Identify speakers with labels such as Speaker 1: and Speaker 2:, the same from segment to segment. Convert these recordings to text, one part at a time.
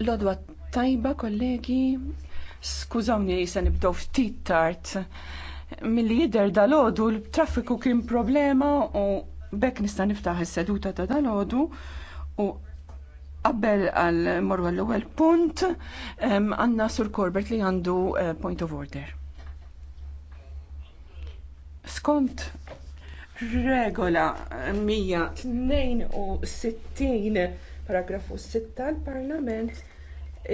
Speaker 1: Lodwa tajba, kollegi, skużawni se nibdow ftit tard. Mill-lider dal odu l-traffiku kien problema u bekk nista' niftaħ is-seduta ta' dal odu u qabel għal morwa l-ewwel punt għandna Sur Corbett li għandu eh, point of order. Skont regola 162 paragrafu 6 tal-Parlament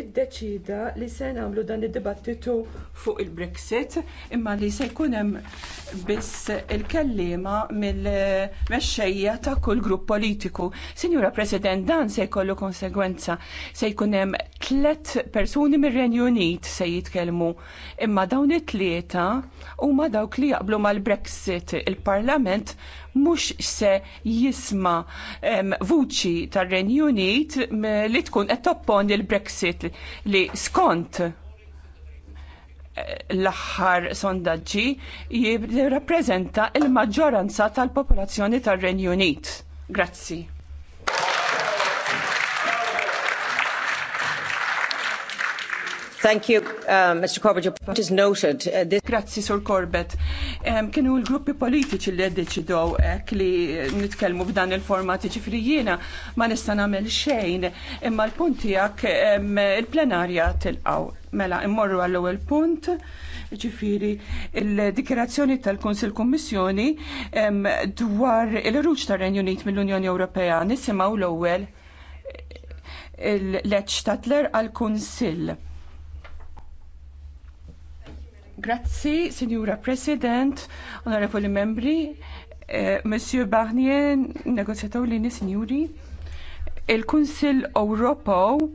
Speaker 1: iddeċida li se nagħmlu dan id-dibattitu fuq il-Brexit imma li se jkun hemm biss il-kellima mill-mexxejja ta' kull grupp politiku. Sinjura President, dan se jkollu konsegwenza se jkun hemm tliet persuni mir-Renju Unit se jitkellmu imma dawn it-tlieta huma dawk li jaqblu mal-Brexit il-Parlament mhux se jisma vuċi tar-Renju Unit li tkun qed topponi il brexit li skont eh, l-aħħar sondaġġi jirrappreżenta l maġġoranza tal-popolazzjoni tar-Renju Unit. Grazzi. Thank you, uh, Mr. Corbett. Your point is noted. Uh, Grazie, Sir Grazzi, Sur Corbett. Um, kienu l-gruppi politiċi li deċidow ek eh, li nitkellmu f'dan il-format ġifri jiena ma nista' nagħmel xejn imma l-punt tiegħek il-plenarja tilqaw. Mela, immorru għall-ewwel punt, ġifiri, il dikirazzjoni tal konsil Kummissjoni dwar il-ruġ tar-Renju Unit mill-Unjoni Ewropea nisimgħu l-ewwel il-leċ Tatler għal-Kunsill. Grazzi, Signora President, onorevoli membri, eh, Monsieur Barnier, negozjataw signori, il-Kunsil Ewropew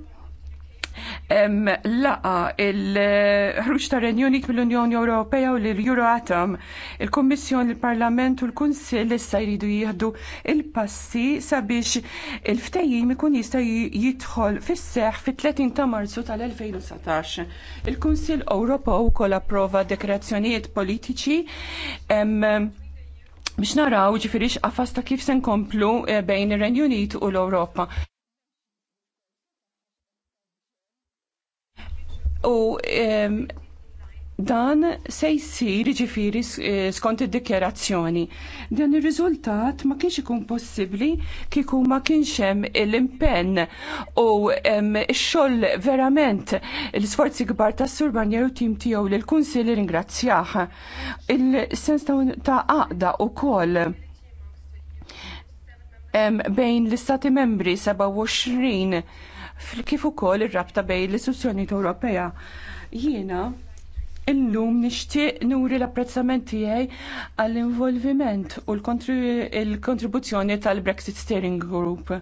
Speaker 1: laqa il-ħruġ ta' Renjonit mill-Unjoni Ewropea u l-Euroatom, il-Kommissjon, il-Parlament u l-Kunsill issa jridu jieħdu il-passi sabiex il ftejim ikun jista' jidħol fis-seħ fit-30 ta' Marzu tal-2019. Il-Kunsill Ewropew ukoll approva dekrazzjonijiet politiċi biex naraw ġifirix qafas ta' kif se nkomplu eh, bejn ir-Renju Unit u l-Ewropa. U dan se jsir ġifiri eh, skont id-dikjerazzjoni. Dan ir-riżultat ma kienx ikun possibbli kieku ma kienx hemm l-impenn u x-xogħol verament l-isforzi kbar tas Sur Barnier u tim tiegħu lil kunsilli ringrazzjah. Il-sens ta' għaqda wkoll bejn l-istati membri 27 kif ukoll ir-rabta bejn l-istituzzjonijiet Ewropea. Jiena illum nixtieq nuri l-apprezzament tiegħi għall-involviment u l-kontribuzzjoni tal-Brexit Steering Group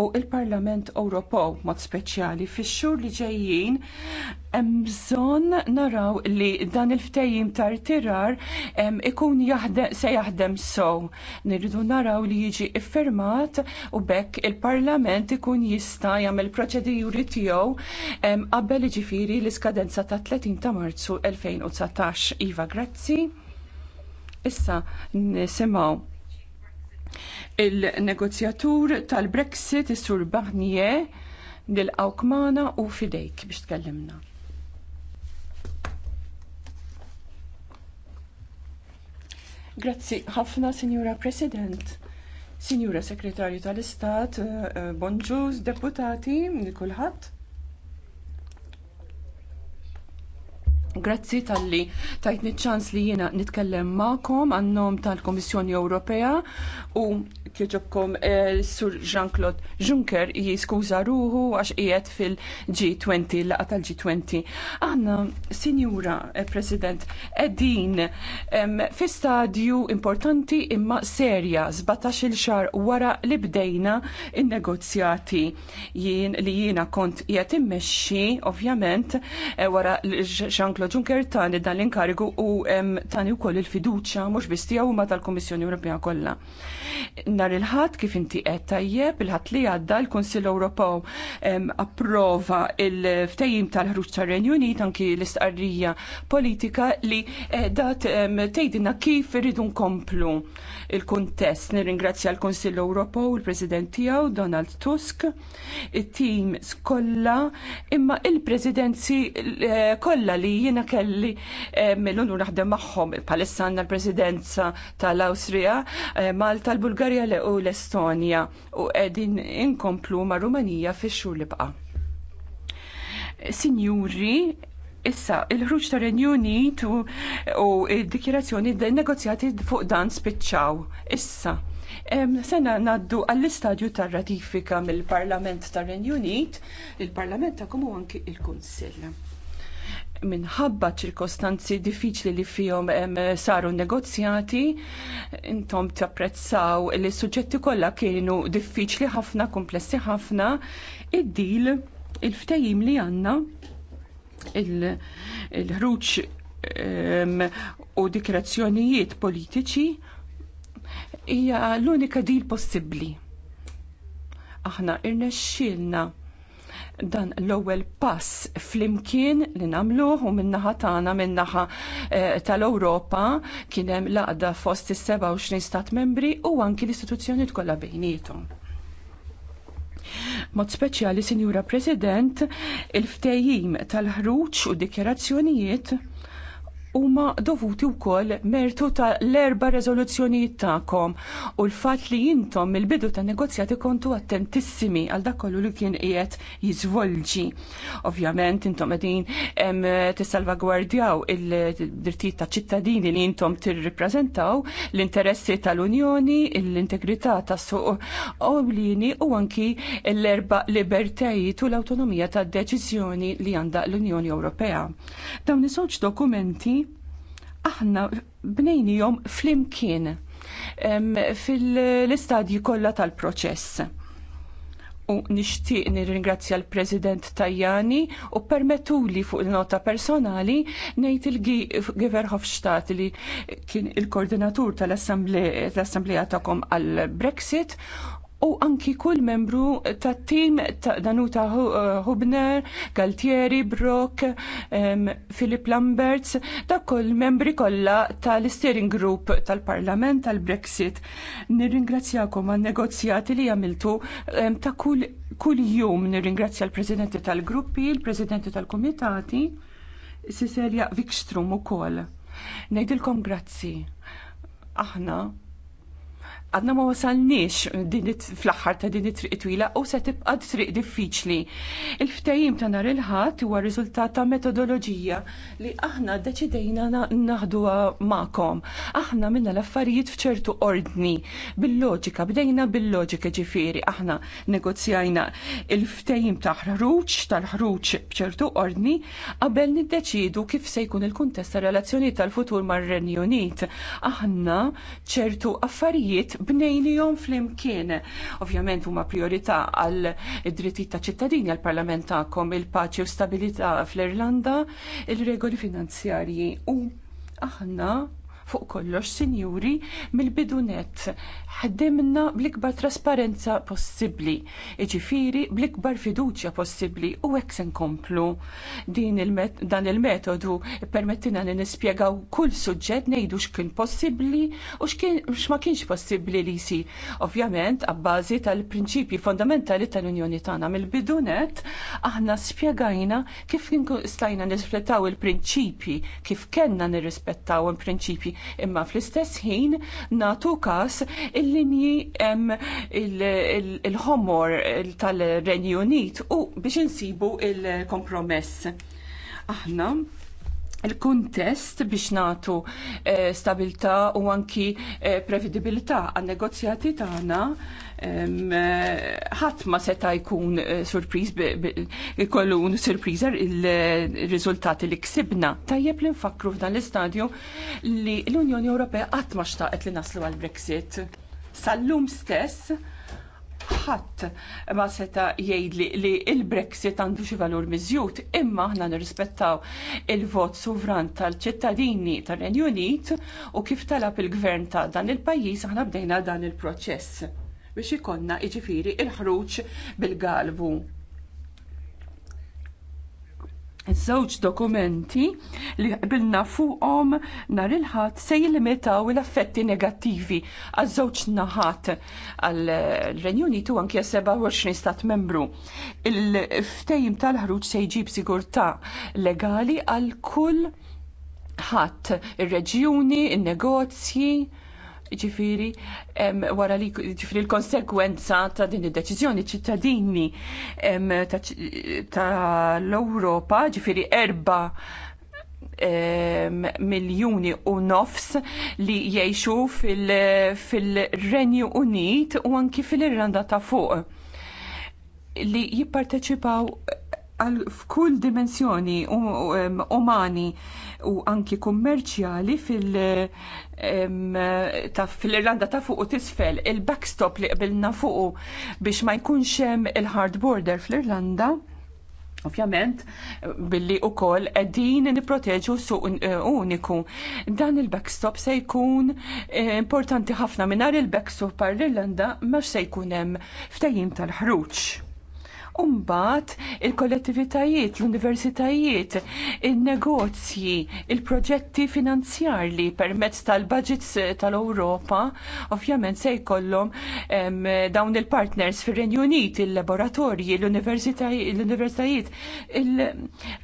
Speaker 1: u il-Parlament Ewropew mod speċjali fix-xhur li ġejjin hemm bżonn naraw li dan il-ftehim tar tirar ikun jaħdem se jaħdem sew. Nirridu naraw li jiġi iffirmat u bekk il-Parlament ikun jista' jagħmel proċeduri tiegħu qabel ġifiri l-iskadenza ta' 30 ta' Marzu 2019. Iva, grazzi. Issa nisimgħu Il-negozjatur tal-Brexit is-sur Barnier dil Awkmana u fidejk biex tkellimna. Grazzi ħafna, Signora President. Sinjura Sekretarju tal-Istat, eh, eh, bonġus deputati, kulħadd. Grazzi tal-li tajtni ċans li jiena nitkellem ma'kom għannom tal-Komissjoni Ewropea u kieġobkom eh, sur Jean-Claude Juncker jiskuza ruħu għax qiegħed fil-G20, laqa tal-G20. Għanna, Sinjura eh, President, edin fi stadju importanti imma serja 17 xar wara li bdejna in-negozjati jien li jiena kont qiegħed immexxi ovvjament eh, wara Jean-Claude Jean-Claude Juncker tani dan l-inkarigu u tani wkoll il-fiduċja mhux biss tiegħu ma tal-Kummissjoni Ewropea kollha. Nar il-ħadd kif inti qed tajjeb il-ħadd li għadda l-Kunsill Ewropew approva il ftajim tal-ħruġ tar-Renju Unit anki l-istqarrija politika li eh, dat tgħidilna kif irridu nkomplu il-kuntest. Nirringrazzja l-Kunsill Ewropew, il-President tiegħu Donald Tusk, it team kollha imma il-presidenzi eh, kollha li jiena kelli eh, mill naħdem maħħom palissa għandna l-Presidenza tal-Awstrija, eh, Malta, l-Bulgarja u l-Estonja u qegħdin inkomplu ma' Rumanija fix xur li baqa'. Signuri, issa il-ħruġ ta' Renjunit u d-dikjerazzjoni negozjati fuq dan spiċċaw. Issa, Sena naddu għall-istadju tar ratifika mill-Parlament tar renju Unit, il-Parlament ta' komu anki il-Kunsill minħabba ċirkostanzi diffiċli li fihom saru negozjati, intom tapprezzaw li suġġetti kollha kienu diffiċli ħafna, komplessi ħafna, id-dil il-ftejim li għanna il-ħruċ u dikrazzjonijiet politiċi hija l-unika dil possibbli. Aħna irnexxielna dan l-ewwel pass flimkien li nagħmluh u min-naħa tagħna min-naħa eh, tal-Ewropa kien hemm laqda fost is-27 stat membri u anki l-istituzzjoni kollha bejnietom. Mod speċjali, Sinjura President, il-ftejjim tal-ħruġ u dikjerazzjonijiet huma dovuti wkoll mertu ta' l-erba rezoluzzjonijiet tagħkom u l-fatt li intom mill-bidu ta' negozjati kontu attentissimi għal dak kollu li kien qiegħed jiżvolġi. Ovvjament intom qegħdin tissalvagwardjaw il-drittijiet ta' ċittadini li intom tirrippreżentaw l-interessi tal-Unjoni, l-integrità tas-suq oblini u anki l-erba libertajiet u l-awtonomija tad-deċiżjoni li għandha l-Unjoni Ewropea. Dawn iż-żewġ dokumenti aħna jom flimkien fil-istadji kollha tal-proċess. U nixtieq nirringrazzja l-President Tajani u permettuli fuq il-nota personali nejt il-Giver Hofstadt li kien il-koordinatur tal-Assembleja tagħkom għall-Brexit u anki kull membru ta' tim ta' Danuta eh, Hubner, Galtieri, Brock, um, Philip Lamberts, ta' kull membri kollha tal-Steering Group tal-Parlament tal-Brexit. Nirringrazzjakom għan negozjati li għamiltu um, ta' kull, kull jum nirringrazzja l-Presidenti tal-Gruppi, l-Presidenti tal-Komitati, Siserja Vikstrum u kol. Nejdilkom grazzi. Aħna għadna ma wasalniex fl-axħar ta' din it-triq twila u se tibqa' triq diffiċli. Il-ftehim ta' nhar il-ħadd huwa riżultat ta' metodoloġija li aħna deċidejna naħduha magħkom. Aħna minna l-affarijiet f'ċertu ordni bil-loġika, bdejna bil-loġika ġifieri aħna negozjajna il-ftehim ta' ħruġ tal-ħruġ b'ċertu ordni qabel niddeċidu kif se jkun il-kuntest tar relazzjoni tal-futur mar-Renju Unit. Aħna ċertu affarijiet bnejnijom fl-imkien. Ovvjament huma priorità għal id-drittijiet ta' ċittadini għal parlamentakom il-paċi u stabilità fl-Irlanda, il-regoli finanzjarji u aħna fuq kollox, sinjuri, mill-bidunet ħaddimna bl-ikbar trasparenza possibbli, iġifiri bl-ikbar fiduċja possibbli u hekk se nkomplu. Dan il-metodu permettina li nispjegaw kull suġġett ngħidu x'kien possibbli u x'ma kienx possibbli li jsir. Ovvjament, abbażi tal-prinċipji fondamentali tal-Unjoni tagħna mill-bidunet aħna spjegajna kif stajna nisfletaw il-prinċipji, kif kellna nirrispettaw il-prinċipji Imma fl-istess ħin natu kas il-linji il-ħomor tal-Renju Unit u biex insibu il-kompromess. Aħna il-kuntest biex nagħtu eh, stabilità u anki eh, prevedibilità għan negozjati tagħna eh, ħadd ma seta' jkun eh, surpriż ikollu surpriżer il-riżultati li ksibna. Tajjeb li nfakru f'dan l-istadju li l-Unjoni Ewropea qatt ma xtaqet li naslu għal-Brexit. Sal-lum stess ħadd ma seta jgħidli li l brexit għandu xi valur miżjud, imma aħna nirrispettaw il-vot sovran tal-ċittadini tar-Renju Unit u kif talab il-gvern ta' dan il-pajjiż aħna bdejna dan il-proċess biex ikonna jiġifieri il-ħruġ bil-galbu Żewġ dokumenti li bilna fuqhom nhar il-ħadd se jilimitaw l-affetti negattivi għaż żewġ naħat għal renju Unitu anke 27 stat membru. Il-ftejim tal-ħruġ se jġib sigurtà legali għal kull ħadd ir-reġjuni, in-negozji, ġifiri wara li ġifiri l-konsekwenza ta' din id-deċizjoni ċittadini ta' l-Europa ġifiri erba miljoni u nofs li jiexu fil-Renju Unit u anki fil-Irlanda ta' fuq li jipparteċipaw f'kull dimensjoni umani u anki kummerċjali fil- fil-Irlanda ta' fuq u tisfel il-backstop li qbilna fuq biex ma jkunx hemm il-hard border fl-Irlanda. Ovvjament, billi u kol għedin niproteġu suq eh, uniku. Dan il-backstop se jkun eh, importanti ħafna minar il-backstop par l-Irlanda ma se jkun hemm ftajim tal-ħruċ. Umbat il-kollettivitajiet, l-universitajiet, il-negozji, il-proġetti finanzjarli permezz tal-budgets tal-Europa, ovvjament se jkollhom dawn il-partners fir-Renju Unit, il-laboratorji, l-universitajiet,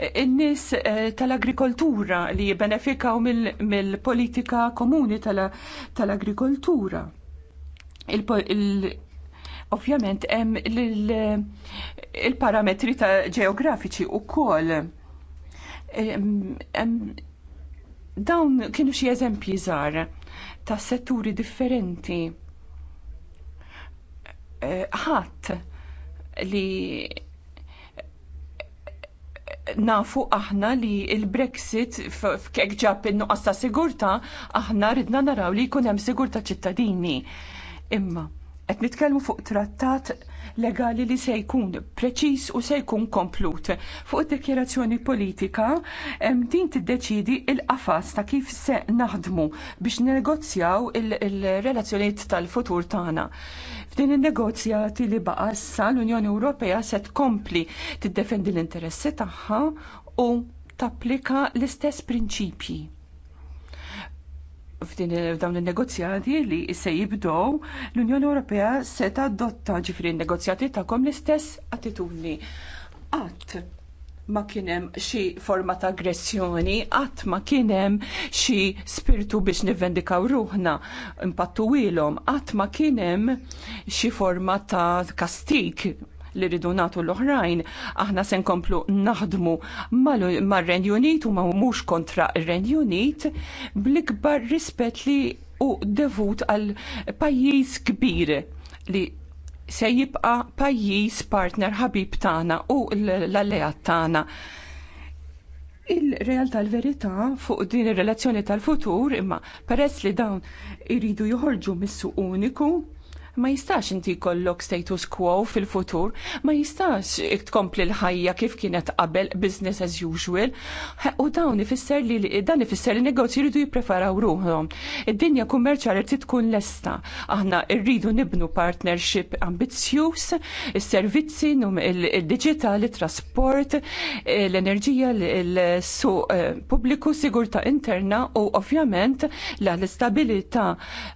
Speaker 1: il-nies eh, tal-agrikoltura li jibbenefikaw mill-politika komuni tal-agrikoltura. il Ovvjament hemm il-parametri ta' ġeografiċi wkoll. Dawn kienu xi eżempji żgħar ta' setturi differenti. E, ħadd li nafu aħna li il-Brexit f'kek ġab in-nuqqas ta' sigurta, aħna ridna naraw li jkun hemm sigurta ċittadini. Imma qed nitkellmu fuq trattat legali li se jkun preċis u se jkun komplut. Fuq id-dekjerazzjoni politika, din tiddeċidi il-qafas ta' kif se naħdmu biex negozjaw il-relazzjoniet tal-futur tagħna. F'din in-negozjati li baqa' issa l-Unjoni Ewropea se tkompli tiddefendi l-interessi tagħha u tapplika l-istess prinċipji f'din dawn il-negozjati li se jibdow l-Unjoni Ewropea se tadotta ġifri negozjati tagħkom l-istess attitudni. Att ma kienem xi forma ta' aggressjoni, qatt ma kienem xi spiritu biex nivvendikaw ruħna impattu ilhom, qatt ma kienem xi forma ta' kastik li rridu nagħtu l-oħrajn, aħna se nkomplu naħdmu mar-Renju Unit u ma mhux kontra r-Renju Unit bl-ikbar rispett li u devut għal pajjiż kbir li se jibqa pajjiż partner ħabib tagħna u l-alleat tagħna. Il-realtà l-verità fuq din ir-relazzjoni tal-futur imma peress li dawn iridu joħorġu mis-suq uniku Ma jistax inti kollok status quo fil-futur, ma jistax tkompli l-ħajja kif kienet qabel business as usual. U dawn ifisser li dan ifisser li negozji jridu jippreparaw ruhom. Id-dinja kummerċjali rrid tkun lesta. Aħna rridu nibnu partnership ambizzjuż, is-servizzi, il-diġitali, trasport, l-enerġija, l-suq eh, pubbliku, sigurta interna u ovvjament l-istabilità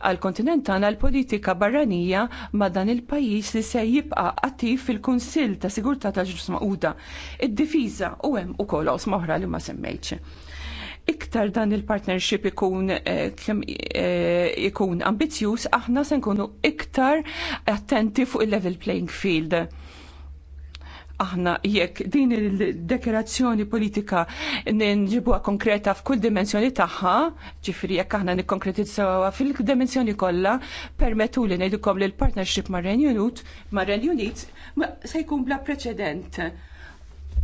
Speaker 1: għal-kontinent l-politika barranija sħubija ma' dan il-pajjiż li se jibqa' attiv fil-Kunsill ta' Sigurtà tal ġus Maquda. Id-difiża u hemm ukoll oqsma oħra li ma semmejtx iktar dan il-partnership ikun eh, eh, ikun ambizjuż, aħna se nkunu iktar attenti fuq il-level playing field aħna jekk din il-dekerazzjoni politika nġibuha konkreta f'kull dimensjoni tagħha, ġifri jekk aħna nikkonkretizzawha fil-dimensjoni kollha, permettu li ngħidilkom li l-partnership mar Unit mar-Renju se jkun bla preċedent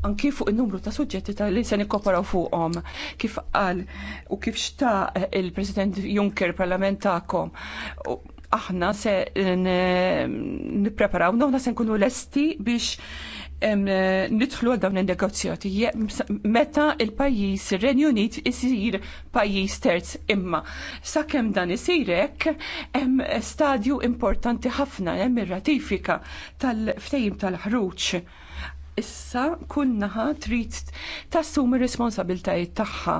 Speaker 1: anki fuq il-numru ta' suġġetti ta' li se nikkoparaw fuqhom kif qal u kif xta il-President Juncker parlamentakom aħna se nippreparaw, noħna se nkunu lesti biex nidħlu għal dawn il-negozjati meta il-pajis ir-Renju Unit isir pajis terz imma sakemm dan isirek hemm stadju importanti ħafna hemm ir-ratifika tal-ftehim tal-ħruġ issa kull naħa trid tassumi responsabiltajiet tagħha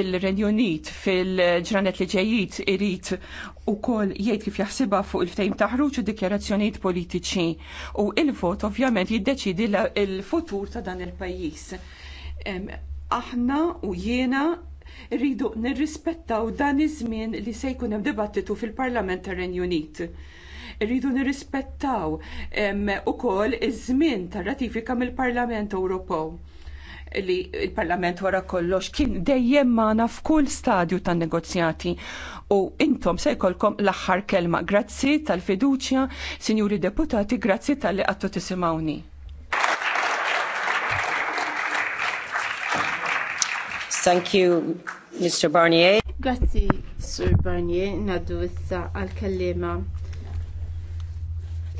Speaker 1: il-Renju Unit fil-ġranet li ġejjid irid ukoll jgħid kif jaħsibha fuq il-ftejm ta' ħruġ u dikjarazzjonijiet politiċi u il-vot ovvjament jiddeċidi l-futur ta' dan il-pajjiż. Aħna u jiena rridu nirrispettaw dan iż-żmien li se jkun hemm dibattitu fil-Parlament tar-Renju Unit Rridu nirrispettaw ukoll iż-żmien tar-ratifika mill-Parlament Ewropew li l parlament wara kollox kien dejjem magħna f'kull stadju tan-negozjati u intom se jkollkom l-aħħar kelma. Grazzi tal-fiduċja, Sinjuri Deputati, grazzi tal-li qattu tisimawni. Thank you, Mr. Barnier.
Speaker 2: Grazzi, Sir Barnier, naddu issa għal-kellima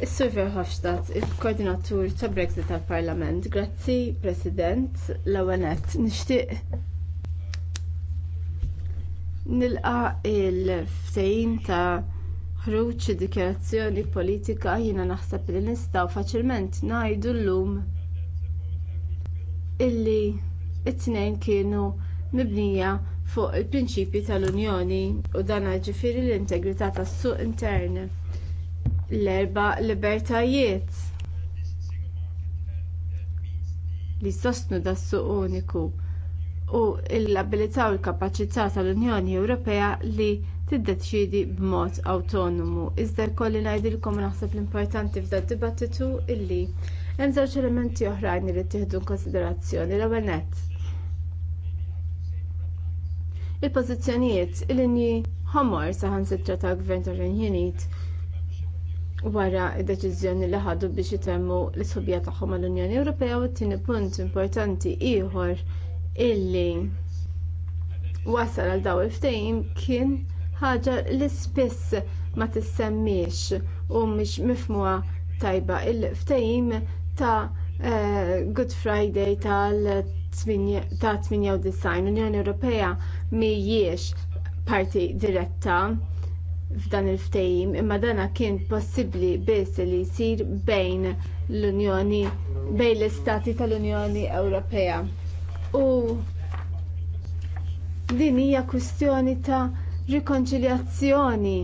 Speaker 2: Is-Sur Verhofstadt, il-Koordinatur ta' Brexit tal-Parlament. Grazzi, President, l-ewwel nett nixtieq nilqa il-ftehim ta' ħruġ dikjarazzjoni politika jiena naħseb li nistgħu faċilment ngħidu llum illi it-tnejn kienu mibnija fuq il-prinċipji tal-Unjoni u dan ġifieri l-integrità tas-suq intern l-erba libertajiet li sostnu das-suq uniku u l-abilità u l-kapaċità tal-Unjoni Ewropea li tiddeċiedi b'mod awtonomu. Iżda jkolli ngħidilkom naħseb l-importanti f'dan dibattitu illi hemm żewġ elementi oħrajn li ttieħdu konsiderazzjoni l-ewwel nett. Il-pożizzjonijiet il-linji ħomor saħansitra tal-Gvern tar-Renju Unit wara d-deċiżjoni li ħadu biex itemmu l-isħobija tagħhom mal-Unjoni Ewropea u t-tieni punt importanti ieħor illi wasal għal dawn il-ftehim kien ħaġa li spiss ma tissemmiex u mhix mifhmuha tajba il-ftehim ta' eh, Good Friday tal-98 Unjoni Ewropea mhijiex parti diretta f'dan il-ftehim imma dana kien possibbli biss li jsir bejn l-Unjoni bejn l-istati tal-Unjoni Ewropea. U din hija kwistjoni ta' rikonċiljazzjoni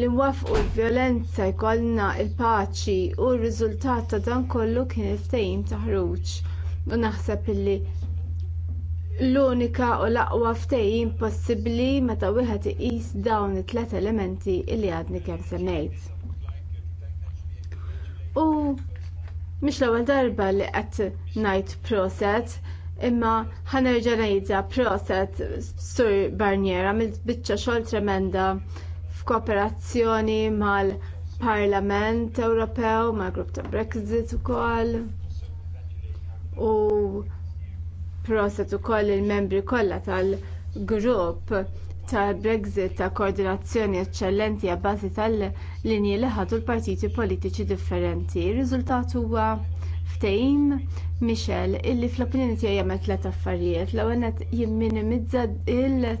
Speaker 2: li wafqu l-vjolenza jkollna l paċi u r-riżultat ta' dan kollu kien il-ftehim ta' ħruġ. U naħseb illi l-unika u l-aqwa ftehim possibbli meta wieħed iqis dawn it-tliet elementi li għadni kemm semmejt. U mhix l-ewwel darba li qed ngħid proset, imma ħanerġa' ngħidha proset Sur Barniera, għamilt biċċa xogħol tremenda f'kooperazzjoni mal-Parlament Ewropew, mal-Grupp ta' Brexit ukoll. U Proset ukoll il-membri kollha tal-grupp tal-Brexit ta' koordinazzjoni eċċellenti għabbażi tal-linji li ħadu l-partiti politiċi differenti. Ir-riżultat huwa ftehim Michel illi fl-opinjoni tiegħi jagħmel tliet affarijiet l-ewwel jimminimizza t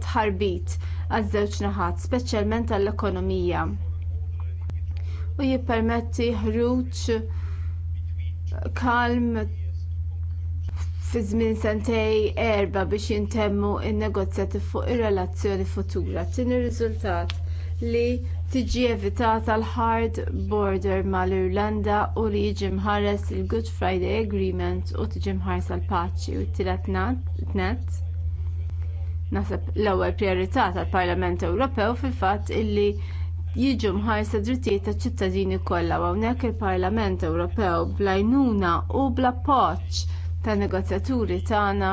Speaker 2: tħarbit għaż-żewġ naħat, speċjalment għall-ekonomija. U jippermetti ħruġ kalm fi żmien sentej erba biex jintemmu n-negozjati fuq ir-relazzjoni futura. Tieni riżultat li tiġi evitata l-hard border mal-Irlanda u li jiġi mħares il-Good Friday Agreement u tiġi mħares l paċi u t-tielet naħseb l-ewwel prijorità tal-Parlament Ewropew fil-fatt illi jiġu mħarsa drittijiet taċ-ċittadini kollha u hawnhekk il-Parlament Ewropew bl-għajnuna u bla appoġġ tan negozjaturi tagħna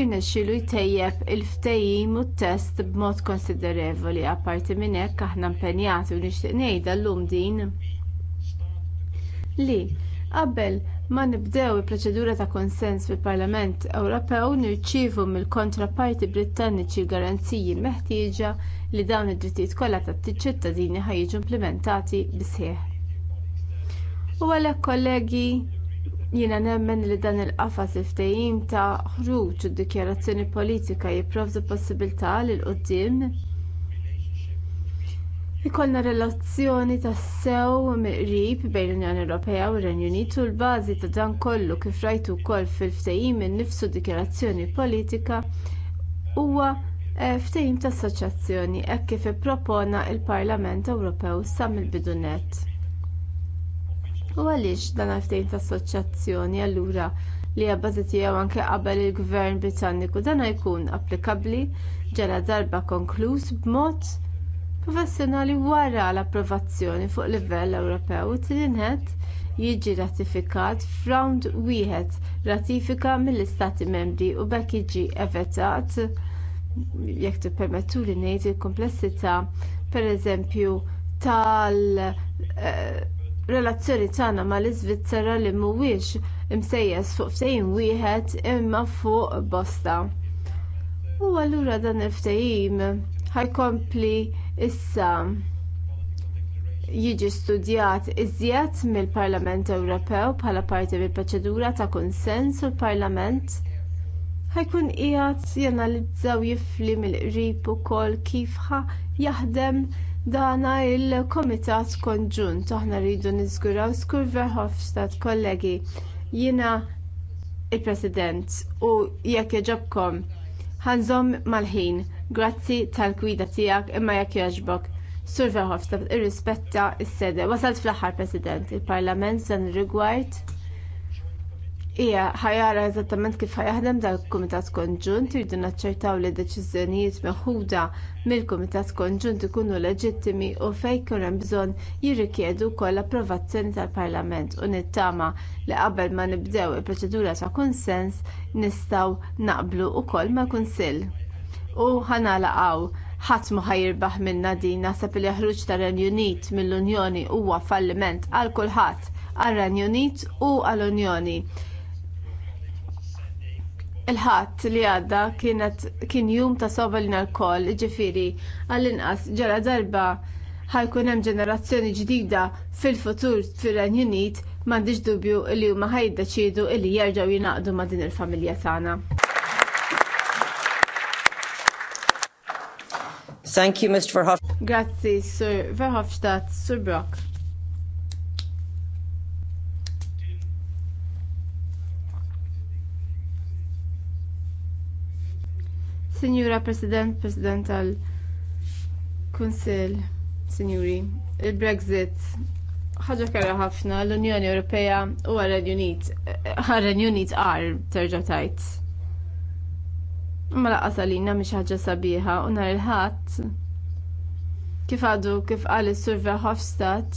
Speaker 2: irnexxielu jtejjeb il-ftehim u t-test b'mod konsidervoli apparti minn hekk aħna impenjati u nixtieq ngħidha llum din li qabel ma nibdew il-proċedura ta' konsens fil-Parlament Ewropew nirċievu mill-kontraparti Brittaniċi l-garanziji meħtieġa li dawn id-drittijiet kollha tat-ċittadini jiġu implementati bi sħiħ. U għalhekk kollegi Jiena nemmen li dan il-qafas il-ftehim ta' ħruġ u dikjarazzjoni politika jipprovdi possibilità li l-qudiem ikollna relazzjoni tas-sew miqrib bejn l-Unjoni Ewropea u r-Renju Unit u l-bażi ta' dan kollu kif rajtu wkoll fil-ftehim innifsu dikjarazzjoni politika huwa eh, ftehim ta' assoċjazzjoni hekk kif ippropona l-Parlament Ewropew sa mill-bidu nett. U għaliex dan għalfejn l assoċjazzjoni allura li hija bbażi tiegħu anke qabel il-Gvern Britanniku dan jkun applikabbli ġara darba konkluż b'mod professjonali wara l-approvazzjoni fuq livell Ewropew u jiġi rratifikat f'rawnd wieħed ratifika mill-istati membri u b'hekk jiġi evitat jekk tippermettuli ngħid il-kumplessità pereżempju tal eh, relazzjoni tagħna mal-Iżvizzera li mhuwiex imsejjes fuq ftehim wieħed imma fuq bosta. U allura dan il-ftehim ħajkompli issa jiġi studjat iżjed mill-Parlament Ewropew bħala parti mill-proċedura ta' kunsens u l-Parlament ħajkun qiegħed janalizzaw jifli mill-qrib ukoll kif jaħdem dana l-Kumitat Konġunt aħna rridu niżguraw skur Verhofstadt kollegi jiena l president u jekk jogħġobkom ħanżom mal-ħin grazzi tal-gwida tiegħek imma jekk jogħġbok. Sur Verhofstadt irrispetta s-sede wasalt fl-aħħar President il-Parlament dan ir-rigward hija ħajara eżattament kif ħajaħdem dal kumitat Konġunt irdu naċċertaw li deċiżjonijiet meħuda mill-Kumitat Konġunt ikunu leġittimi u fejn kien hemm bżonn jirrikjedu wkoll approvazzjoni tal-Parlament u nittama li qabel ma nibdew il-proċedura ta' kunsens nistgħu naqblu wkoll mal-Kunsill. U ħanalaqgħu ħadd ma ħajirbaħ minna din naħseb li ħruġ tar-Renju Unit mill-Unjoni huwa falliment għal kulħadd għar-Renju Unit u għall-Unjoni il-ħadd li għadda kien jum ta' sova li l ġifiri, għall-inqas ġara darba ħajkun hemm ġenerazzjoni ġdida fil-futur fir-Renju Unit m'għandix dubju li huma ħajdeċiedu li jerġgħu jingħaqdu ma' din il-familja tagħna. Thank you, Mr. Verhofstadt. Grazzi, Sir Verhofstadt, Sir Brock. Sinjura President, President tal kunsil Sinjuri, il-Brexit ħaġa kera ħafna l-Unjoni Ewropea u għal-Renju Unit, għal Unit għar terġa' tajt. Ma mela laqqas għalina mhix ħaġa sabiħa u nhar il-ħadd kif għadu kif qal is surve Hofstad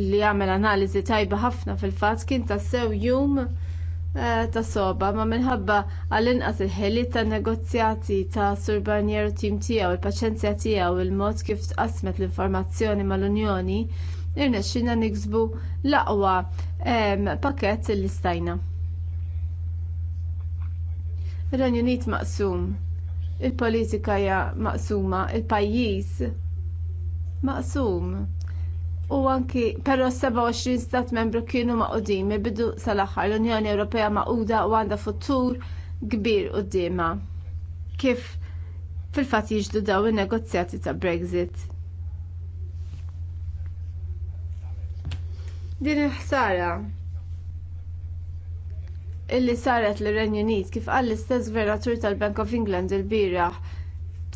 Speaker 2: li għamel analiżi tajba ħafna fil-fatt kien tassew jum Eh, ta' soba ma minħabba għall-inqas il-ħiliet tan negozjati ta' Sur Barnier u tim tiegħu il-paċenzja tiegħu il-mod kif tqasmet l-informazzjoni mal-Unjoni irnexxina niksbu l-aqwa pakkett li stajna. Ir-Renju Unit maqsum, il-politika maqsuma, il-pajjiż maqsum u anki però 27 stat membru kienu maqudin mill-bidu sal-aħħar l-Unjoni Ewropea maquda u għandha futur kbir qudiemha. Kif fil-fatt jiġdu daw in-negozjati ta' Brexit. Din il-ħsara illi saret l renju Unit kif qal l-istess gvernatur tal-Bank of England il-bieraħ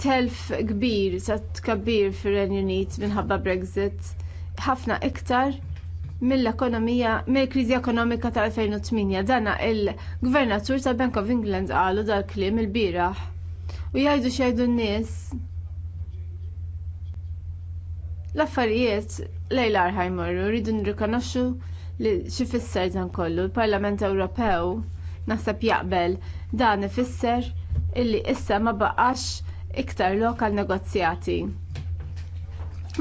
Speaker 2: telf kbir sa tkabbir fir renju Unit minħabba Brexit ħafna iktar mill-ekonomija, mill-kriżi ekonomika ta' 2008. Dana il-gvernatur tal Bank of England qalu dal-klim il-biraħ. U jgħidu xejdu n-nies L-affarijiet lejl arħaj u rridu nirrikonoxxu li xi fisser dan kollu. Il-Parlament Ewropew naħseb jaqbel dan ifisser illi issa ma baqax iktar lokal negozjati.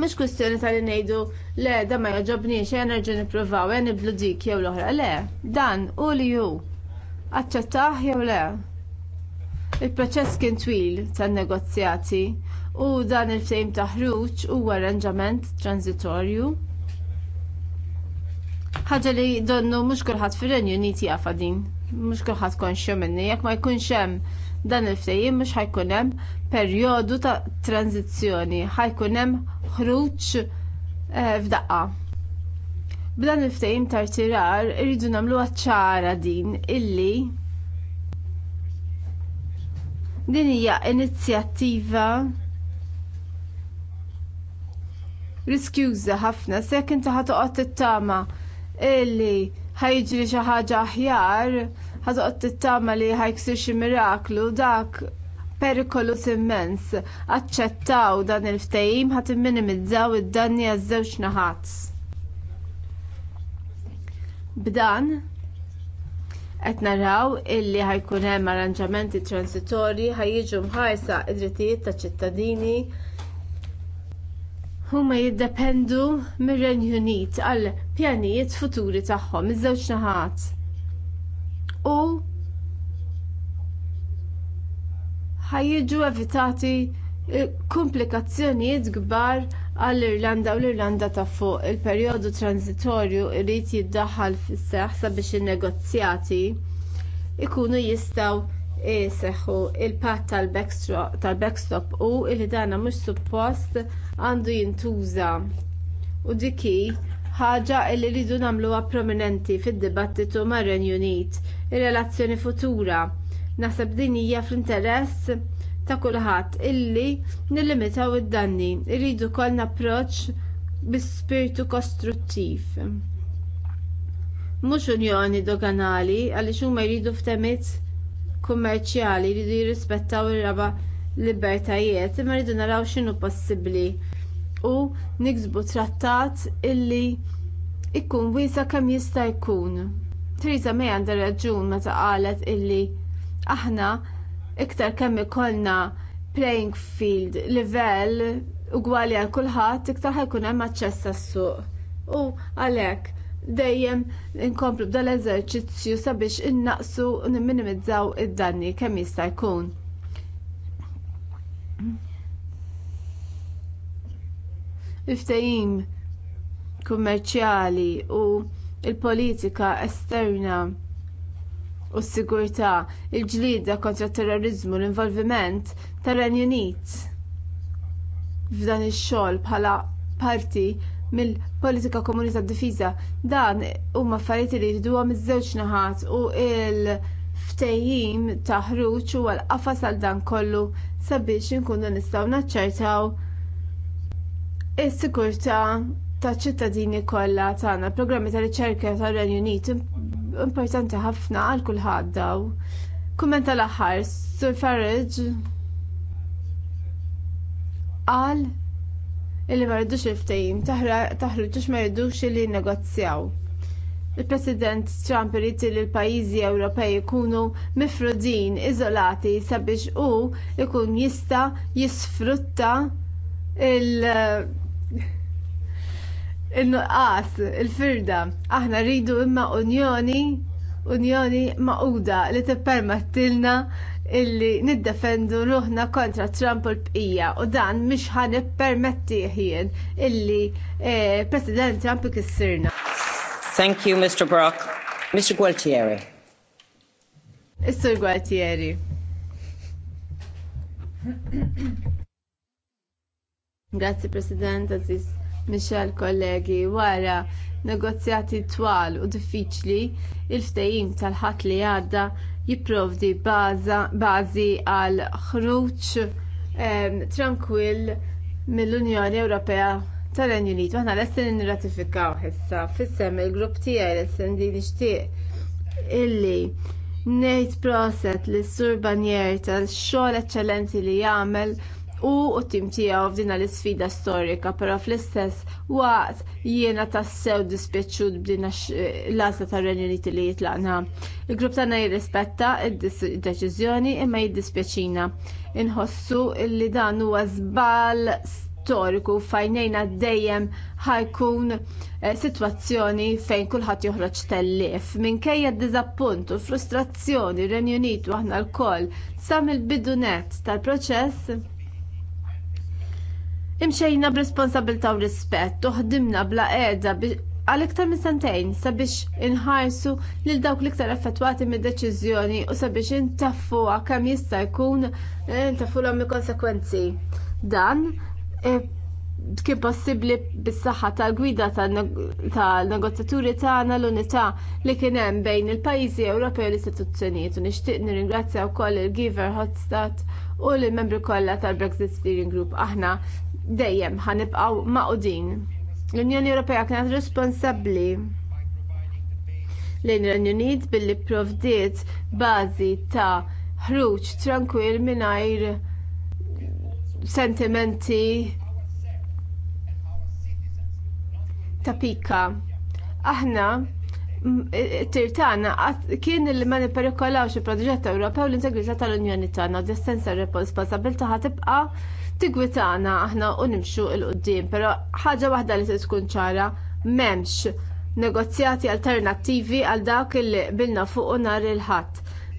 Speaker 2: Mhux kwistjoni tal ngħidu le da ma jogħġobniex ja nerġa' nippruvaw ja niblu dik jew l-oħra. Le, dan hu li hu. Aċċettah jew le. Il-proċess kien twil tan-negozjati u dan il-ftehim ta' ħruġ huwa arranġament transitorju ħaġa li donnu mhux kulħadd fir-Renju Unit jafa' din, mhux kulħadd konxju minni, jekk ma jkunx hemm dan il-ftehim mhux jkun hemm perjodu ta' tranzizzjoni, ħajkun hemm ħruġ eh, f'daqqa. B'dan il-ftehim ta' tirar irridu nagħmluha ċara din illi din hija inizjattiva riskjuża ħafna sekk inti ħatoqgħod tittama' illi ħajġri xi ħaġa aħjar, ħadoqgħod tittama li ħajksir xi miraklu dak perikolu immens. Aċċettaw dan il-ftehim ħat imminimizzaw id-danni għaż-żewġ naħat. B'dan qed naraw illi ħajkun hemm arranġamenti transitorji ħajjiġu mħajsa id-drittijiet taċ-ċittadini huma jiddependu mir-Renju Unit għal pjanijiet futuri tagħhom iż-żewġ naħat. U ħajjiġu evitati eh, komplikazzjonijiet kbar għall-Irlanda u l-Irlanda ta' fuq il-perjodu transitorju irid jiddaħħal fis-seħħ sabiex in-negozjati ikunu jistgħu seħħu il-patt tal-backstop u li dana mhux suppost għandu jintuża u dik hi ħaġa li rridu nagħmluha prominenti fid-dibattitu mar-Renju Unit ir-relazzjoni futura. Naħseb din hija fl-interess ta' kulħadd illi nillimitaw id-danni, irridu wkoll approċċ bi-spiritu kostruttiv. Mhux unjoni doganali għaliex huma jridu ftehmiet kummerċjali li jirrispettaw ir-raba' libertajiet imma rridu naraw x'inhu possibbli u niksbu trattat illi jkun wiesa' kemm jista' jkun. Theresa May għandha raġun meta qalet illi aħna iktar kemm ikollna playing field livell ugwali għal kulħadd iktar ħajkun hemm aċċess għas-suq. U għalhekk dejjem inkomplu b'dal eżerċizzju sabiex innaqsu u nimminimizzaw id-danni kemm jista' jkun. Il-ftehim kummerċjali u l politika esterna u s-sigurtà, il-ġlieda kontra t terrorizmu, l-involviment tar-Renju Unit f'dan ix-xogħol bħala parti mill-politika komuni tad difiża dan huma affarijiet li jriduhom iż-żewġ naħat u l ftehim ta' ħruġ huwa l-qafas għal dan kollu sabiex inkunu nistgħu naċċertaw is-sigurtà taċ ċittadini kollha tagħna. Programmi ta' riċerka tar-Renju Unit importanti ħafna għal kulħadd daw. Kumment tal-aħħar, Sir Farage qal illi ma rridux il-ftehim taħruġux ma rridux illi jinnegozjaw. Il-President Trump irid li l-pajjiżi Ewropej ikunu mifrudin, iżolati sabiex hu jkun jista' jisfrutta il- il-nuqqas, il-firda. Aħna rridu imma unjoni, unjoni maquda li tippermettilna illi niddefendu ruħna kontra Trump u l-bqija u dan mhix ħan ippermetti illi eh, President Trump ikissirna.
Speaker 3: Thank you, Mr. Brock. Mr. Gualtieri.
Speaker 2: Mr. Gualtieri. Grazzi President, Aziz Michel, kollegi, wara negozjati twal u diffiċli il ftejim tal ħat li għadda jipprovdi bażi għal ħruġ tranquill mill-Unjoni Ewropea tal-Renju Unit. Aħna lesti nirratifikaw issa fis-sem il-grupp tiegħi l-SND nixtieq illi ngħid proset lis sur Banjer tal-xogħol eċċellenti li jagħmel u t-tim tiegħu f'din l-isfida storika, però fl-istess waqt jiena tassew dispjaċut b'din eh, l-għażla tar-Renju Uniti li jitlaqna. Il-grupp tagħna jirrispetta id-deċiżjoni imma jiddispjaċina. Inħossu li dan huwa żball storiku fajnejna dejjem ħajkun eh, sitwazzjoni fejn kulħadd joħroġ tellif. Minkejja d-diżappunt u frustrazzjoni Renju Unit aħna lkoll sa mill-bidu net tal-proċess Imxejna b'responsabilta u rispett u ħdimna bla qiegħda għal iktar minn sentejn sabiex inħarsu lil dawk l-iktar effettwati mid-deċiżjoni u sabiex intaffuha kemm jista' jkun eh, intaffulhom il-konsekwenzi. Dan eh, kien possibbli bis-saħħa tal-gwida tal-negozjaturi tagħna l-unità li kien hemm bejn il-pajjiżi Ewropej u l-istituzzjonijiet u nixtieq nirringrazzja wkoll il-Giver Hotstadt u l-membri kollha tal-Brexit Steering Group aħna dejjem ħanibqgħu maqudin. L-Unjoni Ewropea kienet responsabbli lejn ir-Renju Unit billi provdiet bażi ta' ħruġ tranquil mingħajr sentimenti ta' pika. Aħna tirtana kien li ma niperikolawx il-proġett Ewropew l-integrità tal-Unjoni tagħna, d-distenza responsabilta ħatibqa' tagħna aħna u nimxu l qudiem però ħaġa waħda li se tkun ċara m'hemmx negozjati alternattivi għal dak li bilna fuq nhar il-ħadd.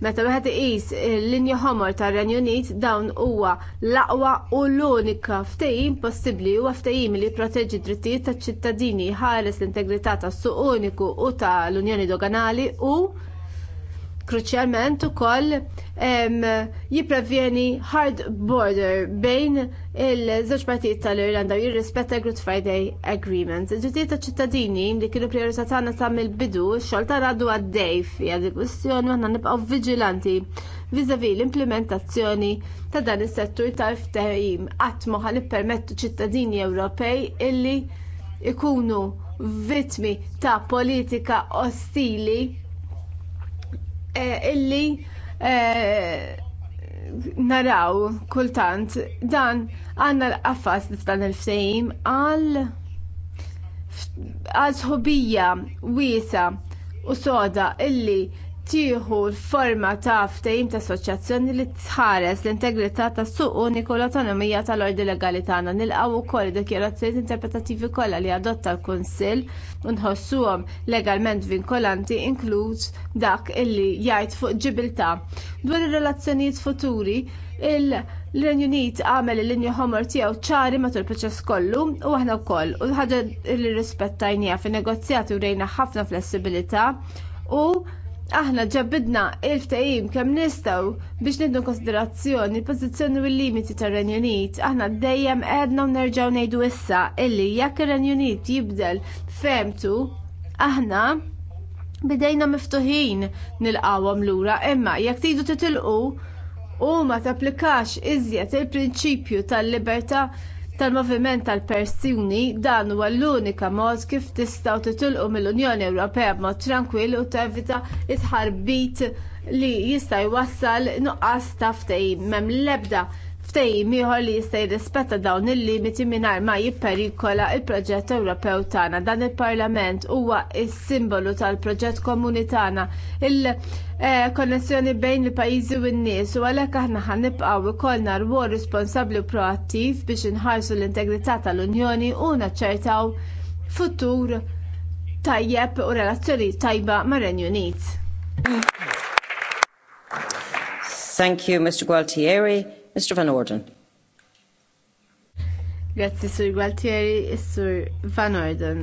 Speaker 2: Meta wieħed iqis il-linja ħomor tar-Renju Unit dawn huwa l-aqwa u l-unika ftehim possibbli huwa ftehim li jipproteġġi d-drittijiet taċ-ċittadini ħares l-integrità tas-suq uniku u tal-Unjoni Doganali u Kruċjalment ukoll jipprevjeni hard border bejn il-żewġ partijiet tal-Irlanda u jirrispetta Good Friday Agreement. Ġitiet ta' ċittadini li kienu priorità tagħna ta' mill-bidu, x-xogħol ta' radu għaddej fija di kwistjoni aħna nibqgħu viġilanti viżavi l-implementazzjoni ta' dan is-settur tal-ftehim qatt li ħalippermettu ċittadini Ewropej illi ikunu vittmi ta' politika ostili Eh, illi eh, naraw kultant dan għanna l-qaffas f'dan il-ftehim għal għal sħobija wiesa u soda illi tieħu l-forma ta' ftehim ta' assoċjazzjoni li tħares l-integrità tas-suq uniku l-autonomija tal-ordi legali tagħna. Nilqgħu wkoll id-dikjarazzjonijiet interpretattivi kollha li adotta l-Kunsill u nħossuhom legalment vinkolanti inkluż dak illi jgħid fuq ġibiltà. Dwar ir-relazzjonijiet futuri, il-Renju Unit għamel il-linju ħomor tiegħu ċari matul proċess kollu u aħna wkoll u ħaġa li rispettajnija fin-negozjati u rejna ħafna flessibilità u aħna ġabidna il-ftajim kemm nistgħu biex nidnu konsiderazzjoni l-pożizzjoni u l-limiti tar-Renju Unit. Aħna dejjem għedna u nerġgħu ngħidu issa illi jekk ir-Renju Unit jibdel femtu aħna bidejna miftuħin nilqawhom lura imma jekk tridu titilqu u ma tapplikax iżjed il-prinċipju tal-libertà tal-moviment tal-persuni dan huwa l-unika mod kif tistgħu titilqu mill-Unjoni Ewropea b'mod tranquill u tevita t tħarbit li jista' jwassal nuqqas ta' ftehim m'hemm l-ebda ftehim ieħor li jista' jirrispetta dawn il-limiti mingħajr ma jipperikola l proġett Ewropew tagħna. Dan il-Parlament huwa s-simbolu tal-proġett komuni tagħna, il-konnessjoni eh, bejn il-pajjiżi u n-nies u għalhekk aħna ħan nibqgħu ikollna rwol responsabbli u proattiv biex inħarsu l-integrità tal-Unjoni u naċċertaw futur tajjeb u relazzjoni tajba mar-Renju Unit.
Speaker 3: Thank you, Mr. Gualtieri. Mr. Van Orden.
Speaker 2: Grazzi Sur Gualtieri, Sur Van Orden.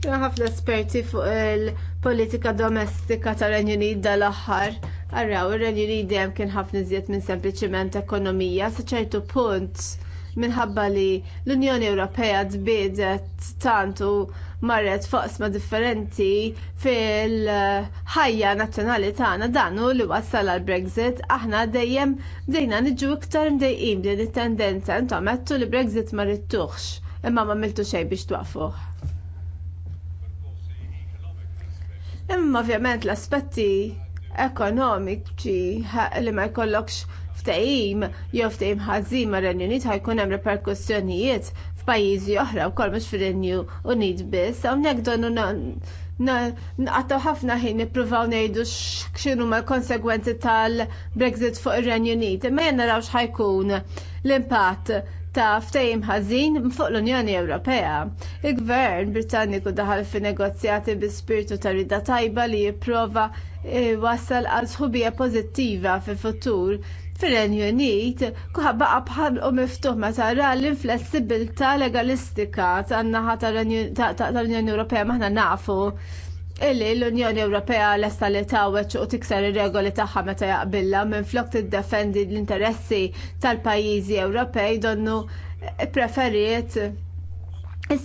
Speaker 2: Kien ħafna esperti fuq il-politika domestika ta' renju dal-aħħar. Araw, ir-Renju Unit kien ħafna iżjed minn sempliċiment ekonomija sa ċertu punt minħabba li l-Unjoni Ewropea tbiedet tantu marret foqsma differenti fil-ħajja nazzjonali tagħna dan hu li wassal għal Brexit aħna dejjem bdejna niġu iktar mdejqin din it-tendenza intom għedtu li Brexit ma rittuħx imma ma miltu xejn biex twaqfuh. Imma ovvjament l-aspetti ekonomiċi li ma jkollokx ftehim jew ftehim ħażin mar-Renju Unit ħajkun hemm reperkussjonijiet f'pajjiżi oħra wkoll mhux fir-Renju Unit biss hawnhekk donu Għattaw ħafna ħin nippruvaw ngħidu x'kienu ma' konsegwenzi tal-Brexit fuq ir-Renju Unit, imma jien naraw jkun l-impatt ta' ftehim ħażin fuq l-Unjoni Ewropea. Il-Gvern Britanniku daħal fi negozjati bi spiritu ta' rida tajba li jipprova eh, wassal għal sħubija pożittiva fil-futur Fir-Renju Unit, kuħab baqa bħal u miftuħ ma tara l-inflessibilità legalistika tan-naħa tal-Unjoni Ewropea maħna nafu illi l-Unjoni Ewropea lesta li tawet u tikser ir-regoli tagħha meta jaqbilla minn flok tiddefendi l-interessi tal-pajjiżi Ewropej donnu preferiet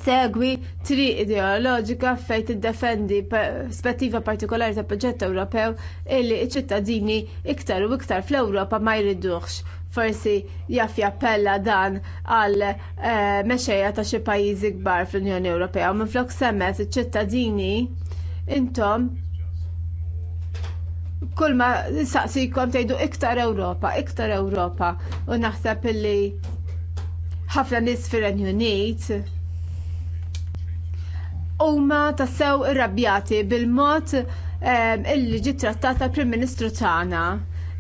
Speaker 2: Segwi triq ideoloġika fejn tiddefendi perspettiva partikolari ta' proġett Ewropew illi ċ-ċittadini iktar u iktar fl-Ewropa ma jridux. Forsi jaf jappella dan għal eh, mexejja ta' xi pajjiżi kbar fl-Unjoni Ewropea u minflok semmet iċ-ċittadini intom kull ma saqsikom tgħidu iktar Ewropa, iktar Ewropa u naħseb illi ħafna nies fir-Renju Unit huma tassew irrabjati bil-mod ehm, illi ġi trattata prim Ministru tagħna.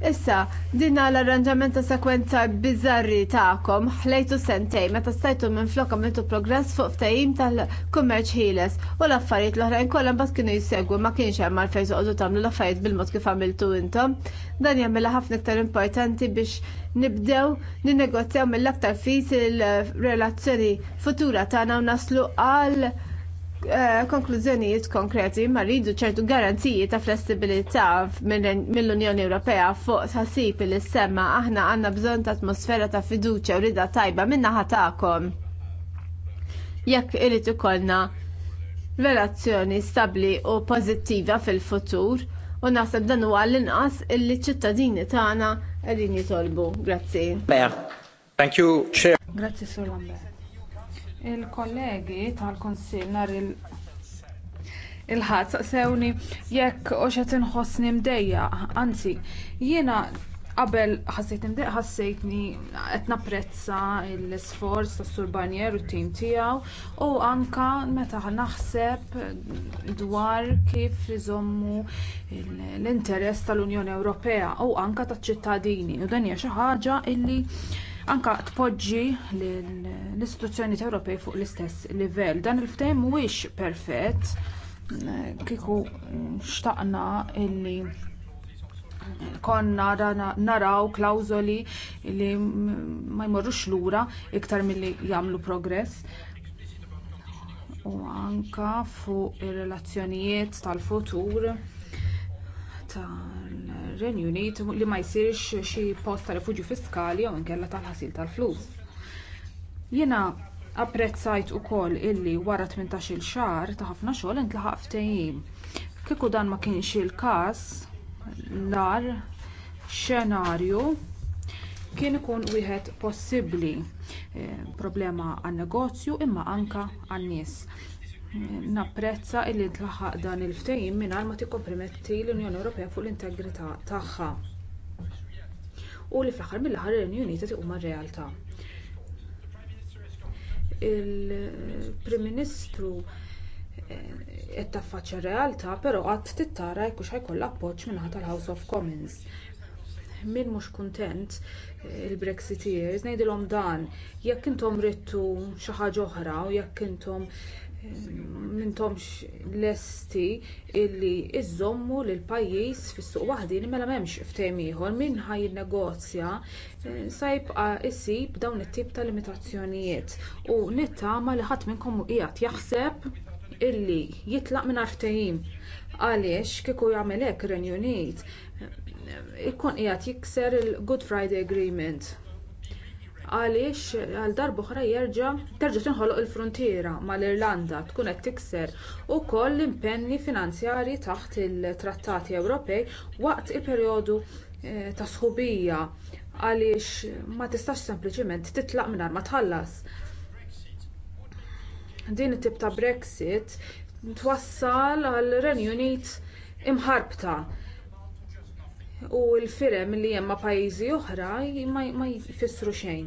Speaker 2: Issa, dinna l-arranġament ta' sekwenza bizzarri ta'kom, ħlejtu sentej, meta stajtu minn intu progress fuq ftajim tal-kummerċ ħieles u l-affarijiet l-oħrajn kollha mbagħad kienu jissegwu ma kienx hemm għalfejn soqgħodu tagħmlu l-affarijiet bil-mod kif għamiltu intom. Dan jagħmilha ħafna iktar importanti biex nibdew ninnegozjaw mill-aktar fis il-relazzjoni futura tagħna u naslu għal Eh, konklużjonijiet konkreti ma rridu ċertu garanziji ta' flessibilità mill-Unjoni Ewropea fuq tħassib li semma aħna għandna bżonn ta' atmosfera ta' fiduċja u rida tajba min-naħa tagħkom. Jekk irid ikollna relazzjoni stabbli u pożittiva fil-futur u naħseb dan huwa l-inqas illi ċittadini tagħna qegħdin jitolbu.
Speaker 4: Grazzi.
Speaker 5: Thank you, Chair.
Speaker 4: Grazzi, Sur Lambert il-kollegi tal-kunsill nhar il-ħadd sewni jekk hux qed inħossni mdejjaq anzi jiena qabel ħassejt imdejjaq ħassejtni qed napprezza l-isforz tas-sur Barnier u t-tim tiegħu u anke meta naħseb dwar kif iżommu l-interess tal-Unjoni Ewropea u anke taċ-ċittadini u din hija xi ħaġa li anka tpoġġi l-istituzzjonijiet Ewropej fuq l-istess livell. Dan il-ftehim mhuwiex perfett kieku xtaqna illi konna naraw klawżoli li ma jmorrux lura iktar milli jagħmlu progress u anke fuq ir-relazzjonijiet tal-futur tal-Renju Unit li ma jsirx xi post ta' rifuġju fiskali jew inkella tal-ħasil tal-flus. Jiena apprezzajt ukoll illi wara 18-il xahar ta' ħafna xogħol intlaħaq ftehim. Kieku dan ma kienx il-każ nar xenarju kien ikun wieħed possibbli eh, problema għan-negozju imma anke għan-nies napprezza li ntlaħħaq dan il-ftehim mingħajr ma tikkomprometti l-unjoni ewropea fuq l-integrità tagħha u li fl-aħħar mill-aħħar ir-renju unit qed mar-realtà il-prim ministru eh, qed taffaċċja r-realtà però qatt tittara jekk hux ħajkollha appoġġ min tal-house of commons min mhux kuntent eh, il-brexiteers ngħidilhom dan jekk intom ridtu xi ħaġa oħra u jekk intom m'intomx lesti illi iżommu lill pajjiż fis-suq waħdin mela m'hemmx ftehim ieħor min ħaj negozja eh, se jibqa' jsib dawn it-tip ta' limitazzjonijiet u nittama li ħadd minnkom qiegħed jaħseb illi jitlaq mingħajr ftehim għaliex kieku jagħmel hekk ir-Renju Unit ikun qiegħed jikser il-Good Friday Agreement għaliex għal darb'oħra jerġa' terġa' tinħoloq il-fruntiera mal-Irlanda tkun qed tikser ukoll l-impenni finanzjarji taħt il-Trattati Ewropej waqt il-perjodu eh, ta' sħubija għaliex ma tistax sempliċiment titlaq mingħajr ma tħallas. Din it-tip ta' Brexit twassal għal Renju Unit imħarbta u l-firem li hemm ma' pajjiżi oħra ma jfissru xejn.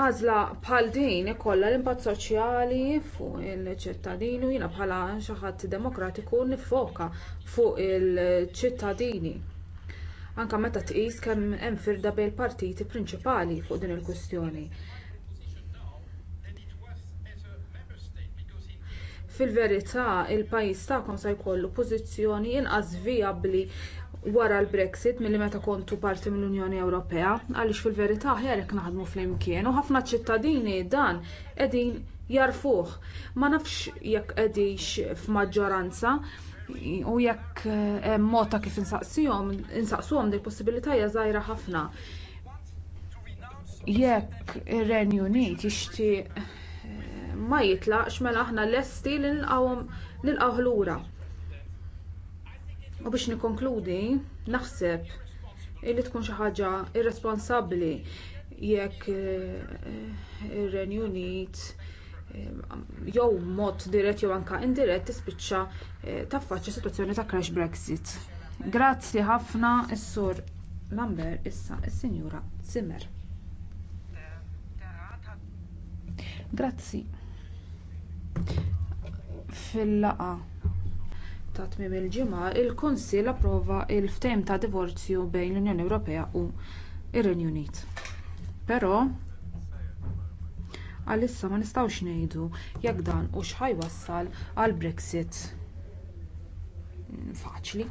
Speaker 4: għażla bħal din ikollha l-impatt soċjali fuq il-ċittadini u jiena bħala xi ħadd demokratiku niffoka fuq il-ċittadini. Anke meta tqis kemm hemm firda bejn partiti prinċipali fuq din il-kwistjoni. fil-verità il-pajjiż tagħkom se jkollu pożizzjoni inqas vijabbli wara l-Brexit milli meta kontu parti mill-Unjoni Ewropea għaliex fil-verità aħjar naħdmu flimkien u ħafna ċittadini dan qegħdin jarfuh. Ma nafx jekk qegħdix f'maġġoranza u jekk eh, hemm mod ta' kif insaqsihom insaqsuhom dil possibilità hija żgħira ħafna. Jekk ir-Renju Unit jixtieq ma jitlaqx mela aħna lesti li nilqgħu lura. U biex nikkonkludi, naħseb li tkun xi ħaġa irresponsabbli jekk eh, ir-Renju Unit eh, jew mod dirett jew anke indirett tispiċċa eh, taffaċċja sitwazzjoni ta' crash Brexit. Grazzi ħafna is-sur Lambert issa is-Sinjura Zimmer. Grazzi fil-laqgħa ta' tmiem il-ġimgħa il-kunsill approva l-ftehim ta' divorzju bejn l-unjoni ewropea u r-renju unit però għalissa ma nistgħux ngħidu jekk dan hux ħajwassal għal brexit faċli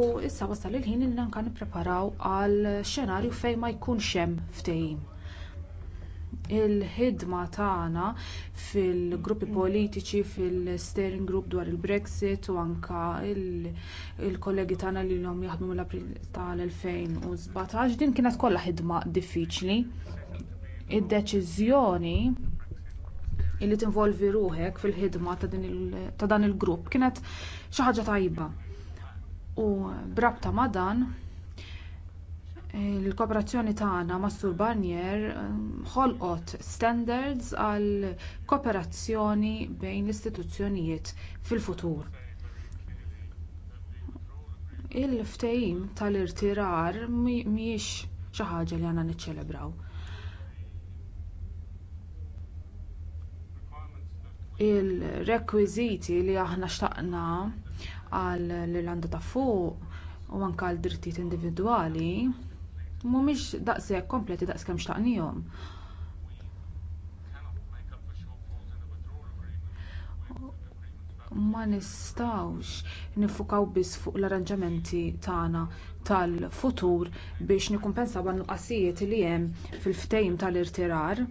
Speaker 4: u issa wasal il-ħin li anke nippreparaw għal xenarju fejn ma jkunx hemm ftehim il-ħidma tagħna fil-gruppi mm-hmm. politiċi fil-steering group dwar il-brexit u anke il-kollegi tagħna li ilhom jaħdmu mill-april tal-2017 din kienet kollha ħidma diffiċli id-deċiżjoni li tinvolvi ruħek fil-ħidma ta' dan il-grupp kienet xi ħaġa tajba u b'rabta ma' dan il-kooperazzjoni tagħna mas Sur Barnier um, ħolqot standards għal kooperazzjoni bejn l-istituzzjonijiet fil-futur. Il-ftehim tal-irtirar mhijiex xi ħaġa li għandna niċċelebraw. il-rekwiżiti li aħna xtaqna għall irlanda ta' fuq u anke għal drittijiet individwali mhumiex daqshekk kompleti daqskemm xtaqnihom. ma nistgħux niffukaw biss fuq l-arranġamenti tagħna tal-futur biex nikkumpensaw għan-nuqqasijiet li hemm fil-ftehim tal-irtirar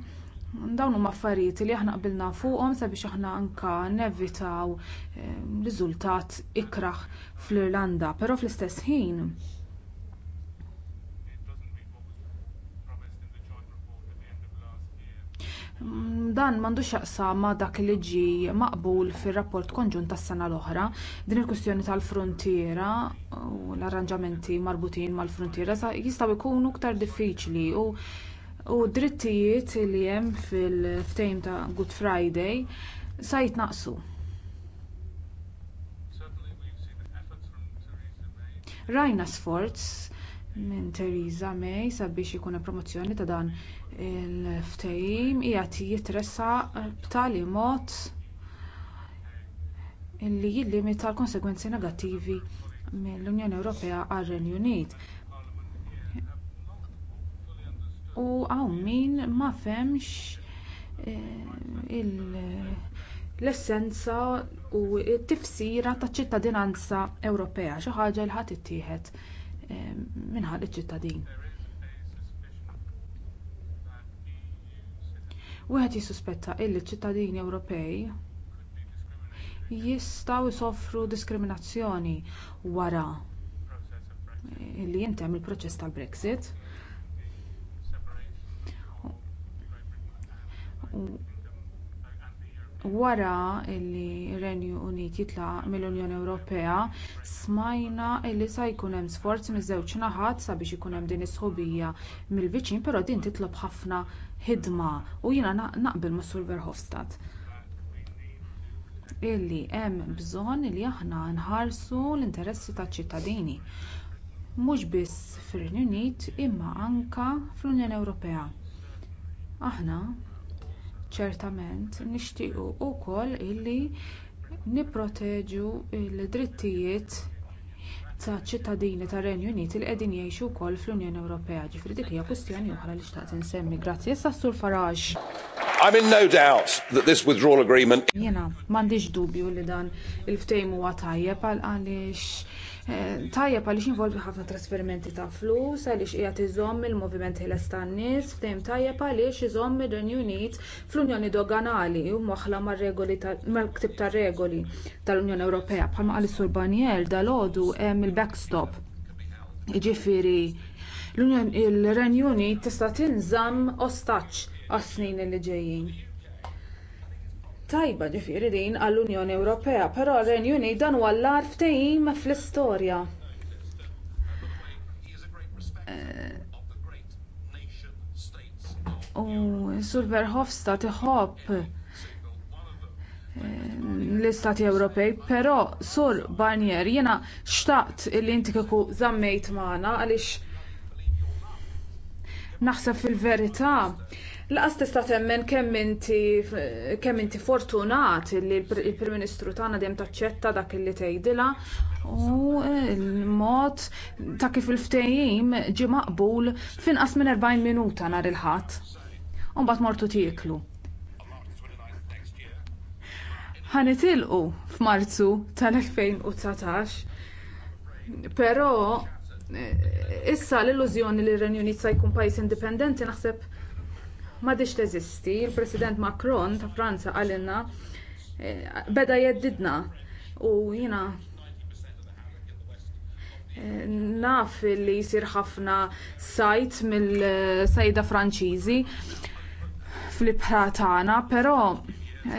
Speaker 4: dawn huma affarijiet li aħna qbilna fuqhom sabiex aħna anke nevitaw eh, riżultat ikrah fl-Irlanda, però fl-istess ħin dan m'għandux x'jaqsam ma' dak li ġie maqbul fir-rapport konġunt tas-sena l-oħra din il-kwistjoni tal-fruntiera u l-arranġamenti marbutin mal-fruntiera jistgħu jkunu aktar diffiċli u d-drittijiet li hemm fil-ftehim ta' good friday se jitnaqqsu rajna sforz minn theresa may sabiex ikun hemm promozzjoni ta' dan il-ftehim qiegħed jitressaq b'tali mod li jillimita l-konsegwenzi negattivi mill-unjoni ewropea għar-renju unit u hawn min ma fehmx eh, l-essenza u t-tifsira taċ-ċittadinanza ewropea xi ħaġa li ħadd ittieħed eh, minħabba iċ-ċittadin wieħed jissuspetta li ċ-ċittadini ewropej jistgħu jsofru diskriminazzjoni wara li jintemm il-proċess tal-brexit wara li r-renju unit jitlaq mill-unjoni ewropea smajna li se jkun hemm sforzi miż-żewġ naħat sabiex ikun hemm din is-sħubija mill-viċin però din titlob ħafna ħidma u jiena naqbel mas sur verhofstadt illi hemm bżonn li aħna nħarsu l-interessi taċ-ċittadini mhux biss fir-renju unit imma anke fl-unjoni ewropea aħna ċertament nixtiequ wkoll illi nipproteġu l drittijiet ta' ċittadini tar-renju unit li qegħdin jgħixu wkoll fl-unjoni ewropea ġifieri dik hija kwestjoni oħra li xtaqt insemmi grazzi issa sur farage
Speaker 3: I'm in no doubt that
Speaker 4: this withdrawal agreement Jena m'għandix dubju li dan il-ftehim huwa tajjeb għaliex Eh, tajjeb għaliex involvi ħafna trasferimenti ta' flus għaliex qiegħed iżomm il movimenti l-estannis, nies f'tehim tajjeb għaliex iżomm ir-Renju Unit fl-Unjoni Doganali u moħħla mar-regoli mal-ktib tar-regoli tal-Unjoni Ewropea bħalma qal sur Barnier dalgħodu hemm il-backstop. Jiġifieri l-Renju Unit tista' tinżamm ostaġġ għas-snin li ġejjin tajba ġifieri din għall-Unjoni Ewropea, però r-Renju Unit dan huwa l-ar ftehim fl-istorja. Eh, u Sur Verhofstadt iħobb eh, l-Istati Ewropej, però Sur Barnier jiena xtaqt li inti żammejt magħna għaliex naħseb fil-verità Laqas tista' temmen kemm inti kemm inti fortunat li l-Prim Ministru tagħna dejjem taċċetta dak li tgħidilha u l-mod ta' kif il-ftehim ġie maqbul f'inqas minn 40 minuta nhar il-ħadd. U mbagħad mortu tieklu. Ħanitilqu f'Marzu tal-2019, però eh, issa l-illużjoni li r-Renju Unit se jkun pajjiż indipendenti naħseb m'għadix teżisti. Il-President Macron ta' Franza għalilna eh, beda jeddidna u jiena eh, naf li jsir ħafna sajt mill-sajda eh, Franċiżi fl-ibħra tagħna, però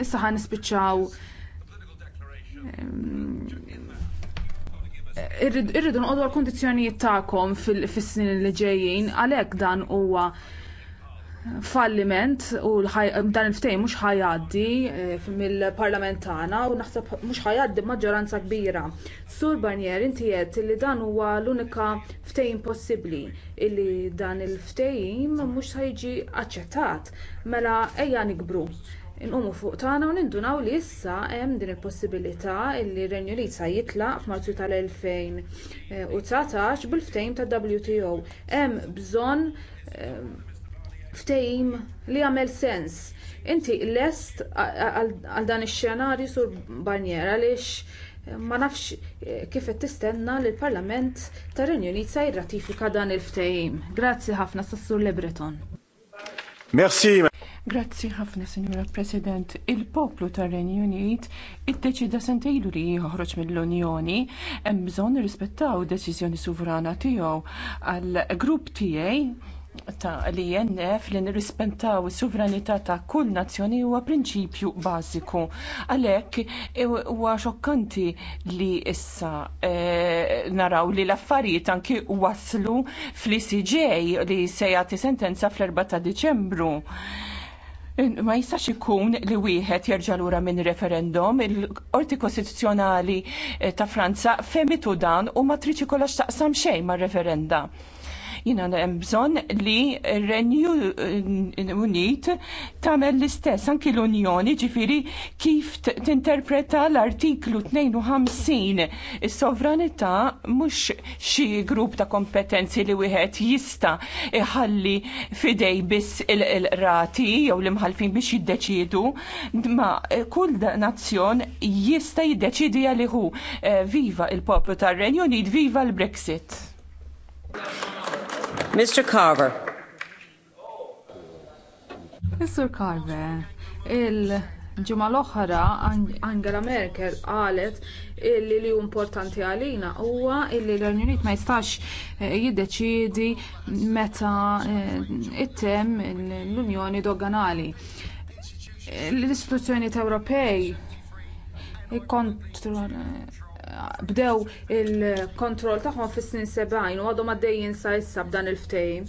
Speaker 4: issa ħan nispiċċaw irridu nqodu għal kundizzjonijiet tagħkom fis-snin li ġejjin għalhekk dan huwa falliment u dan il-ftejn mhux ħajgħaddi eh, mill-parlament tagħna u naħseb mhux ħajgħaddi b'maġġoranza kbira. Sur Barnier inti qed li dan huwa l-unika ftehim possibbli illi dan il-ftehim mhux ħajġi aċċettat mela ejja nikbru. Inqumu fuq tagħna u nindunaw li issa hemm din il-possibilità li r-Renju Unit sa jitlaq f'Marzu tal-2019 eh, bil-ftehim tad-WTO. Hemm bżonn eh, ftehim li għamel sens. Inti lest għal dan ix-xenarju sur Barnier għaliex eh, ma nafx eh, kif qed tistenna li l-Parlament tar-Renju Unit se jirratifika dan il-ftehim. Grazzi ħafna sassur Lebreton. Merci. Grazzi
Speaker 1: ħafna, Sinjura
Speaker 4: President.
Speaker 1: Il-poplu tar-Renju Unit iddeċida sentejlu li joħroġ mill-Unjoni hemm bżonn irrispettaw deċiżjoni suvrana tiegħu għall grupp tiegħi ta' li jennef li nirrispettaw is-sovranità ta' kull nazzjoni huwa prinċipju bażiku. Għalhekk e, huwa xokkanti li issa e, naraw li l-affarijiet anki waslu fl-ICJ li se jagħti sentenza fl-4 ta' Diċembru. Ma jistax ikun li wieħed jerġa' lura minn referendum, il-Qorti Kostituzzjonali e, ta' Franza femitu dan u ma triċi kollox taqsam xejn mar-referenda Jina hemm bżonn li Renju Unit tagħmel l-istess anki l-Unjoni ġifieri kif tinterpreta l-artiklu 52 is-sovranità mhux xi grupp ta' kompetenzi li wieħed jista' iħalli fidej biss il-rati jew l-imħalfin biex jiddeċidu, ma kull nazzjon jista' jiddeċidi għalihu eh, viva il-poplu tar-Renju Unit, viva l-Brexit. Mr. Carver.
Speaker 4: Mr. Carver, il ġimgħa l-oħra Angela Merkel qalet illi li importanti għalina huwa illi l-Renju Unit ma jistax eh, jiddeċiedi meta eh, it-tem l-Unjoni Doganali. Eh, L-istituzzjoni Ewropej bdew il-kontroll tagħhom fis-snin 70 u għadhom għaddejjin sa issa b'dan il-ftehim.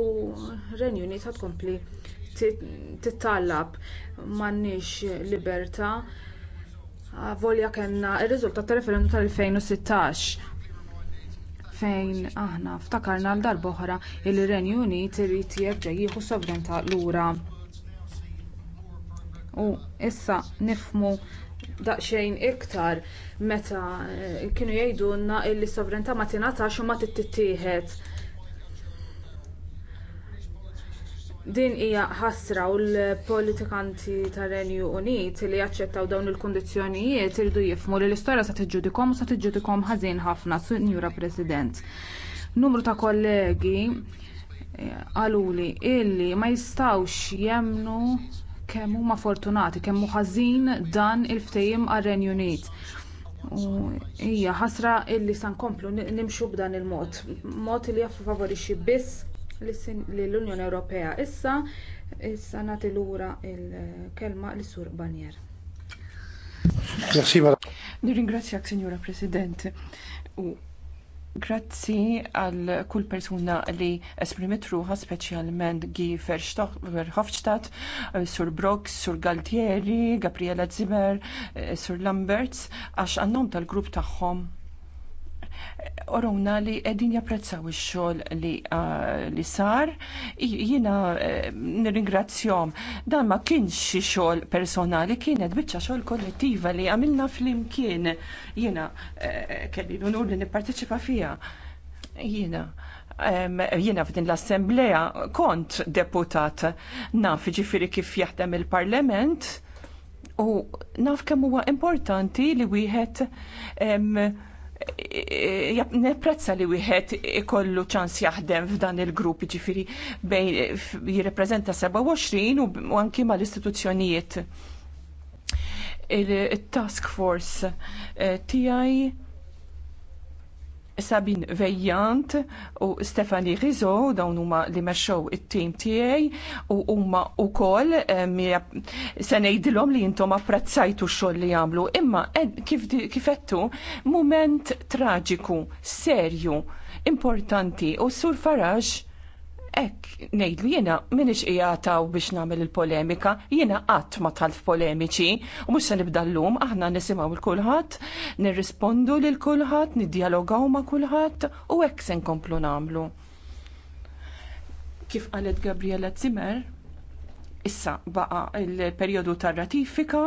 Speaker 4: U Renju Unit tkompli titallab m'għandniex libertà volja kellna ir-riżultat tar referendum tal-2016 fejn aħna ftakarna l-darba oħra li r-Renju Unit irid jerġa' jieħu sovranità lura u issa nifhmu daqsxejn iktar meta eh, kienu jgħidulna li s-sovranità ma tingħatax u ma tittieħed. Din hija ħasra u l-politikanti tar-Renju Unit li jaċċettaw dawn il-kundizzjonijiet iridu jifhmu li l-istorja se tiġġudikhom u se tiġġudikhom ħażin ħafna, Sinjura President. Numru ta' kollegi qaluli eh, illi ma jistgħux jemmnu kemm huma fortunati, kemm hu ħażin dan il-ftehim għar-Renju Unit. U hija ħasra illi se nkomplu nimxu b'dan il-mod, mod li jaffavorixxi biss lill-Unjoni Ewropea. Issa issa nagħti lura l kelma lis sur Banier.
Speaker 1: Nirringrazzjak, Sinjura President. Grazzi għal kull persuna li esprimit ruħa speċjalment Gi Verhofstadt, eh, Sur Brock, Sur Galtieri, Gabriela Zimmer, eh, Sur Lamberts, għax għannom tal-grupp tagħhom oruna li edin japprezzaw il-xol li, ah, li sar, jina eh, nirringrazzjom, dan ma kienx xol personali, kienet bieċa xol kollettiva li għamilna fl-imkien, jina eh, kelli l-unur li nipparteċipa fija, jina. Jiena f'din l-assemblea kont deputat naf ġifiri kif jaħdem il-parlament u naf kemm huwa importanti li wieħed neprezza li wieħed ikollu ċans jaħdem f'dan il-grupp ġifiri bejn jirrepreżenta 27 u anki mal-istituzzjonijiet. Il-task force eh, tiegħi Sabin Vejjant u Stefani Rizzo dawn huma li mexxew it-tim tiegħi u huma wkoll eh, se ngħidilhom li intom apprezzajtu x-xogħol li jagħmlu. Imma eh, kif kifettu mument traġiku, serju, importanti u sur Faraġ Ek, nejdu jena minix ijataw biex namel il-polemika, jena għat ma talf polemiċi, u mux san ibdallum, aħna nisimaw il-kulħat, nirrispondu l-kulħat, niddialogaw ma kulħat, u ekk sen komplu namlu. Kif għalet Gabriela Zimmer, issa baqa il-periodu tar-ratifika,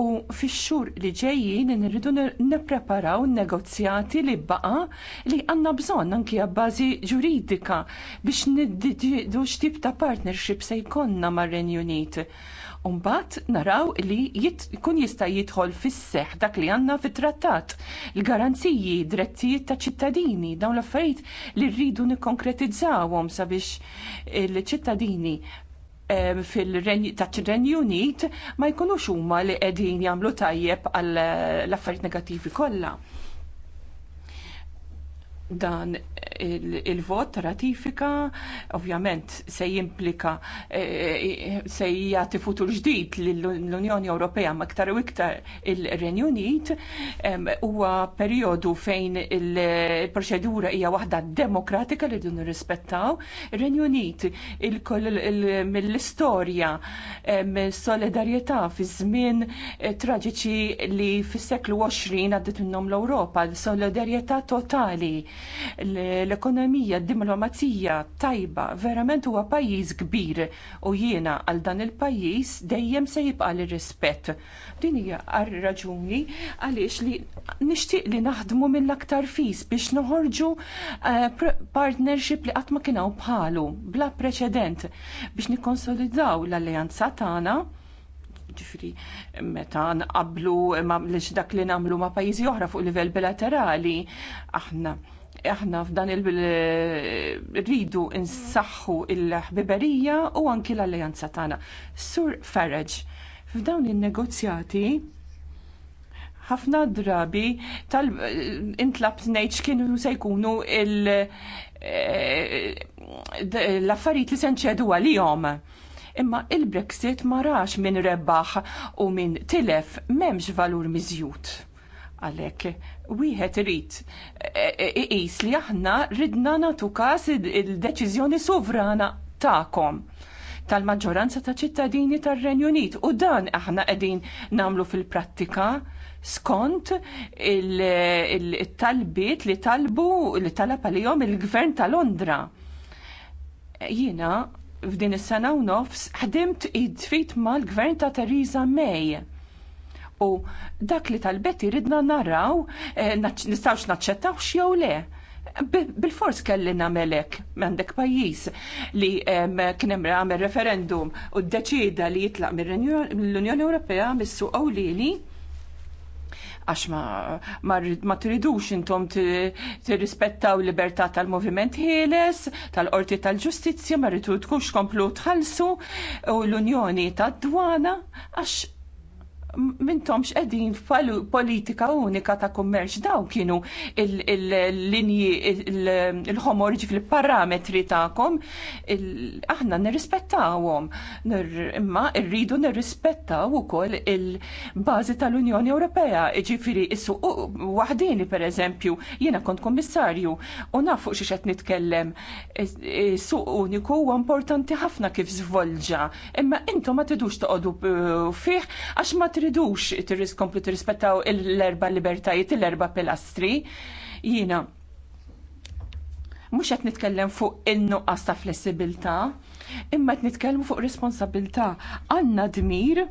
Speaker 1: u fix-xhur li ġejjin nirridu nippreparaw negozjati li baqa li għandna bżonn anki bażi ġuridika biex niddidu x'tip ta' partnership se jkollna mar-Renju Unit. Umbat naraw li jkun jista' jidħol fis-seħ dak li għandna fit-trattat, il-garanziji, drettijiet ta' ċittadini, dawn l-affarijiet li rridu nikkonkretizzawhom sabiex il-ċittadini fil-Renju Unit ma jkunux huma li qegħdin jagħmlu tajjeb għall eh, affarijiet negattivi kollha dan il-vot ratifika ovvjament se jimplika e, e, se jagħti futur ġdid l-Unjoni Ewropea ma u iktar il-Renju Unit huwa perjodu fejn il-proċedura hija waħda demokratika li dun nirrispettaw. Ir-Renju Unit mill-istorja solidarjetà fi żmien e, traġiċi li fis-seklu 20 għaddit minnhom l-Ewropa, solidarjetà totali L-ekonomija, d-diplomazija tajba, verament huwa pajjiż kbir u jiena għal dan il-pajjiż dejjem se jibqa' li rispett. Din hija raġuni għaliex li nixtieq li naħdmu mill-aktar fis biex noħorġu eh, partnership li qatt ma kienu bħalu bla preċedent biex nikkonsolidaw l-alleanza tagħna ġifri, meta nqablu ma dak li namlu ma' pajjiżi oħra fuq livell bilaterali, aħna aħna f'dan il-ridu insaħħu il-ħbiberija u anki l-alleanza tagħna. Sur Farage, f'dawn in-negozjati ħafna drabi tal intlab ngħid kienu se jkunu eh, l-affarijiet li se nċedu għalihom. Imma il-Brexit ma rax minn rebbaħ u minn tilef m'hemmx valur miżjud. Għalhekk wieħed irid e, e, e, iqis li aħna ridna nagħtu każ il-deċiżjoni sovrana tagħkom tal-maġġoranza ta' ċittadini tar-Renju Unit u dan aħna qegħdin nagħmlu fil-prattika skont il-talbiet li talbu li talab għalihom il-Gvern ta' Londra. Jiena f'din is-sena u nofs ħdimt id-tfit mal-Gvern ta' Theresa May U dak li talbet jiridna naraw, eh, nistawx naċċettawx jew le. Bil-fors kelli namelek m'għandek pajjiż li kien hemm għamel referendum u ddeċida li jitlaq mill-Unjoni Ewropea mis li li għax ma, tridux intom tirrispettaw libertà tal-moviment ħieles, tal-qorti tal-ġustizzja, ma rridu tkunx komplu tħallsu u l-Unjoni tad-dwana għax mintomx edin politika unika ta' kummerċ daw kienu il-linji il homorġi fil-parametri ta'kom aħna nirrispettawhom imma rridu nirrispettaw ukoll il-bażi tal-Unjoni Ewropea ġifiri issu waħdini per eżempju jiena kont kommissarju u nafu xi qed nitkellem suq uniku huwa importanti ħafna kif żvolġa imma intom ma tidux toqgħodu uh, fih għax ma tridux tirriskomplu tirrispettaw l-erba libertajiet, l-erba pilastri. Jiena, mhux qed nitkellem fuq in-nuqqas ta' flessibilità, imma qed nitkellmu fuq responsabilità. Għandna dmir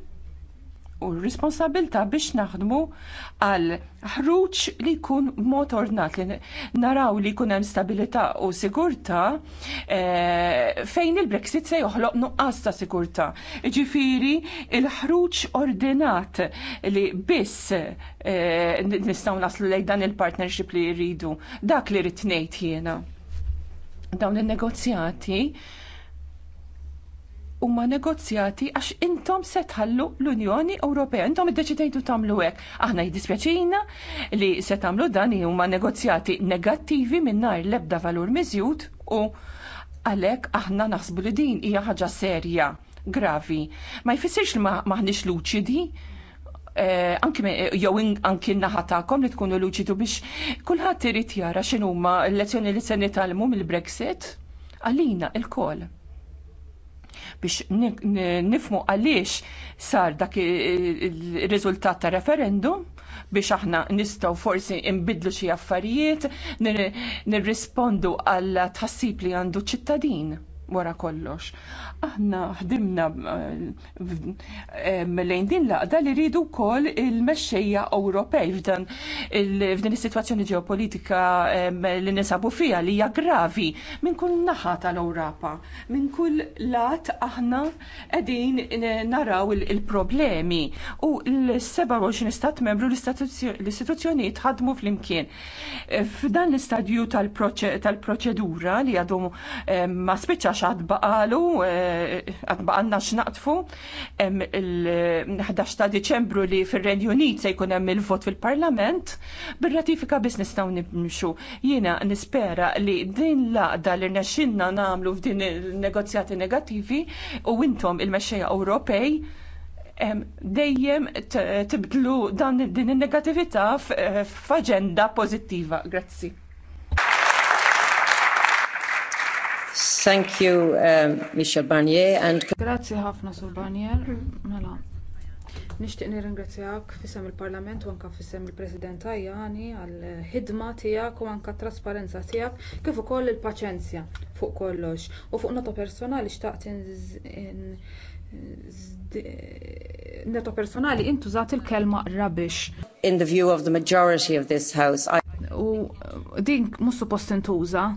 Speaker 1: u responsabilta biex naħdmu għal ħruġ li jkun mod ordnat li naraw li jkun hemm stabilità u sigurtà e, fejn il-Brexit se joħloq nuqqas ta' sigurtà. Ġifiri, il-ħruġ ordinat li biss e, eh, nistgħu naslu lejn dan il-partnership li jridu. Dak li rrid ngħid jiena. Dawn in-negozjati huma negozjati għax intom se tħallu l-Unjoni Ewropea. Intom iddeċidejtu tagħmlu hekk. Aħna jiddispjaċina li se tagħmlu dan huma negozjati negattivi mingħajr l-ebda valur miżjud u għalhekk aħna naħsbu li din hija ħaġa serja gravi. Ma jfissirx li maħniex luċidi, eh, anki jew anki naħatakom li tkunu luċidu biex kulħadd irid jara x'inhuma l-lezzjoni li se nitalmu mill-Brexit għalina il-kol biex nifmu għaliex sar dak il-riżultat ta' referendum biex aħna nistgħu forsi nbidlu xi affarijiet, nirrispondu għal tħassib li għandu ċittadin wara kollox. Aħna ħdimna eh, eh, lejn din laqda li rridu wkoll il-mexxejja Ewropej f'dan f'din is-sitwazzjoni ġeopolitika eh, li nisabu fiha li hija gravi minn kull naħa tal-Ewropa. Minn kull lat aħna qegħdin naraw il-problemi u l-27 stat membru l-istituzzjonijiet ħadmu flimkien. F'dan l-istadju tal-proċedura li għadhom ma spiċċax xaħat baqalu, eh, għad baqalna xnaqtfu, il-11 ta' Deċembru li fil-Renju Unit se jkun hemm il-vot fil-Parlament, bir-ratifika biss nistgħu nimxu. Jiena nispera li din laqda li rnexxinna nagħmlu f'din il-negozjati negattivi u intom il-mexxejja Ewropej dejjem tibdlu dan din in-negatività f'aġenda pożittiva. Grazzi.
Speaker 3: Thank you, um, Michel Barnier. And...
Speaker 4: Grazie ħafna, Sur Barnier. Mela. Nixtieq nirringrazzjak f'isem il-Parlament u anke f'isem il-President Tajani għall-ħidma tiegħek u anke t-trasparenza tiegħek kif ukoll il-paċenzja fuq kollox. U fuq nota personali xtaqt nota personali intużat il-kelma rubbish. In the view of the majority of this house. I... U din mhux suppost intuża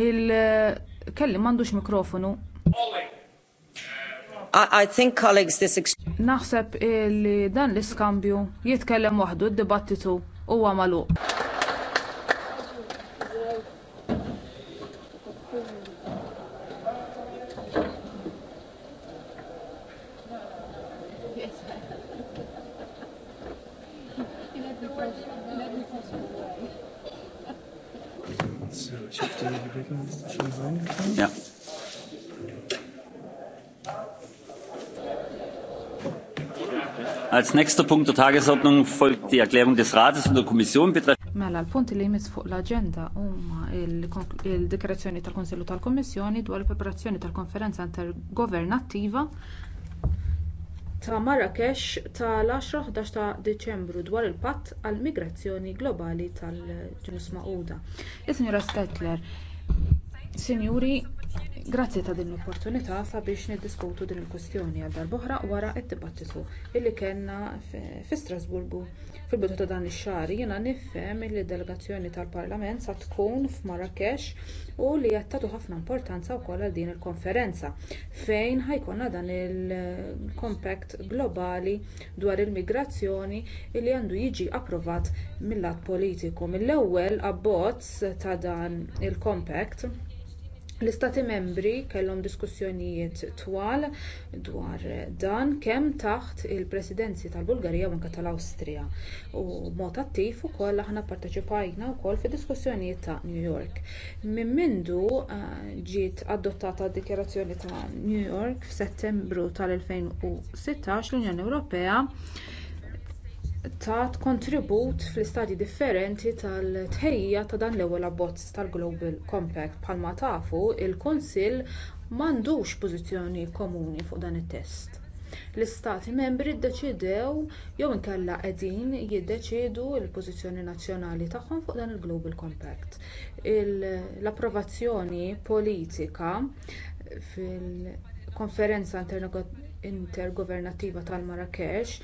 Speaker 4: il-kelli m'għandux mikrofonu. I think colleagues this Naħseb li dan l-iskambju jitkellem waħdu d-dibattitu huwa magħluq.
Speaker 5: Ja. Als nächster Punkt der Tagesordnung folgt die Erklärung des Rates und der Kommission betreffend
Speaker 4: Mela l-punti li jmiss fuq l agenda huma il-dikrazzjoni tal-Konsillu tal-Kommissjoni dwar il-preparazzjoni tal-konferenza intergovernattiva ta' Marrakesh tal-10-11 ta' Deċembru dwar il-patt għall migrazzjoni globali tal-ġnus Magħquda. Il-Sinjora Stetler, Signori, Grazzi ta' din l-opportunità sabiex niddiskutu din il kwestjoni għal darb'oħra wara d-dibattitu li kellna fi Strasburgu fil-bidu ta' dan ix-xahar. Jiena nifhem li d-delegazzjoni tal-Parlament se tkun f'Marrakesh u li qed tagħtu ħafna importanza wkoll għal din il-konferenza fejn ħajkollna dan il-compact globali dwar il-migrazzjoni li għandu jiġi approvat mill-lat politiku. Mill-ewwel abbozz ta' dan il-compact l-istati membri kellhom diskussjonijiet twal dwar dan kemm taħt il-presidenzi tal-bulgarija u anke tal-awstrija u b'mod attiv ukoll aħna pparteċipajna wkoll fid-diskussjonijiet ta' new york minn mindu eh, ġiet adottata d-dikjarazzjoni ta' new york f'settembru tal-2016 l-unjoni ewropea tat kontribut fl-istadji differenti tal-tħejjija ta' dan l-ewwel abbozz tal-global compact bħalma tafu il-kunsill m'għandux pożizzjoni komuni fuq dan it-test l-istati membri ddeċidew jew inkella qegħdin jiddeċiedu l-pożizzjoni nazzjonali tagħhom fuq dan il-global compact l-approvazzjoni politika fil-konferenza intergovernattiva tal-marrakesh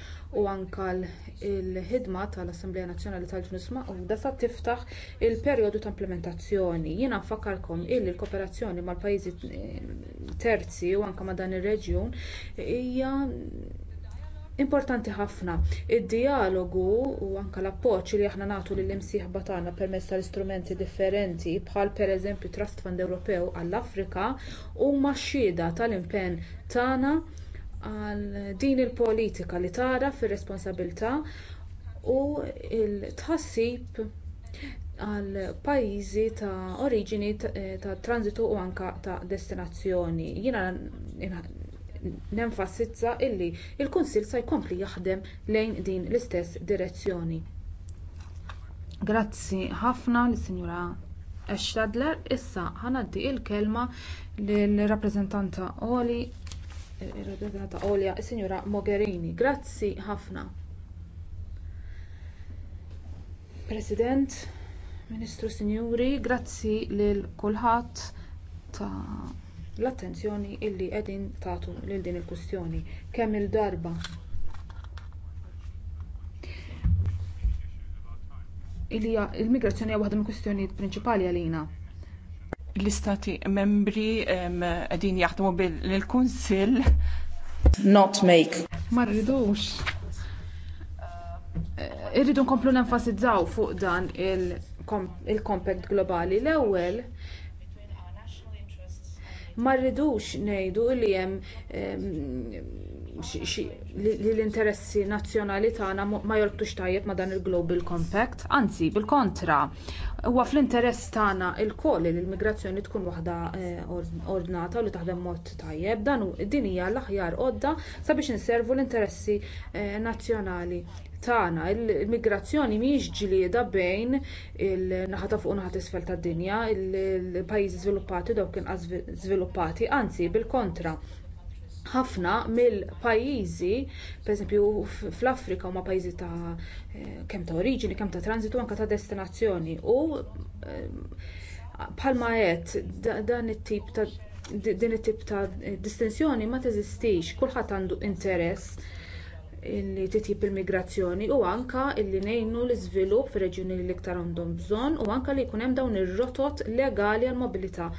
Speaker 4: u anke l-ħidma tal-assembleja nazzjonali tal-ġnus magħquda sa tiftaħ il-perjodu ta' implementazzjoni jiena nfakkarkom illi l-kooperazzjoni mal-pajjiżi terzi u anke ma' dan ir-reġjun hija importanti ħafna id-dijalogu u anke l-appoġġ li aħna nagħtu lill-imsieħba tagħna permezz tal-istrumenti differenti bħal pereżempju trust fund ewropew għall-afrika huma xhieda tal-impenn tagħna għal din il-politika li tara fir-responsabbiltà u l-tħassib għal pajjiżi ta' oriġini ta' tranzitu u anke ta' destinazzjoni. Jiena nenfasizza illi l il kunsill se jkompli jaħdem lejn din l-istess direzzjoni. Grazzi ħafna l sinjura Eschadler. Issa ħanaddi l kelma lill-rappreżentanta Oli ta' għolja is-Sinjura Mogherini. Grazzi ħafna. President, Ministru Sinjuri, grazzi lil kulħadd ta' l-attenzjoni illi qegħdin tagħtu lil din il-kwistjoni kemm il-darba il-migrazzjoni hija waħda mill-kwistjonijiet prinċipali għalina
Speaker 1: l-istati membri għedin jaħdmu bil-kunsil.
Speaker 4: Not make. Marridux. Irridu nkomplu nenfasizzaw fuq dan il-compact globali l-ewwel ma rridux ngħidu li hemm li l-interessi nazzjonali tagħna ma jortux tajjeb ma dan il-Global Compact, anzi bil-kontra. Huwa fl-interess tagħna lkoll li l-immigrazzjoni tkun waħda eh, ordnata u li taħdem mod tajjeb, dan din hija l-aħjar għodda sabiex inservu l-interessi eh, nazzjonali tagħna l-immigrazzjoni mhijiex ġlieda bejn il-naħa ta' fuq naħa isfel tad-dinja, il-pajjiżi żviluppati dawk inqas żviluppati, anzi bil-kontra ħafna mill-pajjiżi, pereżempju fl-Afrika huma pajjiżi ta' eh, kemm ta' oriġini, kemm ta' transitu anke ta' destinazzjoni u eh, bħalma qed dan it-tip ta' din it-tip ta' distinzjoni ma teżistix, kulħadd għandu interess li titjib il-migrazzjoni u anke li ngħinu l-iżvilupp fir-reġjuni li iktar għandhom bżonn u anke li jkun hemm dawn ir-rotot legali għall-mobilità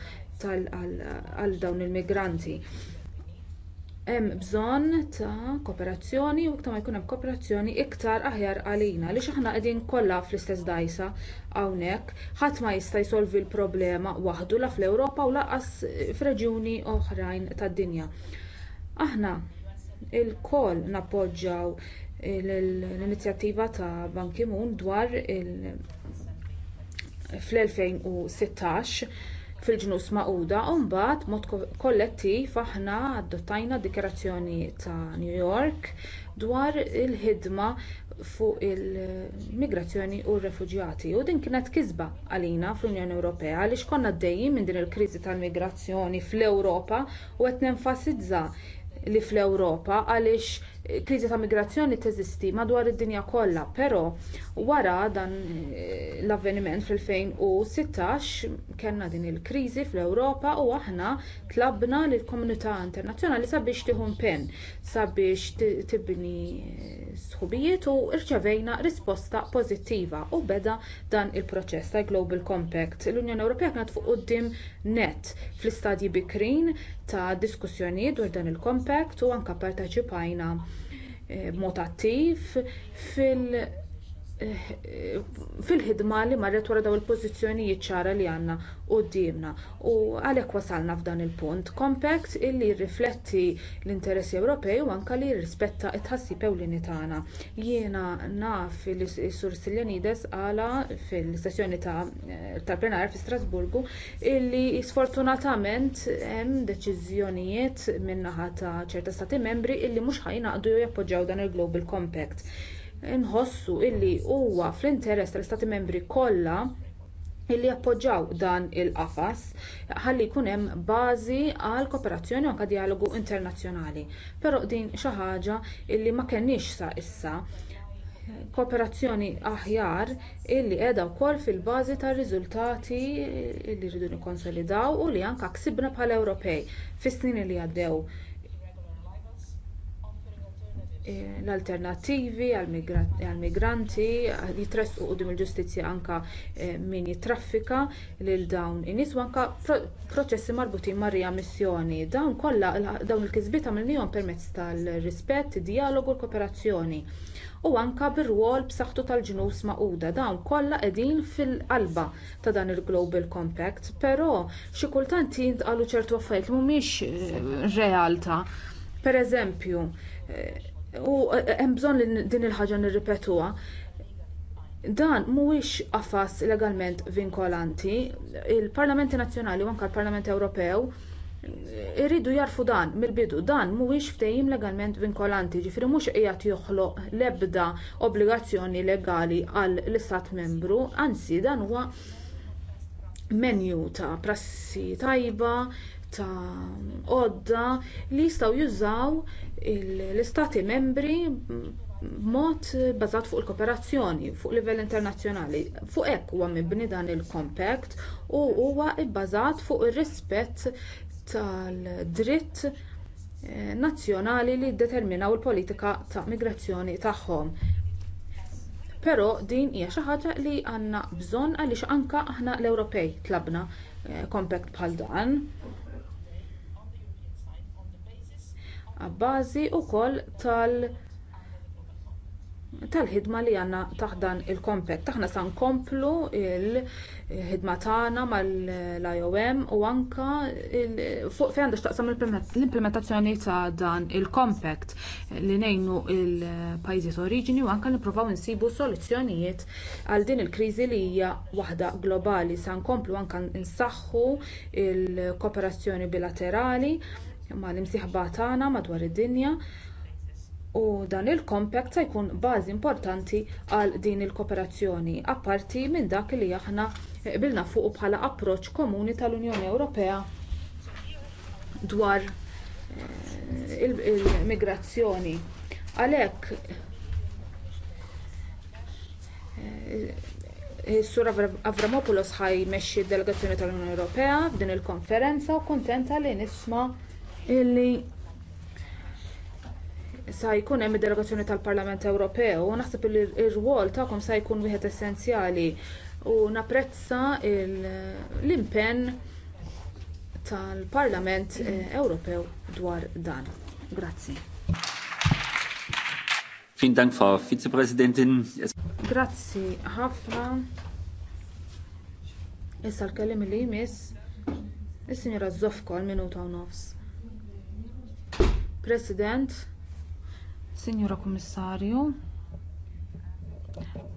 Speaker 4: għal dawn il-migranti hemm bżonn ta' kooperazzjoni u iktar ma jkun hemm kooperazzjoni iktar aħjar għalina għaliex aħna qegħdin kollha fl-istess dgħajsa hawnhekk ħadd ma jista' jsolvi l-problema waħdu la fl-ewropa u lanqas f'reġjuni oħrajn tad-dinja aħna lkoll nappoġġjaw l-inizjattiva ta' ban ki moon dwar fl-2016 fil-ġnus magħquda u mbagħad b'mod kollettiv aħna adottajna d-dikjarazzjoni ta' new york dwar il-ħidma fuq il-migrazzjoni u r-refuġjati u din kienet kisba għalina fl-unjoni ewropea għaliex konna għaddejjin minn din il-kriżi tal-migrazzjoni fl-ewropa u qed nenfasizza li fl-ewropa għaliex kriżi ta' migrazzjoni teżisti madwar id-dinja kollha, però wara dan eh, l-avveniment fl-2016 kellna din il-kriżi fl-Ewropa u aħna tlabna lill komunità internazzjonali sabiex tieħu impenn sabiex tibni sħubijiet u rċevejna risposta pożittiva u beda dan il-proċess ta' Global Compact. L-Unjoni Ewropea kienet fuq quddiem net fl-istadji bikrin ta' diskussjonijiet dwar dan il-compact u anke pparteċipajna Eh, mod attiv fil- fil-ħidma li marret wara daw il-pożizzjonijiet ċara li għandna quddiemna. u għalhekk wasalna f'dan il-punt compact illi jirrifletti l-interessi Ewropej u anke li jirrispetta t tħassib ewlieni tagħna. Jiena naf li sur Siljanides għala fil-sessjoni tal-plenar fi Strasburgu illi sfortunatament hemm deċiżjonijiet min-naħa ta' ċerta stati membri illi mhux ħajnaqdu jew jappoġġjaw dan il-Global Compact inħossu illi huwa fl-interess tal-istati membri kollha illi jappoġġjaw dan il-qafas ħalli jkun hemm bażi għal kooperazzjoni anke dijalogu internazzjonali. Però din xi ħaġa illi ma kenniex sa issa kooperazzjoni aħjar illi qiegħda wkoll fil-bażi tar-riżultati li rridu nikkonsolidaw u li anke ksibna bħala Ewropej fis-snin li għaddew l-alternattivi għall-migranti jitressqu quddiem il-ġustizzja anke eh, min jittraffika lil dawn in-nies u anke proċessi marbutin mar-riammissjoni dawn kollha dawn il-kisbiet għamilniehom permezz tar-rispett id-dijalogu u l-kooperazzjoni u anke bir-rwol b'saħħtu tal-ġnus magħquda dawn kollha qegħdin fil-qalba ta' dan il-global compact però xi kultant jintqalu ċertu affarijiet li mhumiex eh, realtà pereżempju eh, U eh, eh, hemm bżonn li din il-ħaġa nirripetuha. Dan mhuwiex affass legalment vinkolanti. Il-Parlamenti Nazzjonali u anke l-Parlament Ewropew eh, irridu jarfu dan mill-bidu dan mhuwiex ftehim legalment vinkolanti, ġifieri mhux qiegħed joħloq l-ebda obbligazzjoni legali għal l-istat membru, anzi dan huwa menju ta' prassi tajba ta' għodda li jistgħu jużaw l-istati membri b'mod bbażat fuq il-kooperazzjoni fuq livell internazzjonali. Fuq hekk huwa mibni dan il-compact u huwa bbażat fuq ir-rispett tal-dritt eh, nazzjonali li jiddeterminaw il-politika ta' migrazzjoni tagħhom. Però din hija xi ħaġa li għandna bżonn għaliex anke aħna l-Ewropej tlabna eh, compact bħal dan abbażi wkoll tal- ħidma li għandna taħt dan il-kompett. Aħna sa nkomplu l-ħidma tagħna mal-IOM u anke fuq fejn għandha x'taqsam l-implementazzjoni ta' dan il-kompett li ngħinu l-pajjiżi ta' oriġini u anke nippruvaw insibu soluzzjonijiet għal din il-kriżi li hija waħda globali. Se nkomplu anke nsaħħu l-kooperazzjoni bilaterali imma l-imsieħba tagħna madwar id-dinja u dan il-compact se jkun bażi importanti għal din il-kooperazzjoni apparti minn dak li aħna qbilna fuq bħala approċċ komuni tal-Unjoni Ewropea dwar eh, il-migrazzjoni. Għalhekk eh, eh, Sur Avramopoulos ħaj meċi delegazzjoni tal-Unjoni Ewropea f'din il-konferenza u kuntenta li nisma' illi sa jkun hemm id-delegazzjoni tal-Parlament Ewropew u naħseb li r-rwol tagħkom sa jkun wieħed essenzjali u napprezza l-impenn tal-Parlament eh, Ewropew dwar dan. Grazzi.
Speaker 5: Vielen Dank, Frau Vizepräsidentin.
Speaker 4: Grazzi ħafna. Issa l-kelim li jmiss, is-sinjora Zofko għal minuta u nofs. President, Sinjura Kummissarju,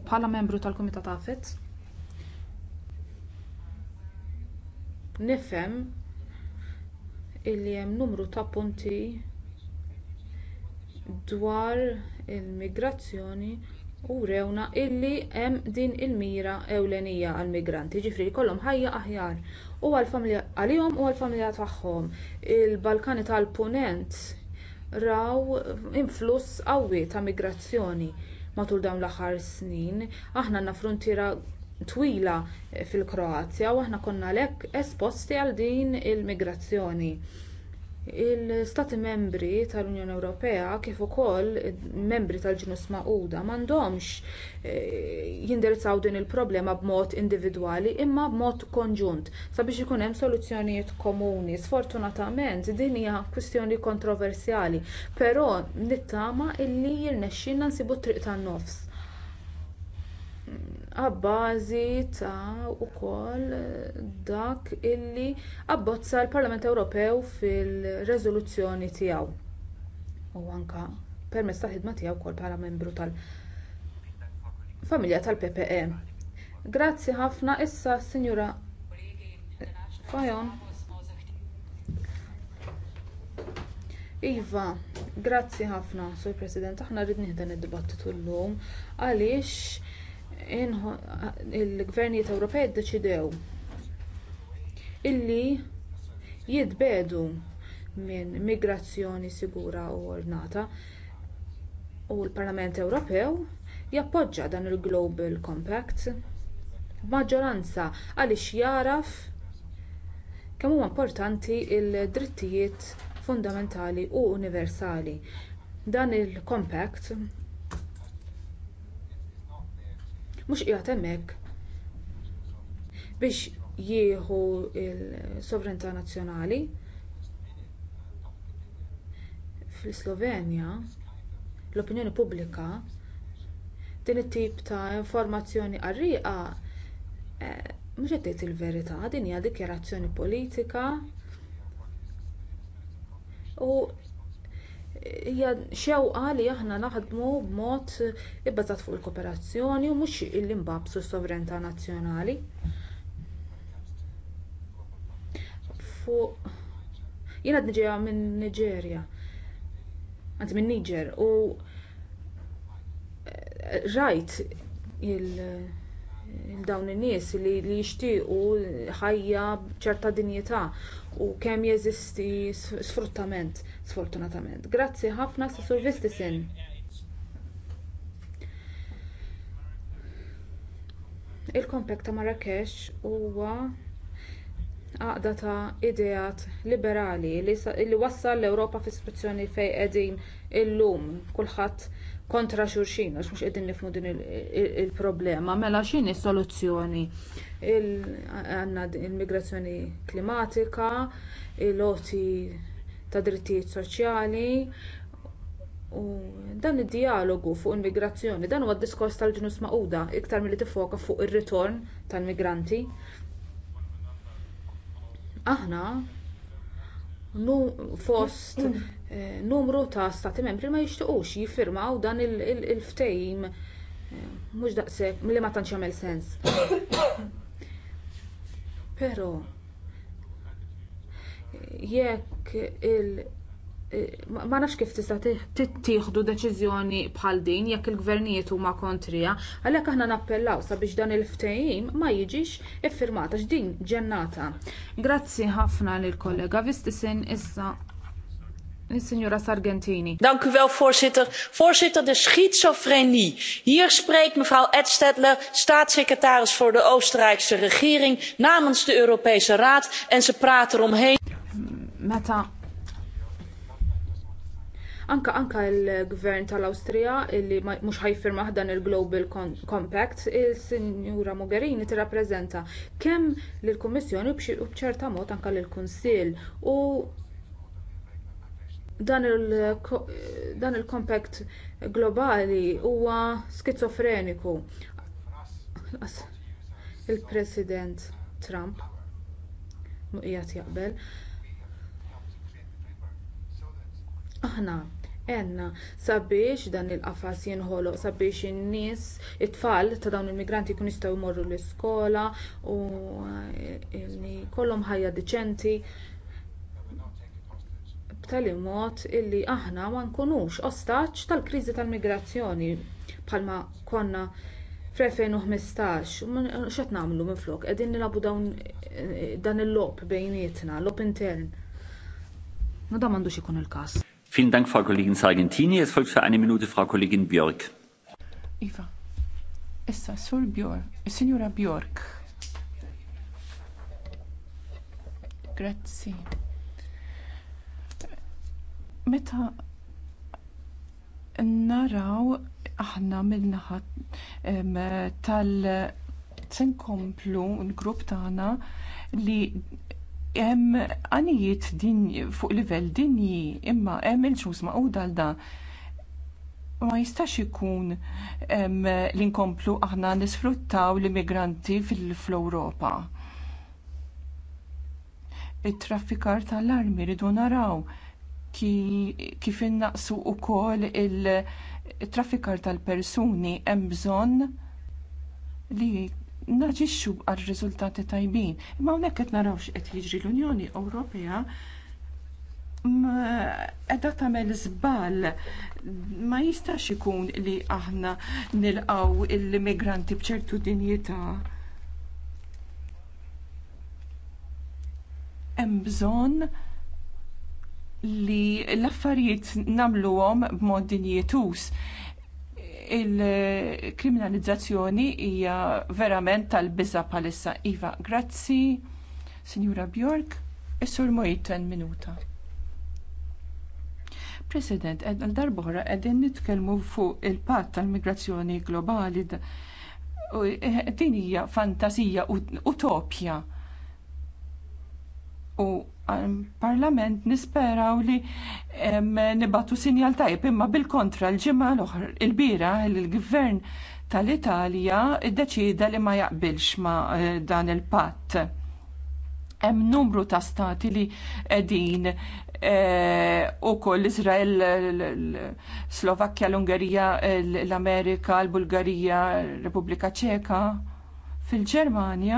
Speaker 4: bħala membru tal-Kumitat Afet, nifhem illi hemm numru ta' punti dwar il-migrazzjoni u rewna illi hemm din il-mira ewlenija għall-migranti ġifri jkollhom ħajja aħjar u għall-familja għalihom u għall-familja tagħhom. Il-Balkani tal-Punent raw influss qawwi ta' migrazzjoni matul dawn l-aħħar snin aħna għandna fruntiera twila fil-kroazja u aħna konna hekk esposti għal din il-migrazzjoni l-istati membri tal-unjoni ewropea kif ukoll membri tal-ġnus magħquda m'għandhomx eh, jindirizzaw din il-problema b'mod individwali imma b'mod konġunt sabiex ikun hemm soluzzjonijiet komuni sfortunatament din hija kwistjoni kontroversjali però nittama li jirnexxielna nsibu t-triq tan-nofs abbażi ta' wkoll dak illi abbozza l-parlament ewropew fir-riżoluzzjoni tiegħu u anke permezz tal-ħidma tiegħu wkoll bħala membru tal-familja tal-ppe grazzi ħafna issa sinjura fajon iva grazzi ħafna sur president aħna rrid nieħdu dan id-dibattitu llum għaliex il-gvernijiet Ewropej ddeċidew illi jitbedu minn migrazzjoni sigura u ordnata u l-Parlament Ewropew jappoġġja dan il-Global Compact b'maġġoranza għaliex jaraf kemm huma importanti l drittijiet fundamentali u universali. Dan il-compact mhux qiegħed hemmhekk biex jieħu l-sovranità nazzjonali fl-slovenja l-opinjoni pubblika din it-tip ta' informazzjoni qarrieqa eh, mhux qed tgħid il-verità din hija dikjarazzjoni politika u hija xewqa li aħna naħdmu b'mod ibbażat fuq il-kooperazzjoni u mhux illi nbabsu s-sovranità nazzjonali fuq jiena qed minn Niġerja anzi minn Niger u eh, rajt il dawn in-nies li jixtiequ ħajja b'ċerta dinjità u kemm jeżisti sfruttament sfortunatament. Grazzi ħafna Sur sin. Il-kompekt ta' Marrakesh huwa għaqda ta' ideat liberali li wassal l-Ewropa fi situazzjoni fejn qegħdin illum kulħadd kontra xulxin għax mhux qegħdin nifhmu din il-problema. Mela x'inhi s-soluzzjoni? Għandna l-immigrazzjoni klimatika, il-loti ta' drittijiet soċjali u dan id-dijalogu fuq immigrazzjoni dan huwa d-diskors tal-ġnus magħquda iktar milli tiffoka fuq ir-ritorn tal-migranti aħna fost mm. eh, numru ta' stati membri ma jixtiequx jiffirmaw dan il-ftehim eh, mhux daqshekk milli ma tantx jagħmel sens però jekk il- ma nafx kif tista' tittieħdu deċiżjoni bħal din jekk il-gvernijiet huma kontrija, għalhekk aħna nappellaw sabiex dan il-ftehim ma jiġix iffirmat għax din ġennata. Grazzi ħafna lill kollega Vistisin issa Signora Sargentini.
Speaker 1: Dank u wel, voorzitter. Voorzitter, de schizofrenie. Hier spreekt mevrouw
Speaker 4: Edstedler, staatssecretaris voor de Oostenrijkse regering, namens de Europese Raad en ze praat eromheen meta anka anka l-gvern tal-Awstrija li mhux ħajfirma dan il-Global Compact, il-Sinjura Mogherini tirrappreżenta kemm lill-Kummissjoni u b'ċerta mod anke lill-Kunsill u dan il-compact globali huwa skizofreniku. Il-President Trump qiegħed jaqbel. aħna għenna sabiex dan il-qafas jinħoloq sabiex in-nies it-tfal ta' dawn il-migranti jkunu jistgħu jmorru l-iskola u eh, li jkollhom ħajja diċenti b'tali mod illi aħna ma nkunux ostaġġ tal-kriżi tal-migrazzjoni bħalma konna fl-2015 x'qed nagħmlu minflok qegħdin nilagħbu eh, dan il-logħob bejnietna logħob intern. U m'għandux ikun il-każ.
Speaker 5: Vielen Dank, Frau Kollegin Sargentini. Es folgt für eine Minute Frau Kollegin Björk.
Speaker 4: Eva.
Speaker 1: issa sur Björk, signora Björk. Grazie. Meta naraw aħna mill-naħa tal- se nkomplu l-grupp taħna li hemm għanijiet din fuq livell dinji imma hemm il-ġuż maquda għal dan ma jistax ikun li nkomplu aħna nisfruttaw l-immigranti fl-Ewropa. It-traffikar tal-armi ridu naraw kif innaqsu wkoll il-traffikar tal-persuni hemm bżonn li naġixxu għal riżultati tajbin. Imma hawnhekk qed narawx qed jiġri l-Unjoni Ewropea qiegħda tagħmel żball ma jistax ikun li aħna nilqaw l-immigranti bċertu dinjità. Hemm bżonn li l-affarijiet nagħmluhom b'mod dinjetus il-kriminalizzazzjoni hija verament tal-biża bħalissa. Iva, grazzi, Signora Bjork, is-sur Mojten minuta. President, l-darbora qegħdin nitkellmu fuq il-patt tal-migrazzjoni globali eh, din hija fantasija utopja u ehm, parlament nisperaw li ehm, nibatu sinjal tajb imma bil-kontra l-ġimma l-oħra il-bira il-gvern tal-Italja id-deċida li ma jaqbilx ma eh, dan il-patt. Hemm numru ta' stati li qegħdin eh, ukoll Izrael, Slovakkja, l-Ungerija, l-Amerika, l-Bulgarija, Repubblika Ċeka Fil-Ġermanja,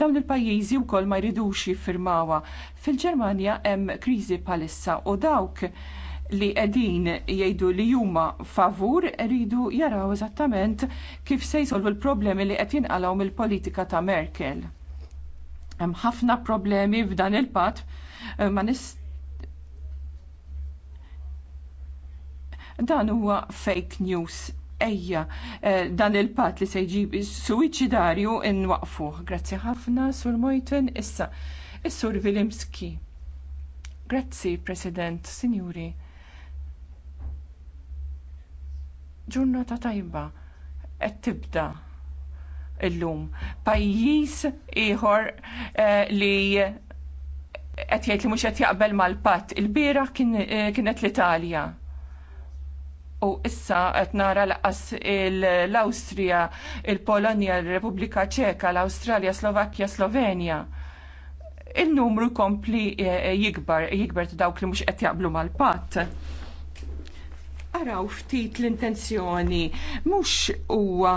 Speaker 1: dawn il-pajjiżi wkoll ma jridux jiffirmawha. Fil-Ġermanja hemm kriżi bħalissa u dawk li qegħdin jgħidu li huma favur ridu jaraw eżattament kif se jsolvu l-problemi li qed jinqalgħu mill-politika ta' Merkel. Hemm ħafna problemi f'dan il-patt eh, ma nist dan huwa fake news ejja eh, dan il-pat li se jġib suwiċidarju inwaqfuh. Grazzi ħafna, Sur Mojten, issa, is-Sur Vilimski. Grazzi, President, Sinjuri. Ġurnata tajba, qed tibda illum. Pajjiż ieħor eh, li qed jgħid li mhux qed jaqbel mal-patt. Il-bira eh, kienet l-Italja U issa qed nara laqas l-Awstrija, il-Polonja, l-Repubblika Ċeka, l-Awstralja, Slovakkja, Slovenja. Il-numru kompli eh, jikbar, jikbar dawk li mhux qed jaqblu mal-patt araw ftit l-intenzjoni mhux huwa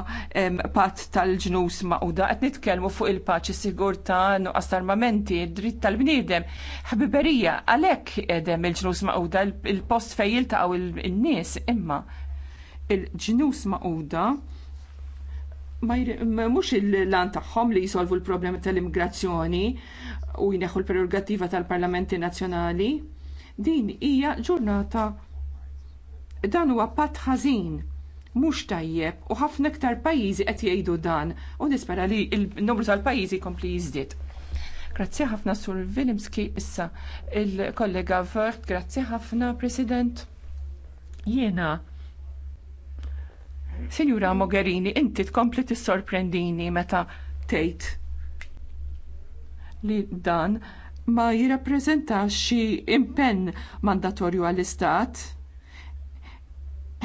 Speaker 1: patt tal-ġnus maquda qed nitkellmu fuq il-paċi sigurtà nuqqas armamenti id-dritt tal-bniedem, ħbiberija għalhekk edem il-ġnus maquda il-post fejn jiltaqgħu in-nies imma il-ġnus maquda mhux il-lan tagħhom li jisolvu l-problema tal-immigrazzjoni u jneħħu l-prerogattiva tal-parlamenti nazzjonali, din hija ġurnata Dan huwa pat ħażin mhux tajjeb u ħafna iktar pajjiżi qed jgħidu dan u nispera li n-numru tal-pajjiżi jkompli jiżdied. Grazzi ħafna sur Vilimski issa il-kollega Vert, grazzi ħafna President. Jiena. Sinjura Mogherini, inti tkompli tissorprendini meta tgħid li dan ma jirrappreżentax xi impenn mandatorju għall-Istat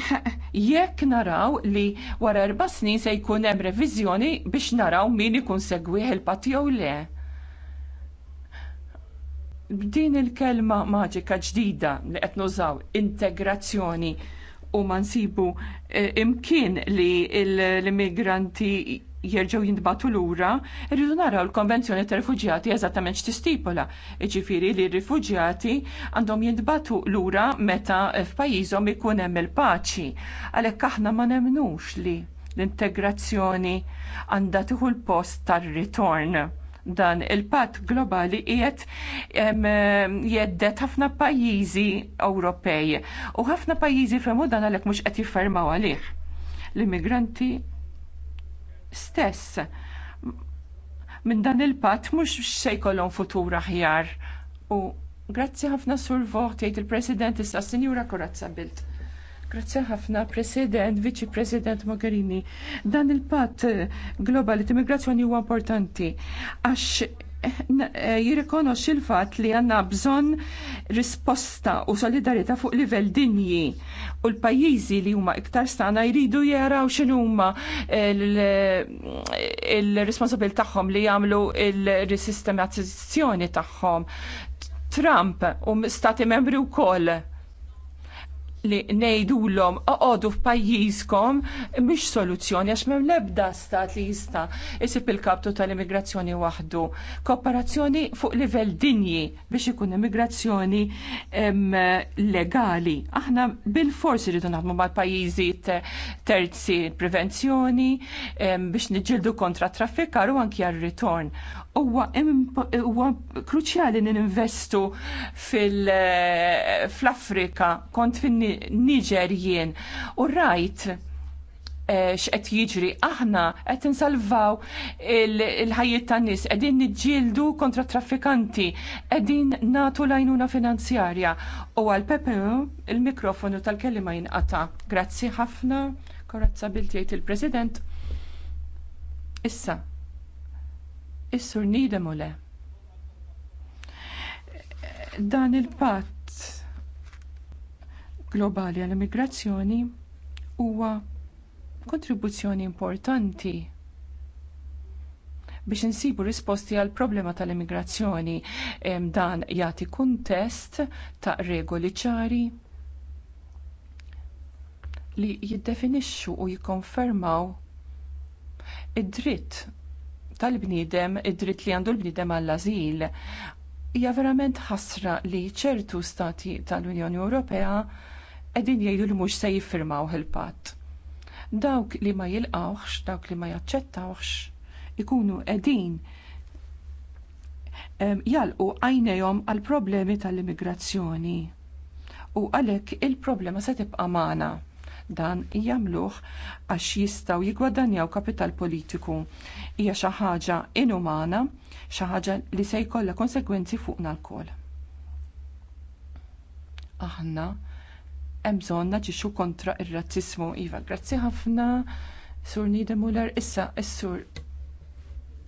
Speaker 1: jekk naraw li wara erba snin se jkun hemm reviżjoni biex naraw min ikun segwih il-patt jew le. B'din il-kelma maġika ġdida li qed nużaw integrazzjoni u ma nsibu eh, imkien li l-immigranti jerġgħu jintbatu lura, rridu naraw l-Konvenzjoni tar rifuġjati eżattament x'tistipola. Jiġifieri li r-rifuġjati għandhom jintbatu lura meta f'pajjiżhom ikun hemm il-paċi. Għalhekk aħna ma nemnux li l-integrazzjoni għandha tieħu l-post tar-ritorn dan il-pat globali qiegħed jeddet ħafna pajjiżi Ewropej u ħafna pajjiżi femu dan għalhekk mhux qed jiffermaw għalih. L-immigranti stess minn dan il-patt mhux se jkollhom futur aħjar u Grazzi ħafna sur vot jgħid il-President issa Sinjura Korazza Bilt. Grazzi ħafna President, Viċi President Mogherini. Dan il-patt eh, globali ta' immigrazzjoni huwa importanti għax Eh, jirrikonoxxi l-fatt li għandna bżonn risposta u solidarjetà fuq livell dinji u l-pajjiżi li huma iktar stana jridu jaraw x'inhu huma eh, eh, il-responsabil tagħhom li jagħmlu il-risistematizzazzjoni tagħhom. Trump u stati membri wkoll li l-om oqodu f'pajjiżkom mhix soluzzjoni għax m'hemm l-ebda stat li jista' isib il-kaptu tal-immigrazzjoni waħdu. Kooperazzjoni fuq livell dinji biex ikun immigrazzjoni legali. Aħna bil-forsi rridu naħdmu mal-pajjiżi terzi prevenzjoni biex niġġieldu kontra traffikar u anki għar-ritorn huwa kruċjali li ninvestu fil-Afrika eh, kont fin-Niġer jien u rajt eh, x'qed jiġri aħna qed insalvaw il-ħajjiet tan-nies, qegħdin niġġieldu kontra traffikanti, qegħdin nagħtu lajnuna finanzjarja. U għal Pepe il-mikrofonu tal-kelima jinqata'. Grazzi ħafna, korazza bil il-President. Issa, Is-sur Nidemule. Dan il-patt globali għall-immigrazzjoni huwa kontribuzzjoni importanti biex insibu risposti għal problema tal-immigrazzjoni dan jagħti kuntest ta' regoli ċari li jiddefinixxu u jikkonfermaw id-dritt tal-bniedem, id-dritt li għandu l-bniedem għall-azil, hija verament ħasra li ċertu stati tal-Unjoni Ewropea qegħdin jgħidu li mhux se jiffirmaw il-patt. Dawk li ma jilqawx, dawk li ma jaċċettawx, ikunu qegħdin jalqu għajnejhom għal problemi tal-immigrazzjoni. U għalhekk il-problema se tibqa' magħna dan jagħmluh għax jistgħu jiggwadanjaw kapital politiku. Hija xi ħaġa inumana, xi ħaġa li se jkollha konsegwenzi fuqna lkoll. Aħna hemm bżonn naġixxu kontra r razzismu Iva, grazzi ħafna, Sur Nida Muller, issa s-sur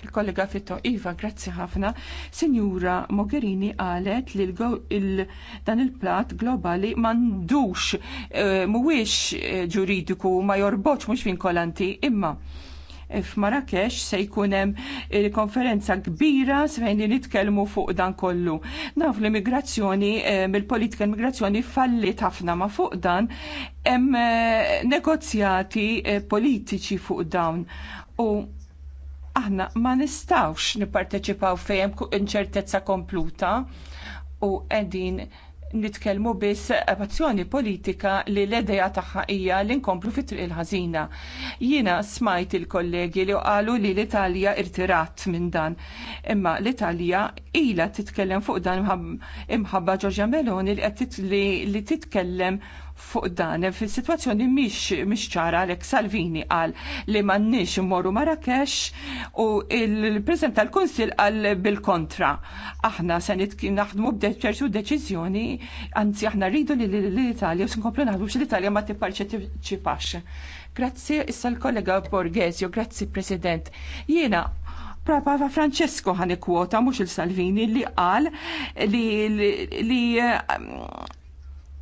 Speaker 1: il-kollega Fitto Iva, grazzi ħafna, Sinjura Mogherini għalet li dan il-plat globali mandux e, mhuwiex eh, ġuridiku ma jorbotx mhux vinkolanti imma f'Marrakesh se jkun hemm eh, konferenza kbira fejn li nitkellmu fuq dan kollu. Naf l-immigrazzjoni, mill-politika immigrazzjoni fallit ħafna ma fuq dan hemm negozjati politiċi fuq dawn. U aħna ma nistawx nipparteċipaw fejn inċertezza kompluta u qegħdin nitkellmu biss azzjoni politika li l-edeja tagħha hija li nkomplu fit-triq il-ħażina. Jiena smajt il-kollegi li qalu li l-Italja irtirat minn dan. Imma l-Italja ilha titkellem fuq dan imħabba Giorgia Meloni li qed li titkellem fuq dan. Fil-situazzjoni mhix mhix ċara Alek Salvini qal li m'għandniex immorru Marrakesh u il-President tal-Kunsil qal bil-kontra. Aħna se naħdmu b'deċertu deċiżjoni, anzi aħna rridu li l-Italja u nkomplu naħdmu l-Italja ma tipparċipax. Grazzi issa l-kollega Borgesio, grazzi President. Jiena Papa Francesco ħani kwota mux il-Salvini li qal li, li, li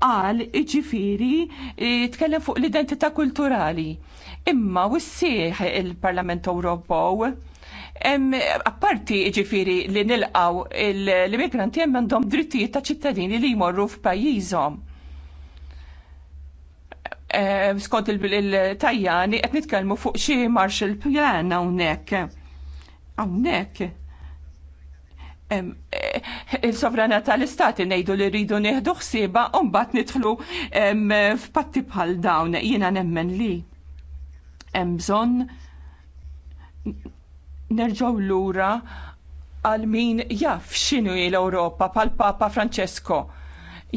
Speaker 1: qal iġifiri eh, tkellem fuq l-identità kulturali. Imma wissieħ il-Parlament Ewropew apparti iġifiri li nilqaw l-immigranti hemm għandhom drittijiet ta' ċittadini li jmorru f'pajjiżhom. Skont il-Tajjani qed nitkellmu fuq xi Marshall Plan hawnhekk. Hawnhekk Eh, il-sovrana tal-istati nejdu li rridu neħdu xsiba bat nitħlu f'patti bħal dawn jina nemmen li. Emżon nerġaw lura għal min jaf xinu l-Europa pal Papa Francesco.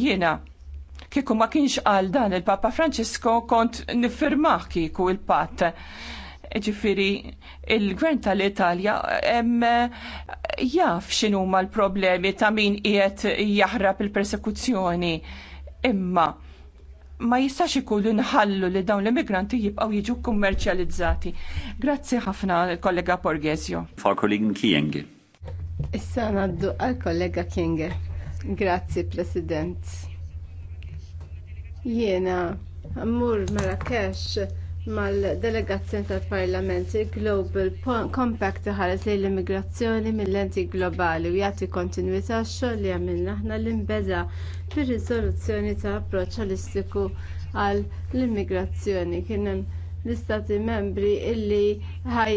Speaker 1: jina kieku ma kienx għal dan il-Papa Francesco kont nifirmaħ kieku il-pat Ġifiri, il-gvern tal-Italja jaf xinu ma l-problemi ta' min qiegħed jaħrab il-persekuzzjoni. Imma ma jistax ikunu nħallu li dawn l-immigranti jibqgħu jiġu kummerċjalizzati. Grazzi ħafna kollega Porgesio.
Speaker 5: Fa' kollegin Kienge.
Speaker 1: Issa naddu għal kollega
Speaker 2: Kienge. Grazzi, President. Jiena, ammur Marrakesh mal-delegazzjoni tal-Parlament il-Global Compact ħares lejn l-immigrazzjoni mill-lenti globali u jagħti kontinwità għax-xogħol li għamilna aħna li nbeda fir-riżoluzzjoni ta' approċċ ħolistiku għall immigrazzjoni kien hemm l-istati membri illi ħaj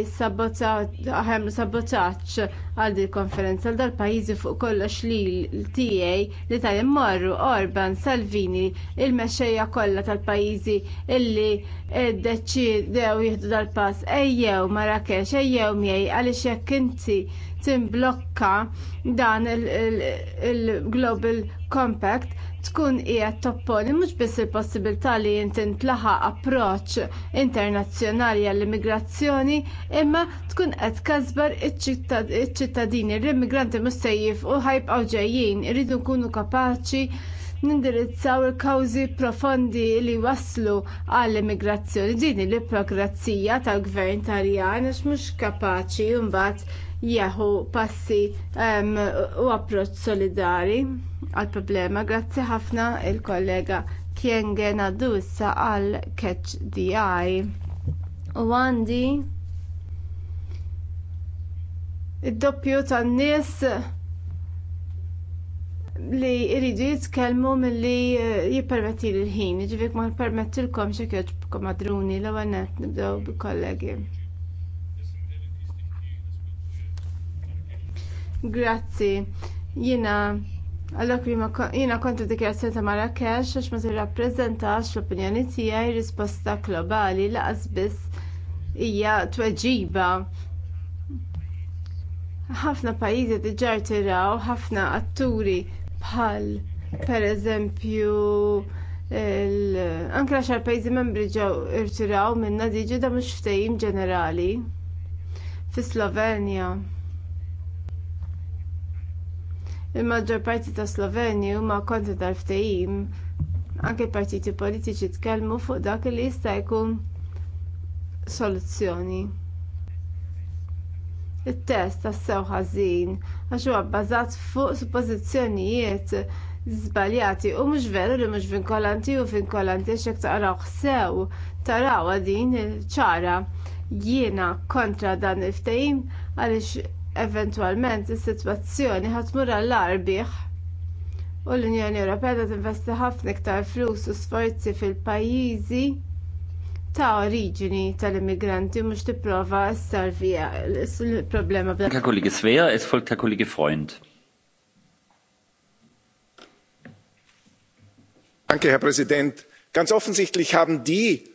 Speaker 2: ħajmlu sabotaċ għal di konferenza l dal-pajizi fuq kollox li l-tijaj li tal-immorru Orban, Salvini, il-mexxejja kollha tal-pajizi illi deċidew jihdu dal-pass ejjew Marrakesh, ejjew miej għaliex jekk inti timblokka dan il-Global Compact tkun qiegħed topponi mhux biss il-possibilità li inti tlaħaq approċċ internazzjonali għall-immigrazzjoni, imma tkun qed kasbar iċ-ċittadini, l-immigranti mhux se jifqu ħajbqgħu ġejjin, iridu nkunu kapaċi nindirizzaw il-kawżi profondi li waslu għall-immigrazzjoni. Din l-ipokrazija tal-gvern Taljan għax mhux kapaċi mbagħad jeħu passi um, u approċ solidari għal problema. Grazzi ħafna il-kollega Kiengen għaddu issa għal Catch DI. U għandi id-doppju tan-nies li jridu jitkellmu milli eh, jippermetti l-ħin, ġivik ma permettilkom xekjoġ madruni l-għanet nibdew bil-kollegi. Grazzi. Jina Għallok li jina konta dikjazzjoni ta' Marrakesh għax ma tirrappreżentax l-opinjoni tiegħi risposta globali laqas biss hija tweġiba. Ħafna pajjiżi diġà tiraw ħafna atturi bħal pereżempju anke għaxar pajjiżi membri ġew irtiraw minna diġi da mhux ftehim ġenerali. Fi Slovenja il-maġġor parti ta' sloveni huma kontra tal-ftehim anke partiti politiċi tkellmu fuq dak li jista' jkun soluzzjoni. It-test tas-sew ħażin għax huwa bbażat fuq suppożizzjonijiet żbaljati u mhux veru li mhux vinkolanti u vinkolanti x'hekk taqraw sew taraw din ċara jiena kontra dan il-ftehim għaliex eventwalment is-sitwazzjoni ħatmur għal arbieħ u l-Unjoni Ewropea qed tinvesti ħafna iktar flus u sforzi fil-pajjiżi ta' oriġini tal-immigranti mhux tipprova ssalvija l-problema bla. Kollegi
Speaker 5: ta' kollegi Freund. Danke, Herr Präsident. Ganz offensichtlich haben die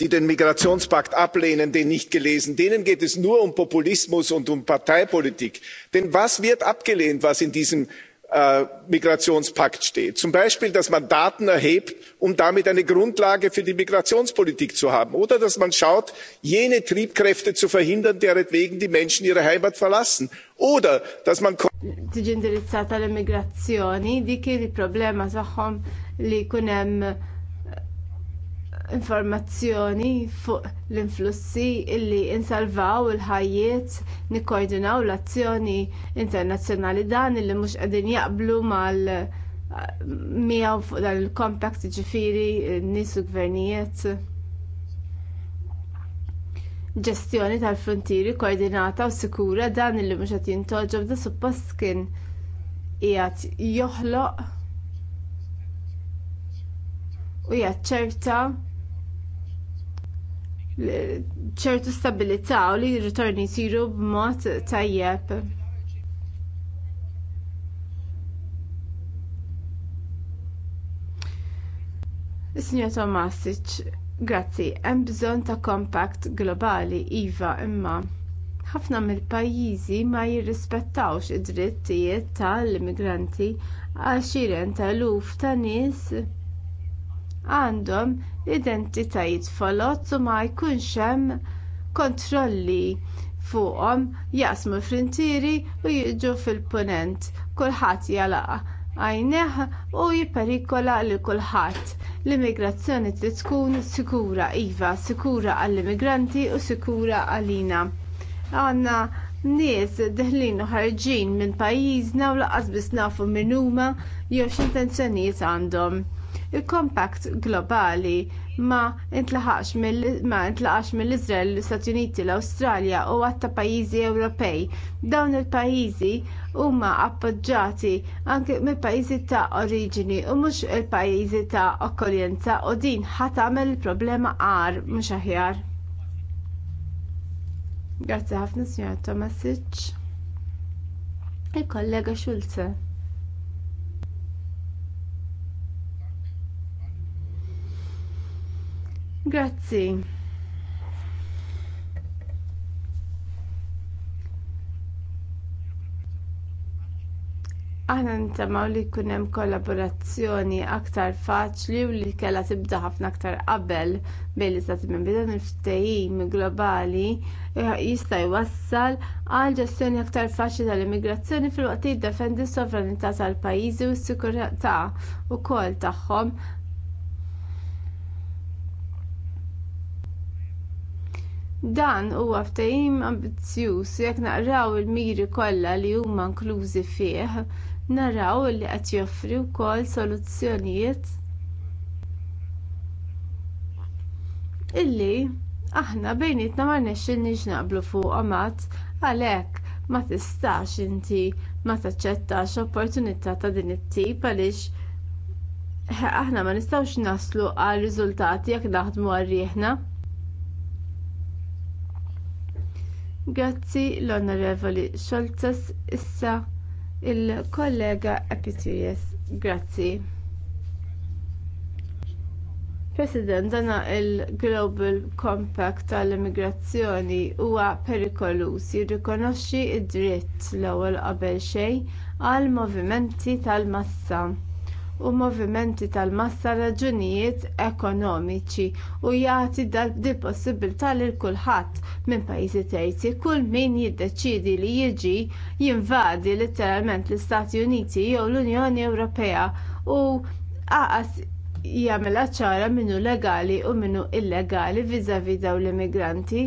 Speaker 5: die den migrationspakt ablehnen den nicht gelesen denen geht es nur um populismus und um parteipolitik. denn was wird abgelehnt was in diesem äh, migrationspakt steht? zum beispiel dass man daten erhebt um damit eine grundlage für die migrationspolitik zu haben oder dass man schaut jene triebkräfte zu verhindern deretwegen die menschen ihre heimat verlassen oder dass man
Speaker 2: tiġi indirizzata l-immigrazzjoni dik hi l-problema tagħhom li jkun hemm informazzjoni fuq l-influssi illi insalvaw il-ħajjiet nikkoordinaw l-azzjoni internazzjonali dan illi mhux qegħdin jaqblu mal eh, miegħu fuq dan il jiġifieri ġifiri nies u gvernijiet ġestjoni tal-frontieri koordinata u sikura dan illi mhux qed jintoġob da suppost kien qiegħed joħloq u jaċċerta ċertu stabilità u li r-ritorni jsiru b'mod tajjeb. Signor Tomasic, grazzi, hemm bżonn ta' kompakt globali iva imma ħafna mill-pajjiżi ma jirrispettawx id-drittijiet tal-immigranti għal xiren ta' eluf ta' nies għandhom l-identitajiet jitfalot u ma jkunx hemm kontrolli fuqhom jaqsmu l-frintieri u jiġu fil-punent. Kulħadd jalaq għajnejh u jipperikola lil kulħadd. L-immigrazzjoni trid tkun sikura iva, sikura għall-immigranti u sikura għalina. għandna nies deħlin u ħarġin minn pajjiżna u laqqas biss nafu minn huma jew x'intenzjonijiet għandhom. Il-Compact globali ma intlaħax mill-Iżrael, l-Istati Uniti, l-Awstralja u għatta pajjiżi Ewropej. Dawn il-pajjiżi huma appoġġjati anke mill-pajjiżi ta' oriġini u mhux il-pajjiżi ta' akkoljenza u din ħadd il-problema għar mhux aħjar. Grazzi ħafna, Signor Tomasic. Il-kollega Schulze. Grazzi. Aħna nintemaw li jkun hemm kollaborazzjoni aktar faċli u li kellha tibda ħafna aktar qabel bejn l-istati membri dan il-ftehim globali eh, jista' jwassal għal ġestjoni aktar faċli tal-immigrazzjoni filwaqt li jiddefendi s-sovranità tal-pajjiżi u s-sikurtà wkoll tagħhom Dan huwa ftehim ambizzjuż jekk naqraw il-miri kollha li huma inklużi fih, naraw li qed joffri wkoll soluzzjonijiet illi aħna bejnietna ma rnexxinniex naqblu fuqhom qatt għalhekk ma tistax inti ma taċċettax opportunità ta' din it-tip għaliex aħna ma nistgħux naslu għal riżultati jekk naħdmu għal rieħna. Grazzi l-Onorevoli Scholzes issa il-kollega Epitius. Grazzi. President, dana il-Global Compact tal-immigrazzjoni huwa perikolus jirrikonoxxi d dritt l-ewwel qabel xejn għal movimenti tal-massa u movimenti tal-massa raġunijiet ekonomiċi u jagħti di possibilità lil kulħadd minn pajjiżi terzi kull min jiddeċiedi li jiġi jinvadi letteralment l-Istati Uniti jew l-Unjoni Ewropea u għaqas jagħmilha ċara minnu legali u minnu illegali viżavi dawn l-immigranti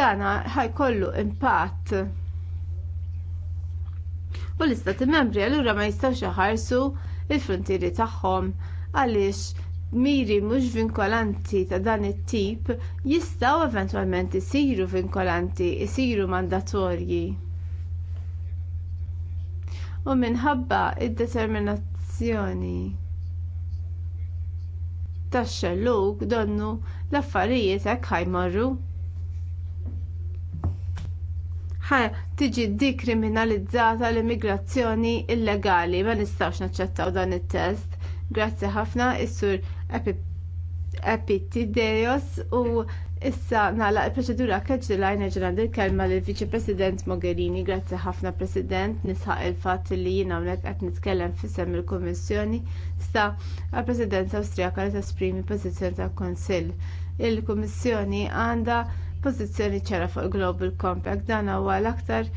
Speaker 2: dan ħajkollu impatt u l-istati membri allura ma jistgħux jaħarsu il fruntieri tagħhom għaliex miri mhux vinkolanti ta' dan it-tip jistgħu eventwalment isiru vinkolanti, isiru mandatorji. U minħabba d determinazzjoni tax-xellug donnu l-affarijiet hekk ħajmorru ħa tiġi dikriminalizzata l-immigrazzjoni illegali ma nistgħux naċċettaw dan it-test. Grazzi ħafna is-sur Epitideos u issa nagħlaq il-proċedura keġġilaj neġran il-kelma lill viċi President Mogherini. Grazzi ħafna President nisħaq il-fatt li jien hawnhekk qed nitkellem f'isem il-Kummissjoni sta għall-Presidenza Awstrijaka li tesprimi pożizzjoni tal-Kunsill. Il-Kummissjoni għandha pożizzjoni ċara fuq il-Global Compact dan huwa l-aktar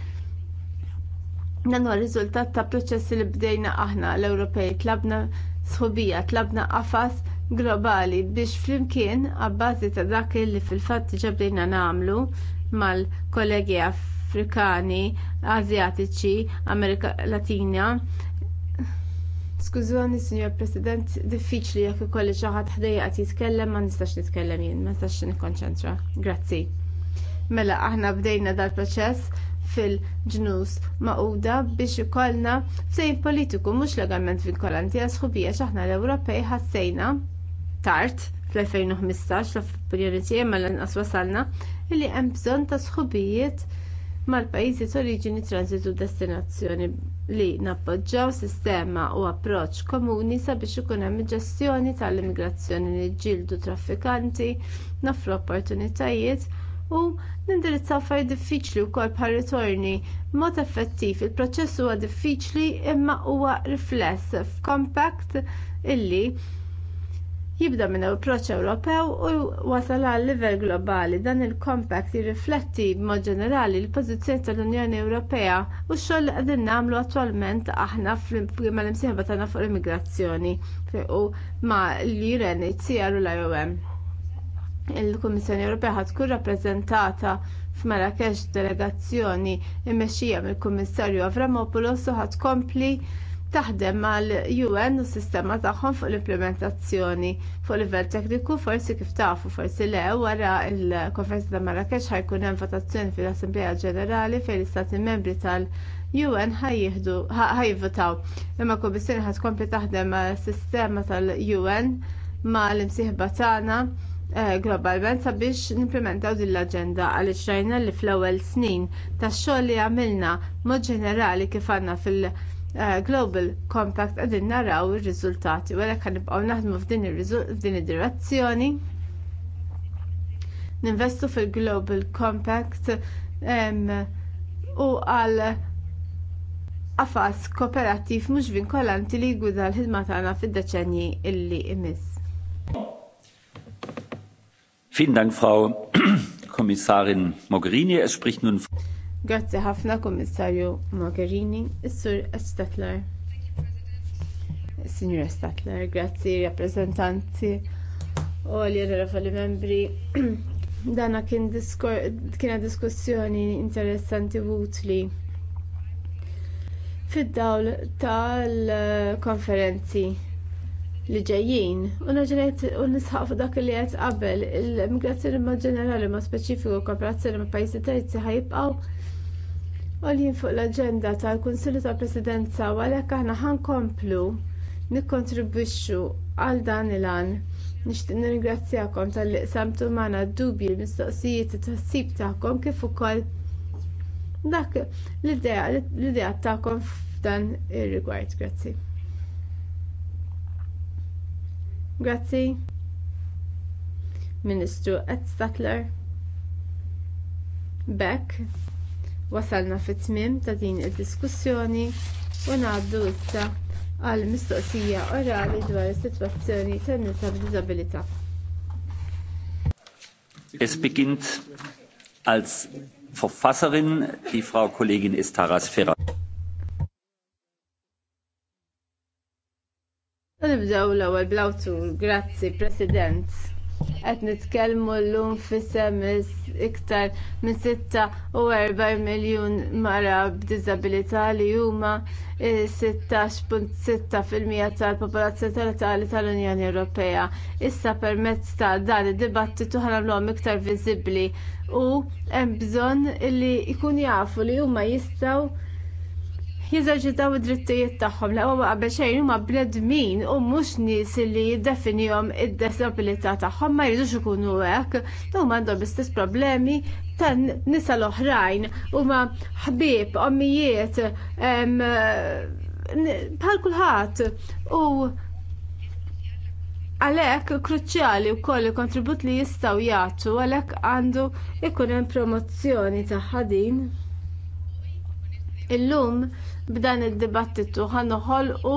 Speaker 2: dan huwa riżultat ta' proċessi li bdejna aħna l-Ewropej tlabna sħubija, tlabna qafas globali biex flimkien għabbażi ta' dak li fil-fatt ġabdejna nagħmlu mal-kollegi Afrikani, Azjatiċi, Amerika Latina, Skużani, Sinjor President, diffiċli jekk ikolli xi ħadd ħdejja qed jitkellem ma nistax nitkellem jien, ma nistax nikkonċentra. Grazzi. Mela aħna bdejna dal-proċess fil-ġnus maquda biex ikollna sejn politiku mhux legalment vinkolanti għal sħubija x'aħna l-Ewropej ħassejna tard fl-2015 l-opinjoni tiegħi mela inqas wasalna li hemm bżonn ta' sħubijiet mal-pajjiżi t-oriġini transitu destinazzjoni li nappoġġjaw sistema u approċċ komuni sabiex ikun hemm ġestjoni tal-immigrazzjoni li ġieldu traffikanti noffru opportunitajiet u nindirizzaw affarijiet diffiċli wkoll bħal ritorni b'mod effettiv. Il-proċess huwa diffiċli imma huwa rifless f'kompatt illi jibda minn approċċ Ewropew u wasal għal livell globali. Dan il-compact jirrifletti b'mod ġenerali l-pożizzjoni tal-Unjoni Ewropea u x-xogħol li qegħdin nagħmlu attwalment aħna mal-imsieħba tagħna fuq l-immigrazzjoni u ma' l-UNHCR u l-IOM. Il-Kummissjoni Ewropea ħad tkun rappreżentata f'Marrakesh delegazzjoni mmexxija mill-Kummissarju Avramopoulos u ħad tkompli taħdem mal-UN u s-sistema tagħhom fuq l-implementazzjoni fuq livell tekniku forsi kif tafu forsi le wara l-konferenza ta' Marrakesh ħajkun hemm votazzjoni fil-Assembleja Ġenerali fejn l-Istati Membri tal-UN ħajvotaw. Imma kummissjoni ħad tkompli taħdem mal-sistema tal-UN mal-imsieħba tagħna eh, globalment sabiex nimplementaw din l-aġenda għaliex rajna li fl-ewwel snin tax-xogħol li għamilna mod ġenerali kif għandna fil- Eh, Global Compact qegħdin naraw ir-riżultati wara għalhekk nibqgħu naħdmu f'din id-direzzjoni. Ninvestu fil-Global Compact u għal għafas kooperattiv mhux vinkolanti li jgwida l-ħidma tagħna fid-deċenji illi jmiss.
Speaker 5: Vielen Dank, Frau Kommissarin Mogherini. Es spricht nun
Speaker 2: Grazzi ħafna Kummissarju Mogherini, is-Sur Statler. Signora Statler, grazzi rappresentanti u li rafali membri. Dana kien kiena diskussjoni interessanti u utli fid-dawl tal-konferenzi li ġejjin u naġenet u nisħaq fuq dak li qed qabel il-immigrazzjoni ma' ġenerali ma' speċifiku kooperazzjoni ma' pajjiżi terzi ħajibqgħu għolin fuq l-aġenda tal-kunsilli tal-presidenza u għalhekk aħna ħankomplu nikkontribwixxu għal dan il-għan nixtieq nirringrazzjakom talli qsamtu magħna d-dubji l-mistoqsijiet it-tħassib tagħkom kif ukoll dak l-idea tagħkom f'dan ir-rigward grazzi grazzi ministru qed beck Wasalna fit-tmiem ta' din id-diskussjoni u ngħaddu issa għal mistoqsija orali dwar is-sitwazzjoni tan-nisa b'diżabilità.
Speaker 5: Es beginnt als Verfasserin die Frau Kollegin Ferrer.
Speaker 2: Nibdew l-ewwel grazzi President. Qed nitkellmu llum fisem iktar minn 46 miljun mara b'diżabilità li huma 16.6% tal-popolazzjoni totali tal-Unjoni Ewropea. Issa permezz ta' dan id-dibattitu ħanamluhom iktar viżibbli u hemm bżonn li jkun jafu li huma jistgħu jeżaġitaw id-drittijiet tagħhom li huma qabel xejn huma bledmin u mhux nies li jiddefinihom id-disabilità tagħhom ma jridux ikunu hekk, huma għandhom istess problemi tan nisa l-oħrajn huma ħbieb, ommijiet, bħal kulħadd u għalhekk kruċjali wkoll il-kontribut li jistgħu jagħtu għalhekk għandu jkun hemm promozzjoni tagħha din. Illum b'dan id-dibattitu noħolqu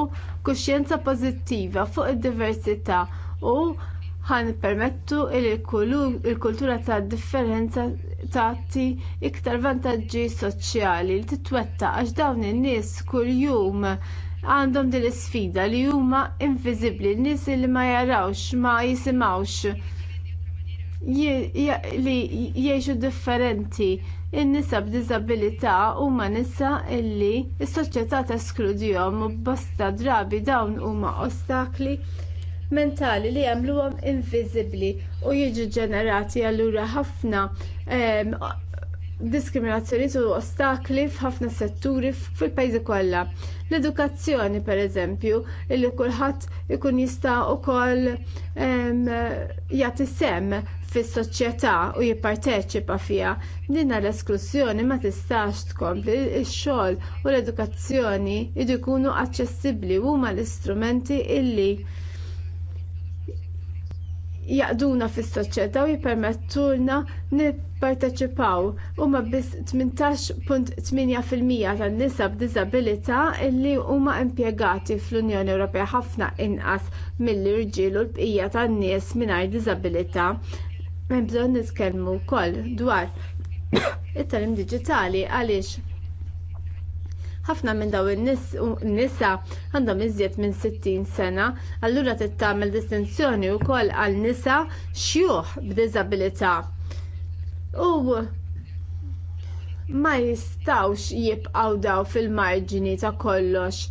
Speaker 2: kuxjenza pożittiva fuq id-diversità u ħanippermettu li l-kultura tad differenza tagħti iktar vantaġġi soċjali li titwettaq għax dawn in-nies kuljum għandhom din l-isfida li huma inviżibbli n-nies li ma jarawx ma jisimgħux li jgħixu differenti in-nisa b'diżabilità huma nisa li s-soċjetà teskludihom u bosta drabi dawn huma ostakli mentali li jagħmluhom inviżibbli u jiġu ġenerati allura ħafna ehm, diskriminazzjonijiet u ostakli f'ħafna setturi fil-pajjiżi kollha. L-edukazzjoni pereżempju li kulħadd ikun jista' wkoll jagħti sem fis-soċjetà u jipparteċipa fiha. din l-esklużjoni ma tistax tkompli x-xogħol u l-edukazzjoni jdu jkunu aċċessibbli huma l-istrumenti illi jaqduna fis soċjetà u jippermettulna nipparteċipaw huma biss 18.8% tan-nisa b'diżabilità li huma impjegati fl-Unjoni Ewropea ħafna inqas mill-irġiel u l-bqija tan-nies mingħajr diżabilità. Hemm bżonn nitkellmu wkoll dwar it-tagħlim diġitali għaliex ħafna minn daw in-nisa għandhom iżjed minn 60 sena, allura tagħmel distinzjoni wkoll għal nisa xjuħ b'diżabilità. U ma jistawx jibqgħu daw fil-marġini ta' kollox.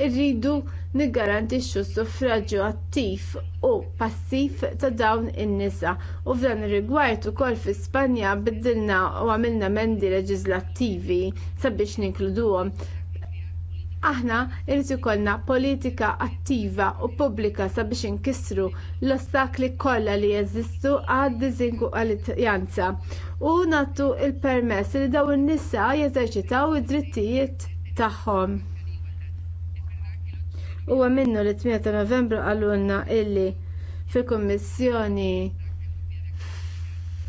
Speaker 2: Irridu niggarantixxu s-suffraġġju attiv u passiv ta' dawn in-nisa u f'dan ir-rigward ukoll fi Spanja biddilna u għamilna emendi leġislattivi sabiex ninkluduhom. Aħna irid ikollna politika attiva u pubblika sabiex inkissru l-ostakli kollha li jeżistu għad diżingwaljanza u nagħtu l permess li dawn in-nisa jeżerċitaw id-drittijiet tagħhom. Huwa minnu li 8 ta' Novembru għallunna illi fil-Kummissjoni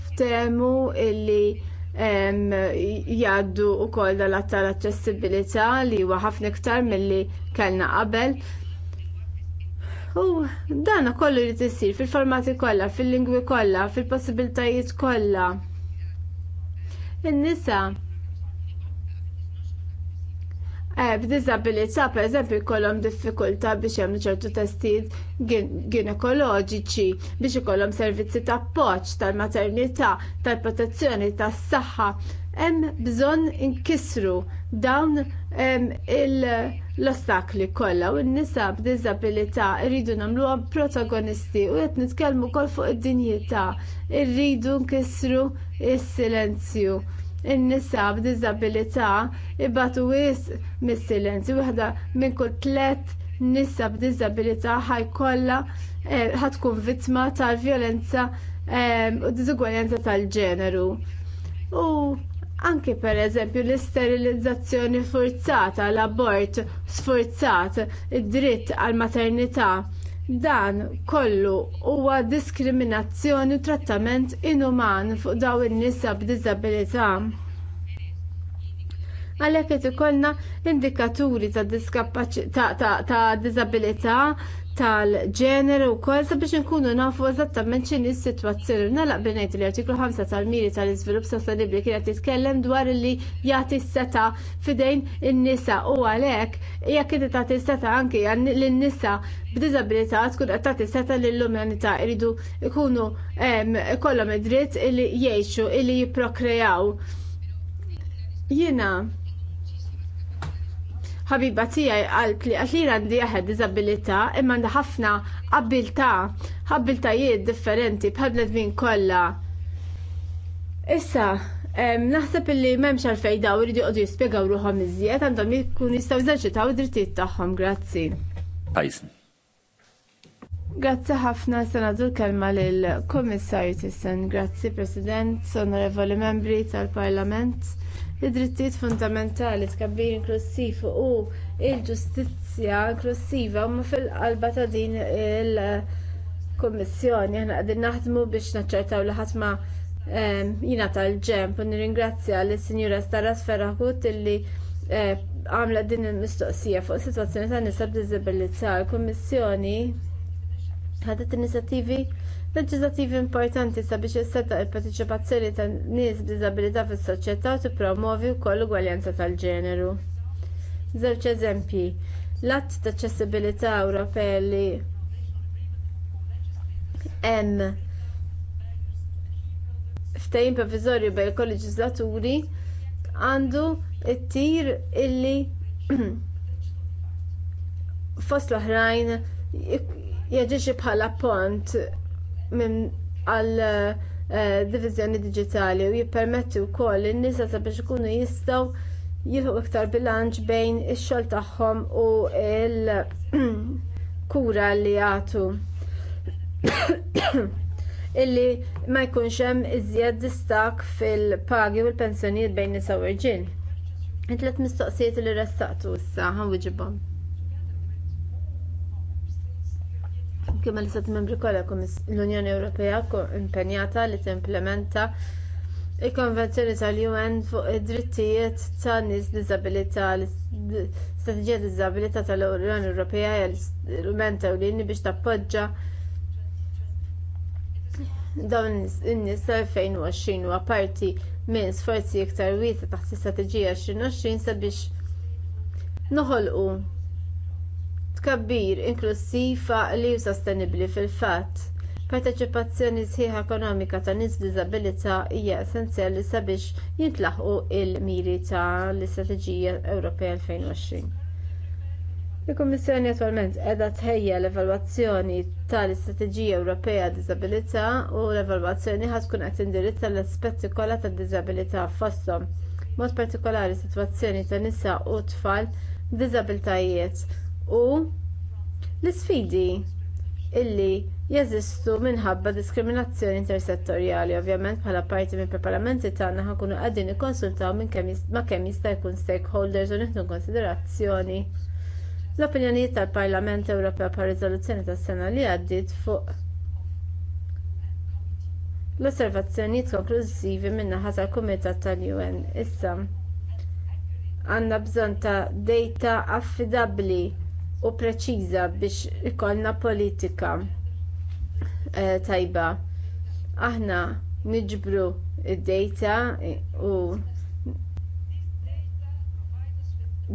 Speaker 2: ftemu illi jgħaddu wkoll koll dal tal-aċċessibilità li huwa ħafna iktar milli kellna qabel. U dan kollu li tisir fil-formati kollha, fil-lingwi kollha, fil-possibilitajiet kollha. In-nisa Eh, b'diżabilità pereżempju jkollhom diffikultà biex jagħmlu ċertu testijiet ginekoloġiċi biex ikollhom servizzi ta' appoġġ tal-maternità, tal-protezzjoni tas-saħħa. Hemm bżonn inkisru dawn ehm, l-ostakli kollha u n-nisa b'diżabilità rridu nagħmluhom protagonisti u qed nitkellmu wkoll fuq id-dinjità, irridu nkissru s-silenzju in-nisa b'diżabilità Ibbatu wis mis-silenzju waħda minn kull tliet nisa b'diżabilità ħajkollha eh, ħatkun vittma tal-vjolenza eh, u diżugwaljanza tal-ġeneru. U anke pereżempju l-isterilizzazzjoni forzata, l-abort sforzat, id-dritt għall maternità dan kollu huwa diskriminazzjoni u trattament inuman fuq dawn in-nisa b'diżabilità għalhekk qed ikollna indikaturi ta' diżabilità tal ġener u wkoll sabiex nkunu nafu eżattament x'inhi s-sitwazzjoni. Nalaq ngħid li artiklu 5 tal-miri tal-iżvilupp sostenibbli kienet titkellem dwar li jagħti s-seta fidejn in-nisa u għalhekk jekk inti tagħti s-seta anke lin-nisa b'diżabilità tkun qed tagħti seta lill-umanità jridu jkunu kollhom id-dritt li jgħixu li jipprokreaw. Jiena ħabiba tiegħi qalb li għatli għandi għahed diżabilità imma għandi ħafna abilta, abiltajiet differenti bħal bnedmin kollha. Issa, naħseb illi m'hemmx fejn daw iridu jqogħdu jispjegaw ruħhom iżjed għandhom jkun jistgħu jeżerċitaw id-drittijiet tagħhom. Grazzi. Grazzi ħafna senadu l-kelma lill-Kummissarju Tissen. Grazzi President, onorevoli membri tal-Parlament id-drittijiet fundamentali tkabbir inklusiv u l-ġustizzja inklusiva huma fil-qalba ta' din il-kummissjoni aħna qegħdin naħdmu biex naċċertaw li ħadd ma ehm, jingħata l-ġenb u nirringrazzja lis-sinjura Staras Ferraħut illi eh, għamla din il-mistoqsija fuq is-sitwazzjoni tan nisa b'diżabilità. Il-Kummissjoni ħadet inizjattivi leġislattivi importanti sabiex issetta l-partiċipazzjoni tan nies b'diżabilità fis-soċjetà u tippromovi wkoll ugwaljanza tal-ġeneru. Żewġ eżempji. L-att ta' aċċessibilità Ewropea li hemm ftehim proviżorju bejn il-kolleġislaturi għandu t-tir illi fost l-oħrajn jaġixi bħala pont għal eh, diviżjoni diġitali u jippermetti wkoll lin-nisa sabiex ikunu jistgħu jilħu iktar bilanċ bejn ix-xogħol tagħhom u
Speaker 6: l-kura
Speaker 2: li jagħtu. Illi ma jkunx hemm iżjed distak fil-pagi u l-pensjonijiet bejn nisa u irġiel. Intlet mistoqsijiet li restaqtu issa ħanwiġibhom. kemm l-istati membri kollha l-unjoni ewropea impenjata li timplementa il-konvenzjoni tal-un fuq id-drittijiet tan-nies b'diżabilità l-istrateġija diżabilità tal-unjoni ewropea hija l-istrument ewlieni biex tappoġġja dawn in-nies tal-2020 u apparti minn sforzi iktar wiesgħa taħt l-istrateġija 2020 sabiex noħolqu tkabbir inklusiv li u sostenibbli fil-fatt parteċipazzjoni sħiħa ekonomika tan nies b'diżabilità hija essenzjali sabiex jintlaħqu l-miri tal-istrateġija ewropea 2020 il-kummissjoni attwalment qiegħda tħejja l-evalwazzjoni tal-istrateġija ewropea għad-diżabilità u l-evalwazzjoni ħadd tkun qed tindirizza l-aspetti kollha tad-diżabilità fosthom b'mod partikolari sitwazzjoni tan-nisa u t-tfal b'diżabilitajiet u l-isfidi illi jeżistu minħabba diskriminazzjoni intersettorjali ovvjament bħala parti mill preparamenti tagħna nkunu qegħdin nikkonsultaw ma' kemm jista' jkun stakeholders u nieħdu konsiderazzjoni l-opinjonijiet tal-Parlament Ewropew par riżoluzzjoni tas-sena li għaddiet fuq l-osservazzjonijiet konklużivi min-naħa tal-Kumitat tal-UN. Issa għandna bżonn ta' dejta affidabbli u preċiża biex ikollna politika eh, tajba. Aħna niġbru d-dejta u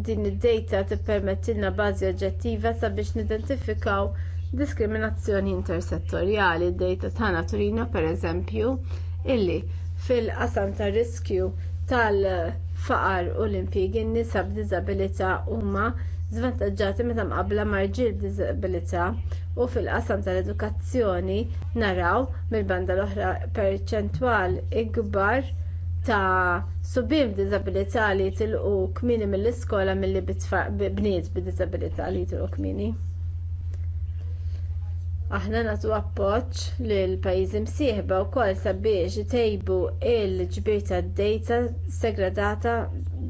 Speaker 2: din id-dejta tippermettilna bażi oġġettiva sabiex nidentifikaw diskriminazzjoni intersettorjali. Id-dejta tagħna turina pereżempju illi fil-qasam tar riskju tal-faqar u l-impjiegi n-nisa b'diżabilità huma żvantaġġati meta mqabbla ma' irġiel b'diżabilità u fil-qasam tal-edukazzjoni naraw mill-banda l-oħra perċentwal ikbar ta' subim b'diżabilità li jitilqu kmieni mill-iskola milli bniet b'diżabilità li jitilqu kmieni aħna nagħtu appoġġ lill pajjiżi msieħba wkoll sabiex tejbu l-ġbir tad-dejta segregata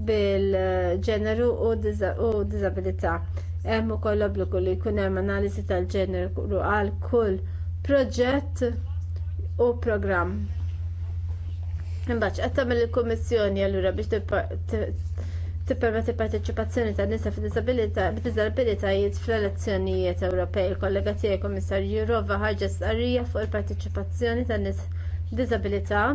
Speaker 2: bil-ġeneru u diżabilità. Hemm ukoll obbligu li jkun hemm analiżi tal-ġeneru għal kull proġett u programm. Imbagħad qed tagħmel il-Kummissjoni allura biex tippermetti parteċipazzjoni tan nisa b'diżabilitajiet fl-elezzjonijiet Ewropej. Il-kollega tiegħi Kummissarju Jurova ħarġet stqarrija fuq il-parteċipazzjoni tan nies b'diżabilità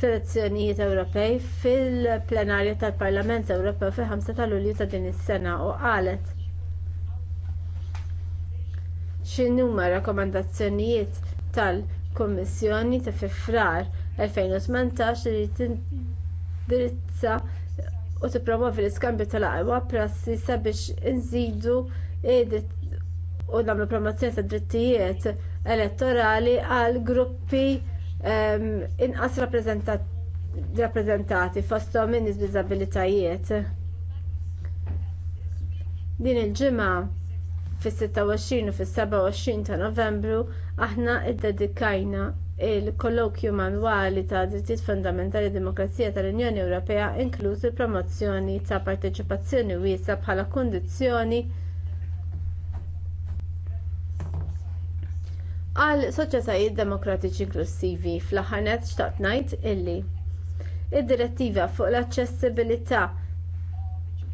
Speaker 2: f'elezzjonijiet Ewropej fil-plenarju tal-Parlament Ewropew fil-5 ta' Lulju ta' din is-sena u qalet x'inhuma r-rakkomandazzjonijiet tal-Kummissjoni ta' fi frar 2018 li tindirizza u tippromovi l-iskambju tal-aqwa prassi sabiex inżidu u nagħmlu promozzjoni tad drittijiet elettorali għal gruppi inqas rappreżentati fosthom minn nies b'diżabilitajiet. Din il-ġimgħa fis-26 u fis-27 ta' Novembru aħna iddedikajna il-kollokju manwali ta' drittijiet fundamentali demokrazija tal-Unjoni Ewropea inkluż il-promozzjoni ta' parteċipazzjoni wiesa' bħala kundizzjoni għal soċjetajiet demokratiċi inklusivi fl-aħħar nett xtaqt ngħid illi id-direttiva fuq l-aċċessibilità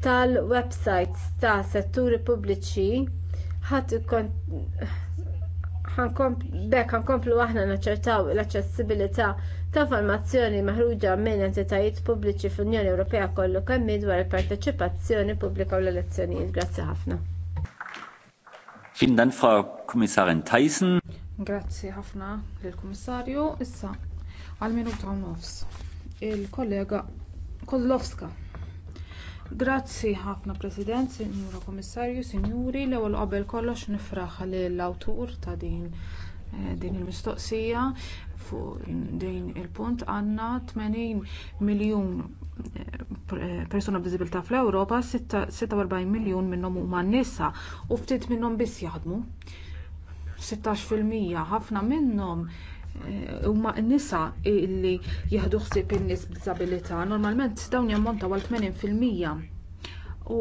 Speaker 2: tal-websites ta' setturi pubbliċi bekk ħankomplu aħna naċċertaw l-aċċessibilità ta' informazzjoni maħruġa minn entitajiet pubbliċi fl-Unjoni Ewropea kollu kemm dwar il-parteċipazzjoni pubblika u l-elezzjonijiet. Grazzi ħafna.
Speaker 5: Vielen Dank, Frau Kommissarin
Speaker 4: Grazzi ħafna lill-Kummissarju. Issa għal minuta u nofs. Il-kollega Kozlowska. Grazzi ħafna President, Sinjura Kummissarju, Sinjuri, l-ewwel qabel kollox nifraħ lill-awtur ta' din eh, din il-mistoqsija fuq din il-punt għandna 80 miljun eh, persuna b'diżabilità fl-Ewropa, 46 miljun minnhom huma nisa u ftit minnhom biss jaħdmu. 16% ħafna minnhom eh, huma nisa li jieħdu ħsieb in-nies b'diżabilità normalment dawn jammontaw għal 80% fil u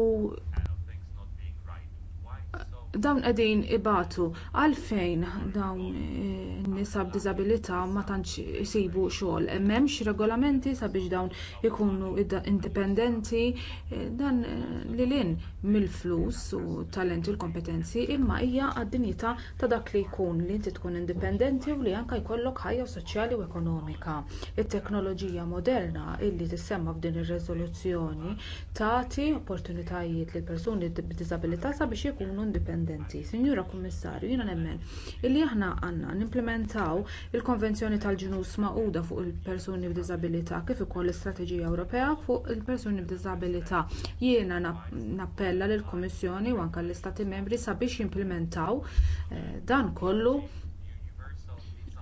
Speaker 4: dawn qegħdin ibatu għalfejn dawn in-nisa e, b'diżabilità ma tantx isibu xogħol m'hemmx regolamenti sabiex dawn ikunu indipendenti e, dan e, lilin mill-flus u talent u l-kompetenzi imma hija għad-dinjità ta' dak li jkun li inti tkun indipendenti u li anke jkollok ħajja soċjali u ekonomika. It-teknoloġija moderna illi tissemma f'din ir-riżoluzzjoni tagħti opportunitajiet lil persuni b'diżabilità sabiex ikunu indipendenti indipendenti. Sinjura Kummissarju, jiena nemmen illi aħna għandna nimplementaw il-Konvenzjoni tal ġinus Magħquda fuq il-persuni b'diżabilità kif ukoll l-Istrateġija Ewropea fuq il-persuni b'diżabilità. Jiena nappella lill-Kummissjoni u anke l-Istati Membri sabiex jimplementaw eh, dan kollu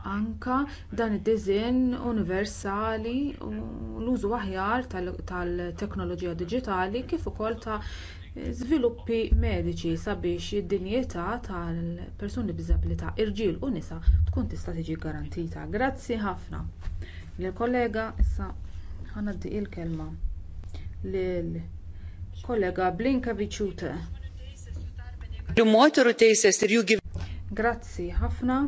Speaker 4: anke dan id-disinn universali u l-użu aħjar tal-teknoloġija diġitali kif ukoll ta' żviluppi mediċi sabiex id-dinjità tal-persuni b'diżabilità irġiel u nisa tkun tista' tiġi garantita. Grazzi ħafna. Lill-kollega issa ħanaddi kelma kollega Blinkevičiūtė. Grazzi ħafna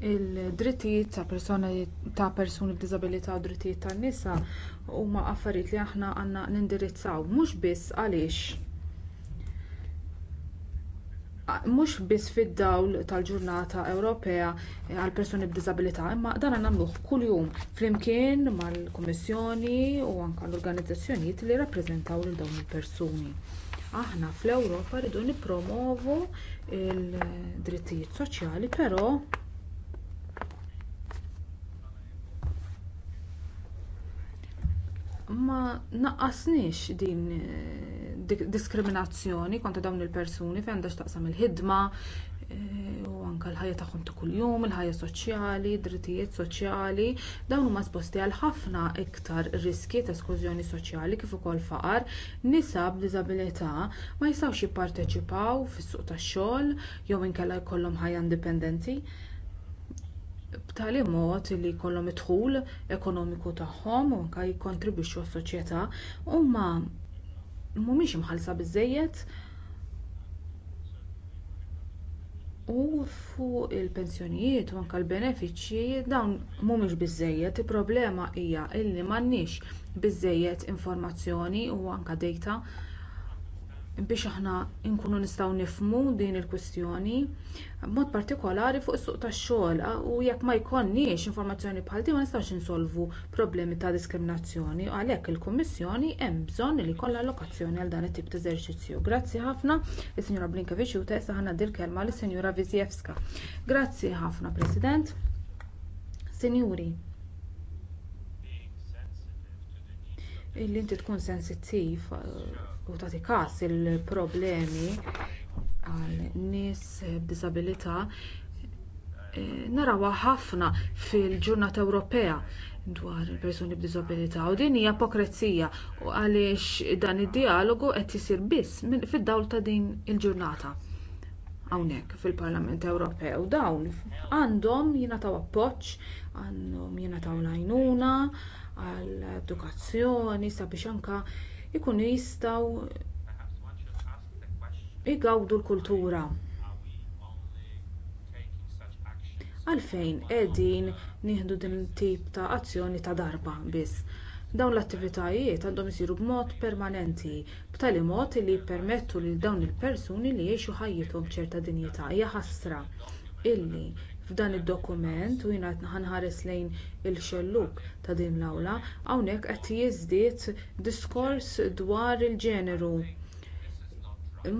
Speaker 4: il-drittijiet ta' persuni b'diżabilità u drittijiet nisa huma affarijiet li aħna għandna nindirizzaw mhux biss għaliex mhux biss fid-dawl tal-ġurnata Ewropea għall persuni b'diżabilità, imma dan nagħmluh kuljum flimkien mal-Kummissjoni u anke l-organizzazzjonijiet li jirrappreżentaw lil dawn il-persuni. Aħna fl-Ewropa rridu nippromovu l-drittijiet soċjali, però ma naqqasniex din eh, diskriminazzjoni kontra dawn il-persuni fejn għandax taqsam il-ħidma eh, u anke l-ħajja tagħhom ta' kuljum, il-ħajja soċjali, drittijiet soċjali, dawn huma sposti għal ħafna iktar riski ta' esklużjoni soċjali kif ukoll faqar, nisa b'diżabilità ma jistgħux jipparteċipaw fis-suq tax-xogħol jew inkella jkollhom ħajja indipendenti b'tali mod li jkollhom id-dħul ekonomiku tagħhom u anke jikkontribwixxu għas-soċjetà huma mhumiex imħallsa biżżejjed u fuq il-pensjonijiet u anke l-benefiċċji dawn mhumiex biżżejjed il-problema hija li m'għandniex biżżejjed informazzjoni u anke dejta biex aħna nkunu nistgħu nifhmu din il-kwistjoni b'mod partikolari fuq is-suq tax-xogħol u jekk ma jkollniex informazzjoni bħal din ma nistgħux insolvu problemi ta' diskriminazzjoni għalhekk il-Kummissjoni hemm bżonn li jkollha allokazzjoni għal dan it-tip ta' eżerċizzju. Grazzi ħafna is-Sinjura Blinkeviċ u tesa ħana dil kelma lis-Sinjura Vizjevska. Grazzi ħafna President. Sinjuri. Illi inti tkun sensittiv eh, u tagħti każ il-problemi għal nies b'diżabilità eh, narawha ħafna fil-ġurnata Ewropea dwar il-persuni b'diżabilità u din hija ipokrezija għaliex dan id-dialogu qed isir biss fid-dawl ta' din il-ġurnata hawnhekk fil-Parlament Ewropew dawn għandhom jingħataw appoġġ, għandhom jingħataw l-għajnuna għall edukazzjoni sabiex anke ikunu jistgħu jgawdu l-kultura għalfejn qegħdin nieħdu din it-tip ta' azzjoni ta' darba biss dawn l-attivitajiet għandhom isiru b'mod permanenti b'tali mod li jippermettu lil dawn il-persuni li jgħixu ħajjithom b'ċerta dinjità hija ħasra illi f'dan id-dokument u jiena qed ħares lejn il-xellug ta' din l-awla hawnhekk qed jiżdied diskors dwar il-ġeneru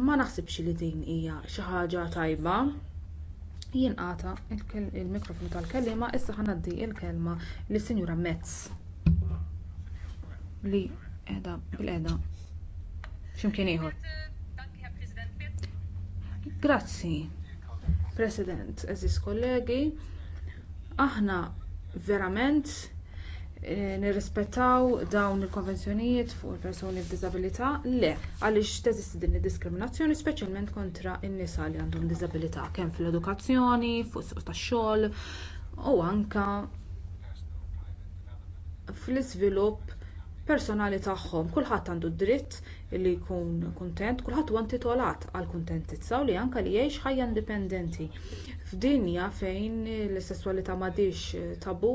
Speaker 4: ma naħsibx li din hija xi ħaġa tajba jinqata' il mikrofon tal-kelliema issa ħa ngħaddi l-kelma lis-sinjura metz li qiegħda bil-qiegħda x'imkien ieħor grazzi President, eżis kollegi, aħna verament eh, nirrispettaw dawn il-konvenzjonijiet fuq il-persuni b'diżabilità le għaliex teżisti din id-diskriminazzjoni speċjalment kontra n-nisa li għandhom diżabilità kemm fil-edukazzjoni, fuq suq tax-xogħol u anke fl-iżvilupp personali tagħhom. Kulħadd għandu d dritt li jkun kuntent, kulħadd huwa intitolat għal kuntentizza u li anke li jgħix ħajja indipendenti. F'dinja fejn l-sesswalità m'għadix eh, tabu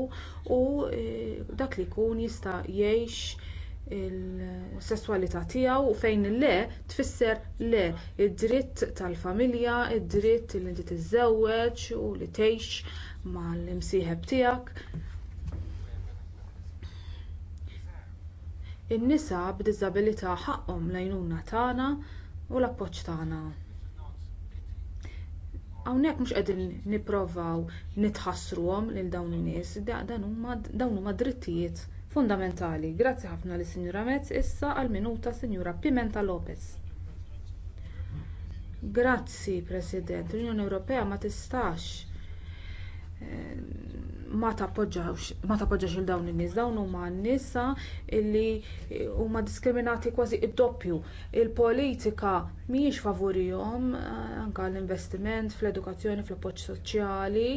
Speaker 4: u eh, dak li jkun jista' jgħix il-sesswalità tiegħu u fejn le tfisser le id-dritt tal-familja, id-dritt li inti tiżżewweġ u li tgħix mal-imsieħeb tiegħek in-nisa b'diżabilità ħaqhom l-għajnuna tagħna u l-appoġġ tagħna hawnhekk mhux qegħdin nippruvaw nitħassruhom lil dawn in-nies dawn huma drittijiet fundamentali grazzi ħafna lis-sinjura metz issa għall-minuta sinjura pimenta lopez grazzi president l-unjoni ewropea ma tistax eh, ma tappoġġax il dawn in-nies dawn huma nisa li huma diskriminati kważi d-doppju il-politika mhijiex favurihom eh, anke l-investiment fl-edukazzjoni fl-appoġġ soċjali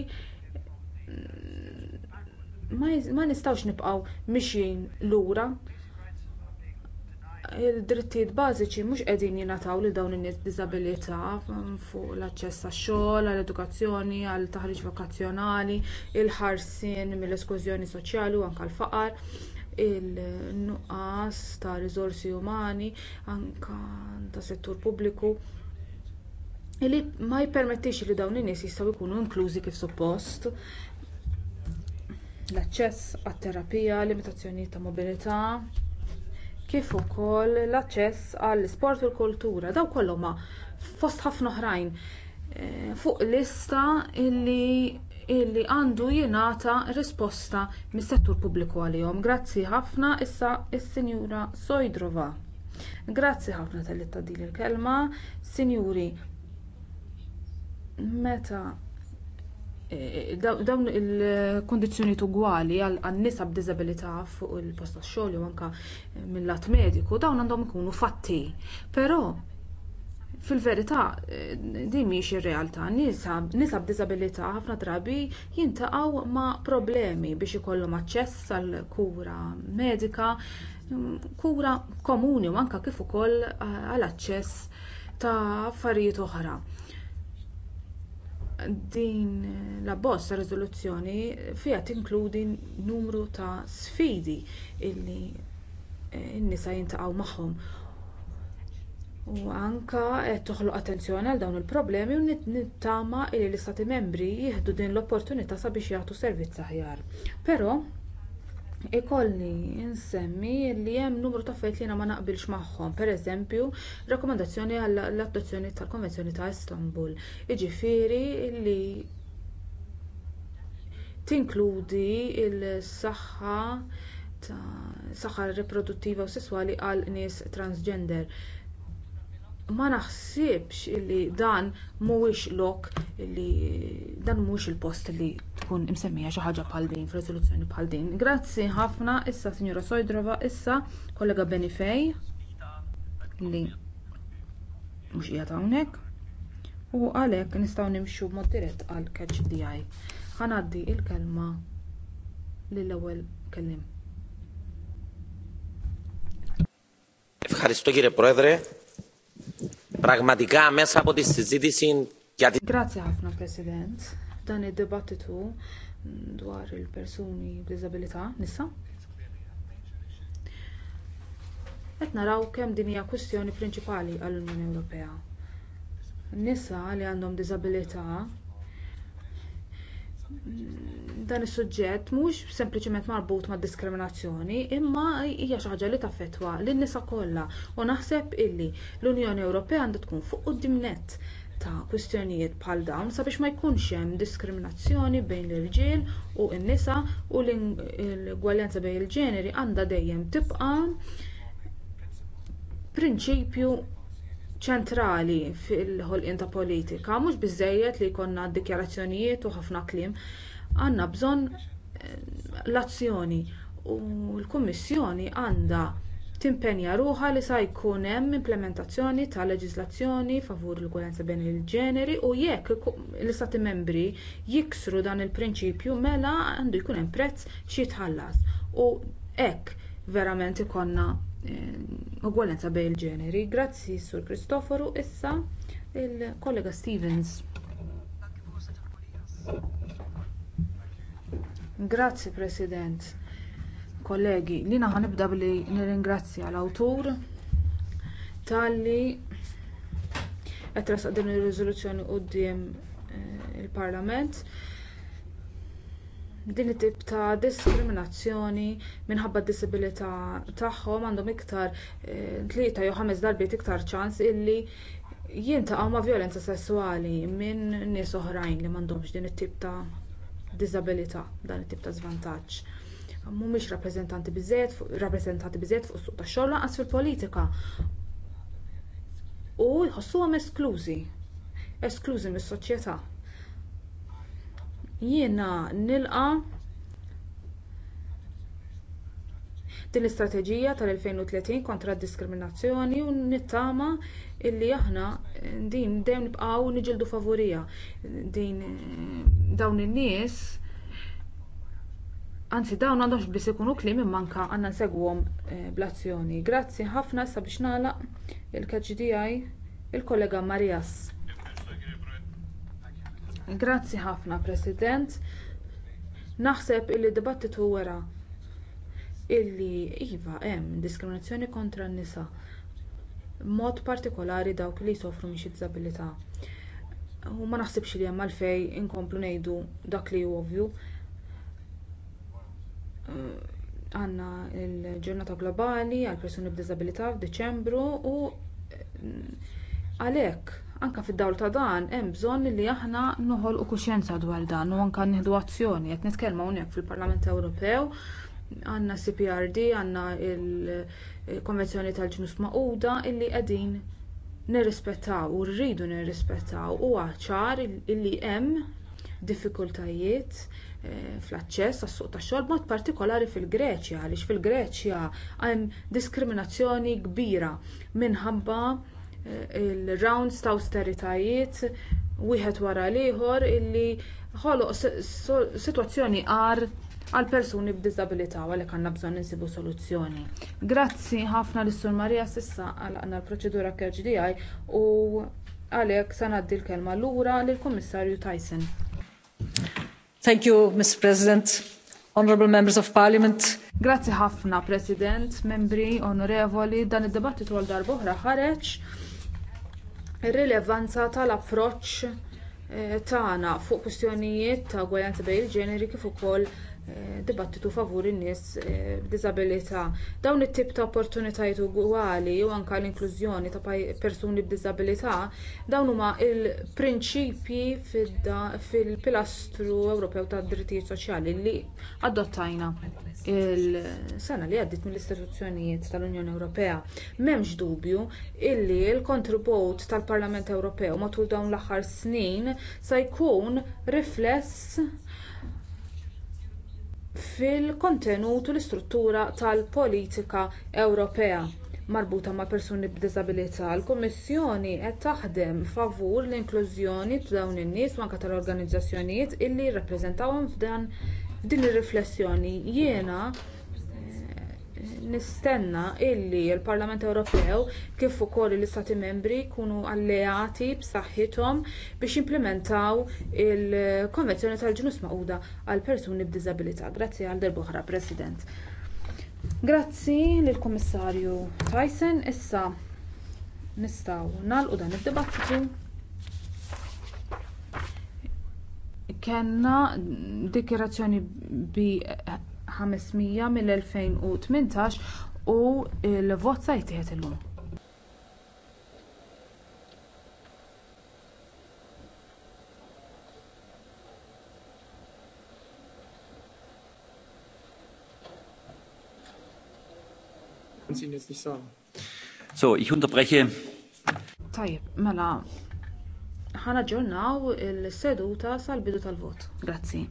Speaker 4: ma nistgħux nibqgħu mixjin lura id-drittijiet bażiċi mhux qegħdin jingħataw lil dawn in-nies b'diżabilità fuq l-aċċess għax-xogħol għall-edukazzjoni għat-taħriġ vokazzjonali il-ħarsien mill-esklużjoni soċjali u anke l-faqar in-nuqqas ta' riżorsi umani anke ta' settur pubbliku li ma jippermettix li dawn in-nies jistgħu jkunu inklużi kif suppost l-aċċess għat-terapija limitazzjonijiet ta' mobilità kif ukoll l-aċċess għall-isport u l-kultura dawn kollha fost ħafna oħrajn e, fuq lista li għandu jingħata risposta mis-settur pubbliku għalihom. Grazzi ħafna issa s-Sinjura Sojdrova. Grazzi ħafna tal-li il-kelma, Sinjuri. Meta dawn il-kondizjoni tugwali għal-nisa b'diżabilità fuq il-post tax-xogħol u anke mill-lat mediku dawn għandhom ikunu fatti. Però fil-verità din mhix ir-realtà. Nisa b'diżabilità ħafna drabi jintaqgħu ma' problemi biex ikollhom aċċess għal kura medika, kura komuni u anke kif ukoll għal aċċess ta' affarijiet oħra din l-abbozz ta' riżoluzzjoni fiha tinkludi numru ta' sfidi li eh, n-nisa jiltaqgħu magħhom u anke eh, qed toħloq attenzjoni għal dawn il-problemi u nittama li l-istati membri jieħdu din l-opportunità sabiex jagħtu servizz aħjar però ikolli nsemmi li hemm numru ta' affarijiet li jiena ma naqbilx magħhom pereżempju r-rakkomandazzjoni għall-adozzjoni tal-konvenzjoni ta' istanbul jiġifieri li tinkludi s-saħħa riproduttiva u sesswali għal nies transgender ma naħsibx illi dan mhuwiex lok illi dan mhuwiex il-post li tkun imsemmija xi ħaġa bħal din f'riżoluzzjoni bħal din. Grazzi ħafna issa Sinjura Sojdrova issa kollega Benifej li mhux qiegħed hawnhekk u għalhekk nistgħu nimxu mod dirett għal catch DI. Ħanaddi l kelma lill-ewwel kelliem.
Speaker 7: Ευχαριστώ κύριε Πρόεδρε. Pragmatika mesa po dis-sizidisin jadi. Grazie
Speaker 4: ħafna, President. Dan id-dibattitu dwar il-persuni b'diżabilità nisa. Qed naraw kemm din hija kwistjoni prinċipali għall-Unjoni Ewropea. Nisa li għandhom diżabilità dan is-suġġett mhux sempliċement marbut mad-diskriminazzjoni imma hija xi ħaġa li taffettwa lin-nisa kollha u naħseb illi l-Unjoni Ewropea għandha tkun fuq quddiem nett ta' kwistjonijiet bħal dawn sabiex ma jkunx hemm diskriminazzjoni bejn l-irġiel u n-nisa u l-igwaljanza bejn il-ġeneri għandha dejjem tibqa' prinċipju ċentrali fil-ħolqien ta' politika mhux biżżejjed li jkollna d-dikjarazzjonijiet u ħafna kliem għandna bżonn eh, l-azzjoni u l-kummissjoni għandha timpenja ruħha li se jkun hemm implementazzjoni ta' leġiżlazzjoni favur l-ugwaljanza bejn il-ġeneri u jekk l-istati membri jiksru dan il-prinċipju mela għandu jkun hemm prezz xi jitħallas u hekk verament ikollna Eh, ugwalenza bejn il-ġeneri. Grazzi, Sur Kristoforu. Issa il-kollega Stevens. Grazzi, President. Kollegi, lina naħa nibda billi nirringrazzja l-awtur talli qed din ir-riżoluzzjoni quddiem eh, il-Parlament. il parlament din it-tip ta' diskriminazzjoni minħabba d-disabilità tagħhom għandhom iktar eh, tlieta jew ħames darbiet iktar ċans illi jintaqgħu ma' vjolenza sesswali minn nies oħrajn li m'għandhomx din it-tip ta' diżabilità dan it-tip ta' żvantaġġ mhumiex rappreżentanti biżżejjed rappreżentati biżżejjed fuq is-suq tax-xogħol lanqas fil-politika u jħossuhom esklużi esklużi mis-soċjetà Jiena nilqa din l-istrateġija tal-2030 kontra d-diskriminazzjoni u nittama illi aħna din dejjem nibqgħu niġildu favurija dawn in-nies anzi dawn għandhomx biss ikunu kliem imma anke għandna nsegwhom eh, bl-azzjoni. Grazzi ħafna sabiex nagħlaq il-catch DI il-kollega Marias. Grazzi ħafna, President. Naħseb illi dibattitu wara illi iva hemm diskriminazzjoni kontra n-nisa b'mod partikolari dawk li jsofru minn xi diżabilità. U ma naħsibx li hemm għalfejn inkomplu ngħidu dak li hu ovvju. Għandna l-ġurnata globali għall persuni b'diżabilità f'Diċembru u għalhekk Anke fid-dawl ta' dan hemm bżonn li aħna noħolqu kuxjenza dwar dan u anke nieħdu azzjoni qed nitkellmu hawnhekk fil-Parlament Ewropew għandna CPRD, għandna l konvenzjoni tal-ġnus Magħquda illi qegħdin nirrispettaw u rridu nirrispettaw huwa ċar illi hemm diffikultajiet eh, fl-aċċess għas-suq tax-xogħol b'mod partikolari fil-Greċja għaliex fil-Greċja hemm diskriminazzjoni kbira minħabba il-rounds ta' austeritajiet wieħed wara l-ieħor illi ħoloq sitwazzjoni għar għal persuni b'diżabilità u għalhekk għandna bżonn insibu soluzzjoni. Grazzi ħafna lis sur Marija s'issa għal għalaqna l-proċedura KGDI u għalhekk sanaddi l-kelma lura lill-Kummissarju Tyson. Thank you,
Speaker 8: Mr. President. Honorable Members of Parliament.
Speaker 4: Grazzi ħafna, President, membri, onorevoli, dan id-dibattitu għal darba oħra ħareġ ir-rilevanza tal-approċċ eh, tagħna fuq kwistjonijiet ta' ugwaljanza bejn il-ġeneri kif ukoll dibattitu favur in-nies eh, b'diżabilità. Dawn it-tip ta' opportunitajiet ugwali u anke l-inklużjoni ta' persuni b'diżabilità dawn huma l-prinċipji fil-pilastru Ewropew tad-drittijiet soċjali li adottajna il-sena li għaddiet mill-istituzzjonijiet tal-Unjoni Ewropea. M'hemmx dubju illi l-kontribut tal-Parlament Ewropew matul dawn l-aħħar snin se jkun rifless fil-kontenut u l-istruttura tal-politika Ewropea marbuta ma' persuni b'diżabilità il-kummissjoni qed taħdem favur l-inklużjoni ta' dawn in-nies u anke tal-organizzazzjonijiet illi jirrappreżentawhom f'din ir-riflessjoni jiena nistenna illi l-parlament ewropew kif ukoll l-istati membri jkunu alleati b'saħħithom biex jimplementaw il-konvenzjoni tal-ġnus magħquda għal persuni b'diżabilità grazzi għal darb'oħra president grazzi lill-kummissarju tyson issa nistgħu nagħlqu dan id-dibattitu kellna dikjerazzjoni bi 500 mill-2018 u l-vot se jittieħed illum
Speaker 5: So, ich unterbreche.
Speaker 4: Tajib, mela, ħana ġurnaw il-seduta sal-bidu tal-vot.
Speaker 5: Grazzi.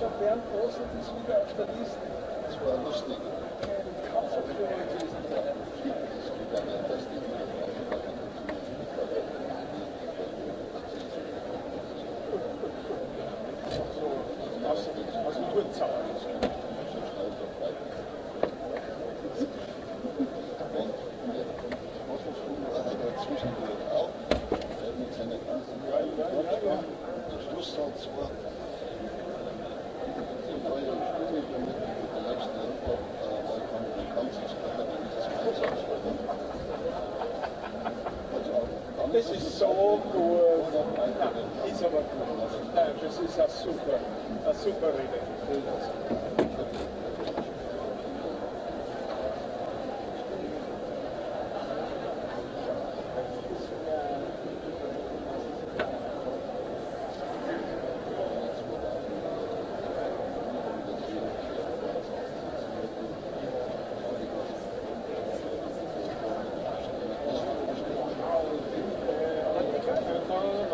Speaker 6: Stadtwerk aus und ist wieder auf der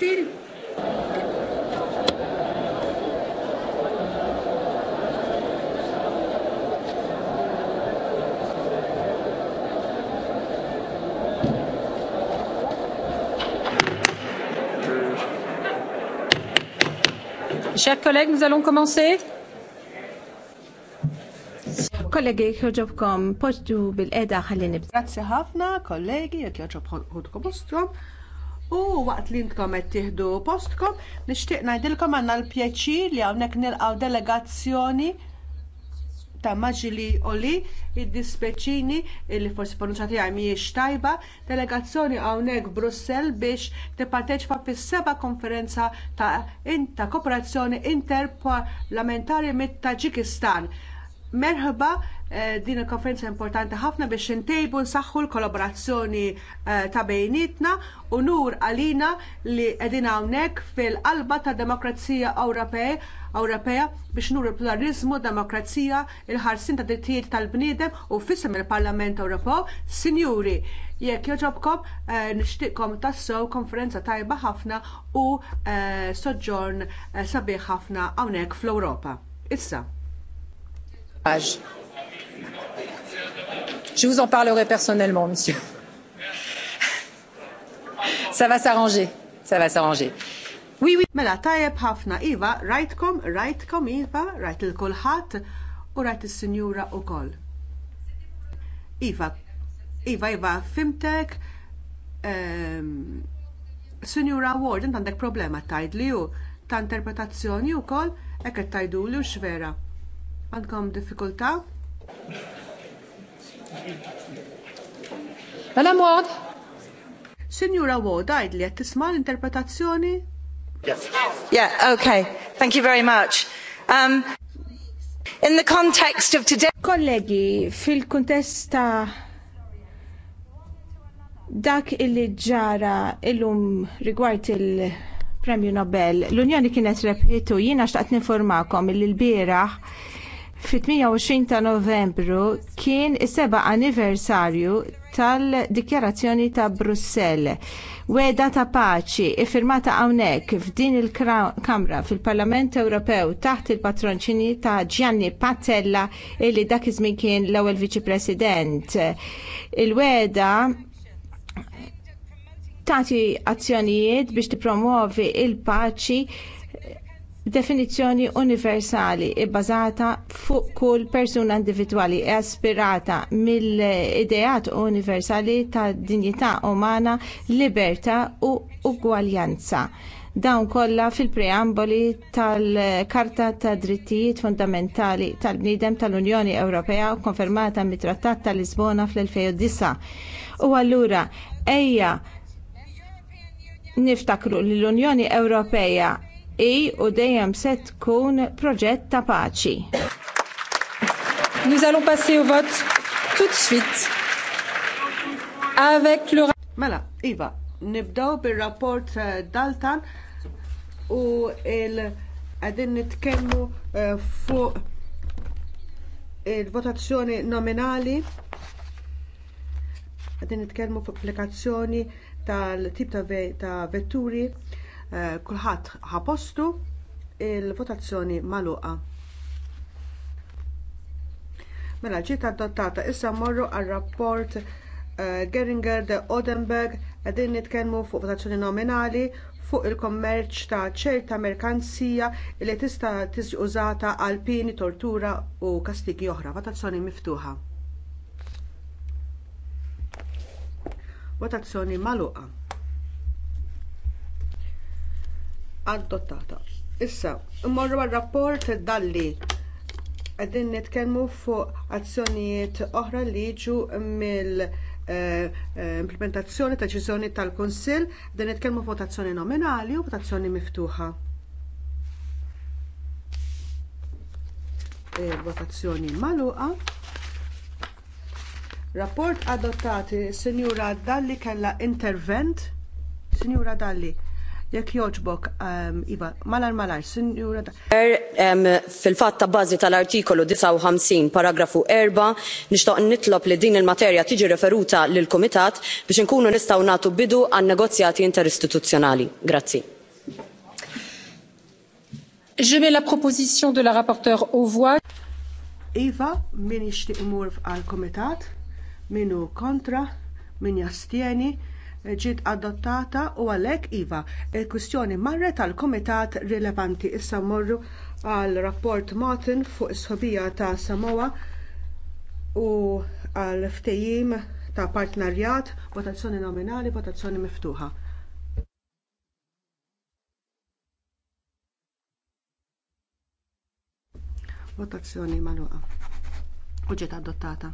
Speaker 8: Busuttil.
Speaker 4: Chers collègues, nous allons
Speaker 3: commencer. Kollegi, joġobkom, poġdu
Speaker 8: bil edha ħalli Grazie ħafna, kollegi, jek joġobkom u waqt li intkom qed tieħdu postkom nixtieq ngħidilkom għandna l-pjaċir li hawnhekk nilqgħu delegazzjoni ta' Maġili Oli id-dispeċini li forsi pronunċati għaj miex tajba, delegazzjoni hawnhekk Brussell biex tipparteċipa fis-seba' konferenza ta', in, ta kooperazzjoni interparlamentari mit-Taġikistan. Merħba eh, din il-konferenza importanti ħafna biex intejbu nsaħħu l-kollaborazzjoni eh, ta' bejnietna unur għalina li qegħdin hawnhekk fil-qalba ta' demokrazija Ewropea biex nuru pluralizmu, demokrazija, il-ħarsin ta' drittijiet tal-bniedem u fissem il-Parlament Ewropew. Sinjuri, jekk joġobkom eh, nixtieqkom tassew konferenza tajba ħafna u eh, soġġorn eh, sabiħ ħafna hawnhekk fl-Ewropa. Issa. Je vous en parlerai personnellement, monsieur. Ça va s'arranger. Ça va s'arranger. Oui, oui. Mela tajjeb ħafna Iva, rajtkom, rajtkom Iva, rajt il kulħadd u rajt is-sinjura wkoll. Iva, Iva, Iva, fimtek. Um, Sinjura Ward, int għandek problema tajdli u ta' interpretazzjoni wkoll hekk qed tajdulu x'vera. Għandkom diffikultà? Madam Ward? Signora Ward għajd li qed tisma' l-interpretazzjoni? Yes. Yeah, okay. Thank you very much.
Speaker 3: Um, in the context of today Kollegi, fil-kuntest ta' dak illi ġara illum rigward il-Premju Nobel, l-Unjoni kienet rebħitu jiena xtaqt ninformakom illi l-bieraħ Fit-28 ta' Novembru kien is-seba' anniversarju tal-Dikjarazzjoni ta' Brussell. Weda ta' paċi iffirmata hawnhekk f'din il-Kamra fil-Parlament Ewropew taħt il-patronċini ta' Gianni Pattella illi dak iż-żmien kien l-ewwel Viċi President. Il-weda tagħti azzjonijiet biex tippromuovi il-paċi Definizzjoni universali bbażata fuq kull persuna individwali e aspirata mill-ideat universali ta' dinjità umana, libertà u ugwaljanza. Dawn kollha fil-preamboli tal-Karta ta' Drittijiet Fundamentali tal-Bniedem tal-Unjoni Ewropea konfermata mit-Trattat ta' Lisbona fl-2009. U allura ejja niftakru li l-Unjoni Ewropea i u dejjem se tkun proġett ta' paċi. Nous allons passer au vote tout de
Speaker 6: suite.
Speaker 8: Avec le Mela, Iva, nibdaw bil rapport eh, Daltan u il għadin nitkellmu eh, fuq il-votazzjoni nominali għadin nitkellmu fuq applikazzjoni tal-tip ta vetturi Eh, kulħadd ħapostu il-votazzjoni magħluqa. Mela ġiet adottata issa mmorru għar rapport eh, Geringer de Odenberg qegħdin nitkellmu fuq votazzjoni nominali fuq il-kommerċ ta' ċerta merkanzija li tista' tiġi użata għal pini, tortura u kastigi oħra. Votazzjoni miftuħa. Votazzjoni magħluqa. adottata. Issa, mmorru għal-rapport dalli qegħdin nitkellmu fuq azzjonijiet oħra li jiġu mill- eh, eh, implementazzjoni ta' deċiżjoni tal-Kunsill din nitkellmu votazzjoni nominali u votazzjoni miftuħa. E, votazzjoni magħluqa. Rapport adottati, Sinjura Dalli kellha intervent. Sinjura Dalli. Jekk jogħġbok, ehm, Iva, malar malar, sinjura er,
Speaker 3: ehm, Fil-fatt ta' bażi tal-artikolu 59 paragrafu 4 nixtaq nitlob li din il-materja tiġi referuta lil kumitat biex inkunu nistgħu nagħtu bidu għan negozjati
Speaker 7: interistituzzjonali. Grazzi.
Speaker 4: Je mets la proposition
Speaker 8: de la rapporteure au voix. Iva, min ixtiq imur għal komitat, minu kontra, min jastieni, ġiet adottata u għalhekk iva il-kwistjoni marret tal kumitat rilevanti issa mmorru għal rapport Martin fuq is-sobija ta' Samoa u għal ftehim ta' partnerjat votazzjoni nominali votazzjoni miftuħa. Votazzjoni magħluqa. U ġiet adottata.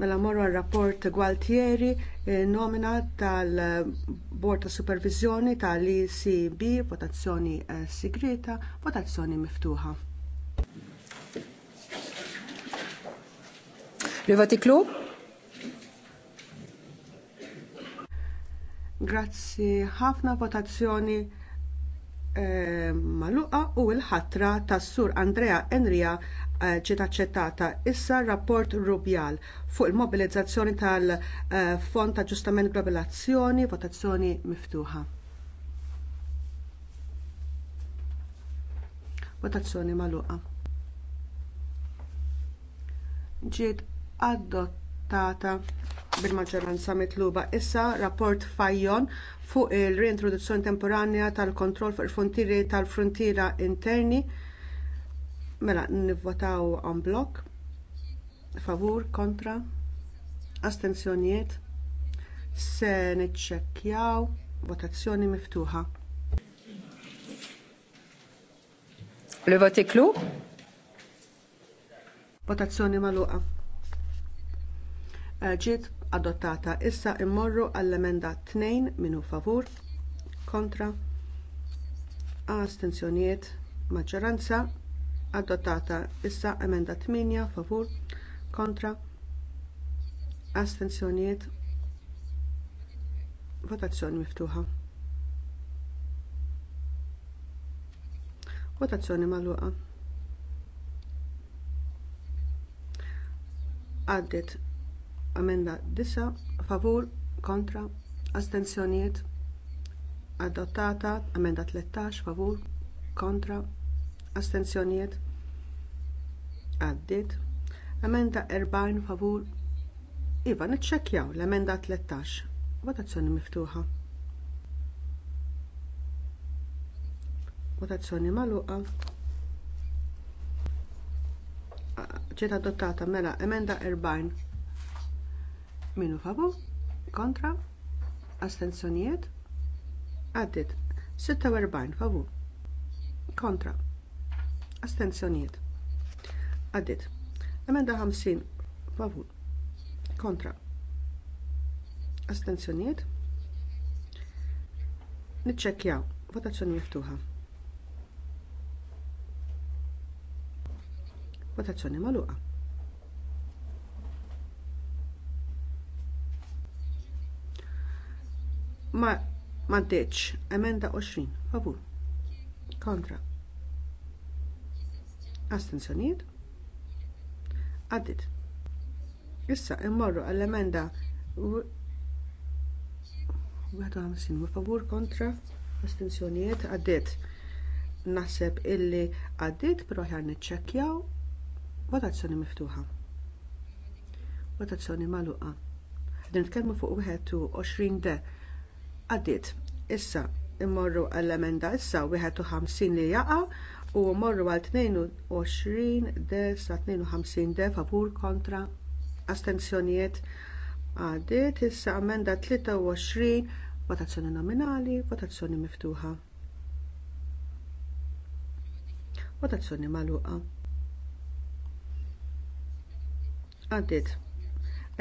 Speaker 8: Mela morru rapport Gualtieri eh, nomina tal-Bord ta' Supervizjoni tal-ECB, votazzjoni eh, segreta, votazzjoni miftuħa. Rivati Klu? Grazzi ħafna votazzjoni E, maluqa u l-ħatra tas-sur Andrea Enria ġiet aċċettata. Issa r rapport Rubjal fuq il-mobilizzazzjoni tal-Fond eh, ta' Ġustament Globalazzjoni, votazzjoni miftuħa. Votazzjoni magħluqa. Ġiet adottata bil-maġġoranza mitluba. Issa rapport Fajjon fuq il-reintroduzzjoni temporanja tal-kontroll fuq il-frontieri tal-frontiera interni Mela, nivvotaw on blok, favur, kontra, astenzjonijiet, se niċċekkjaw, votazzjoni miftuħa. Le vote est clos. Votazzjoni magħluqa. Eh, ġiet adottata. Issa immorru għall-emenda 2 minu favur, kontra, astenzjonijiet, maġġoranza adottata issa emenda 8 favur kontra astensjonijiet votazzjoni miftuħa votazzjoni magħluqa għaddiet emenda 9 favur kontra astensjonijiet adottata emenda 13 favur kontra astenzjonijiet għaddiet emenda 40 favur iva niċċekkjaw l-emenda 13 votazzjoni miftuħa votazzjoni magħluqa ġiet adottata mela emenda 40 minu favur kontra astenzjonijiet għaddiet 46 favur kontra astenzjonijiet għaddiet emenda 50 favur kontra astenzjonijiet niċċekkjaw votazzjoni miftuħa votazzjoni magħluqa ma m'għaddietx emenda 20 favur kontra astensjonijiet għaddit issa immorru għall-emenda 51 favur kontra astensjonijiet għaddit naħseb illi għaddit però ħjar niċċekkjaw votazzjoni miftuħa votazzjoni magħluqa qegħdin nitkellmu fuq wieħed u 20 de għaddit issa immorru għall-emenda issa 51 li jaqa' u mmorru għal 22 de sa 52 de favur kontra astensjonijiet għaddiet issa emenda 23 votazzjoni nominali, votazzjoni miftuħa. Votazzjoni magħluqa. Għaddiet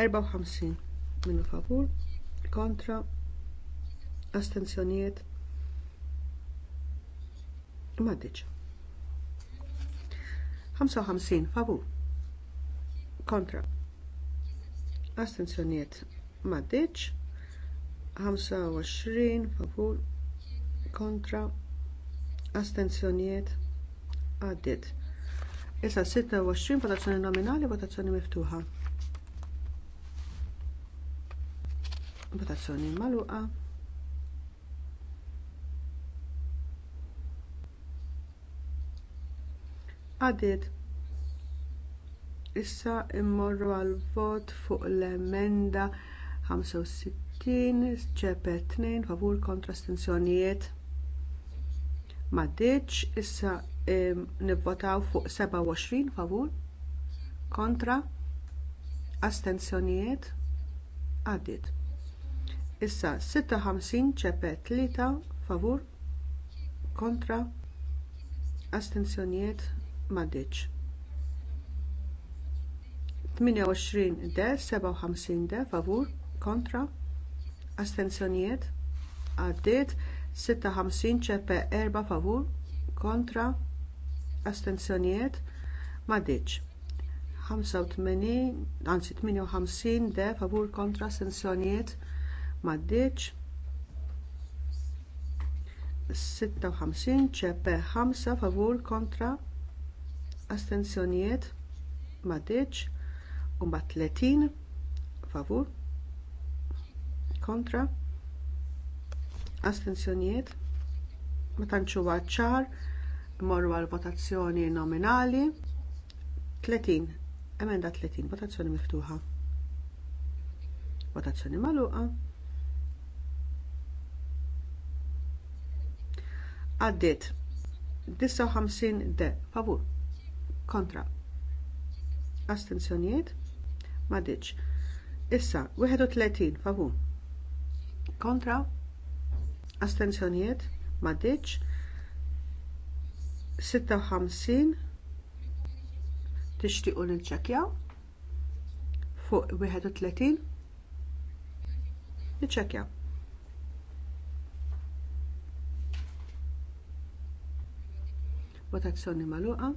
Speaker 8: 54 minnu favur kontra astensjonijiet ma' 55 favur kontra astenzjoniet maddiċ 25 favur kontra astenzjoniet għaddit Issa 26 votazzjoni nominali, votazzjoni miftuħa. Votazzjoni maluqa. għadiet issa immorru għal vot fuq l-emenda 65 ġebet 2 favur kontra astensjonijiet m'għaddiex issa nivvotaw fuq 27 favur kontra astensjonijiet għaddiet issa 56 ġebet 3 favur kontra astensjonijiet m'għaddiġ 28 de 57 de favur kontra astensjonijiet għaddiet 56 ċepe 4 favur kontra astensjonijiet m'għaddiġ 85 anzi 58 de favur kontra astensjonijiet m'għaddiġ 56 ċepe 5 favur kontra astensjonijiet deċ u ma 30 favur kontra astensjonijiet ma tantxu ċar morru għal votazzjoni nominali 30 emenda 30 votazzjoni miftuħa votazzjoni magħluqa għaddiet 59 de favur kontra astenzjonijiet m'għaddiċ issa 31 favur kontra astenzjonijiet m'għaddiċ 56 tixtiequ niċċekkjaw fuq 31 niċċekkjaw votazzjoni maluqa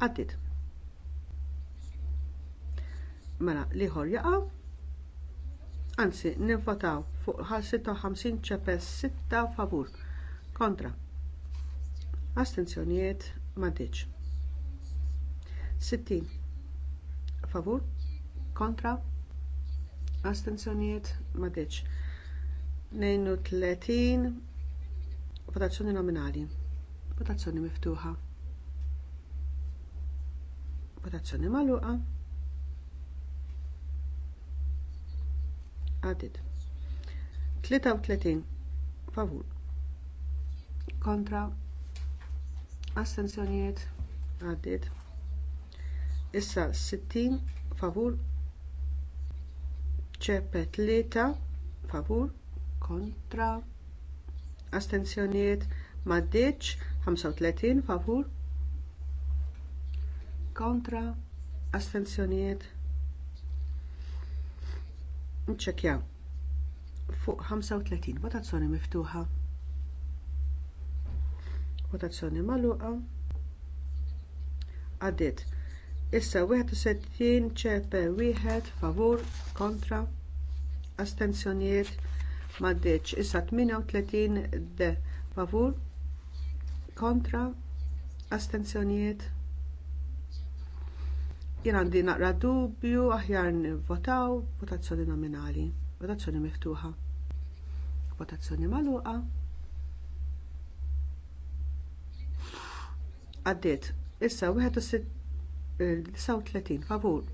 Speaker 8: Għaddit. Mela, liħor jaqaw. għansi, nivvotaw fuq 56 ċepes 6 favur. Kontra. Astenzjonijiet maddiċ. 60. Favur. Kontra. Astenzjonijiet maddiċ. 32. Votazzjoni nominali. Votazzjoni miftuħa. Votazzjoni maluqa għadid 33 favur. Kontra. Astenzjonijiet. għadid Issa 60 favur. Ċepe 3 favur. Kontra. Astenzjonijiet. maddeċ 35 favur kontra astenzjoniet. nċekjaw fuq 35 votazzjoni miftuħa votazzjoni maluqa. Għaddit, issa 61 ċepe wieħed favur kontra astenzjoniet maddeċ issa 38 de favur kontra astenzjonijiet Jien għandi naqra dubju aħjar nivvotaw votazzjoni nominali, votazzjoni miftuħa. Votazzjoni magħluqa. Għaddiet, issa 31 eh, favur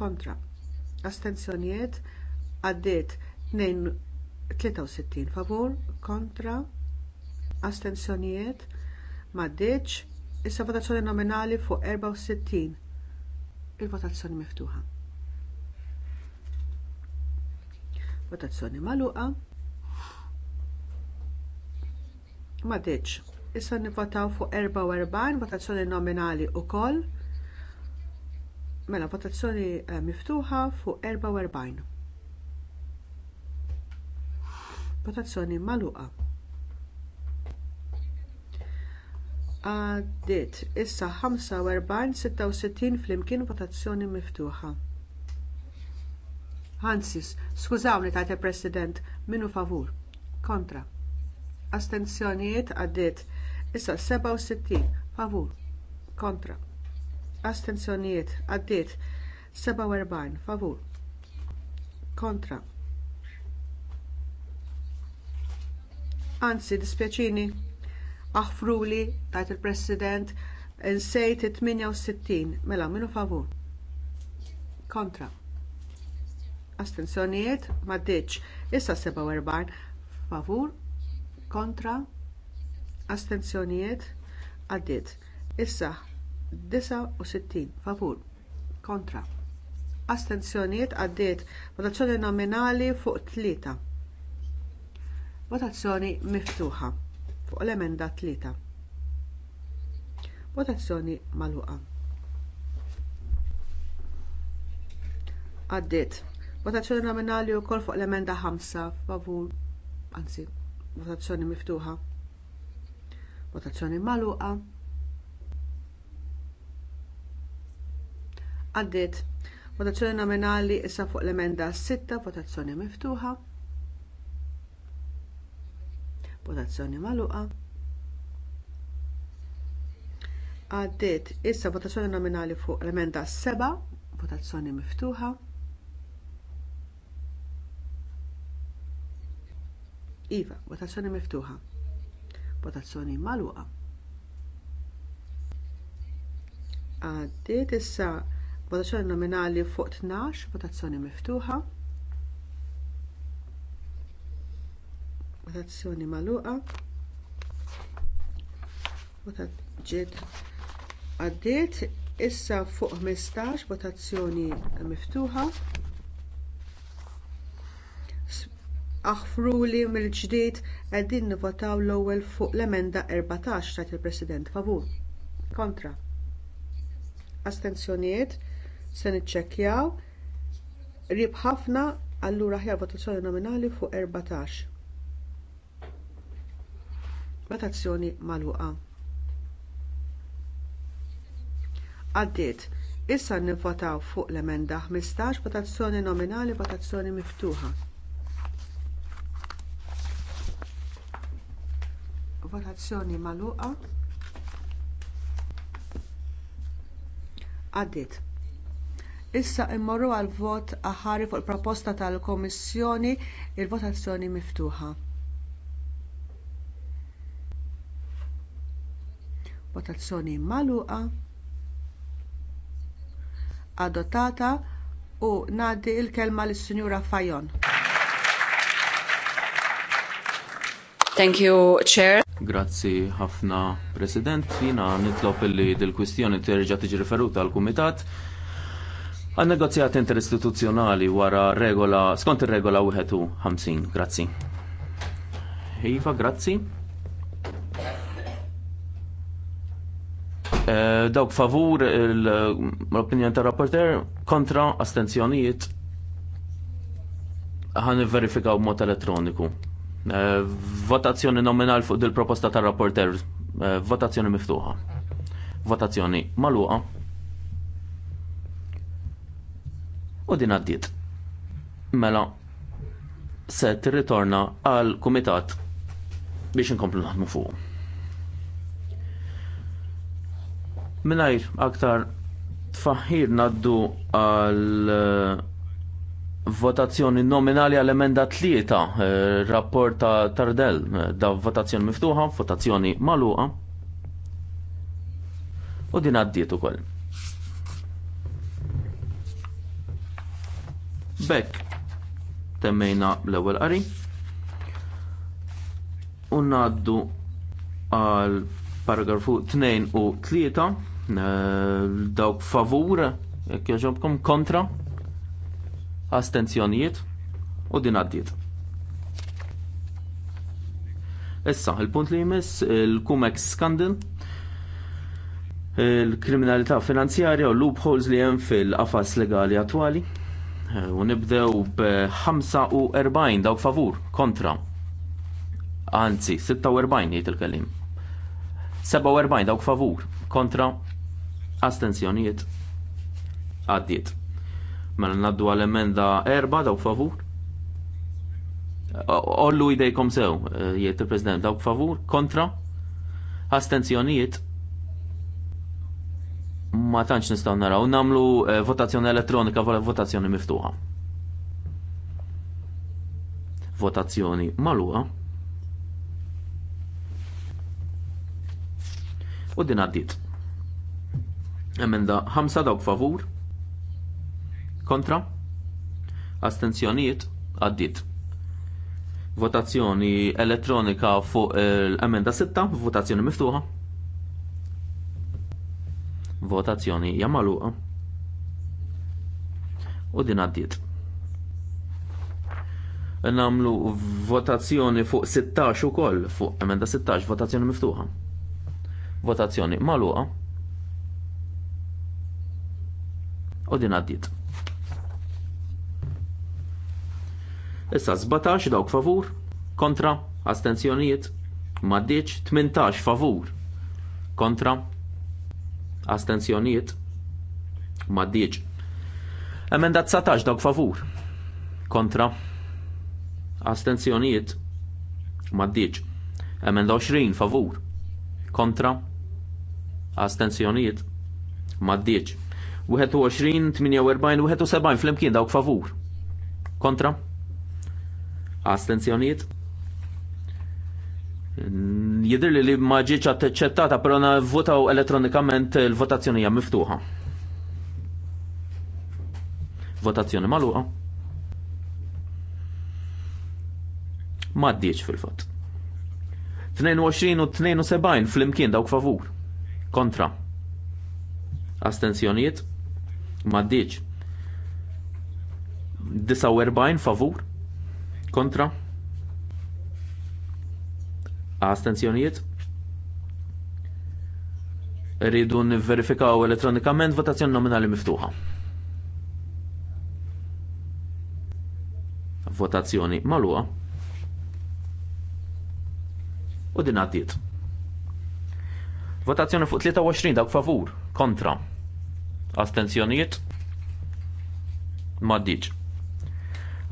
Speaker 8: kontra astensjonijiet għaddiet 63 favur kontra astensjonijiet m'għaddiex issa votazzjoni nominali fuq 64 Il-votazzjoni miftuħa. Votazzjoni magħluqa. Ma deċ. Issa nivvotaw fuq 44 votazzjoni nominali wkoll. Mela votazzjoni eh, miftuħa fuq 44. Votazzjoni magħluqa. għaddiet issa 45-66 flimkien votazzjoni miftuħa. Hansis, skużawni tajt il-President, minu favur, kontra. Astenzjonijiet għaddiet issa 67 favur, kontra. Astenzjonijiet għaddiet 47 favur, kontra. Anzi, dispjaċini, aħfruli tajt il-President insejt 68 mela minu favur kontra astensjonijiet maddiċ issa 47 favur kontra astensjonijiet għaddiet issa 69 favur kontra astensjonijiet għaddiet votazzjoni nominali fuq tlieta votazzjoni miftuħa fuq l-emenda tlieta. Votazzjoni magħluqa. Għaddiet. Votazzjoni nominali wkoll fuq l-emenda 5 favur anzi votazzjoni miftuħa. Votazzjoni magħluqa. Għaddiet. Votazzjoni nominali issa fuq l-emenda 6, votazzjoni miftuħa votazzjoni magħluqa għaddiet issa votazzjoni nominali fuq l-emenda 7 votazzjoni miftuħa iva votazzjoni miftuħa votazzjoni magħluqa għaddiet issa votazzjoni nominali fuq 12 votazzjoni miftuħa votazzjoni magħluqa ġiet għaddiet issa fuq 15 votazzjoni miftuħa aħfruli mill-ġdid qegħdin nivvotaw l-ewwel fuq l-emenda 14 tajt il-President favur. Kontra. Astenzjonijiet se niċċekkjaw rib ħafna allura ħjar votazzjoni nominali fuq 14. Votazzjoni magħluqa. Għaddiet. Issa nivvotaw fuq l-emenda 15 votazzjoni nominali votazzjoni miftuħa. Votazzjoni magħluqa. Għaddiet. Issa mmorru għal vot aħari fuq il proposta tal-Komissjoni il-votazzjoni miftuħa. votazzjoni magħluqa adottata u ngħaddi l kelma lis-Sinjura Fajon.
Speaker 4: Thank you, Chair.
Speaker 7: Grazzi ħafna, President. Jina nitlob li dil-kwistjoni terġa' tiġi riferuta għal kumitat għal negozjat interistituzzjonali wara regola skont ir-regola 51. Grazzi. Iva, grazzi. Eh, dawk favur l-opinjon ta' rapporter kontra astenzjonijiet ħan verifikaw mod elettroniku. Eh, votazzjoni nominal fuq il proposta ta' rapporter. Eh, votazzjoni miftuħa. Votazzjoni maluqa. U din għaddiet. Mela, se tirritorna għal kumitat biex inkomplu naħdmu fuq. Minajr aktar tfaħir naddu għal eh, votazzjoni nominali għal emenda tlieta eh, rapport ta' Tardell da' votazzjoni miftuħa, votazzjoni magħluqa. u din għaddiet ukoll. Bek, temmejna l-ewwel qari u ngħaddu għal paragrafu 2 u 3 Eh, dawk favur, jekk joġobkom kontra, astenzjonijiet u din għaddiet. Issa, il-punt li jmiss il-Cumex Scandal, il-kriminalità finanzjarja u loopholes li hemm fil-qafas legali attwali. Eh, u nibdew b-45 dawk favur, kontra. Anzi, 46 jgħid il-kelim. 47 dawk favur, kontra astenzjonijiet għaddiet. Mela naddu għal emenda erba dawk favur. Ollu idejkom sew, eh, jgħid il-President, dawk favur, kontra, astenzjonijiet ma tantx nistgħu naraw nagħmlu eh, votazzjoni elettronika wara votazzjoni miftuħa. Votazzjoni magħluqa. U din għaddiet. Emenda 5 dawk favur. Kontra. Astenzjonijiet għaddit. Votazzjoni elettronika fuq eh, l-emenda 6, votazzjoni miftuħa. Votazzjoni jamaluqa. U din għaddiet. Namlu votazzjoni fuq 16 ukoll fuq emenda 16, votazzjoni miftuħa. Votazzjoni maluqa. u din għaddit. Issa 17 dawk favur, kontra, astenzjonijiet, maddiċ 18 favur, kontra, astenzjonijiet, maddiċ. Emenda 19 dawk favur, kontra, astenzjonijiet, maddiċ. Emenda 20 favur, kontra, astenzjonijiet, maddiċ. 21, 48, 71 dawk favur. Kontra? Astenzjoniet? Jidir li li maġiċ ċettata pero na votaw elettronikament il-votazzjoni hija miftuħa. Votazzjoni maluqa. Maddiċ fil-fat. 22 u 72 fl-imkien dawk favur. Kontra. Astenzjoniet? Maddiċ. 49 favur kontra astenzjonijiet rridu nivverifikaw elettronikament votazzjoni nominali miftuħa. Votazzjoni magħluqa. U din għaddiet. Votazzjoni fuq 23 dawk favur kontra Astenzjonijiet? Maddiċ.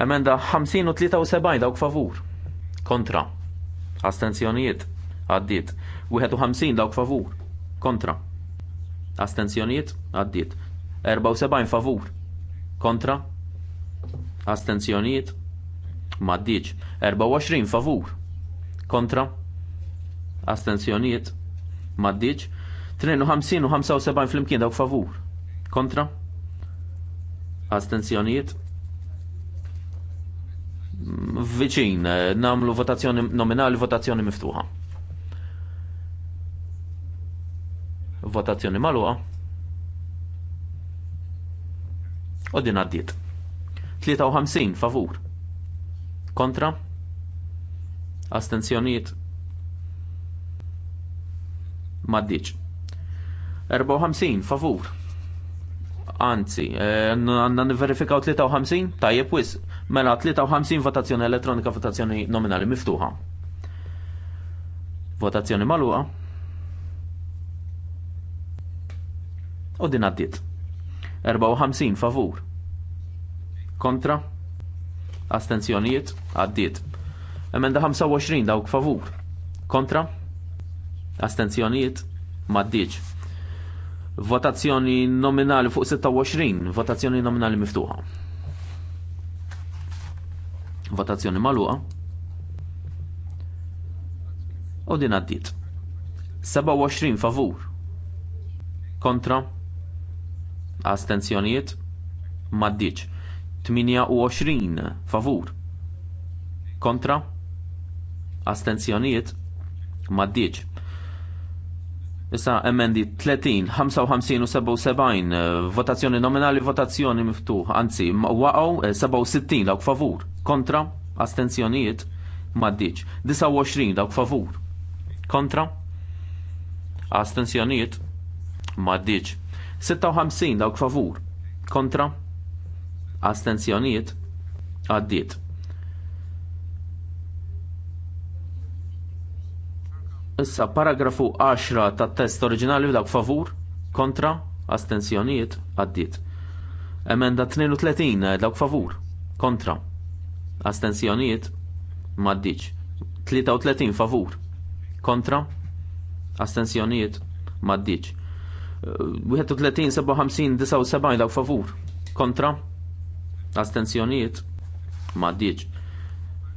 Speaker 7: Emenda 50 u 73 dawk favur. Kontra. Astenzjonijiet? Għaddiet. 51 dawk favur. Kontra. Astenzjonijiet? Għaddiet. 74 favur. Kontra. Astenzjonijiet? Maddiċ. 24 favur. Kontra. Astenzjonijiet? Maddiċ. 52 u 75 flimkien dawk favur kontra astenzjonijiet viċin namlu votazzjoni nominali votazzjoni miftuħa votazzjoni magħluqa. u din għaddiet 53 favur kontra astenzjonijiet maddiċ 54 favur Anzi, eh, għanna niverifikaw 53, tajjeb wis, mela 53 votazzjoni elettronika, votazzjoni nominali miftuħa. Votazzjoni maluqa. U din għaddit. 54 favur. Kontra. Astenzjonijiet għaddit. Emenda 25 dawk favur. Kontra. Astenzjonijiet maddiċ. Votazzjoni nominali fuq 26, votazzjoni nominali miftuħa. Votazzjoni maluqa. U din għaddit. 27 favur. Kontra. Astenzjonijiet. Maddiċ. 28 favur. Kontra. Astenzjonijiet. Maddiċ. Issa emendi 30, 55 u 77, eh, votazzjoni nominali, votazzjoni miftuħ, anzi, waqaw 67 eh, dawk favur, kontra, astenzjonijiet, maddiċ, 29 dawk favur, kontra, astenzjonijiet, maddiċ, 56 dawk favur, kontra, astenzjonijiet, għaddiet. Issa paragrafu 10 tat test oriġinali dak favur, kontra, astensjonijiet, għaddiet. Emenda 32 eh, dawk favur, kontra, astensjonijiet, maddiċ. 33 favur, kontra, astensjonijiet, maddiċ. 31, 57, 79 dawk favur, kontra, astensjonijiet, maddiċ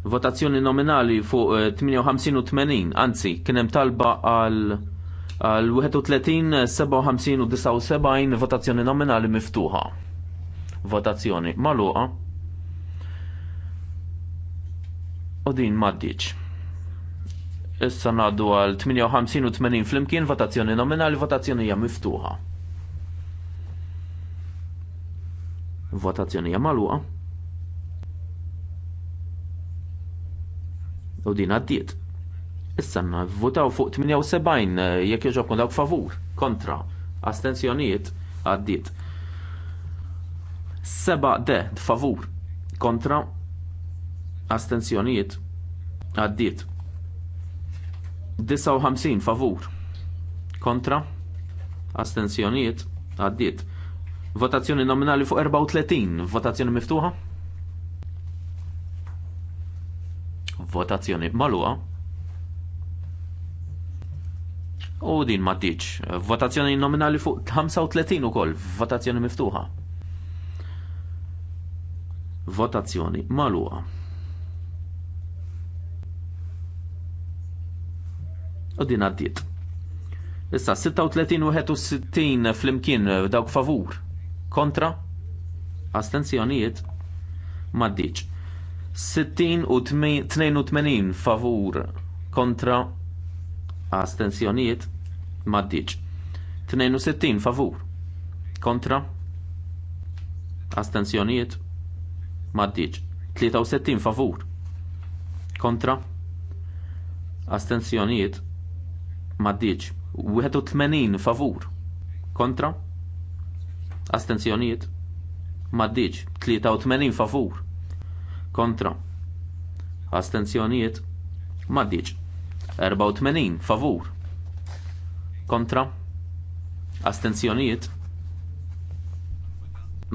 Speaker 7: votazzjoni nominali fuq 58 eh, u 80, anzi, kien hemm talba għal għal 31, 57 u 79 votazzjoni nominali miftuħa. Votazzjoni magħluqa. U din maddiċ. Issa ngħaddu għal 58 u 80 flimkien votazzjoni nominali, votazzjoni hija miftuħa. Votazzjoni hija magħluqa. u din għaddiet. Issa votaw fuq 78 eh, jekk jogħġobkom dawk favur, kontra, astenzjonijiet għaddiet. Seba' de favur, kontra, astenzjonijiet għaddiet. 59 favur, kontra, astenzjonijiet għaddiet. Votazzjoni nominali fuq 34, votazzjoni miftuħa? votazzjoni maluqa. U din ma tiċ. Votazzjoni nominali fuq 35 ukoll, votazzjoni miftuħa. Votazzjoni maluqa. U din għaddiet. Issa 36 u 60 flimkien dawk favur. Kontra? Astenzjonijiet? Maddiċ. 60 u favur kontra astensjonijiet maddiċ. 62 favur kontra astensjonijiet maddiċ. 63 favur kontra astensjonijiet maddiċ. 81 favur kontra astensjonijiet maddiċ. 83 favur kontra astenzjonijiet m'għaddiex 84 favur kontra astenzjonijiet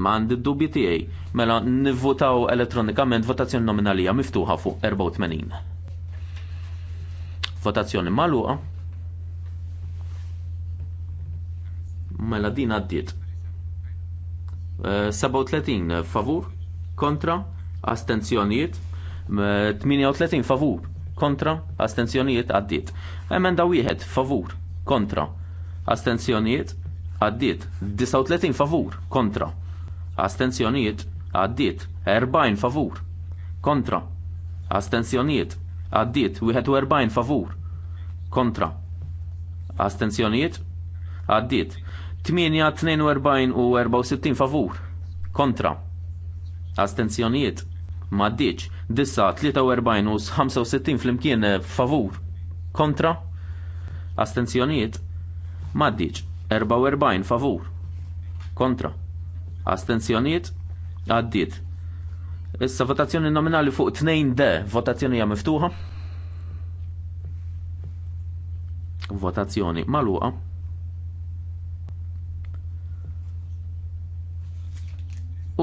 Speaker 7: ma għandi dubji tiegħi mela nivvotaw elettronikament votazzjoni nominalija miftuħa fuq 84. Votazzjoni magħluqa. Mela din għaddiet. 37 eh, favur kontra astenzjonijiet 38 favur kontra astenzjonijiet għaddiet. Emenda wieħed favur kontra astenzjonijiet għaddiet 39 favur kontra astenzjonijiet għaddiet 40 favur kontra astenzjonijiet għaddiet 41 favur kontra astenzjonijiet għaddiet 8 42 u 64 favur kontra astenzjonijiet maddiċ. Dissa 43 u 65 flimkien eh, favur kontra astenzjonijiet maddiċ. 44 favur kontra astenzjonijiet għaddiet. Issa votazzjoni nominali fuq 2D, votazzjoni hija miftuħa. Votazzjoni magħluqa.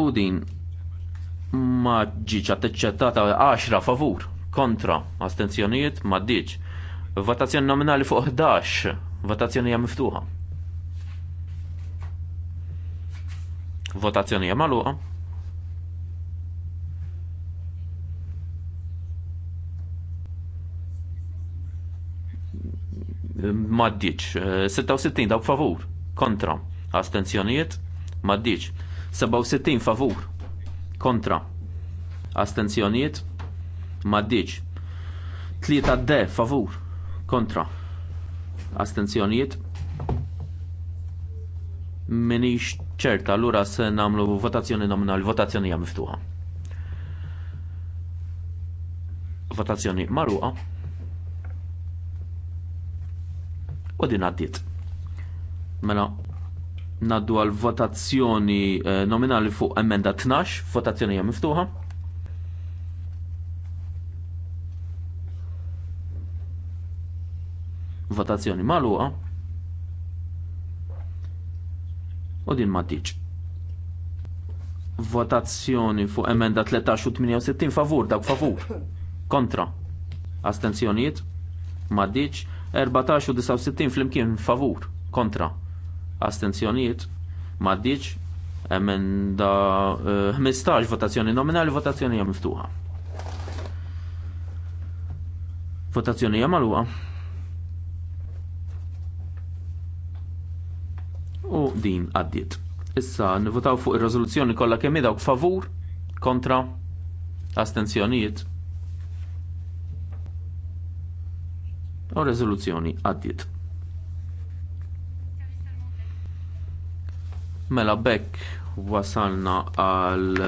Speaker 7: U din ma ġiċ atteċċettata 10 favur kontra astenzjonijiet ma ġiġ. Votazzjoni nominali fuq 11, votazzjoni hija miftuħa. Votazzjoni hija magħluqa. maddiċ. 66 dawk favur, kontra. Astenzjonijiet, maddiċ. 67 favur, kontra astenzjonijiet m'għaddiċ. Tlieta d favur kontra astenzjonijiet minix ċerta allura se nagħmlu votazzjoni nominali, votazzjoni hija miftuħa. Votazzjoni magħruqa. U din għaddiet. Mela Naddu għal votazzjoni eh, nominali fuq emenda 12, votazzjoni hija miftuħa. Votazzjoni magħluqa. U din ma tiġ. Votazzjoni fuq emenda 13 u 68 favur, dak favur. Kontra. Astenzjonijiet? Ma tiġ. 14 u 69 flimkien favur. Kontra astenzjonijiet maddiċ emenda 15 eh, votazzjoni nominali votazzjoni hija miftuħa. Votazzjoni hija magħluqa. U din għaddiet. Issa nivotaw fuq ir-riżoluzzjoni kollha kemm dawk favur, kontra, astenzjonijiet. U riżoluzzjoni għaddiet. Mela bekk wasalna għal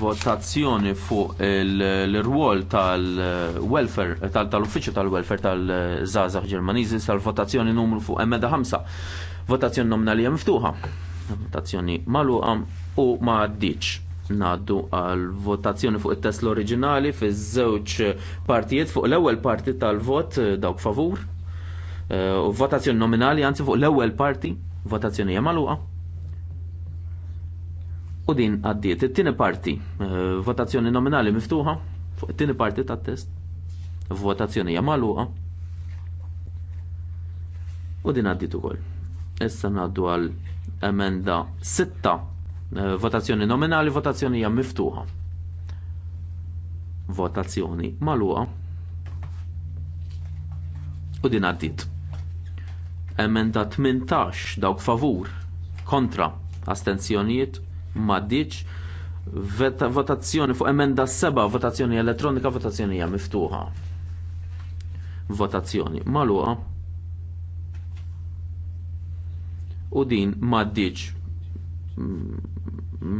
Speaker 7: votazzjoni fuq l-rwol tal-welfare, tal-uffiċċju tal-welfare tal-żgħażagħ Ġermaniżi tal-votazzjoni numru fuq emenda 5. Votazzjoni nominali miftuħa. Votazzjoni magħluqa u ma għaddiċ ngħaddu għal votazzjoni fuq it-test l-oriġinali fiż-żewġ partijiet fuq l-ewwel parti tal-vot eh, dawk favur. Eh, u votazzjoni nominali anzi fuq l-ewwel parti Votazzjoni hija U din għaddiet it-tieni parti, eh, votazzjoni nominali miftuħa fuq it-tieni parti tat-test. Votazzjoni hija magħluqa. U din għaddiet ukoll. Issa ngħaddu għal emenda 6 eh, votazzjoni nominali, votazzjoni hija miftuħa. Votazzjoni maluqa. U din għaddiet. Emenda 18 dawk favur kontra astenzjonijiet maddiċ. Votazzjoni fuq emenda 7 votazzjoni elettronika votazzjoni hija miftuħa. Votazzjoni magħluqa. U din maddiċ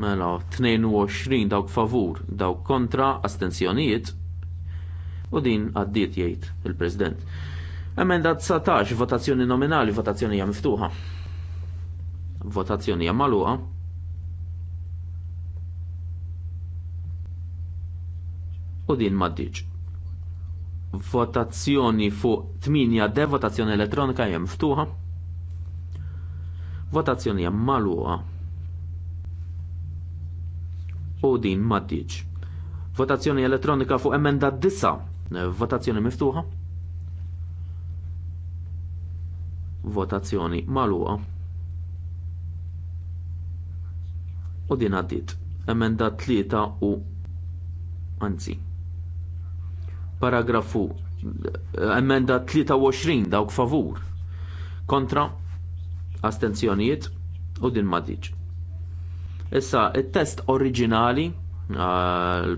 Speaker 7: mela 22 dawk favur, dawk kontra, astenzjonijiet. U din għaddiet jgħid il-President. Emenda 19, votazzjoni nominali, votazzjoni hija miftuħa. Votazzjoni hija magħluqa. U din m'għaddiġ. Votazzjoni fuq 8 de votazzjoni elettronika hija miftuħa. Votazzjoni hija magħluqa. U din m'għaddiġ. Votazzjoni elettronika fuq emenda 9. Votazzjoni miftuħa. votazzjoni magħluqa u din għaddiet emenda 3 u anzi paragrafu emenda 23 dawk favur kontra astenzjonijiet u din m'għaddiġ. Issa, t test oriġinali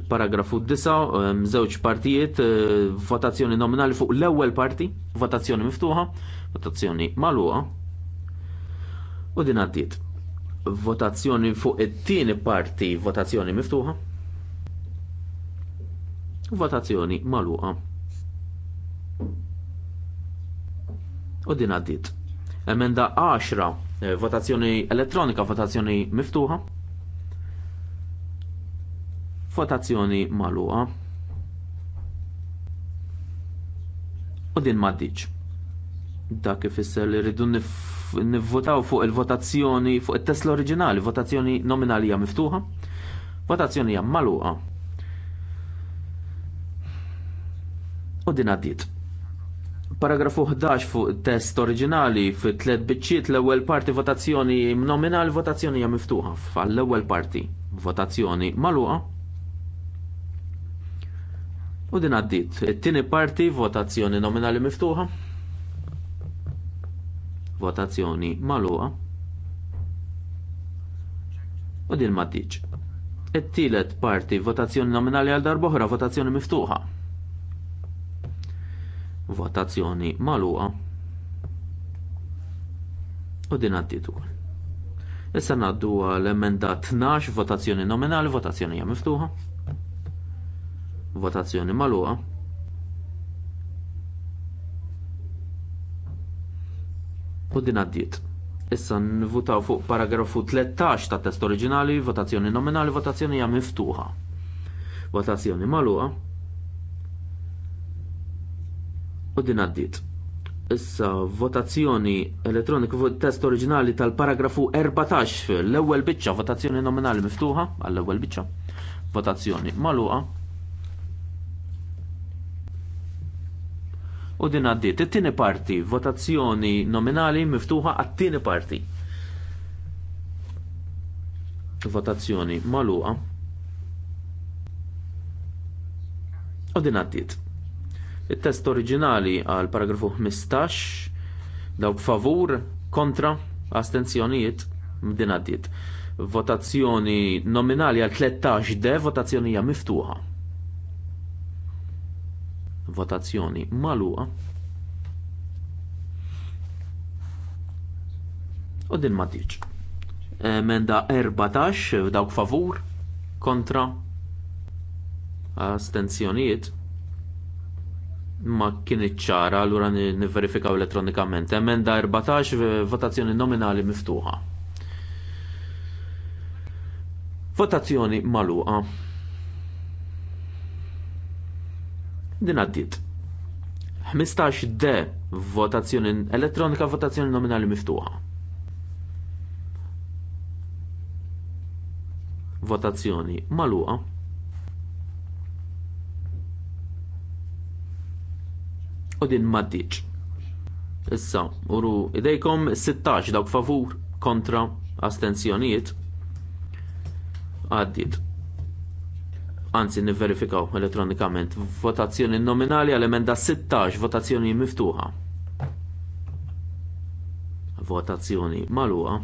Speaker 7: paragrafu 9 żewġ partijiet eh, votazzjoni nominali fuq l-ewwel parti, votazzjoni miftuħa, votazzjoni magħluqa u din għaddiet. Votazzjoni fuq it-tieni parti, votazzjoni miftuħa. Votazzjoni magħluqa. U din għaddit Emenda 10, eh, votazzjoni elettronika, votazzjoni miftuħa. Votazzjoni magħluqa. u din maddiċ. Dak ifisser li rridu nivvotaw fuq il-votazzjoni fuq it-test il votazzjoni fuq it test l oriġinali votazzjoni nominali hija miftuħa, votazzjoni hija magħluqa. U din għaddiet. Paragrafu 11 fuq test oriġinali fit tliet biċċiet l-ewwel parti votazzjoni nominali votazzjoni hija miftuħa fall-ewwel parti votazzjoni magħluqa. U din għaddiet. It-tieni parti votazzjoni nominali miftuħa Votazzjoni magħluqa. U din ma tiġ. It-tielet parti votazzjoni nominali għal oħra, votazzjoni miftuħa. Votazzjoni magħluqa. U din għaddiet ukoll. Issa ngħaddu għal emenda 12 votazzjoni nominali, votazzjoni hija miftuħa. Votazzjoni magħluqa. U din għaddiet. Issa nvutaw fuq paragrafu 13 ta' test oriġinali, votazzjoni nominali, votazzjoni hija miftuħa. Votazzjoni magħluqa. U din għaddiet. Issa votazzjoni elettroniku fuq test oriġinali tal-paragrafu 14 l-ewwel biċċa votazzjoni nominali miftuħa għall-ewwel biċċa. Votazzjoni magħluqa. u din għaddit. It-tieni parti, votazzjoni nominali miftuħa għat-tieni parti. Votazzjoni magħluqa. U din għaddiet. It-test oriġinali għal paragrafu 15 dawk favur kontra astenzjonijiet din għaddit. Votazzjoni nominali għal 13 de votazzjonija miftuħa votazzjoni magħluqa u din ma tiġ. Emenda 14 dawk favur kontra astenzjonijiet ma kienet ċara allura nivverifikaw elettronikament. Emenda 14 votazzjoni nominali miftuħa. Votazzjoni magħluqa. Din għaddit. 15 d votazzjoni elettronika votazzjoni nominali miftuħa. Votazzjoni maluqa. U din maddiċ. Issa, uru idejkom 16 dawk favur kontra astenzjonijiet għaddit anzi nivverifikaw elettronikament. Votazzjoni nominali għal emenda 16, votazzjoni miftuħa. Votazzjoni magħluqa.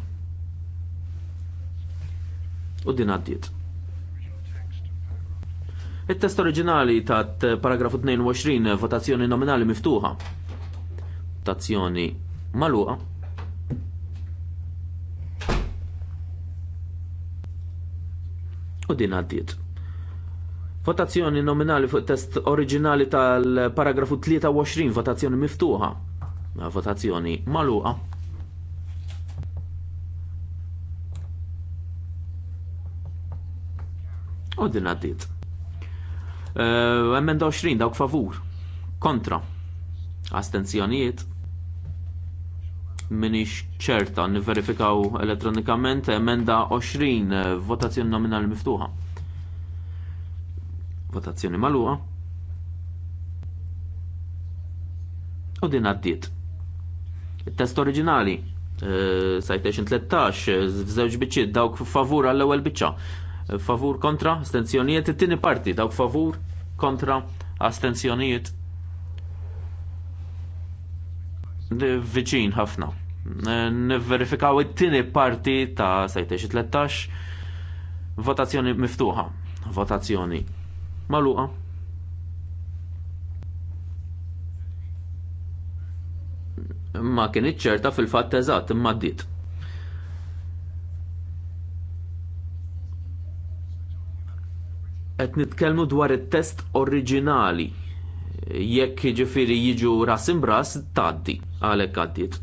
Speaker 7: U din għaddiet. Il-test oriġinali ta' paragrafu 22, votazzjoni nominali miftuħa. Votazzjoni magħluqa. U din għaddiet. Votazzjoni nominali fuq test oriġinali tal-paragrafu 23, votazzjoni miftuħa. Votazzjoni maluqa. U din għaddit. Eh, emenda 20 dawk favur. Kontra. Astenzjonijiet. Minix ċerta, niverifikaw elettronikament emenda 20 eh, votazzjoni nominali miftuħa. Votazzjoni magħluqa. U din għaddiet. Il-test oriġinali, eh, citation 13, f'żewġ biċċiet dawk favur għall-ewwel biċċa. Favur kontra, astenzjonijiet, it-tieni parti dawk favur kontra, astenzjonijiet. Viċin ħafna. Eh, nivverifikaw it-tieni parti ta' citation 13, votazzjoni miftuħa. Votazzjoni Maluqa. Ma kien ċerta fil-fatt eżatt imma ddiet. Qed nitkellmu dwar it-test oriġinali jekk ġifiri jiġu ras imbras tgħaddi għalhekk għaddiet.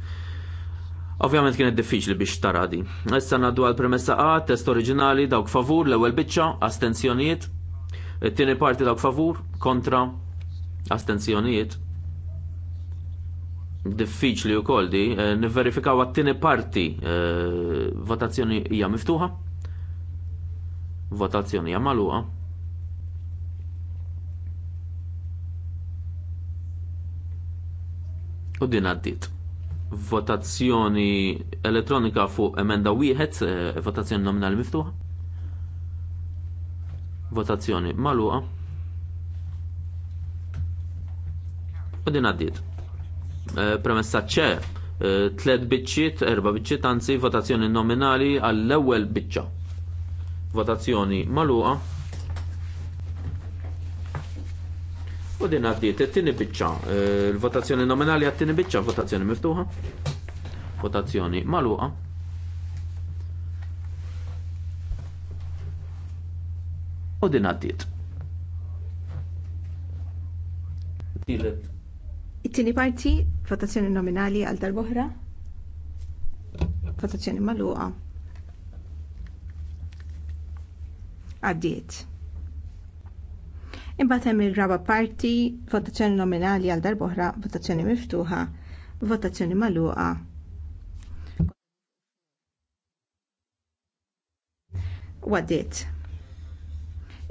Speaker 7: Ovvjament kienet diffiċli biex tara di. Issa ngħaddu għall premessa A, test oriġinali dawk favur l-ewwel biċċa, astenzjonijiet, tieni parti dawk favur kontra astenzjonijiet. Diffiċli wkoll di, eh, nivverifikaw għat-tieni parti eh, votazzjoni hija miftuħa. Votazzjoni hija magħluqa. U din għaddit. Votazzjoni elettronika fuq emenda wieħed, eh, votazzjoni nominali miftuħa. Votazzjoni magħluqa. U din għaddiet. Eh, premessa ċe, eh, tlet biċċiet, erba biċċiet, anzi votazzjoni nominali għall-ewwel biċċa. Votazzjoni magħluqa. U din għaddiet, it-tieni biċċa, eh, l-votazzjoni nominali għat-tieni biċċa, votazzjoni miftuħa. Votazzjoni magħluqa. u din għaddiet.
Speaker 3: It-tieni parti, votazzjoni nominali għal darb'oħra. Votazzjoni maluqa? Għaddit. Imbagħad hemm ir-raba parti, votazzjoni nominali għal darb'oħra, votazzjoni miftuħa, votazzjoni maluqa. Għaddit.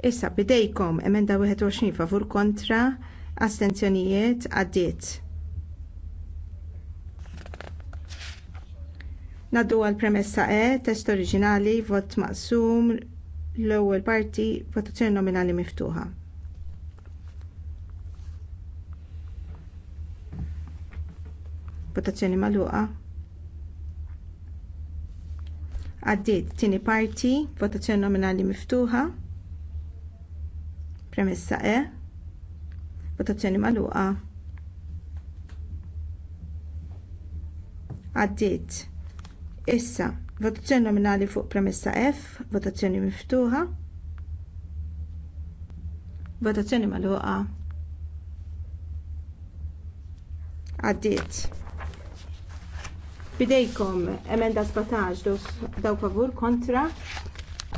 Speaker 3: Issa bidejkom emenda 21 favur kontra astenzjonijiet għaddiet. Naddu għal premessa E, test oriġinali, vot maqsum, l-ewwel parti, votazzjoni nominali miftuħa. Votazzjoni magħluqa. Għaddiet tieni parti, votazzjoni nominali miftuħa. Premessa E. Votazzjoni magħluqa. Għaddiet. Issa, votazzjoni nominali fuq premessa F, votazzjoni miftuħa. Votazzjoni magħluqa. Għaddiet. Bidejkom emenda 17 daw favur kontra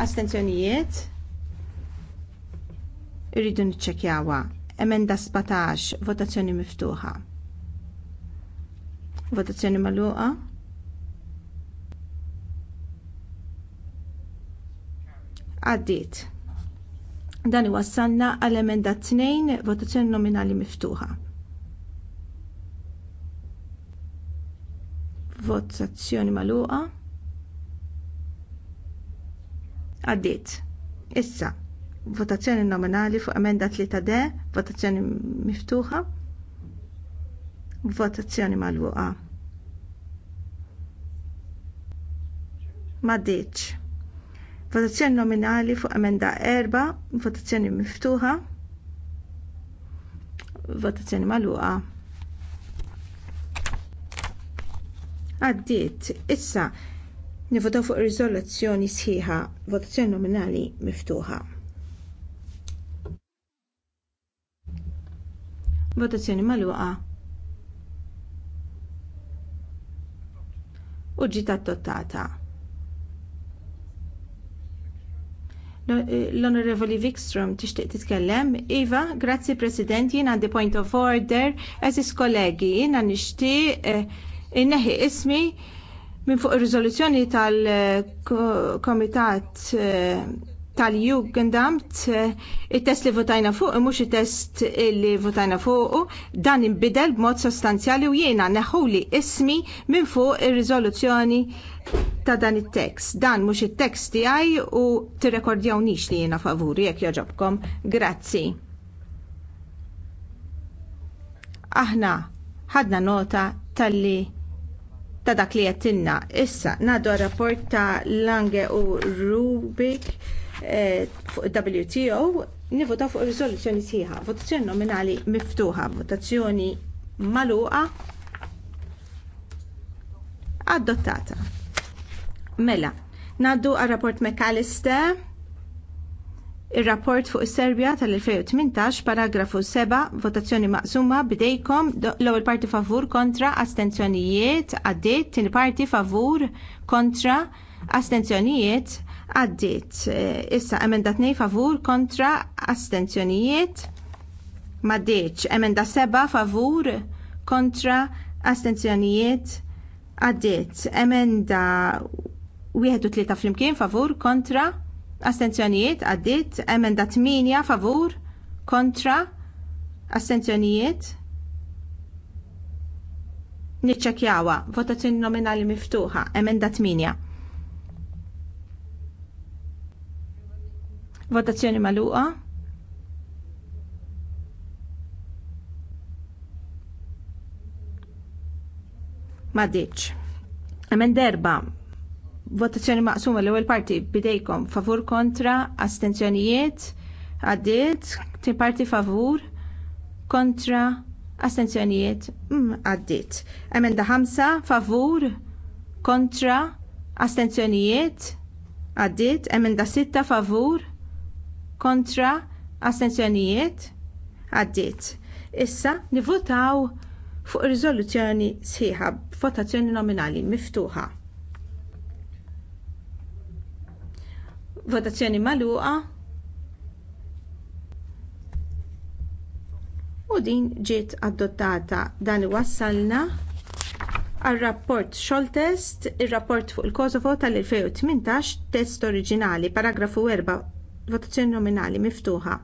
Speaker 3: astenzjonijiet Irridu niċċekjawha. Emenda 17, votazzjoni miftuħa. Votazzjoni magħluqa. Għaddiet. Dan iwassalna għal emenda 2, votazzjoni nominali miftuħa. Votazzjoni magħluqa. Għaddiet. Issa, votazzjoni nominali fuq emenda 3D, votazzjoni miftuħa, votazzjoni Ma Maddiċ. Votazzjoni nominali fuq emenda 4, votazzjoni miftuħa, votazzjoni magħluqa. Għaddiet, issa nivotaw fuq riżoluzzjoni sħiħa, votazzjoni nominali miftuħa. Votazzjoni magħluqa. U ġiet adottata. Eh, L-Onorevoli Wikström tixtieq titkellem. Iva, grazzi President, jien għandi point of order. Eżis kollegi, jiena nixtieq eh, inneħi ismi minn fuq ir-riżoluzzjoni tal-Komitat eh, tal-Jugendamt, eh, il-test li votajna fuq, eh, mux il-test li votajna fuq, dan imbidel b'mod sostanzjali u jiena neħuli ismi minn fuq il-rizoluzzjoni ta' dan il-tekst. Dan mux il-tekst tiegħi u t li jiena favuri, jek joġobkom. Grazzi. Aħna ħadna nota tal-li ta' dak li jettinna. Issa, nadu rapport ta' Lange u Rubik Eh, fuq WTO nivota fuq riżoluzzjoni sħiħa. Votazzjoni nominali miftuħa, votazzjoni maluqa adottata. Mela, naddu għal rapport McAllister, il-rapport fuq is-Serbja tal-2018, paragrafu 7, votazzjoni maqsuma bidejkom l-ewwel parti favur kontra astenzjonijiet, għaddiet tieni parti favur kontra astenzjonijiet għaddit. Issa emenda 2 favur kontra astenzjonijiet maddiċ. Emenda 7 favur kontra astenzjonijiet għaddit. Emenda 31 flimkien favur kontra astenzjonijiet għaddit. Emenda 8 favur kontra astenzjonijiet niċċekjawa. Votazzjoni nominali miftuħa. Emenda 8. Votazzjoni maluqa. Madiċ. Emen derba. Votazzjoni maqsuma l-ewwel parti bidejkom favur kontra astenzjonijiet għaddit, ti parti favur kontra astenzjonijiet mm, għaddiet. Emenda ħamsa favur kontra astenzjonijiet għaddiet, emenda sitta favur kontra astenzjonijiet għaddiet. Issa nivvotaw fuq riżoluzzjoni sħiħa b'votazzjoni nominali miftuħa. Votazzjoni magħluqa. U din ġiet adottata dan iwassalna għar rapport test, ir rapport fuq il-Kosovo tal-2018, test oriġinali, paragrafu 4 votazzjoni nominali miftuħa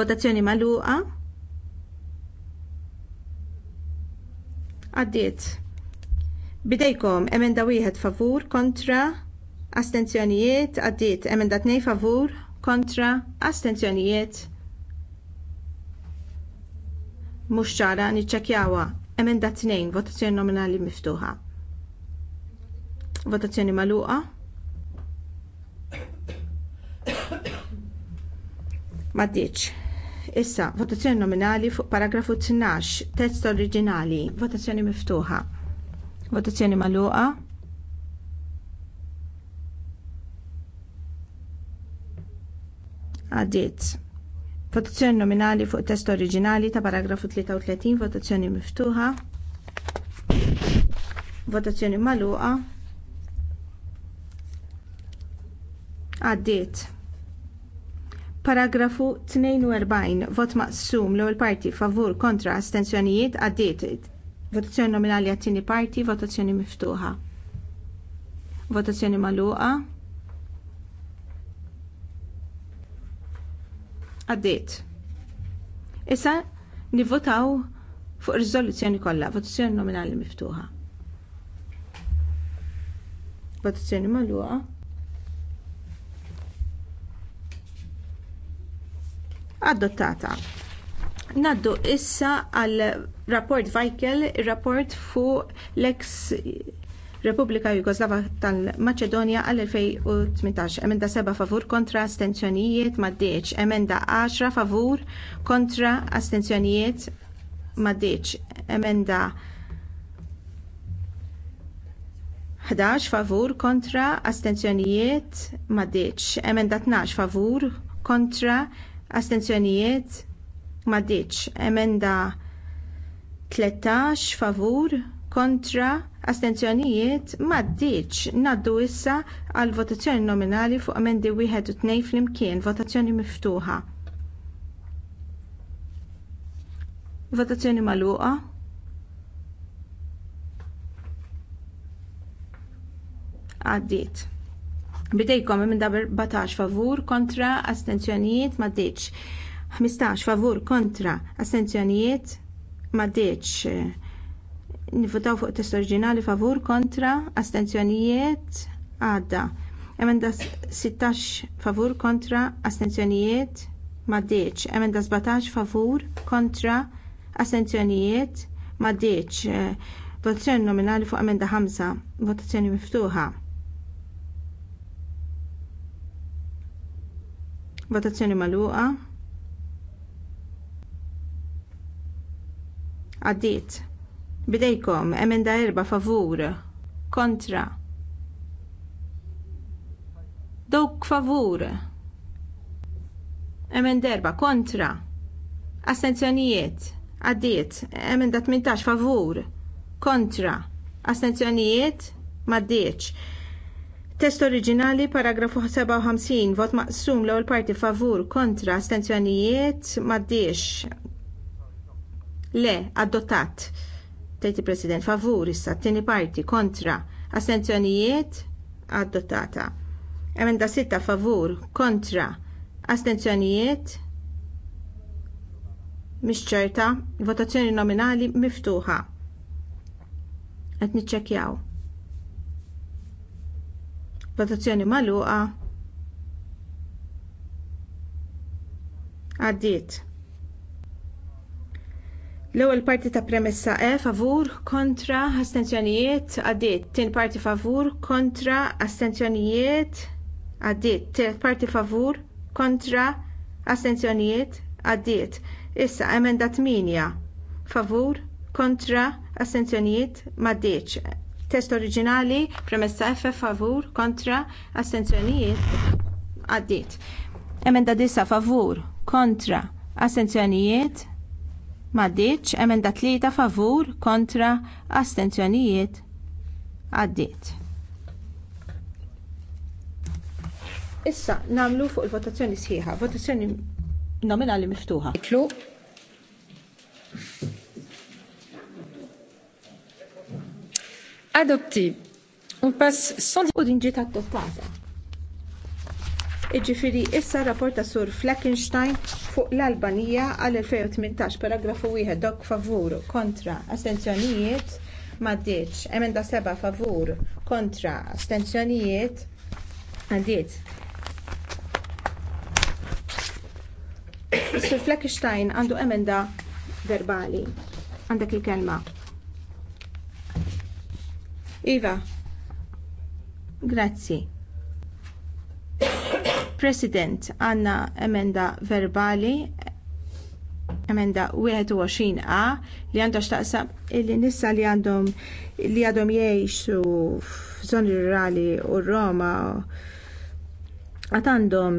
Speaker 3: votazzjoni magħluqa għaddiet bidejkom emenda wieħed favur kontra astenzjonijiet għaddiet emenda tnej favur kontra astenzjonijiet mhux ċara niċċekkjawha emenda tnejn votazzjoni nominali miftuħa votazzjoni magħluqa Maddiċ. Issa, votazzjoni nominali fuq paragrafu 12, test oriġinali, votazzjoni miftuħa. Votazzjoni maluqa. Għaddiet. Votazzjoni nominali fuq test oriġinali ta' paragrafu 33, votazzjoni miftuħa. Votazzjoni maluqa. Għaddiet Paragrafu 42, vot maqsum l ewwel parti favur kontra astensjonijiet għaddiet. Votazzjoni nominali għat-tieni parti, votazzjoni miftuħa. Votazzjoni magħluqa. Għaddiet. Issa nivvotaw fuq riżoluzzjoni kollha, votazzjoni nominali miftuħa. Votazzjoni magħluqa. adottata. Naddu issa għal rapport Vajkel, rapport fuq l-ex Repubblika Jugoslava tal-Maċedonja għal-2018. Emenda 7 favur kontra astenzjonijiet maddeċ. Emenda 10 favur kontra astenzjonijiet maddeċ. Emenda 11 favur kontra astenzjonijiet maddeċ. Emenda 12 favur kontra astenzjonijiet maddiċ emenda 13 favur kontra astenzjonijiet maddiċ naddu issa għal votazzjoni nominali fuq emendi wieħed u tnejn flimkien votazzjoni miftuħa votazzjoni magħluqa għaddiet Bidejkom minn dabar 14 favur kontra astenzjonijiet ma' deċ. 15 favur kontra astenzjonijiet ma' deċ. Nifutaw fuq test oriġinali favur kontra astenzjonijiet għadda. Emenda 16 favur kontra astenzjonijiet ma' deċ. Emenda 17 favur kontra astenzjonijiet ma' deċ. Votazzjoni nominali fuq emenda 5. Votazzjoni miftuħa. Votazzjoni magħluqa. Għaddiet. Bidejkom, emenda erba favur, kontra. Dawk favur. Emenda erba kontra. Astenzjonijiet. Għaddiet. Emenda 18 favur, kontra. Astenzjonijiet. Maddiċ. Test oriġinali paragrafu 57 vot maqsum l-ewwel parti favur kontra astenzjonijiet m'għaddiex. Le, adottat. Tejti President favur issa t-tieni parti kontra astenzjonijiet adottata. Emenda 6 favur kontra astenzjonijiet mhix ċerta, votazzjoni nominali miftuħa. Qed niċċekkjaw. Votazzjoni magħluqa. Għaddiet. L-ewwel parti ta' premessa E favur kontra astenzjonijiet għaddiet. Tien parti favur kontra astenzjonijiet għaddiet. Tiet parti favur kontra astenzjonijiet għaddiet. Issa emenda 8 favur kontra astenzjonijiet maddiċ. Test oriġinali, premessa F favur kontra assenzjonijiet għaddiet. Emenda disa favur kontra assenzjonijiet maddiċ. Emenda tlieta favur kontra astenzjonijiet għaddiet. Issa namlu fuq il-votazzjoni sħiħa, votazzjoni nominali miftuħa. Iklu. adopti un pass sans... U dinġi ġiet adottata. Iġifiri, issa rapport ta' sur Fleckenstein fuq l-Albanija għal-2018, paragrafu wieħed dok favur kontra astenzjonijiet maddiċ. Emenda seba' favur kontra astenzjonijiet maddiċ. Sur Fleckenstein għandu emenda verbali. Għandek il-kelma. Iva. Grazzi. President, għanna emenda verbali, emenda 21a li għandha xtaqsam illi nissa li għandhom li għadhom jgħixu f'żoni rurali u Roma għad għandhom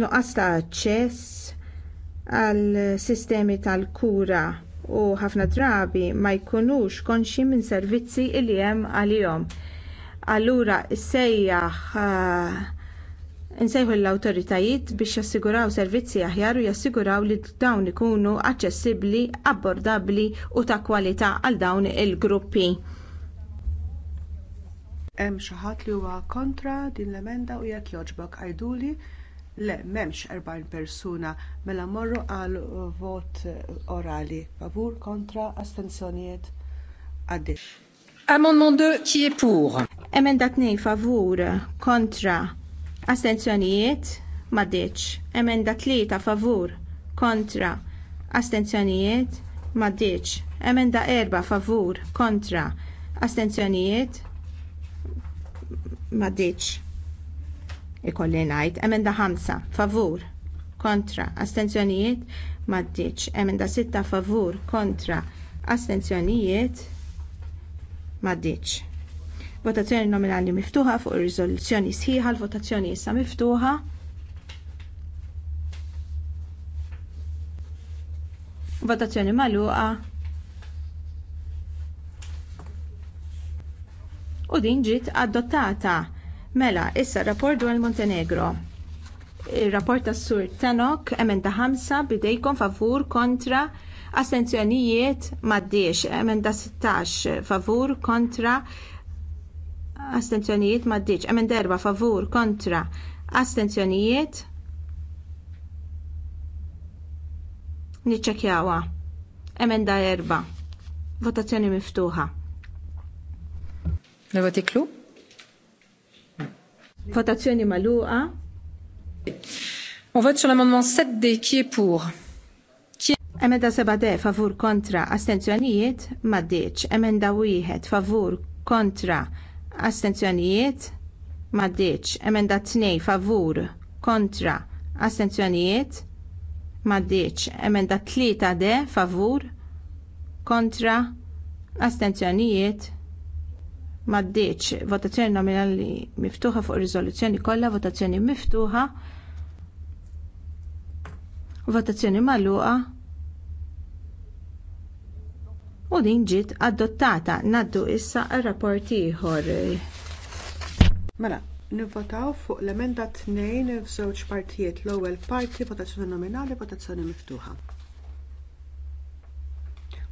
Speaker 3: nuqqas ta' aċċess għal sistemi tal-kura u ħafna drabi ma jkunux konxi minn servizzi li hemm għalihom. Allura sejjaħ eh, insejħu l-awtoritajiet biex jassiguraw servizzi aħjar u jassiguraw li dawn ikunu aċċessibbli, abbordabbli u ta' kwalità għal
Speaker 8: dawn il-gruppi. Hemm xi ħadd li huwa kontra din l-emenda u jekk jogħġbok għajduli Le, m'hemmx 40 persuna mela mmorru għal vot orali. Favur, kontra, astensjonijiet għaddi.
Speaker 3: Amendment 2, qui est pour? Emenda 2, favur, kontra, astensjonijiet maddeċ. Emenda 3, favur, kontra, astensjonijiet maddeċ. Emenda 4, favur, kontra, astensjonijiet maddeċ ikolli ngħid. Emenda 5 favur kontra astenzjonijiet m'għaddiċ. Emenda 6 favur kontra astenzjonijiet m'għaddiċ. Votazzjoni nominali miftuħa fuq ir-riżoluzzjoni sħiħa, l-votazzjoni issa miftuħa. Votazzjoni magħluqa. U din ġiet adottata. Mela, issa rapport dwar il-Montenegro. Il-rapport tas sur Tanok, emenda ħamsa bidejkom favur kontra astenzjonijiet maddiex, emenda 16 favur kontra astenzjonijiet maddiex, emenda erba' favur kontra astenzjonijiet niċċekjawa. Emenda erba'. Votazzjoni miftuħa. Nivoti klu? Votazzjoni magħluqa. On vote sur l'amendement 7D qui est pour. Emenda 7D favur kontra astenzjonijiet maddeċ. Emenda 1 favur kontra astenzjonijiet maddeċ. Emenda 2 favur kontra astenzjonijiet maddeċ. Emenda 3D favur kontra astenzjonijiet maddiċ votazzjoni nominali miftuħa fuq riżoluzzjoni kollha, votazzjoni miftuħa, votazzjoni magħluqa. U din ġiet adottata ngħaddu issa r-rapport ieħor.
Speaker 8: Mela, nivvotaw fuq l-emenda tnejn f'żewġ partijiet l-ewwel parti votazzjoni nominali, votazzjoni miftuħa.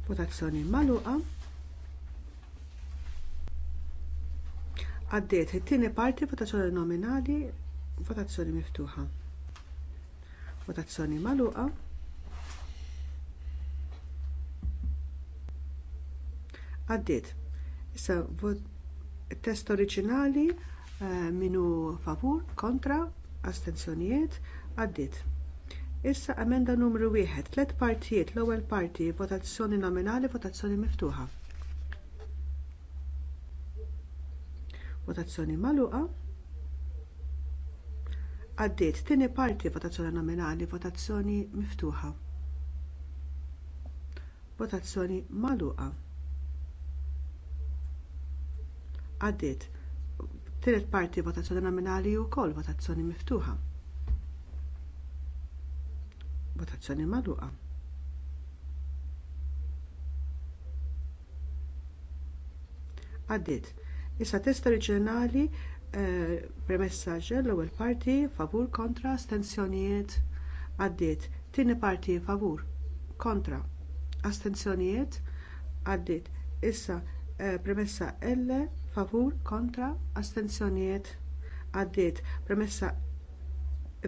Speaker 8: Votazzjoni magħluqa. Għaddiet, it-tieni parti votazzjoni nominali, votazzjoni miftuħa. Votazzjoni magħluqa. Għaddiet. Issa test oriġinali eh, minu favur, kontra, astenzjonijiet, għaddiet. Issa emenda numru wieħed, tliet partijiet, l-ewwel parti, votazzjoni nominali, votazzjoni miftuħa. votazzjoni magħluqa għaddiet tieni parti votazzjoni nominali votazzjoni miftuħa votazzjoni magħluqa għaddiet tielet parti votazzjoni nominali wkoll votazzjoni miftuħa votazzjoni magħluqa għaddiet Issa test oriġinali eh, premessa ġel l-ewwel parti favur kontra astensjonijiet għaddiet. Tieni parti favur kontra astensjonijiet għaddiet. Issa eh, premessa L favur kontra astensjonijiet għaddiet. Premessa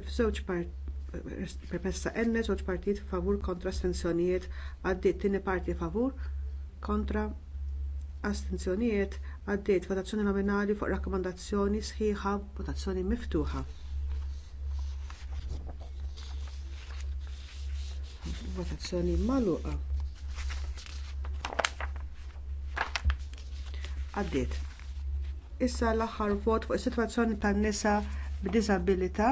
Speaker 8: f'żewġ premessa N żewġ partijiet favur kontra astensjonijiet għaddiet. Tieni parti favur kontra astensjonijiet għaddiet votazzjoni nominali fuq rakkomandazzjoni sħiħa votazzjoni miftuħa votazzjoni magħluqa għaddiet issa l-aħħar vot fuq is-sitwazzjoni tan-nisa b'diżabilità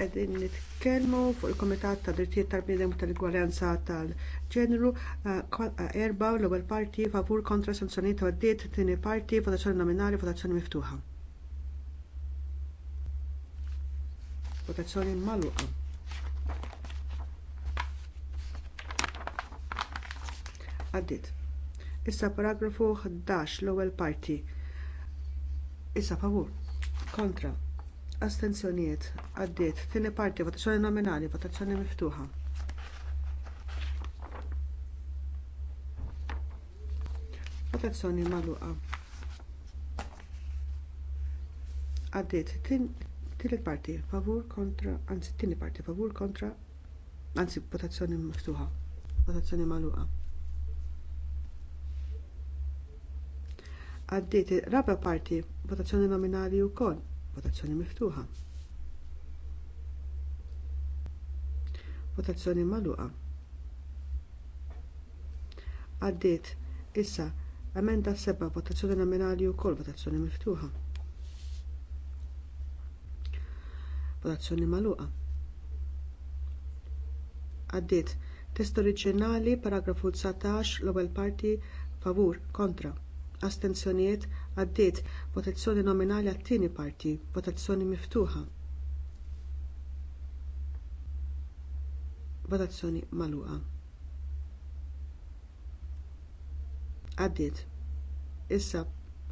Speaker 8: għedin nitkellmu fuq il-Komitat ta' Drittijiet tal-Bniedem tal-Igwaljanza tal-Ġenru eh, eh, erba' l-ewwel parti favur kontra sanzjonijiet għaddiet, tieni parti votazzjoni nominali votazzjoni miftuħa. Votazzjoni magħluqa. Għaddiet. Issa paragrafu 11 l-ewwel parti. Issa favur kontra astenzjonijiet għaddiet tieni parti votazzjoni nominali votazzjoni miftuħa votazzjoni magħluqa għaddiet tielet parti favur kontra anzi tieni parti favur kontra anzi votazzjoni miftuħa votazzjoni magħluqa għaddiet ir-raba' parti votazzjoni nominali wkoll Votazzjoni miftuħa. Votazzjoni magħluqa. Għaddiet issa emenda seba' votazzjoni nominali wkoll votazzjoni miftuħa. Votazzjoni magħluqa. Għaddiet test oriġinali paragrafu 19 l-ewwel parti favur kontra astenzjonijiet għaddiet votazzjoni nominali għat-tieni parti votazzjoni miftuħa votazzjoni magħluqa għaddiet issa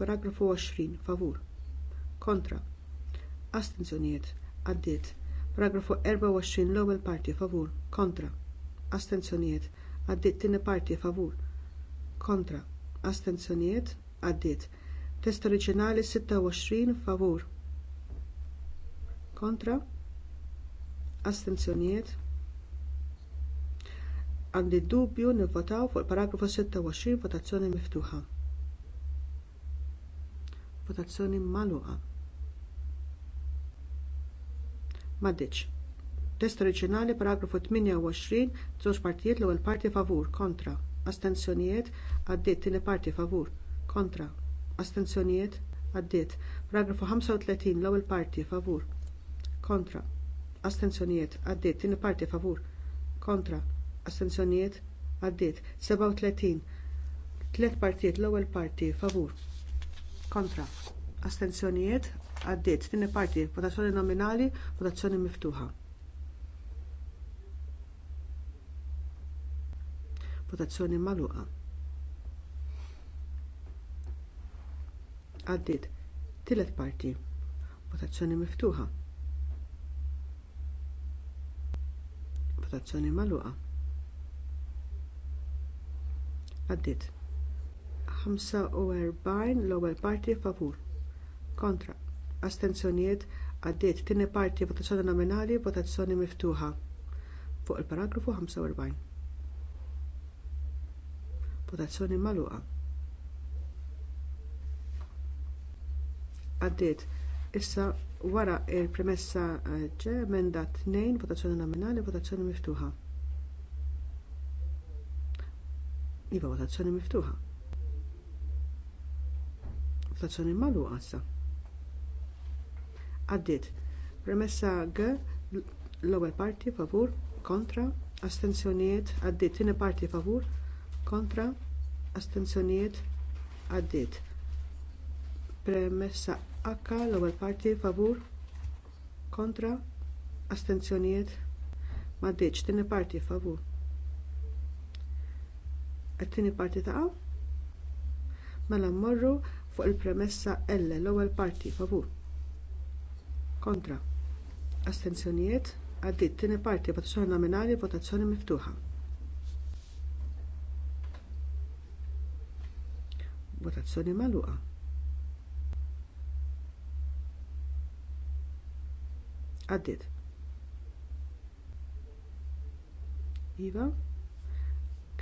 Speaker 8: paragrafu 20 favur kontra astenzjonijiet għaddiet paragrafu 24 l-ewwel parti favur kontra astenzjonijiet għaddiet tieni parti favur kontra astenzjonijiet għaddiet Test oriġinali 26 favur. Kontra. Astenzjonijiet. Għandi dubju nivvotaw fuq il-paragrafu 26 votazzjoni miftuħa. Votazzjoni magħluqa. Maddiċ. Test oriġinali paragrafu 28 żewġ partijiet l-ewwel parti favur kontra. Astenzjonijiet għaddiet tieni parti favur kontra astenzjonijiet għaddiet. Paragrafu 35 l-ewwel parti favur kontra astenzjonijiet għaddiet. Tieni parti favur kontra astenzjonijiet għaddiet. 37 tliet partijiet l-ewwel parti favur kontra astenzjonijiet għaddiet. Tieni parti votazzjoni nominali, votazzjoni miftuħa. Votazzjoni magħluqa. għaddiet tielet parti votazzjoni miftuħa votazzjoni magħluqa għaddiet 45 l-ewwel parti favur kontra astenzjonijiet għaddiet tieni parti votazzjoni nominali votazzjoni miftuħa fuq il-paragrafu 45 votazzjoni magħluqa għaddiet. Issa wara l premessa eh, ġe emenda tnejn votazzjoni nominali votazzjoni miftuħa. Iva votazzjoni miftuħa. Votazzjoni malu issa. Għaddiet. Premessa G l-ewwel parti favur kontra astensjonijiet għaddiet tieni parti favur kontra astensjonijiet għaddiet Premessa akka l-ewwel parti favur kontra astenzjonijiet m'għaddiex tieni parti favur. Qed-tieni parti ta' Mela mmorru fuq il-premessa L l-ewwel parti favur. Kontra. Astenzjonijiet għaddit tieni parti votazzjoni nominali votazzjoni miftuħa. Votazzjoni magħluqa. għaddit. Iva,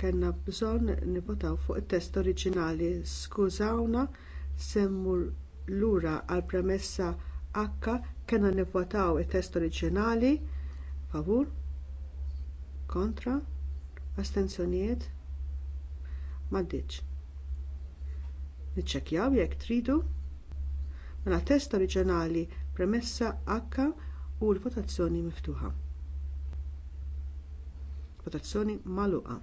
Speaker 8: kena bżonn nipotaw fuq it-test oriġinali. Skużawna l lura għal premessa H kena nipotaw il test oriġinali favur kontra astensjonijiet maddiċ. Niċċekkjaw jekk tridu mela test oriġinali premessa H u l-votazzjoni miftuħa. Votazzjoni magħluqa.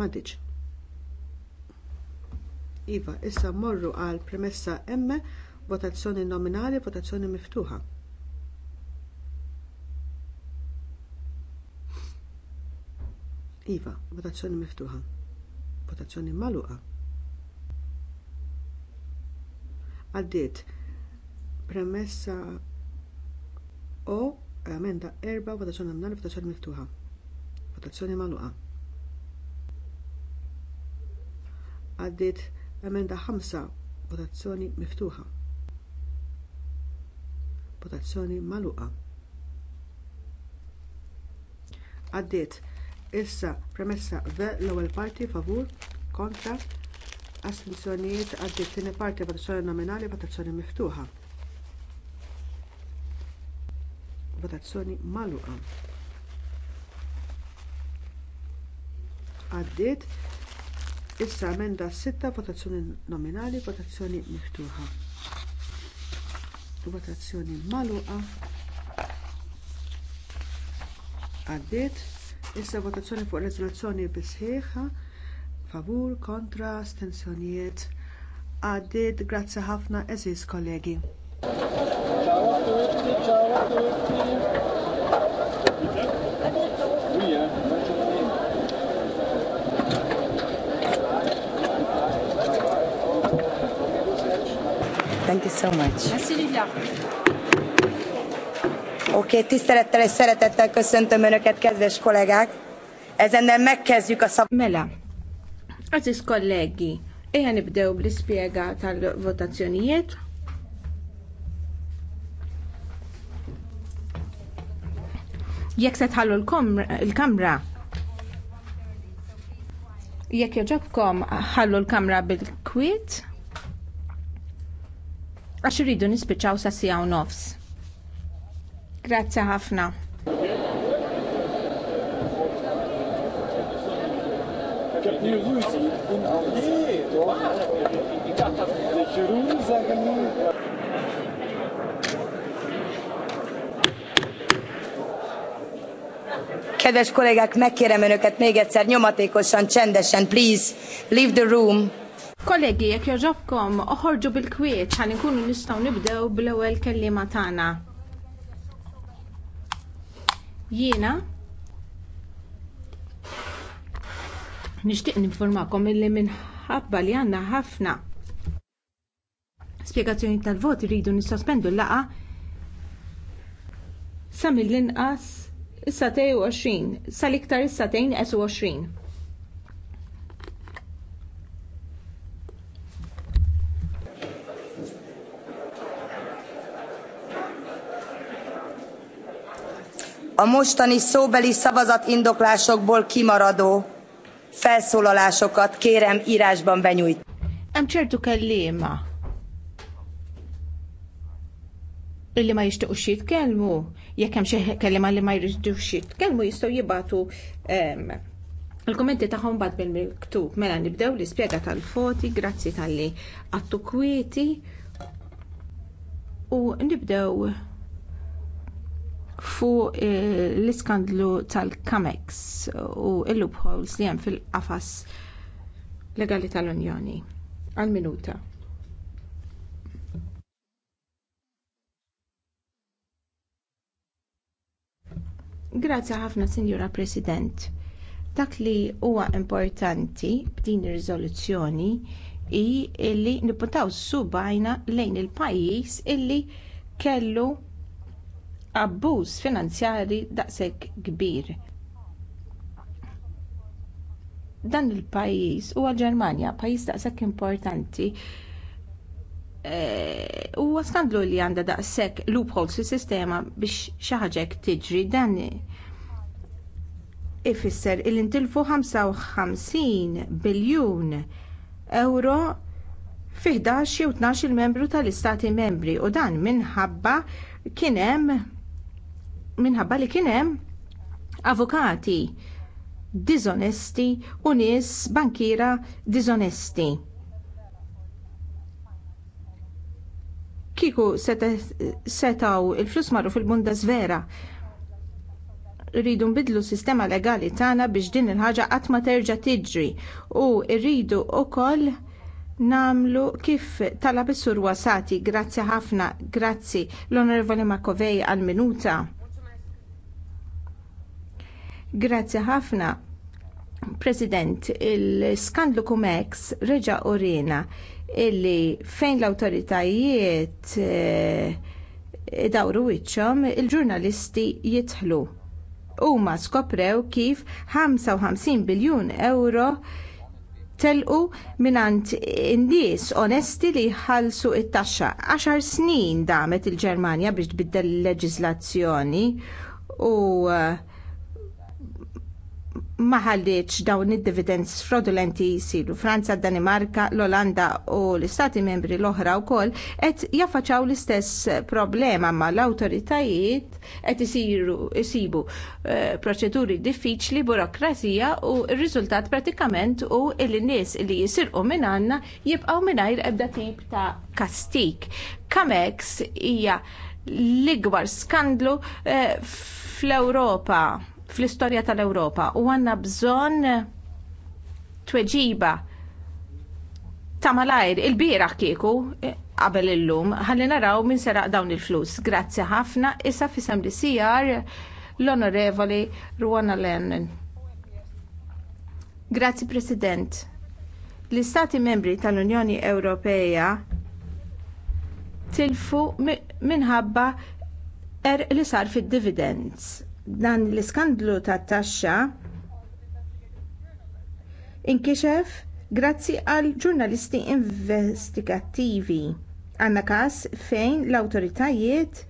Speaker 8: Madiċ. Iva, issa mmorru għal premessa emme votazzjoni nominali, votazzjoni miftuħa. Iva, votazzjoni miftuħa. Votazzjoni magħluqa. Għaddiet premessa o emenda erba votazzjoni nominali votazzjoni miftuħa votazzjoni magħluqa għaddiet emenda ħamsa votazzjoni miftuħa votazzjoni magħluqa għaddiet issa premessa ve l-ewwel parti favur kontra astensjonijiet għaddiet tieni parti votazzjoni nominali votazzjoni miftuħa votazzjoni magħluqa għaddiet issa emenda sitta votazzjoni nominali votazzjoni miftuħa votazzjoni magħluqa għaddiet issa votazzjoni fuq riżoluzzjoni bi sħiħa favur kontra stensjonijiet għaddiet grazzi ħafna eżis kollegi Thank you so much.
Speaker 4: Merci Livia.
Speaker 3: Oké, okay, tisztelettel és szeretettel köszöntöm Önöket, kedves kollégák. Ezennel megkezdjük a szab... Mela, az is kollégi, Én nibdew blispiega tal-votazzjonijiet. Jekk se tħallu l-kamra, jekk joġobkom ħallu l-kamra bil-kwiet, għax irridu nispiċċaw sassijaw nofs. Grazzi ħafna. Kedves kollégák, megkérem önöket még egyszer nyomatékosan, csendesen, please, leave the room. Kollegi, jekk joġobkom, oħorġu bil-kwiet, ħan nkunu nistgħu nibdew bl-ewwel kelliema tagħna. Jiena nixtieq informakom illi minħabba li għandna ħafna Spiegazzjoni tal-voti rridu nissospendu l laqgħa sa l inqas issa 20 sal-iktar issa 20. A mostani szóbeli szavazat indoklásokból kimaradó felszólalásokat kérem írásban benyújt. Hemm ċertu kelliema illi ma jixtiequx jitkellmu jekk hemm xi kelliema li ma jridux jitkellmu jistgħu jibatu il-kommenti tagħhom bad bil-miktub. Mela nibdew l-ispjega tal-foti, grazzi tal-li għattu kwieti u nibdew fuq eh, l-iskandlu tal kamex u l-loopholes li hemm fil-qafas legali tal-Unjoni. Għal-minuta. Grazzi ħafna, Sinjura President. Dak li huwa importanti b'din ir-riżoluzzjoni hi li nippuntaw subajna lejn il-pajjiż illi kellu abbuż finanzjarji daqshekk kbir dan il-pajjiż huwa l-Ġermanja, pajjiż daqshekk importanti Eh, huwa skandlu li għandha daqshekk loopholes fis-sistema biex xi ħaġa tiġri dan ifisser il intilfu 55 biljun euro fi 11 jew 12 membru tal-istati membri u dan minħabba kien hemm minħabba li kien hemm avukati diżonesti u nies bankiera diżonesti Kieku setaw il-flus marru fil-Bundesvera. Rridu nbidlu s sistema legali tagħna biex din il-ħaġa qatt ma terġa' tiġri u rridu wkoll namlu kif talab is-sur wasati. Grazzi ħafna, grazzi l-Onorevoli Makovej għal-minuta. Grazzi ħafna. President, il-skandlu Cumex reġa' urina illi fejn l-awtoritajiet idawru eh, wiċċhom il-ġurnalisti jidħlu. Huma skoprew kif 55 biljun euro telqu minant nies onesti li jħallsu t taxxa Għaxar snin damet il-Ġermanja biex tbiddel il leġiżlazzjoni u uh, ma ħalliċ dawn id-dividends fraudulenti jisiru. Franza, Danimarka, l-Olanda u l-Istati membri l-oħra wkoll qed jaffaċċaw l-istess problema ma l-awtoritajiet qed isiru isibu eh, proċeduri diffiċli, burokrazija u r-riżultat pratikament u il-nies li jisirqu minn għandna jibqgħu mingħajr ebda tip ta' kastik. Kamex hija l-ikbar skandlu eh, fl-Ewropa fl-istorja tal-Ewropa u għandna bżonn tweġiba ta' malajr il bira kieku e, qabel illum ħalli naraw min seraq dawn il-flus. Grazzi ħafna issa fisem li sijar l-onorevoli Ruana Lennon. Grazzi President. L-Istati membri tal-Unjoni Ewropea tilfu minħabba er li sar fid-dividends dan l-iskandlu tat-taxxa inkixef grazzi għal ġurnalisti investigattivi għandna każ fejn l-awtoritajiet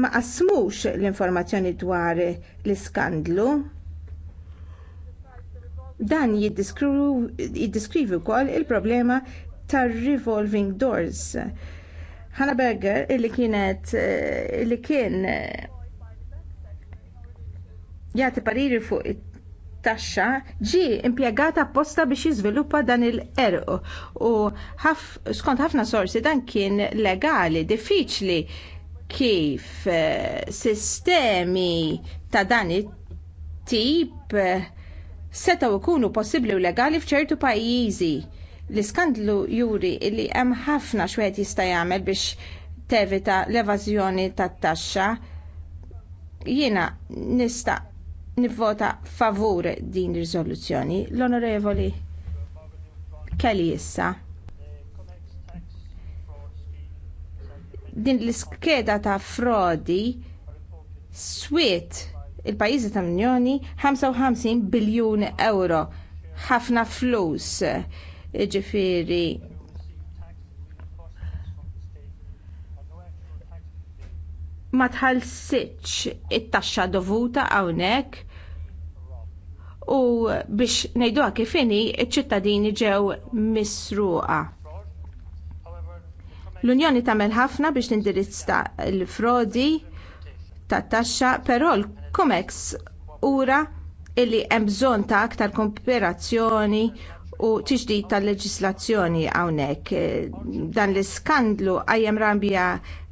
Speaker 3: ma qasmux l-informazzjoni dwar l-iskandlu dan jiddiskrivi wkoll il-problema tar-revolving doors. Hanna Berger illi kienet eh, illi kien eh, jgħati pariri fuq it-taxxa ġie impjegata apposta biex jiżviluppa dan il-erq u haf, skont ħafna sorsi dan kien legali, diffiċli kif eh, sistemi ta' dan it-tip eh, setgħu jkunu possibbli u legali f'ċertu pajjiżi. L-iskandlu juri li hemm ħafna xwed jista' jagħmel biex tevita l-evażjoni tat-taxxa. Jiena nista' nivvota favur din riżoluzzjoni. L-Onorevoli Kelly issa. Din l-iskeda ta' frodi swiet il-pajjiżi tal-Unjoni 55 biljun euro ħafna flus ġifiri ma tħallsitx it-taxxa dovuta hawnhekk u biex ngħiduha kif inhi ċ-ċittadini ġew misruqa. L-Unjoni tagħmel ħafna biex tindirizza l-frodi tat-taxxa, però l-COMEX ura illi hemm bżonn ta' aktar kooperazzjoni u tiġdid tal-leġislazzjoni hawnhekk. Dan l-iskandlu għajjem rambja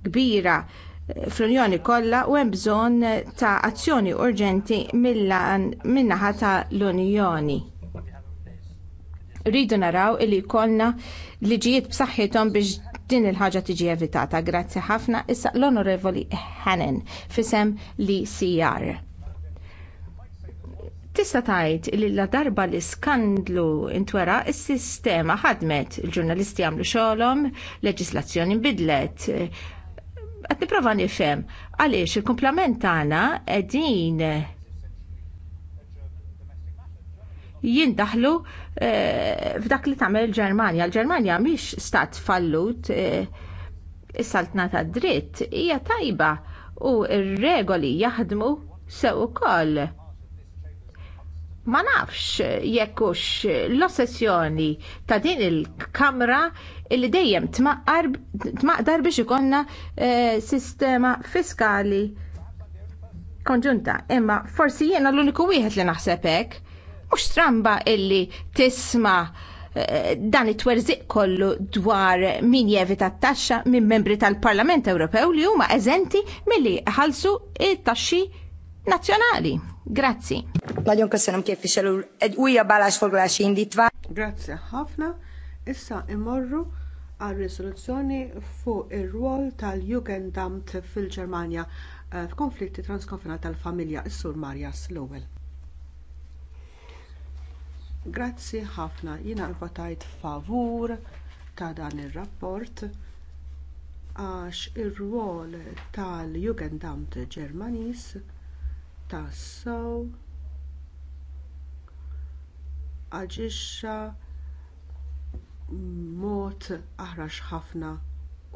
Speaker 3: kbira fl-Unjoni kollha u hemm bżonn ta' azzjoni urġenti min-naħa tal unjoni Rridu naraw li jkollna liġijiet b'saħħithom biex din il-ħaġa tiġi evitata. Grazzi ħafna issa l-Onorevoli Hannan fisem li CR. Tista tajt li la darba li skandlu intwera is-sistema ħadmet il-ġurnalisti għamlu xogħolhom, leġislazzjoni nbidlet Għad niprofa nifhem għaliex il-kumplament tagħna qegħdin jindaħlu eh, f'dak li tagħmel il-Ġermanja. Il-Ġermanja mhix stat fallut eh, is-saltna ta' dritt hija tajba u r-regoli jaħdmu sew ukoll. Ma nafx jekkux l-ossessjoni ta' din il-kamra illi dejjem tmaqdar biex ikonna eh, sistema fiskali konġunta. Imma forsi jiena l-uniku wieħed li naħseb hekk, mhux stramba illi tisma' eh, dan it-twerżiq kollu dwar min jevita t-taxxa minn membri tal-Parlament Ewropew li huma eżenti milli ħalsu it-taxxi nazzjonali. Grazzi. Nagyon köszönöm képviselő úr. balax fuq állásfoglalási indítvány.
Speaker 8: Grazzi ħafna. Issa imorru għal riżoluzzjoni fuq ir-rwol tal-Jugendamt fil-Ġermanja eh, f'konflitti transkonfinal tal-familja is-Sur Marjas l-ewwel. Grazzi ħafna jiena votajt favur ta' dan ir-rapport għax ir-rwol tal-Jugendamt Ġermaniż tassew aġixxa mod aħrax ħafna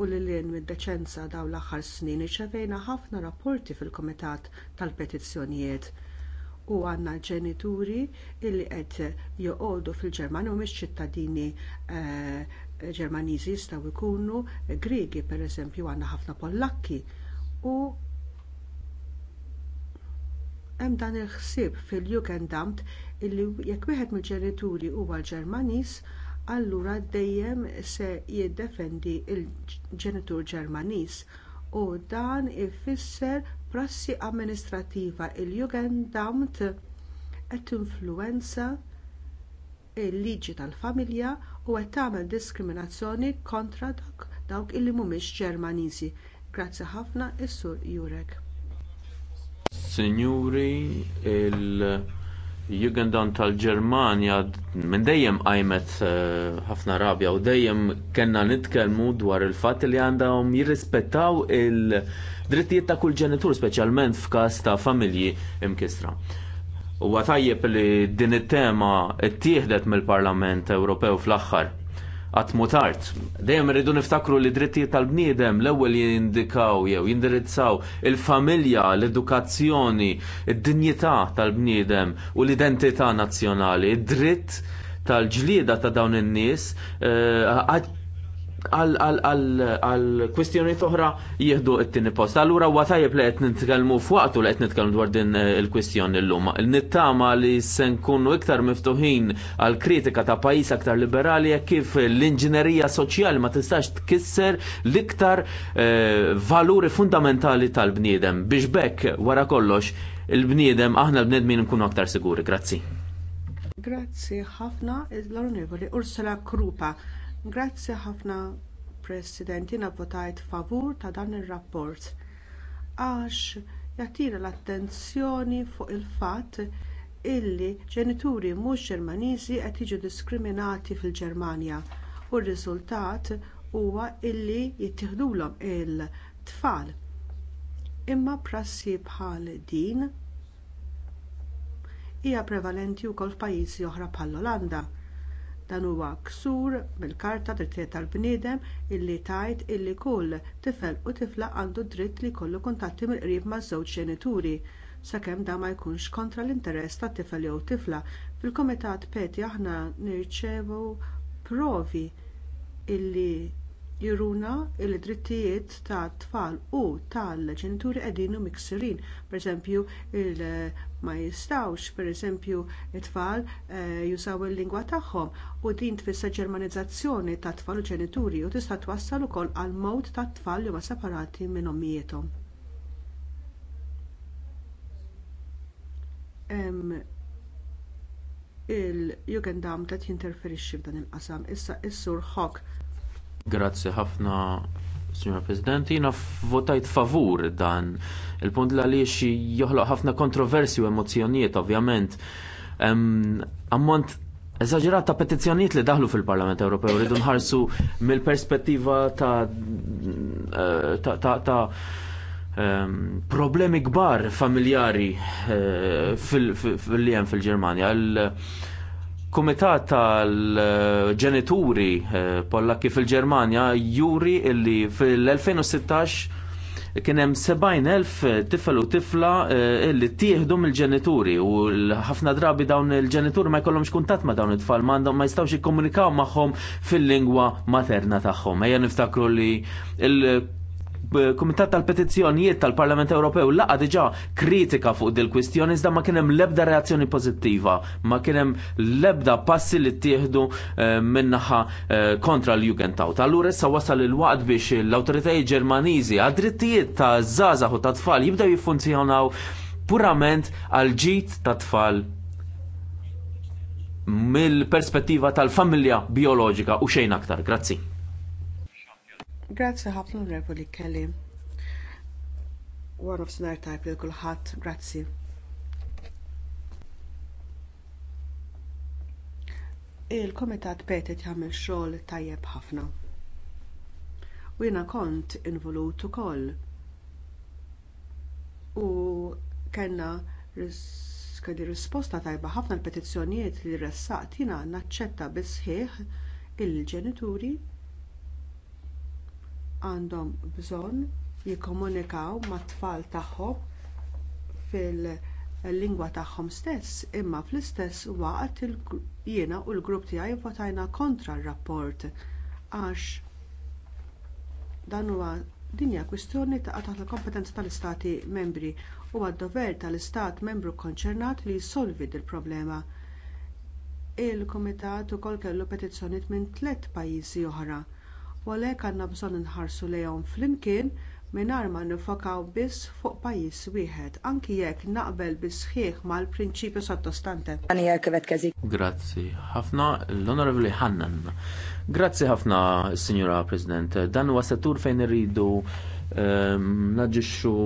Speaker 8: u li lien mid-deċenza dawn l-aħħar snin irċevejna ħafna rapporti fil-Kumitat tal-Petizzjonijiet u għandna ġenituri li qed joqogħdu fil-Ġermanja u mhix ċittadini eh, Ġermaniżi jistgħu jkunu Griegi pereżempju għandna ħafna Pollakki u hemm dan il-ħsieb fil-Jugendamt illi jekk wieħed mill-ġenituri huwa Ġermaniż allura dejjem se jiddefendi l-ġenitur Ġermaniż u dan ifisser prassi amministrattiva il-Jugendamt qed tinfluwenza l liġi tal-familja u qed tagħmel diskriminazzjoni kontra dawk illi mhumiex Ġermaniżi. Grazzi ħafna is-Sur
Speaker 6: Jurek.
Speaker 7: Signori, il Jugendan tal-Ġermanja minn dejjem għajmet eh, ħafna uh, rabja u dejjem kellna nitkellmu dwar il-fatt li għandhom jirrispettaw il-drittijiet ta' kull ġenitur, speċjalment f'każ ta' familji imkisra. U għatajjeb li din it-tema ttieħdet mill-Parlament Ewropew fl-aħħar għatmu tard. Dejjem rridu niftakru li drittijiet tal-bniedem l-ewwel jindikaw jew jindirizzaw il-familja, l-edukazzjoni, id-dinjità tal-bniedem u l-identità nazzjonali, id-dritt tal-ġlieda ta' dawn in-nies eh, għal kwistjoni oħra jieħdu it-tieni post. Allura huwa tajjeb li qed nitkellmu f'waqtu li qed nitkellmu dwar din eh, il-kwistjoni llum. Nittama li se nkunu iktar miftuħin għal kritika ta' pajjiż aktar liberali jekk kif l-inġinerija soċjali ma tistax tkisser l-iktar eh, valuri fundamentali tal-bniedem biex bekk wara kollox il-bniedem aħna l-bnedmin nkunu aktar siguri. Grazzi.
Speaker 8: Grazzi ħafna l-Onorevoli Ursula Krupa Grazzi ħafna Presidenti, jiena votajt favur ta' dan ir-rapport għax jattira l-attenzjoni fuq il-fatt illi ġenituri mhux Ġermaniżi qed jiġu diskriminati fil-Ġermanja u r-riżultat huwa illi jittieħdulhom il-tfal. Imma prassi bħal din hija prevalenti wkoll f'pajjiżi oħra bħall-Olanda Dan huwa ksur mill-Karta Drittijiet tal-Bniedem illi tgħid illi kull tifel u tifla għandu dritt li jkollu kuntatti mill-qrib maż-żewġ ġenituri sakemm dan ma jkunx kontra l-interess tat-tifel jew tifla. Fil-Kumitat Peti aħna nirċevu provi illi Jiruna li drittijiet tat tfal u tal-ġenituri qegħdin miksurin, pereżempju ma jistgħux pereżempju t tfal eh, jużaw il-lingwa tagħhom u din tfisser ġermanizzazzjoni tat tfal u ġenituri u tista' twassal ukoll għal mewt tat tfal li huma separati minn ommijietom. il jugendam qed jinterferixxi f'dan il-qasam issa is sur Hawk
Speaker 7: Grazzi ħafna, Sr. President. Jina votajt favur dan il-punt li għaliex joħloq ħafna kontroversi u emozjonijiet, ovvjament. Ammont Eżagġerat ta' petizzjonijiet li daħlu fil-Parlament Ewropew rridu nħarsu mill-perspettiva ta' eh, ta', ta, ta um, problemi kbar familjari uh, eh, fil-li fil, fil, fil, fil ġermanja Kumitat tal-ġenituri eh, polla kif il-Ġermanja juri illi fil-2016 kien hemm 70,000 tifel u tifla eh, li tieħdu mill-ġenituri u ħafna drabi dawn il-ġenituri ma jkollhomx kuntatt ma dawn it-tfal m'għandhom ma jistgħux jikkomunikaw magħhom fil-lingwa materna tagħhom. Ejja niftakru li l Kumitat tal-Petizzjonijiet tal-Parlament Ewropew laqa diġà kritika fuq dil kwistjoni iżda ma kien hemm l-ebda reazzjoni pożittiva, ma kien hemm l-ebda passi li ttieħdu eh, min eh, kontra l-Jugendaut. Allura issa wasal il-waqt biex l-awtoritajiet Ġermaniżi għad-drittijiet ta' zazah u ta' tfal jibdew jiffunzjonaw purament għal ġid ta' tfal mill-perspettiva tal-familja bioloġika u xejn aktar. Grazzi.
Speaker 8: Grazzi ħafna onorevoli Kelly. One of Snar Type il kulħadd, grazzi. Il-Komitat Petet jagħmel xogħol tajjeb ħafna. U jiena kont involut ukoll u kellna kelli risposta tajba ħafna l-petizzjonijiet li ressaqt jiena naċċetta bisħiħ il-ġenituri għandhom bżonn jikkomunikaw mat-tfal tagħhom fil-lingwa tagħhom stess imma fl-istess waqt jiena u l-grupp tiegħi votajna kontra r-rapport għax dan huwa din hija kwistjoni ta' taħt il-kompetenza tal-istati membri u għad-dover tal-istat membru konċernat li jsolvi il problema Il-Kumitat ukoll kellu petizzjonijiet minn tliet pajjiżi oħra u għalhekk għandna bżonn inħarsu lejhom flimkien mingħajr ma niffokaw biss fuq pajjiż wieħed anki jekk naqbel bis sħiħ mal-prinċipju sottostante.
Speaker 7: Grazzi ħafna l-Onorevoli Hannan. Grazzi ħafna Sinjura President. Dan huwa settur fejn iridu ehm, naġixxu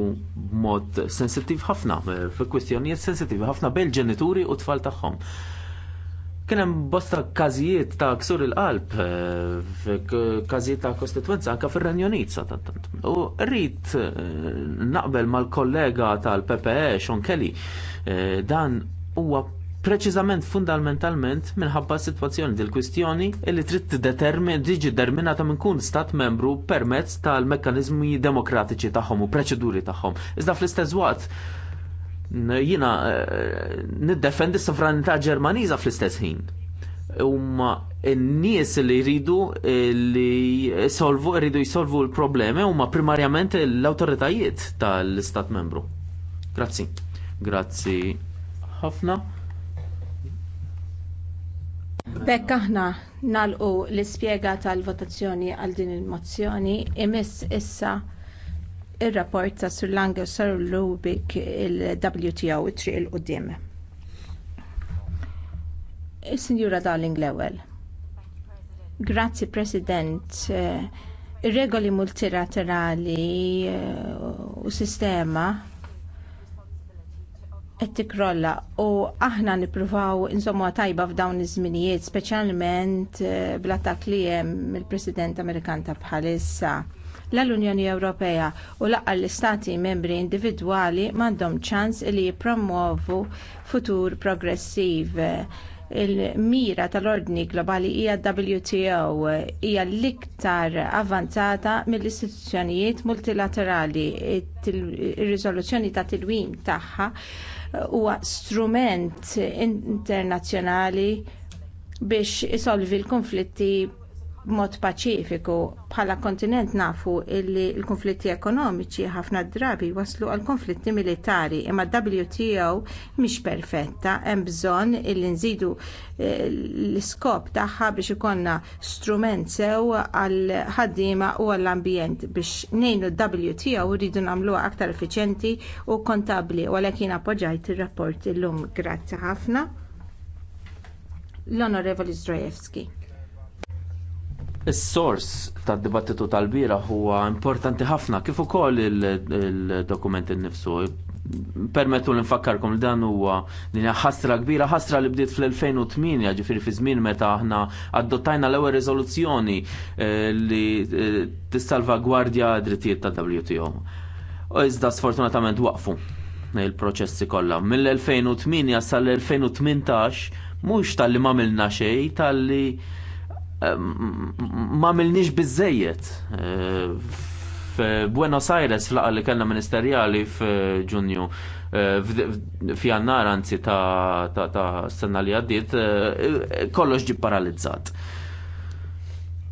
Speaker 7: mod sensittiv ħafna, eh, fi kwistjonijiet sensittiv ħafna bejn ġenituri u tfal tagħhom. Kien hemm bosta każijiet ta' ksur il-qalb, eh, każijiet ta' kostitwenza anke fir-Renju Unit sa tant. U rrid eh, naqbel mal-kollega tal-PPE Sean Kelly eh, dan huwa preċiżament fundamentalment minħabba s-sitwazzjoni dil kwistjoni li trid tiġi determinata minn kun stat membru permezz tal mekkaniżmi demokratiċi tagħhom u preċeduri tagħhom. Iżda fl-istess waqt jina eh, niddefendi s-sovranità ġermaniża fl-istess ħin. Umma n-nies li jridu eh, li solvu, jridu jisolvu l-problemi huma primarjament l-autoritajiet tal-Istat membru. Grazzi. Grazzi ħafna.
Speaker 3: Bekk aħna nalqu l-ispjega tal-votazzjoni għal din il-mozzjoni imiss issa ir-rapport ta' Sur Lanka sar Lubik il-WTO it-triq il qudiem Is-Sinjura Darling l-ewwel. Grazzi President. Ir-regoli multilaterali eh, u sistema qed tikrolla u aħna nippruvaw insomma tajba f'dawn iż-żminijiet speċjalment eh, bl-attakk li hemm mill-President Amerikan ta' bħalissa l-Unjoni Ewropea u laqqa l-istati membri individwali m'għandhom ċans li jippromovu futur progressiv. Il-mira tal-ordni globali hija WTO hija l-iktar avanzata mill-istituzzjonijiet multilaterali. Ir-riżoluzzjoni ta' tilwim tagħha huwa strument internazzjonali biex isolvi l-konflitti b'mod paċifiku bħala kontinent nafu li l-konflitti ekonomiċi ħafna drabi waslu għal konflitti militari imma WTO mhix perfetta hemm bżonn illi nżidu eh, l-iskop tagħha biex ikollna strument sew għal ħaddiema u għall ambjent biex ngħinu WTO rridu nagħmluha aktar effiċjenti u kontabbli u għalhekk jien appoġġajt ir-rapport illum. Grazzi ħafna. L-Onorevoli Zdrojewski.
Speaker 7: Is-sors tad-dibattitu tal-bira huwa importanti ħafna kif ukoll il-dokument innifsu. Permettu li nfakkarkom li dan huwa din ħasra kbira, ħasra li bdiet fl-2008, ġifieri fi żmien meta aħna adottajna l-ewwel riżoluzzjoni eh, li eh, tissalvagwardja drittijiet ta' WTO. Iżda sfortunatament waqfu il-proċessi kollha. Mill-2008 sal-2018 mhux tal-li ma' milna xejn, tal-li ma milniex bizzejiet. F'Buenos Aires laqa li kellna ministerjali f'Ġunju f'jannar anzi ta' s-sena li għaddiet kollox ġib paralizzat.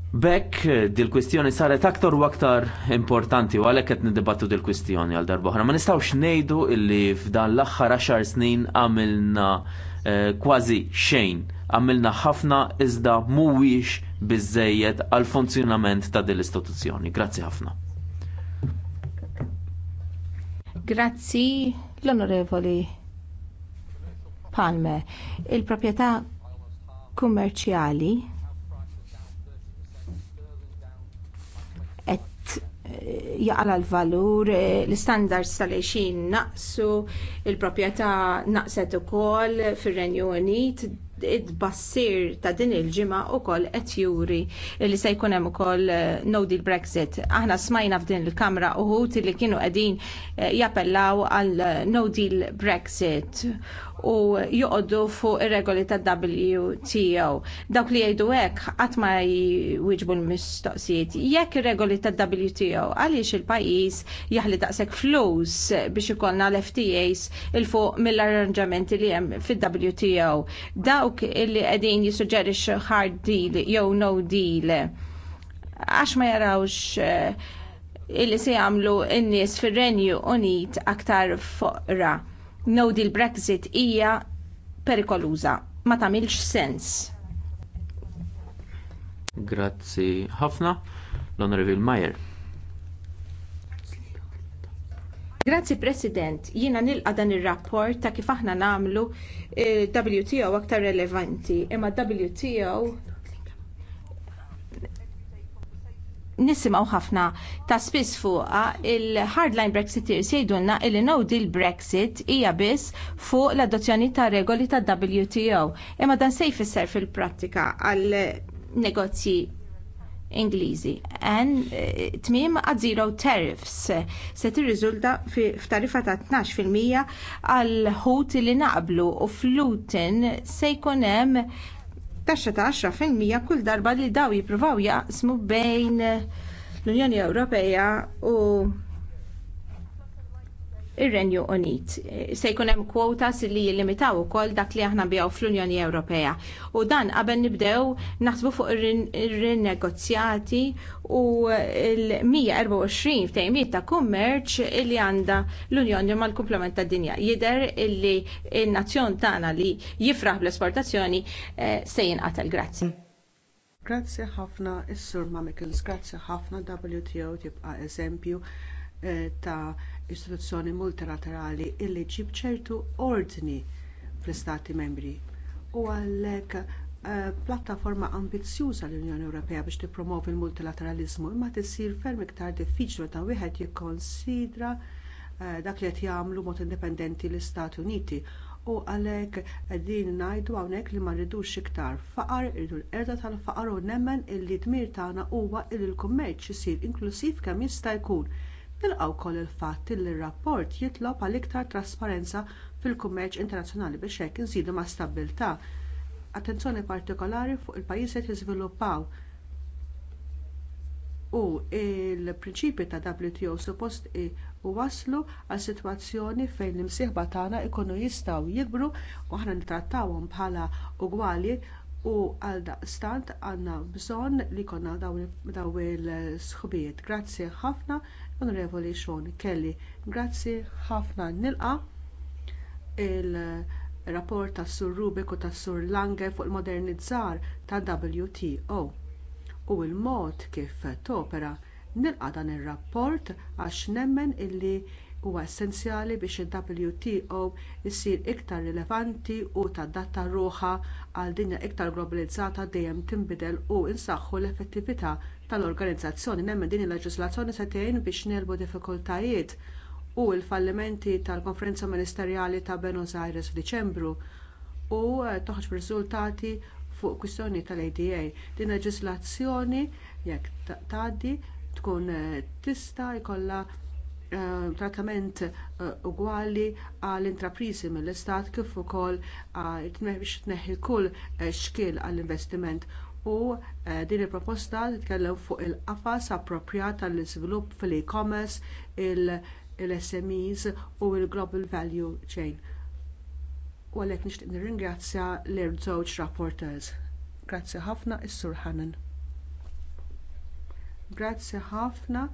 Speaker 7: Bekk dil-kwistjoni saret aktar u aktar importanti u għalhekk qed nidibattu dil-kwistjoni għal darba Ma nistawx ngħidu illi f'dan l-aħħar 10 snin għamilna Eh, kważi xejn. Għamilna ħafna iżda mhuwiex biżżejjed għall funzjonament ta' din l-istituzzjoni. Grazzi ħafna.
Speaker 3: Grazzi l-Onorevoli Palme. Il-proprjetà kummerċjali
Speaker 4: jaqla
Speaker 3: l-valur, eh, l-standards tal-għexin naqsu, il-propieta naqset u kol fil-Renju Unit, id-bassir ta' din il-ġimgħa wkoll qed juri li se jkun hemm ukoll eh, no deal Brexit. Aħna smajna f'din il-Kamra uħud li kienu qegħdin eh, jappellaw għal no deal Brexit u joqoddu fuq ir-regoli tad-WTO. Dawk li jgħidu hekk qatt ma jwiġbu l-mistoqsijiet. Jekk ir-regoli tad-WTO għaliex il-pajjiż jaħli daqshekk flus biex ikollna l-FTAs il fuq mill-arranġamenti li hemm fid-WTO. Dawk li qegħdin jissuġġerix hard deal jew no deal għax ma jarawx eh, illi se jagħmlu n-nies fir-Renju Unit aktar foqra no deal Brexit hija perikoluża, ma tagħmilx sens.
Speaker 7: Grazzi ħafna, l-Onorevil Mayer.
Speaker 3: Grazzi President, jiena nilqa dan ir-rapport ta' kif aħna nagħmlu eh, WTO aktar relevanti, imma WTO nisimaw ħafna ta' spiss fuqa il-hardline Brexiteers jgħidulna illi no deal Brexit hija biss fuq l-adozzjoni ta' regoli ta' WTO. Imma dan se jfisser fil-prattika għal negozji Ingliżi. En eh, tmiem għad zero tariffs se tirriżulta f'tarifa ta' 12% għal ħut li naqblu u flutin se jkun hemm taxxa ta' 10% kull darba li daw jippruvaw jaqsmu bejn l-Unjoni Ewropea u ir-Renju Unit. Se jkun hemm kwotas li jillimitaw ukoll dak li aħna bijaw fl-Unjoni Ewropea. U dan qabel nibdew naħsbu fuq ir rinnegozjati u l-124 ftejmiet ta' kummerċ li għandha l-Unjoni mal-kumplament tad dinja. Jidher illi n-nazzjon tagħna li jifraħ bl-esportazzjoni eh, se jinqatel. Grazzi.
Speaker 8: Grazzi ħafna is-Sur Mamikils, grazzi ħafna WTO tibqa' eżempju eh, ta' istituzzjoni multilaterali illi ġib ċertu ordni fl-istati membri u għalhekk eh, plattaforma ambizzjuża l-Unjoni Ewropea biex tippromovi l-multilateraliżmu imma tisir ferm iktar diffiċli meta wieħed jikkonsidra eh, dak li qed jagħmlu mod indipendenti l-Istati Uniti u għalhekk qegħdin ngħidu hawnhekk li ma rridux iktar faqar, irridu l-erda tal-faqar u nemmen illi dmir tagħna huwa li l-kummerċ isir inklusiv kemm jista' jkun Nilqgħu wkoll il-fatt li r-rapport jitlob għal iktar trasparenza fil-kummerċ internazzjonali biex hekk inżidu ma' stabbiltà. Attenzjoni partikolari fuq il-pajjiżi li jiżviluppaw u l prinċipji ta' WTO suppost waslu għal sitwazzjoni fejn l-imsieħba tagħna jkunu jistgħu jikbru u aħna nittrattawhom bħala ugwali u għaldaqstant għandna bżonn li jkollna dawn il-sħubijiet. Grazzi ħafna Onorevoli Sean Kelly. Grazzi ħafna nilqa il-rapport tas Sur Rubik u tas Sur Lange fuq il-modernizzar ta' WTO u l mod kif topera nilqa dan ir-rapport għax nemmen illi huwa essenzjali biex il-WTO issir iktar rilevanti u tadatta ruħa għal dinja iktar globalizzata dejjem tinbidel u nsaħħu l-effettività tal-organizzazzjoni nemmen din il-leġislazzjoni se tgħin biex nelbu diffikultajiet u l-fallimenti tal-konferenza ministerjali ta' Buenos Aires f'Diċembru u eh, toħroġ riżultati fuq kwistjoni tal-ADA. Din leġislazzjoni jekk tgħaddi tkun eh, tista' jkollha eh, trattament ugwali għall intrapriżi mill-istat kif ukoll biex tneħħi kull xkiel għall-investiment u eh, din il-proposta titkellem fuq il-qafas appropriat tal-iżvilupp fil-e-commerce, il-SMEs u il global Value Chain. U għalhekk nixtieq nirringrazzja l-żewġ rapporters. Grazzi ħafna is-Sur Hannan. Grazzi ħafna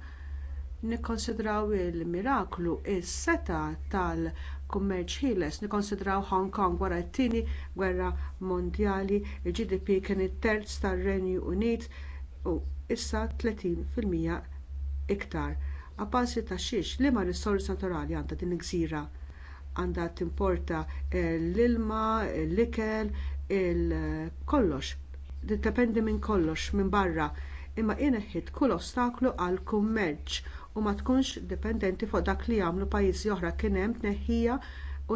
Speaker 8: nikkonsidraw il-miraklu is-seta tal-kummerċ ħieles, nikkonsidraw Hong Kong wara t-tieni gwerra mondjali, il-GDP kien it-terz tar-Renju Unit u issa 30% fil-mija iktar. Abbażi ta' xiex liema risorsi naturali għandha din il-gżira għandha timporta l-ilma, l-ikel, il-kollox. Dipendi minn kollox minn barra imma inħit kull ostaklu għall kummerċ u ma tkunx dipendenti fuq dak li jagħmlu pajjiżi oħra kien hemm tneħħija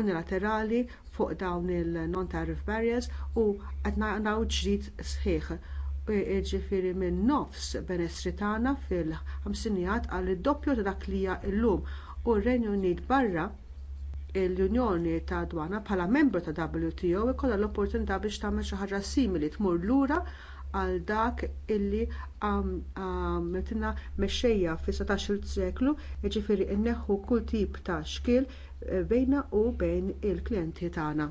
Speaker 8: unilaterali fuq dawn il-non tariff barriers u qed naraw ġdid sħiħ. E, jiġifieri minn nofs benessri tagħna fil-ħamsinijat għal id-doppju ta' dak li hija llum u r-Renju Unit barra l-Unjoni ta' Dwana bħala membru ta' WTO ikolla l-opportunità biex tagħmel xi ħaġa simili tmur lura għal dak illi għamiltina mexxejja fis-17 seklu, jiġifieri nneħħu kull tip ta' xkil eh, bejna u bejn il-klijenti tagħna.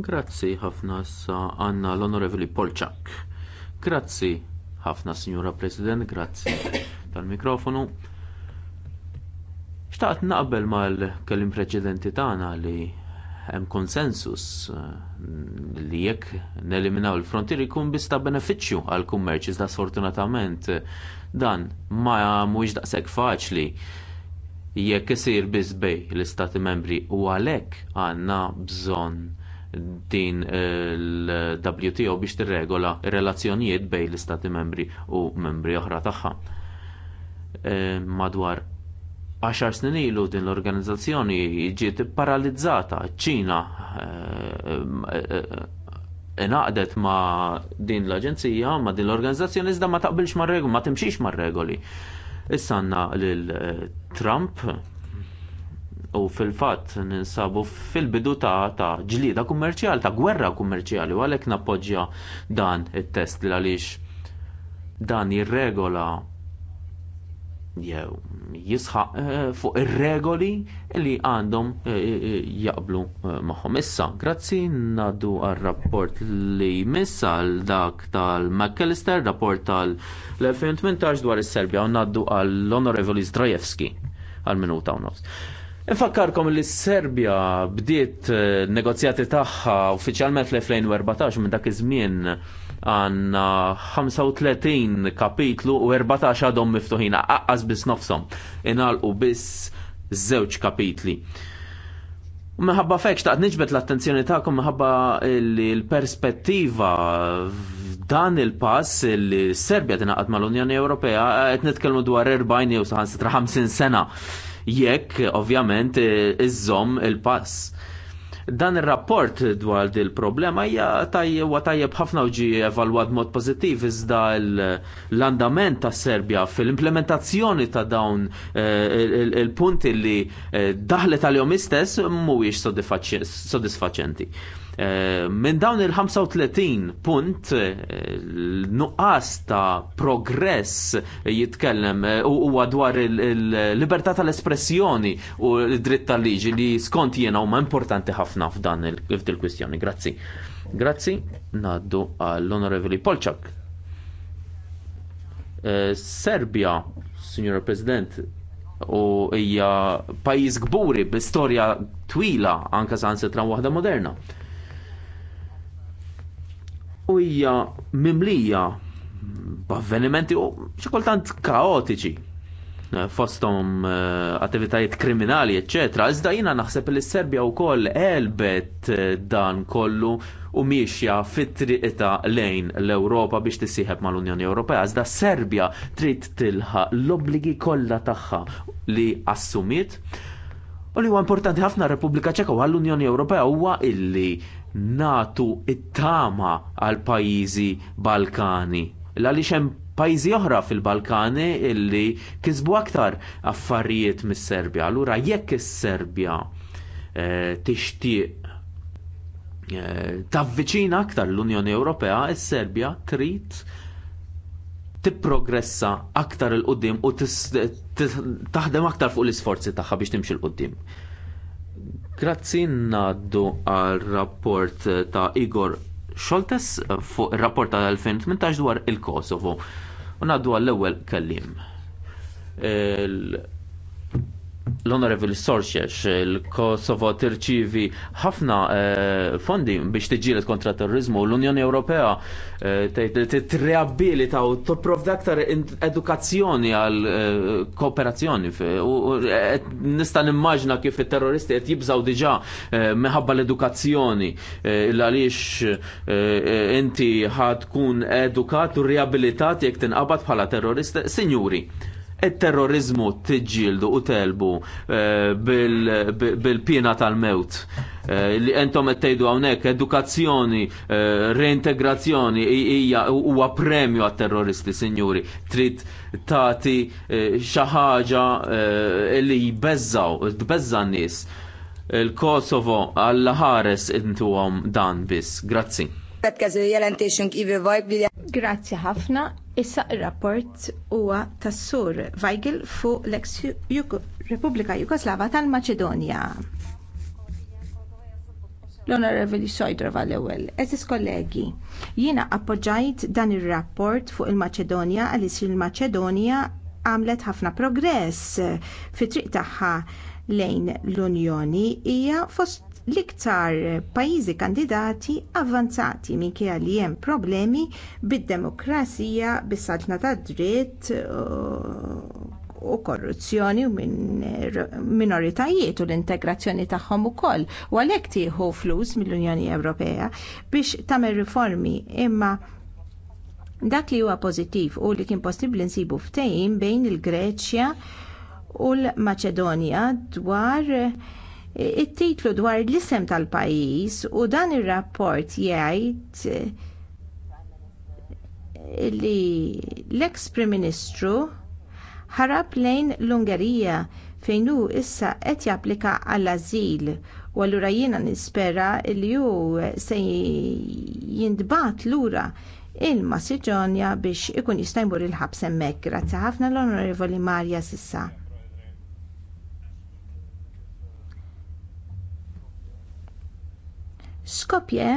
Speaker 7: Grazzi ħafna sa għanna l-Onorevoli Polċak. Grazzi ħafna Sinjura President, grazzi tal-mikrofonu. Xtaqt naqbel mal-kellim preċedenti tagħna li hemm konsensus eh, li jekk neliminaw il-frontier ikun biss ta' benefiċċju għall kummerċ iżda sfortunatament eh, dan ma mhuwiex daqshekk faċli jekk isir biss bej l-istati membri u għalhekk għandna bżonn din il-WTO eh, biex tirregola r relazzjonijiet bejn l-istati membri u membri oħra tagħha. madwar għaxar snin ilu din l-organizzazzjoni ġiet paralizzata, ċina inaqdet eh, eh, eh, ma din l-aġenzija, ma din l-organizzazzjoni iżda ma taqbilx ma regoli, ma timxiex ma regoli. Issanna l-Trump u fil-fatt ninsabu fil-bidu ta', ta ġlida kummerċjal, ta' gwerra kummerċjali, u għalhekk nappoġġja dan it-test li għaliex dan jirregola jew jisħaq eh, fuq ir-regoli li għandhom eh, eh, jaqblu magħhom. Issa, grazzi ngħaddu għar-rapport li missa għal dak tal-McAllister, rapport tal-2018 dwar is-Serbja u ngħaddu għall-Onorevoli Zdrajewski għal minuta u nofs. Infakkarkom li Serbia bdiet eh, negozjati tagħha uffiċjalment fl-2014 minn dak iż-żmien għanna 35 kapitlu u 14 għadhom miftuħin aqqas biss nofsom. Inalqu biss żewġ kapitli. Meħabba fekx taqt niġbet l-attenzjoni ta'kom meħabba l-perspettiva f'dan il-pass li Serbia tingħaqad mal-Unjoni Ewropea qed nitkellmu dwar 40 jew saħansitra 50 sena jekk ovvjament iżżomm il-pass. Dan ir-rapport dwar il problema hija tajjeb tajjeb ħafna ġi evalwat mod pożittiv iżda l-andament ta' Serbja fil-implementazzjoni ta' dawn il-punti eh, il il li eh, daħlet għalihom istess mhuwiex sodisfaċenti. Eh, minn dawn il-35 punt eh, nuqqas ta' progress jitkellem eh, huwa dwar il-libertà tal-espressjoni u l-dritt tal-liġi li skont u huma importanti ħafna f'dan il-kwistjoni. Grazzi. Grazzi, naddu għall-Onorevoli Polczak. Serbia, Signor President, u hija pajjiż gburi b'istorja twila anke sa' waħda moderna u hija mimlija b'avvenimenti u xikultant kaotiċi fostom eh, attivitajiet kriminali, eccetera. Iżda jina naħseb li s-Serbja u koll elbet eh, dan kollu u miexja fit-triqta lejn l-Europa biex tissieħeb mal-Unjoni Ewropea. Iżda Serbja trid tilħa l-obligi kollha tagħha li assumiet u li huwa importanti ħafna Repubblika Ċeka u għall-Unjoni Ewropea huwa illi natu it-tama għal pajjiżi Balkani. Għaliex hemm pajjiżi oħra fil-Balkani illi kisbu aktar affarijiet mis-Serbja. Allura jekk is-Serbja eh, tixtieq eh, tavviċina aktar l-Unjoni Ewropea, is-Serbja trid tipprogressa aktar il-qoddim u taħdem aktar fuq l-isforzi tagħha biex timxi l-qoddim. Grazzi ngħaddu għal rapport ta' Igor Xoltes fuq ir rapport tal-2018 dwar il-Kosovo. U ngħaddu għall ewwel kelliem l-Honorable Sorxiex, il-Kosovo tirċivi ħafna eh, fondi biex tiġi kontra terrorizmu. L-Unjoni Ewropea eh, t-reabilita u t-provda aktar edukazzjoni għal eh, kooperazzjoni. U nista' nimmaġna kif il-terroristi qed jibżaw diġà meħabba l-edukazzjoni l l-għalix inti ħad kun edukat u reabilitat jekk tinqabad bħala terrorist. Sinjuri, il-terrorizmu tiġġieldu u telbu eh, bil-pina tal-mewt. Eh, li entom ettejdu għawnek, edukazzjoni, eh, reintegrazzjoni hija huwa premju għat terroristi sinjuri. Trid tati xaħġa li jbezzaw, tbezza nis Il-Kosovo għall ħares intu dan biss. Grazzi.
Speaker 3: Következő jelentésünk Ivo Vajpil Grazzi ħafna. Issa ir-rapport huwa tas-sur Weigel fuq l-ex Repubblika Jugoslava tal-Maċedonja. L-Onorevoli Sojdrova l-ewwel, eżis kollegi, jiena appoġġajt dan ir-rapport fuq il-Maċedonja għaliex il-Maċedonja għamlet ħafna progress fi triq tagħha lejn l-Unjoni hija fost l-iktar pajjiżi kandidati avvanzati minkejja li hemm problemi bid-demokrazija bis-saltna tad-dritt uh, u korruzzjoni u minn minoritajiet u l-integrazzjoni tagħhom ukoll u għalhekk tieħu flus mill-Unjoni Ewropea biex tagħmel riformi imma dak li huwa pożittiv u li kien possibbli nsibu ftehim bejn il-Greċja u l-Maċedonja dwar it-titlu dwar l-isem tal-pajjiż u dan ir-rapport jgħid eh, li l-eks Prim Ministru ħarab lejn l-Ungerija fejn hu issa qed japplika għall-ażil u allura jiena nispera li hu se jintbagħat lura il-Maċedonja biex ikun jista' jmur il-ħabs hemmhekk. Grazzi ħafna l-Onorevoli Marja Sissa. Skopje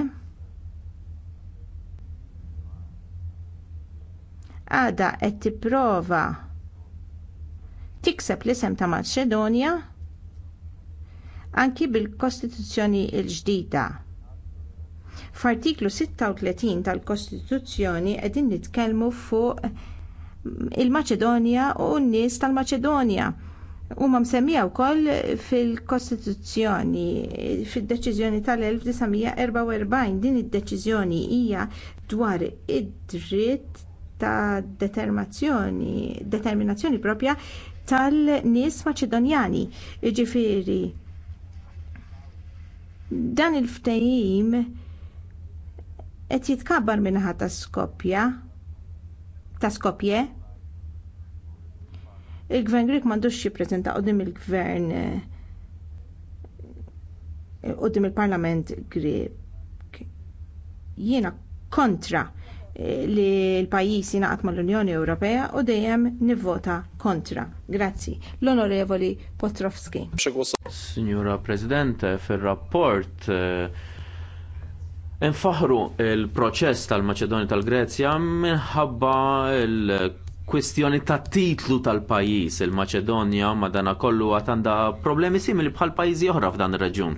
Speaker 3: għada qed tipprova tikseb l-isem ta' Maċedonja anki bil-Kostituzzjoni l-ġdida. F'artiklu 36 tal-Kostituzzjoni qegħdin nitkellmu fuq il-Maċedonja u n-nies tal-Maċedonja huma msemmija wkoll fil-Kostituzzjoni fid-deċiżjoni tal-1944 din id-deċiżjoni hija dwar id-dritt ta' determinazzjoni, determinazzjoni propja tal-nies Maċedonjani. Jiġifieri dan il-ftehim qed jitkabbar minħa ta' Skopja ta' Skopje il-gvern Grek m'għandux jippreżenta qudiem il-gvern eh, qudiem il-Parlament Grek. Jiena kontra eh, li l-pajjiż jingħaqad mal-Unjoni Ewropea u dejjem nivvota kontra. Grazzi. L-Onorevoli Potrovski.
Speaker 7: Signora President, fir-rapport eh, Infaħru il-proċess tal-Maċedonja tal-Grezja minħabba l kwistjoni ta' titlu tal-pajis il-Maċedonja madanakollu għad għandha problemi simili bħal pajjiżi oħra f'dan ir-reġjun.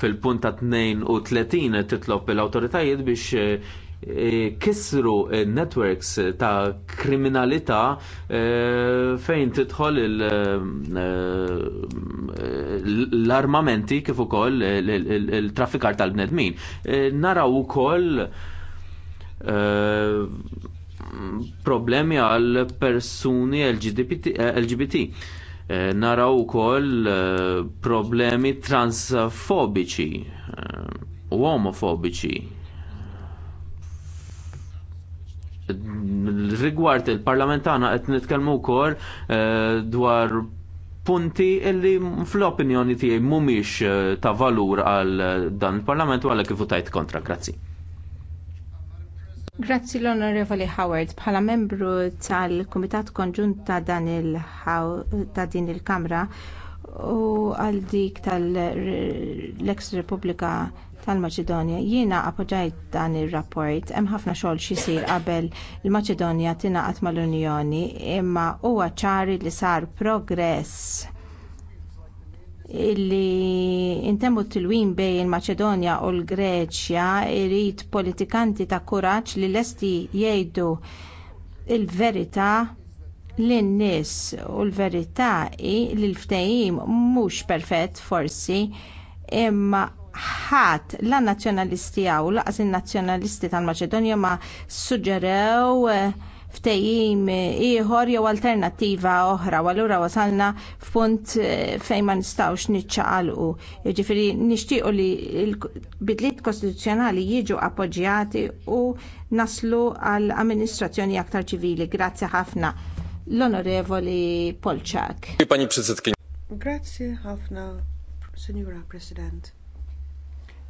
Speaker 7: Fil-punt ta' 32 titlob l-awtoritajiet biex eh, kisru networks ta' kriminalità eh, fejn tidħol eh, l-armamenti kif ukoll il-traffikar tal-bnedmin. Naraw ukoll problemi għal persuni LGBT. LGBT. Eh, naraw ukoll eh, problemi transfobiċi eh, u omofobiċi rigward il-parlamentana qed nitkellmu wkoll dwar punti illi fl-opinjoni tiegħi mhumiex ta' valur għal dan il-parlament u għalhekk kif tajt kontra. Grazzi.
Speaker 3: Grazzi l-Onorevoli Howard bħala membru tal-Kumitat Konġunt ta' dan il ta' din il-Kamra u għal dik tal-Lex Repubblika tal-Maċedonja. Jiena appoġġajt dan ir-rapport hemm ħafna xogħol xi jsir qabel il-Maċedonja tingħaqad mal-Unjoni imma huwa ċari li sar progress illi intemmu t-tilwin bej il-Maċedonja u l-Greċja irrit politikanti ta' kuraġġ li lesti jgħidu il-verità lin nies u l-verità li l-ftehim mhux perfett forsi imma ħat la nazjonalisti għaw laqas in nazzjonalisti tal-Maċedonja ma suġġerew eh, Ftehim ieħor jew alternattiva oħra u allura wasalna f'punt eh, fejn ma nistgħux niċċaqalqu. Jiġifieri nixtiequ li l-bidliet kostituzzjonali jiġu appoġġjati u naslu għal amministrazzjoni aktar ċivili. Grazzi ħafna l-Onorevoli Polczak.
Speaker 7: Grazzi
Speaker 8: ħafna, Signora President.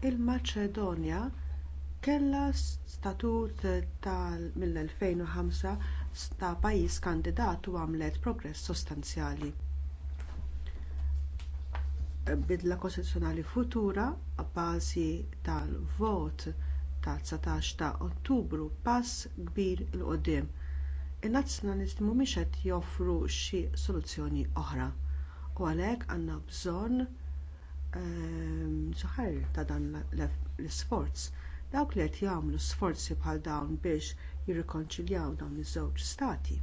Speaker 8: Il-Maċedonja kellha statut tal mill-2005 ta' pajjiż kandidat u għamlet progress sostanzjali. Bidla kostituzzjonali futura bbażi tal-vot ta' 19 ta' Ottubru pass kbir il qudiem In-nazzjonalisti mhumiex qed joffru xi soluzzjoni oħra u għalhekk għandna bżonn ehm, ta' dan l-isforz dawk li qed jagħmlu sforzi bħal dawn biex jirrikonċiljaw dawn iż-żewġ stati.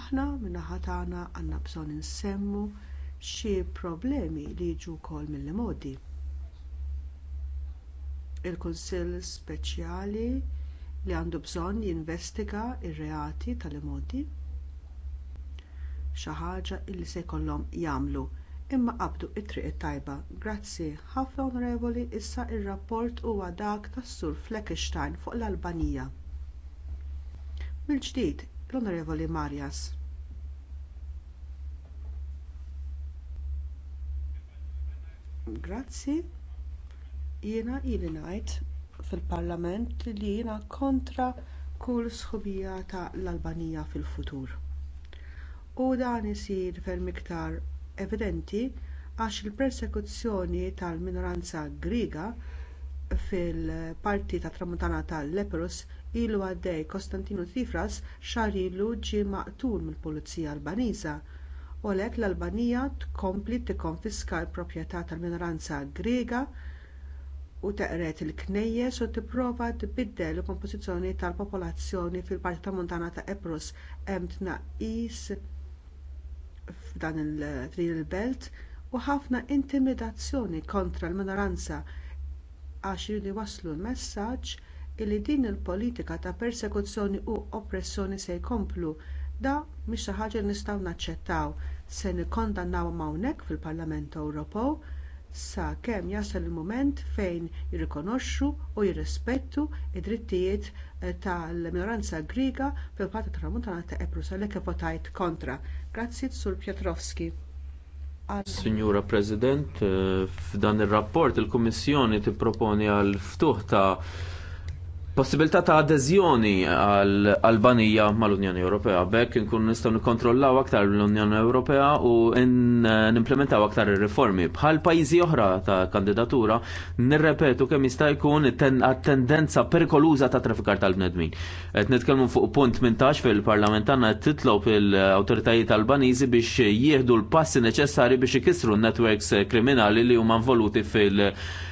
Speaker 8: Aħna min-naħa tagħna għandna bżonn insemmu xi problemi li jiġu wkoll mill-modi. Il-Kunsill Speċjali li għandu bżonn jinvestiga r reati tal-imodi xi ħaġa li se jkollhom jagħmlu imma qabdu t triq it-tajba. Grazzi ħafna onorevoli issa r rapport huwa dak tas-sur Fleckenstein fuq l-Albanija. Mill-ġdid l-Onorevoli Marjas. Grazzi. Jiena ili ngħid fil-Parlament li jiena kontra kull sħubija ta' l-Albanija fil-futur. U dan isir ferm iktar evidenti għax il-persekuzzjoni tal-minoranza griega fil-parti tat tramuntana tal-Leperus ilu għaddej Konstantinu Tifras xahar ilu ġie maqtul mill-Pulizija Albaniża u għalhekk l-Albanija tkompli tikkonfiska l-proprjetà tal-minoranza Griega u teqret il-knejjes u tipprova tbiddel il-kompożizzjoni tal-popolazzjoni fil-Parti Tramuntana ta' Eprus hemm tnaqqis f'dan il-trin il-belt u ħafna intimidazzjoni kontra l-minoranza għax jridu waslu l-messaġġ li din il-politika ta' persekuzzjoni u oppressjoni se jkomplu da mhix xi ħaġa li nistgħu naċċettaw se nikkondannaw hawnhekk fil-Parlament Ewropew sakemm jasal il mument fejn jirrikonoxxu u jirrispettu id-drittijiet eh, tal-minoranza Griega fil-Parti Tramuntana ta' Epru sal votajt kontra. Grazzi Sur Piotrowski.
Speaker 7: Signora President, eh, f'dan ir-rapport il-Kummissjoni tipproponi għal ftuħ ta' possibilità ta' adeżjoni għall albanija mal-Unjoni Ewropea. Bekk nkun nistgħu nikkontrollaw aktar l-Unjoni Ewropea u nimplementaw aktar ir-riformi. Bħal pajjiżi oħra ta' kandidatura, nirrepetu kemm jista' jkun tendenza perikoluża ta' trafikar tal-bnedmin. Qed nitkellmu fuq punt mintax fil-Parlament tagħna qed titlob il-awtoritajiet Albaniżi biex jieħdu l-passi neċessari biex ikissru n netwerks kriminali li huma involuti fil-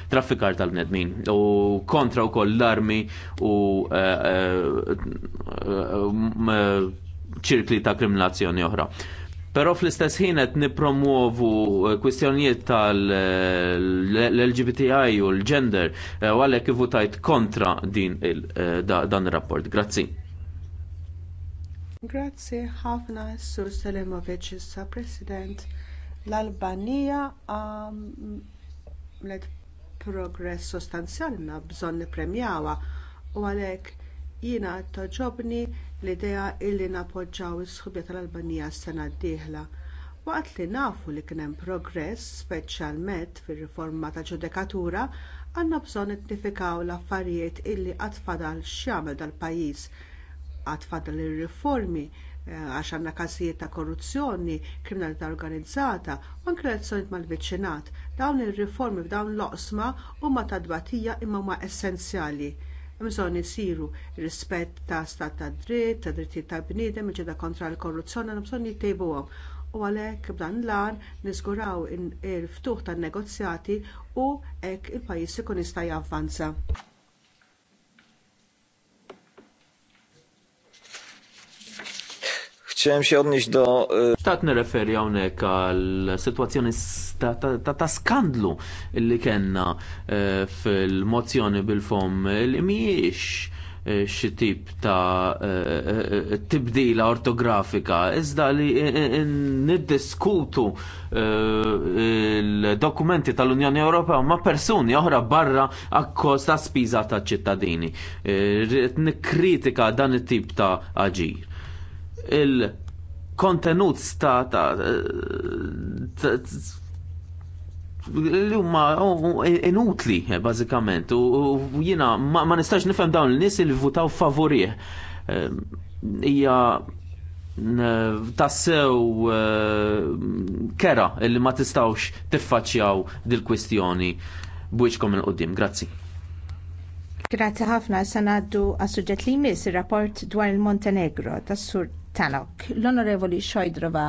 Speaker 7: traffikar tal-bnedmin u kontra u koll l-armi u eh, eh, eh, ċirkli ta' kriminazzjoni oħra. Pero fl-istess ħin qed nippromuovu kwistjonijiet tal-LGBTI u l-gender u għalhekk ivvutajt kontra din dan ir-rapport. Grazzi.
Speaker 8: Grazzi ħafna Sur Selimovic sa President l-Albanija progress sostanzjalna bżonn nippremjawha u għalhekk jiena toġobni l-idea illi nappoġġjaw is-sħubja tal-Albanija s-sena d-dieħla. Waqt li nafu li kien hemm progress, speċjalment fir-riforma tal ġudikatura, għandna bżonn nittifikaw l-affarijiet illi qatt fadal x'jagħmel dal-pajjiż, qatt fadal ir-riformi eh, għax għandna każijiet ta' korruzzjoni, kriminalità organizzata u anke relazzjonijiet mal-viċinat Dawn ir-riformi f'dawn l-oqsma huma ta' dbatija imma huma essenzjali. Bżonn isiru rispett ta' stat ta' dritt, ta' drittijiet ta' bniedem, ġeda kontra l-korruzzjoni, bżonn jittejbuhom u għalhekk b'dan l-għan niżguraw il-ftuħ tan-negozjati u hekk il-pajjiż ikun jista' javvanza.
Speaker 7: Chciałem się odnieść do... Xtaqt nireferi hawnhekk għal sitwazzjoni ta' skandlu li kellna e, fil-mozzjoni bil-fom li mhijiex e, xi tip ta' e, tibdila ortografika, iżda li niddiskutu il-dokumenti tal-Unjoni Ewropea ma' persuni oħra barra akkos ta' spiża ta' ċittadini. Nikkritika dan it-tip ta' aġir il-kontenut ta' li huma inutli bażikament u jiena ma nistax nifhem dawn il-nies li votaw favorih. Ehm, hija tassew ehm, kera li ma tistawx tiffaċċjaw dil-kwistjoni bwiċkom il qudiem Grazzi.
Speaker 3: Grazzi ħafna sanaddu għas-suġġett li jmiss ir-rapport dwar il-Montenegro tas-sur Tannock, L-Onorevoli Xojdrova.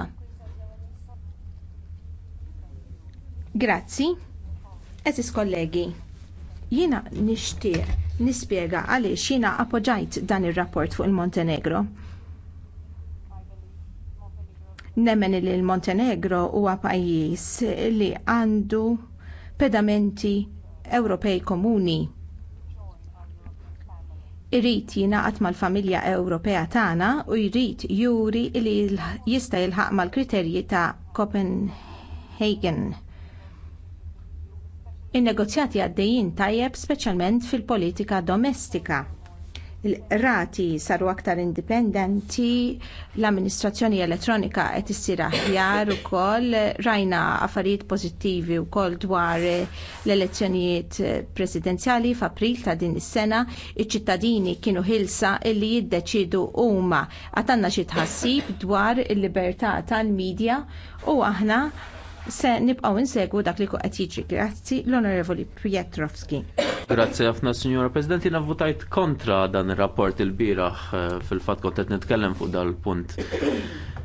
Speaker 3: Grazzi. Eżis kollegi, jiena nixtieq nispjega għaliex jiena appoġġajt dan ir-rapport fuq il-Montenegro. Nemmen li l-Montenegro huwa pajjiż li għandu pedamenti Ewropej komuni irrit jingħaqad mal-familja Ewropea tagħna u jrid juri li jista' jilħaq mal-kriterji ta' Copenhagen. In-negozjati għaddejjin tajjeb speċjalment fil-politika domestika il-rati saru aktar indipendenti, l-amministrazzjoni elettronika qed issir aħjar ukoll, rajna affarijiet pożittivi wkoll dwar l-elezzjonijiet presidenzjali f'April ta' din is-sena, iċ-ċittadini kienu ħilsa illi jiddeċidu huma għatanna xi tħassib dwar il-libertà tal-medja u aħna se nibqgħu insegwu dak li qed jiġri. Grazzi l-Onorevoli Pietrovski.
Speaker 7: Grazzi ħafna Sinjora President, jiena votajt kontra dan ir-rapport il-bieraħ eh, fil-fatt kont qed nitkellem fuq dal-punt.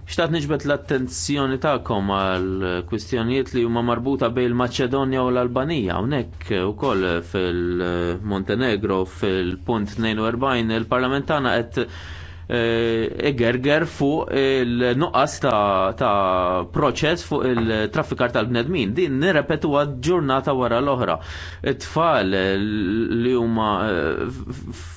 Speaker 7: Xtaħt niġbet l-attenzjoni tagħkom għal kwistjonijiet li huma marbuta bejn il-Maċedonja u l-Albanija. Hawnhekk ukoll fil-Montenegro fil-punt 42 il-parlamentana qed Eh, egerger fuq il-nuqqas ta' proċess fuq il-traffikar tal-bnedmin. Din nirrepetu ġurnata wara l-oħra. It-tfal li huma eh,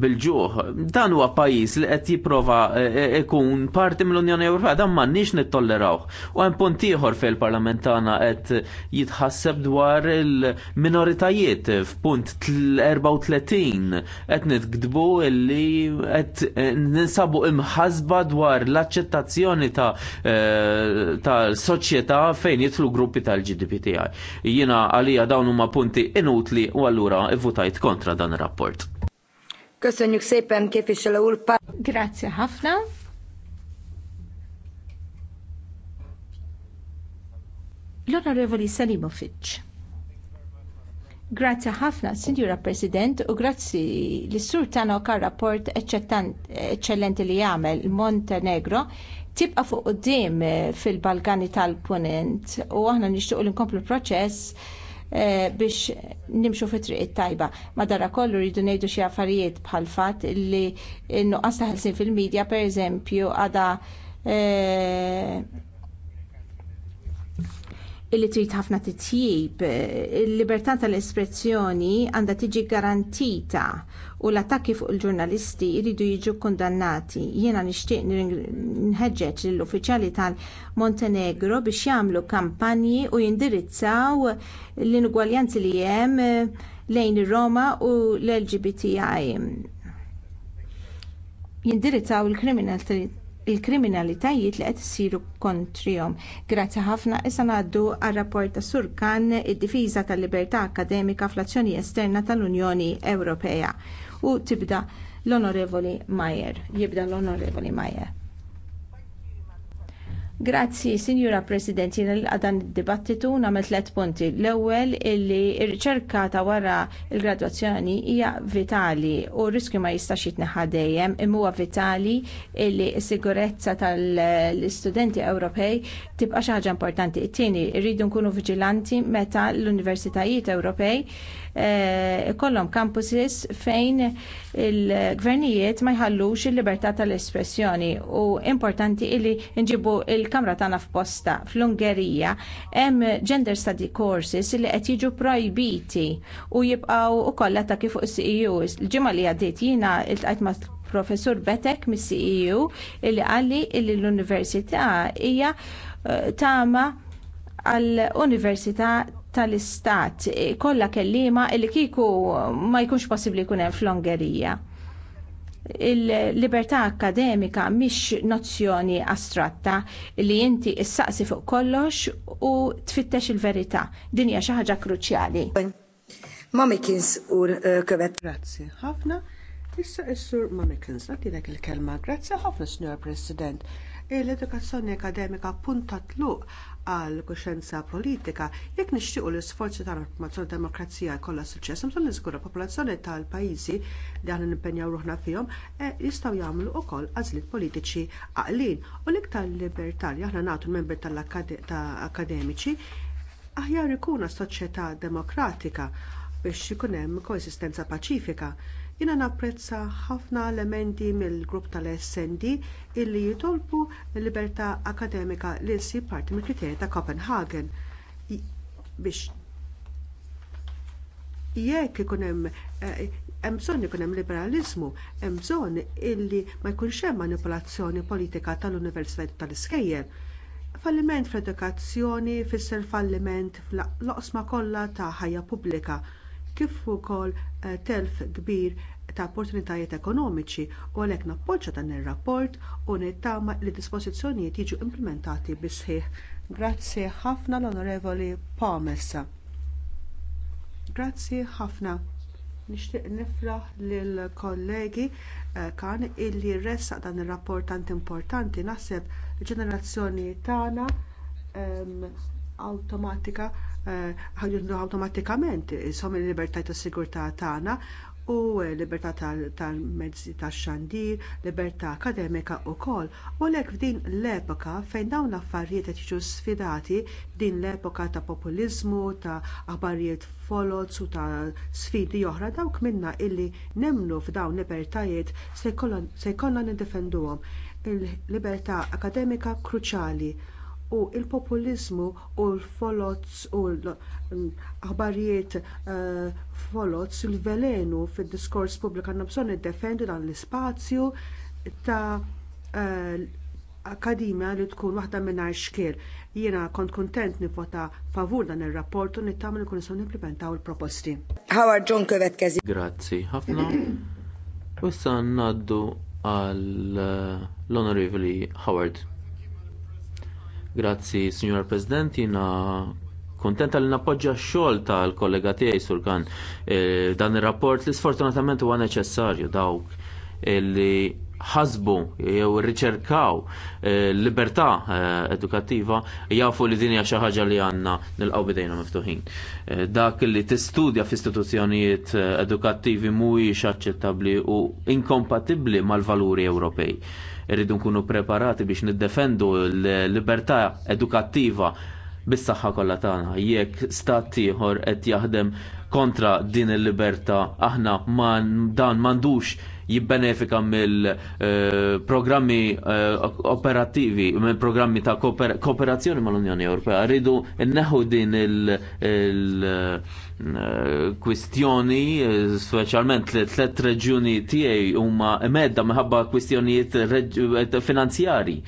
Speaker 7: bil-ġuħ. Dan huwa pajjiż li qed jipprova e, e, ikun parti mill-Unjoni Ewropea, dan m'għandniex nittolleraw. U hemm punt ieħor fil-Parlament tagħna qed jitħasseb dwar il-minoritajiet f'punt 34 qed nitkdbu li qed e, ninsabu imħasba dwar l-aċċettazzjoni ta' tal-soċjetà fejn jidħlu gruppi tal-GDPTI. Jiena għalija dawn huma punti inutli u allura votajt kontra dan ir-rapport.
Speaker 3: Köszönjük szépen, képviselő úr. Grazie, Hafna. L-Onorevoli Salimovic. Grazzi ħafna, Signora President, u grazzi li sur tano kar rapport eccellenti li jagħmel Montenegro tibqa fuq qudiem fil-Balkani tal-Punent u aħna nixtiequ li nkomplu proċess Eh, biex nimxu fi triq tajba. Madara kollu rridu ngħidu xi affarijiet bħal fatt li nuqqas ta' fil-medja pereżempju għada eh, illi trid ħafna titjib. Il-libertà tal-espressjoni għandha tiġi garantita u l-attakki fuq il-ġurnalisti jridu jiġu kundannati. Jiena nixtieq nħeġġeġ lill-uffiċjali tal-Montenegro biex jagħmlu kampanji u jindirizzaw l-inugwaljanzi li hemm lejn ir-Roma u l-LGBTI. Jindirizzaw il-kriminalità il-kriminalitajiet li qed issiru kontrihom. Grazzi ħafna issa ngħaddu għar-rapport ta' Sur Kan id-difiża tal-libertà akademika fl-azzjoni esterna tal-Unjoni Ewropea. U tibda l-Onorevoli Majer. Jibda l-Onorevoli Majer. Grazzi, Sinjura President, jina l-għadan dibattitu namel tlet punti. L-ewel illi ir-riċerka ta' wara il-graduazzjoni hija vitali u riskju ma jistax jitneħa dejjem imma vitali illi s-sigurezza tal-istudenti Ewropej tibqa' xi ħaġa importanti. It-tieni rridu nkunu viġilanti meta l-Universitajiet Ewropej eh, kollhom campuses fejn il-gvernijiet ma jħallux il-libertà tal-espressjoni u importanti illi nġibu il fil-kamra tagħna f'posta fl-Ungerija hemm gender study courses li qed jiġu projbiti u jibqgħu ukoll attakki fuq is-CEUs. Il-ġimgħa li għaddiet jiena iltqajt ma' professur Betek mis-CEU illi qal li l-università hija eh, tama għall-Università tal-Istat kollha kelliema li kieku ma jkunx possibbli jkun hemm fl-Ungerija il-libertà akademika mhix nozzjoni astratta li inti issaqsi fuq kollox u tfittex il-verità.
Speaker 8: Din hija xi ħaġa kruċjali. Mamikins u eh, követ. Grazzi ħafna. Issa is-sur Mamikins nagħtilek il-kelma. Grazzi ħafna, Signor President. l-edukazzjoni akademika punta tluq għal kuxenza politika, jekk nixtiequ l isforzi tal-affermazzjoni demokrazija jkollha suċċess, imson niżgura popolazzjoni tal-pajjiżi li għan nimpenjaw ruħna fihom e jistgħu jagħmlu wkoll għażliet politiċi għaqlin. U l-iktar libertà li aħna nagħtu l-membri tal-akademiċi aħjar ikun soċjetà demokratika biex ikun hemm koesistenza paċifika Jiena napprezza ħafna elementi mill-grupp tal-SND illi jitolbu l-libertà akademika li ssir parti mill-kriterji ta' Copenhagen biex jekk ikun hemm eh, hemm bżonn ikun hemm liberaliżmu, hemm bżonn illi ma jkunx hemm manipolazzjoni politika tal-Università tal-Iskejjel falliment fl-edukazzjoni fisser falliment fl loqsma kollha ta' ħajja pubblika kif ukoll eh, telf kbir ta' opportunitajiet ekonomiċi u għalhekk nappoġġa dan ir-rapport u nittama li dispożizzjonijiet jiġu implementati bi sħiħ. Grazzi ħafna l-Onorevoli Pomessa. Grazzi ħafna. Nixtieq nifraħ lill kollegi eh, kan illi ressaq dan ir-rapport tant importanti naħseb il-ġenerazzjoni tagħna ehm, awtomatika Eh, ħajdu automatikament isom il-libertà tas sigurtà tagħna u libertà tal-mezzi tax-xandir, libertà akademika wkoll. U għalhekk f'din l-epoka fejn dawn l-affarijiet qed jiġu sfidati din l-epoka ta' populiżmu, ta' aħbarijiet folots u ta' sfidi oħra dawk minnha illi nemnu f'dawn libertajiet se jkollna niddefenduhom. Il-libertà akademika kruċjali u l populiżmu u l-folozz u l-aħbarijiet eh, folozz il-velenu fid-diskors pubbliku għandna bżonn niddefendu dan l-ispazju ta' eh, akademja li tkun waħda mingħajr xkiel. Jiena kont kuntent nivvota favur dan ir-rapport u nittama li kun nistgħu nimplementaw il-proposti.
Speaker 7: Howard John Követ Kazi. Grazzi ħafna. U issa ngħaddu għall eh, l-Honorevoli Howard. Grazzi, Signor President, jina kontenta li nappoġġa x-xogħol tal-kollega tiegħi Surkan e, dan ir-rapport li sfortunatament huwa neċessarju dawk e, li ħasbu jew riċerkaw e, libertà edukattiva jafu li dinja xi ħaġa li għandna nilqgħu bidejna miftuħin. Dak li tistudja f'istituzzjonijiet edukattivi mhuwiex aċċettabbli u inkompatibbli mal-valuri Ewropej irridu nkunu preparati biex niddefendu l-libertà edukattiva bis-saħħa kollha tagħna. Jekk stat ieħor qed jaħdem kontra din il-libertà aħna man dan m'għandux jibbenefika mill-programmi eh, eh, operativi, mill programmi ta' kooperazzjoni mal-Unjoni Ewropea. Rridu nneħħu din il-kwistjoni, eh, speċjalment li tlet reġjuni tiegħi huma medda minħabba kwistjonijiet finanzjari.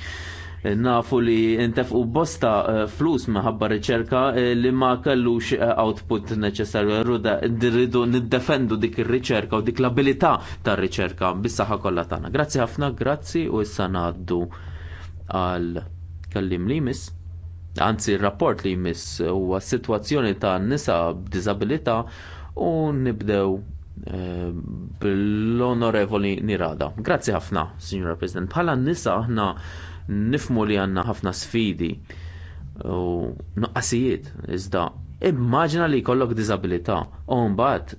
Speaker 7: Nafu li intefqu bosta eh, flus maħabba riċerka eh, li ma kellux eh, output neċessarju. Ruda, dirridu niddefendu dik ir-riċerka u dik l-abilità tar-riċerka bis-saħħa kollha tagħna. Grazzi ħafna, grazzi u issa ngħaddu għal kellim li miss. Anzi, il-rapport li mis huwa s-sitwazzjoni ta' nisa b'diżabilità u nibdew bil-onorevoli Nirada. Grazzi ħafna, Signora President. Bħala nisa aħna nifmu li għandna ħafna sfidi u nuqqasijiet iżda immaġina li jkollok diżabilità u mbagħad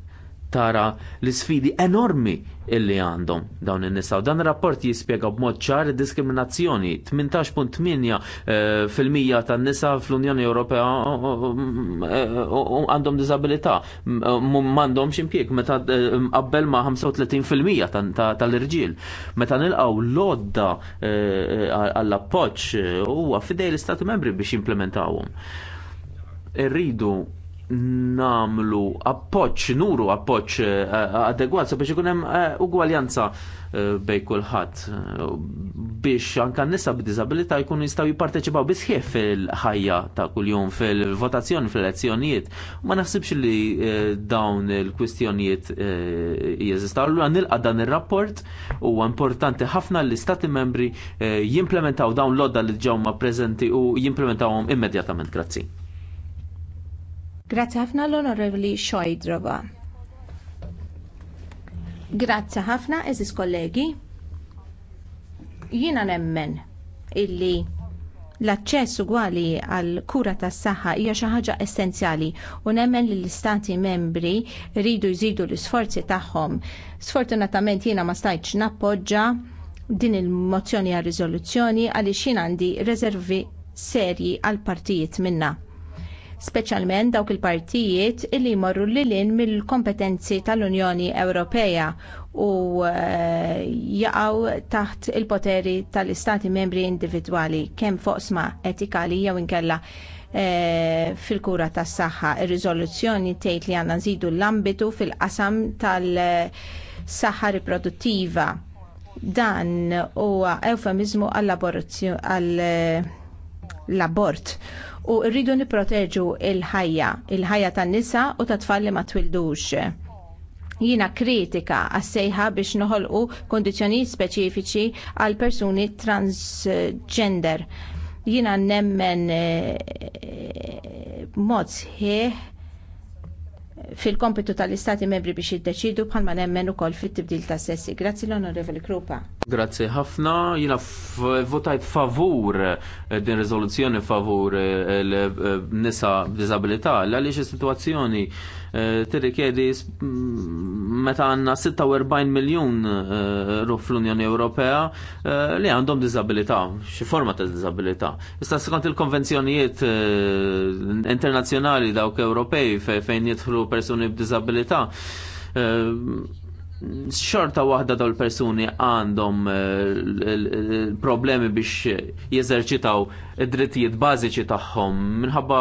Speaker 7: tara l isfidi enormi illi għandhom dawn in-nisa. U dan ir-rapport jispjega b'mod ċar id diskriminazzjoni. 18.8% eh, tan-nisa fl-Unjoni Ewropea eh, eh, għandhom diżabilità, m'għandhomx impjieg meta qabel ma' 35% tal-irġiel. Meta nilqgħu l-odda għall-appoġġ huwa fidej l-Istati Membri biex jimplementawhom. Irridu namlu appoċ, nuru appoċ eh, eh, adegwat biex ikun hemm eh, ugwaljanza bej kulħadd biex anke nisa b'diżabilità jkunu jistgħu jipparteċipaw bisħieħ fil-ħajja ta' kuljum fil-votazzjoni fil-elezzjonijiet. Ma naħsibx li dawn il-kwistjonijiet jeżistaw. Allura nilqa' dan ir-rapport huwa importanti ħafna li stati membri jimplementaw dawn l-odda li ġew ma' u jimplementawhom immedjatament. Grazzi.
Speaker 3: Grazzi ħafna l-Onorevoli Xojdrova. Grazzi ħafna, eżis kollegi. Jiena nemmen illi l-aċċess ugwali għal kura tas saħħa hija xi ħaġa essenzjali u nemmen li l-istati membri rridu jżidu l-isforzi tagħhom. Sfortunatament jiena ma stajtx nappoġġa din il-mozzjoni għal riżoluzzjoni għaliex jien għandi reservi serji għal partijiet minnha speċjalment dawk il-partijiet li jmorru lilin mill-kompetenzi tal-Unjoni Ewropea u eh, jaqgħu taħt il-poteri tal-istati membri individwali kemm foqsma etikali jew inkella eh, fil-kura tas saħħa ir-riżoluzzjoni tgħid li għandna nżidu l-ambitu fil-qasam tal-saħħa riproduttiva. Dan huwa eufemizmu għall-abort eh, u rridu nipproteġu il-ħajja, il-ħajja tan-nisa u ta' tfal li ma twildux. Jiena kritika għas-sejħa biex noħolqu kondizjoni speċifiċi għal persuni transgender. Jiena nemmen eh, eh, mod sħiħ fil-kompitu tal-istati membri biex jiddeċidu bħalma nemmen ukoll fit-tibdil ta' sessi. Grazzi l-Onorevoli Krupa.
Speaker 7: Grazzi ħafna, jina votajt favur eh, din rezoluzzjoni favur eh, l-nisa eh, b'disabilità, l-għaliex situazzjoni Eh, tirrikjedi meta għandna 46 miljun eh, ruf fl-Unjoni Ewropea eh, li għandhom diżabilità, xi forma ta' diżabilità. Issa skont il-konvenzjonijiet internazzjonali dawk Ewropej fejn jidħlu persuni b'diżabilità xorta waħda dawl persuni għandhom problemi biex jeżerċitaw id-drittijiet bażiċi tagħhom minħabba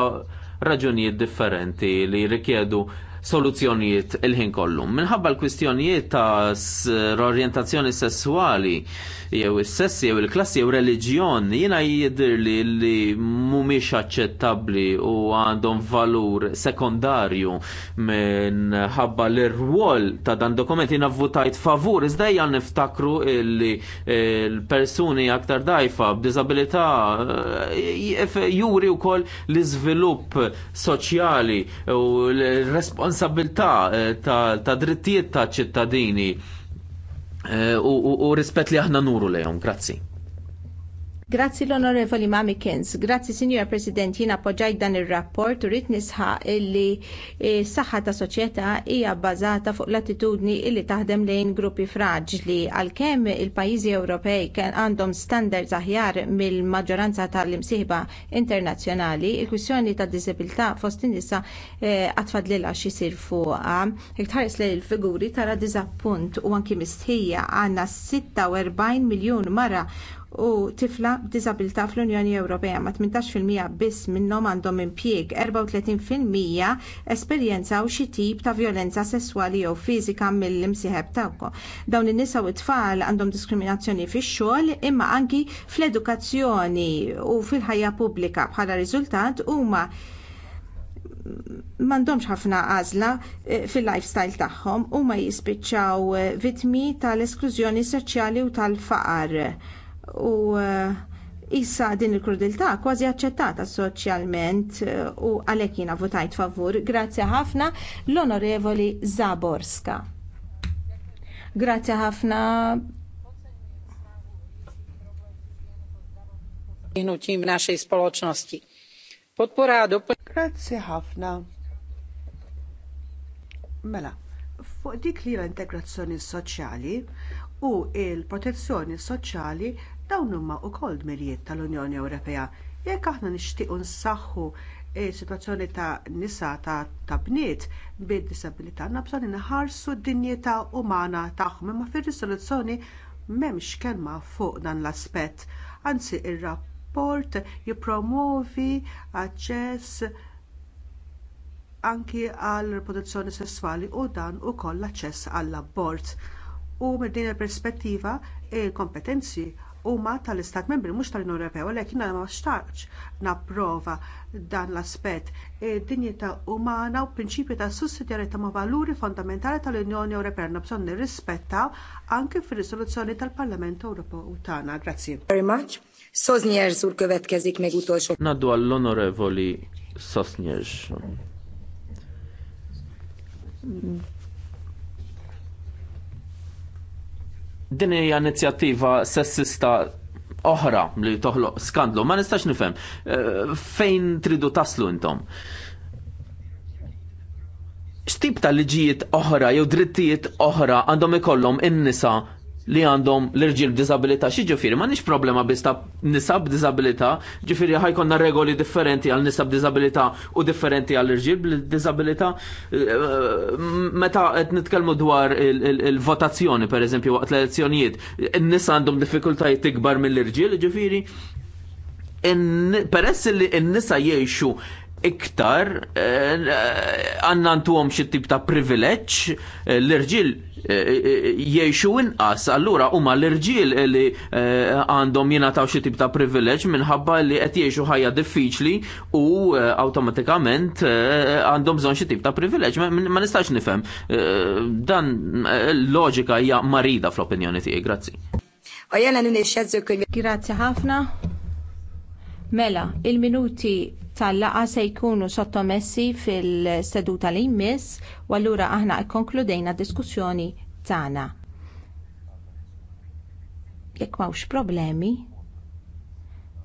Speaker 7: raġunijiet differenti li rikjedu soluzzjonijiet il-ħin kollu. Minħabba l-kwistjonijiet ta' orientazzjoni sessuali, jew is-sessi, jew il-klassi, jew reliġjon, jiena jidhirli li mhumiex aċċettabbli u għandhom valur sekondarju minħabba l-rwol ta' dan dokument jina votajt favur, iżda niftakru li l-persuni aktar dajfa b'diżabilità eh, juri wkoll l-iżvilupp soċjali u l-responsabilità responsabilta eh, ta' drittijiet ta' ċittadini eh, u rispett li aħna nuru lejhom. Grazzi.
Speaker 3: Grazzi l-Onorevoli Mami Kins, grazzi Signor President, jina appoġġaj dan il-rapport u rrit nisħa illi eh, saħħa ta' soċjetà hija bbażata fuq l-attitudni illi taħdem lejn gruppi fraġli għalkemm il-pajjiżi Ewropej kien għandhom standards aħjar mill-maġġoranza tal-imsieħba internazzjonali, il-kwissjoni ta' disabilità fost in-nisa eh, għatfadlilha xi jsir fuqha. Jekk tħares lejn il-figuri tara diżappunt u anki mistħija għandna 46 miljun mara u tifla b'diżabilità fl-Unjoni Ewropea ma' 18% biss minnhom għandhom impjieg, 34% esperjenzaw xi tip ta' vjolenza sesswali jew fiżika mill-imsieħeb tagħhom. Dawn in-nisa u t-tfal għandhom diskriminazzjoni fix-xogħol imma anki fl-edukazzjoni u fil-ħajja pubblika bħala riżultat huma m'għandhomx ħafna għażla e, fil-lifestyle tagħhom u ma jispiċċaw e, vitmi tal-esklużjoni soċjali u tal-faqar u eh, issa din il krudeltà kważi aċċettata soċjalment eh, u għalhekk jiena votajt favur. Grazzi ħafna l-Onorevoli Zaborska. Grazie ħafna
Speaker 8: Podpora Grazie ħafna. Mela, fuq dik li l-integrazzjoni soċjali u l protezzjoni soċjali Dawn huma wkoll dmirijiet tal-Unjoni Ewropea. Jekk aħna nixtiequ nsaħħu eh, sitwazzjoni ta' nisa ta', ta bniet bid-disabilità għandna bżonn inħarsu d-dinjità umana tagħhom imma fir-risoluzzjoni m'hemmx kelma fuq dan l-aspett. Anzi, ir-rapport jippromovi aċċess anki għal riproduzzjoni sesswali u dan ukoll l-aċċess għall-abort. U minn din il-perspettiva, il-kompetenzi huma tal-Istat Membri mhux tal-Unjoni Ewropea, għalhekk jiena ma xtaqx napprova dan l-aspett. Id-dinjità umana u prinċipji ta' sussidjarjetà ma' valuri fondamentali tal-Unjoni Ewropea għandna bżonn nirrispettaw anke fir-riżoluzzjoni tal-Parlament Ewropew tagħna. Grazzi. Very much.
Speaker 7: Sosnier sur következik még utolsó. Naddu għall-onorevoli Sosnier. Din hija inizjattiva sessista oħra li toħloq skandlu, ma nistax nifhem eh, fejn tridu taslu intom. X'tip ta' liġijiet oħra jew drittijiet oħra għandhom ikollhom in-nisa li għandhom l-irġil b'disabilità xi ġifieri m'għandix problema biss ta' nisa b'disabilità, ġifieri ħajkonna regoli differenti għal nisa b'disabilità u differenti għal irġil b'disabilità. Eh, meta qed nitkellmu dwar il-votazzjoni pereżempju waqt l-elezzjonijiet, in-nisa għandhom diffikultajiet ikbar mill-irġiel, ġifieri peress li n-nisa jiexu iktar eh, għanna ntuhom xi tip ta' privileġġ eh, l-irġiel eh, jiexu inqas, allura huma l-irġiel li għandhom jingħataw xi xittib ta' privileġġ minħabba li qed jgħixu ħajja diffiċli u awtomatikament għandhom bżonn xittib ta' privileġġ. Ma nistax nifhem. Dan loġika hija marida fl-opinjoni tiegħi, grazzi.
Speaker 3: Għajjana n-nixħedżu Grazzi ħafna. Mela, il-minuti tal laqgħa se jkunu sottomessi fil-seduta li jmiss u allura aħna kkonkludejna d diskussjoni tagħna. Jekk m'hawnx problemi,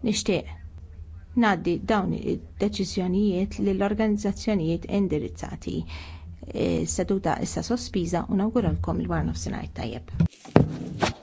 Speaker 3: nixtieq ngħaddi dawn id-deċiżjonijiet lill-organizzazzjonijiet indirizzati. Eh, seduta issa sospiża u nawguralkom il-warnof sinajt tajjeb.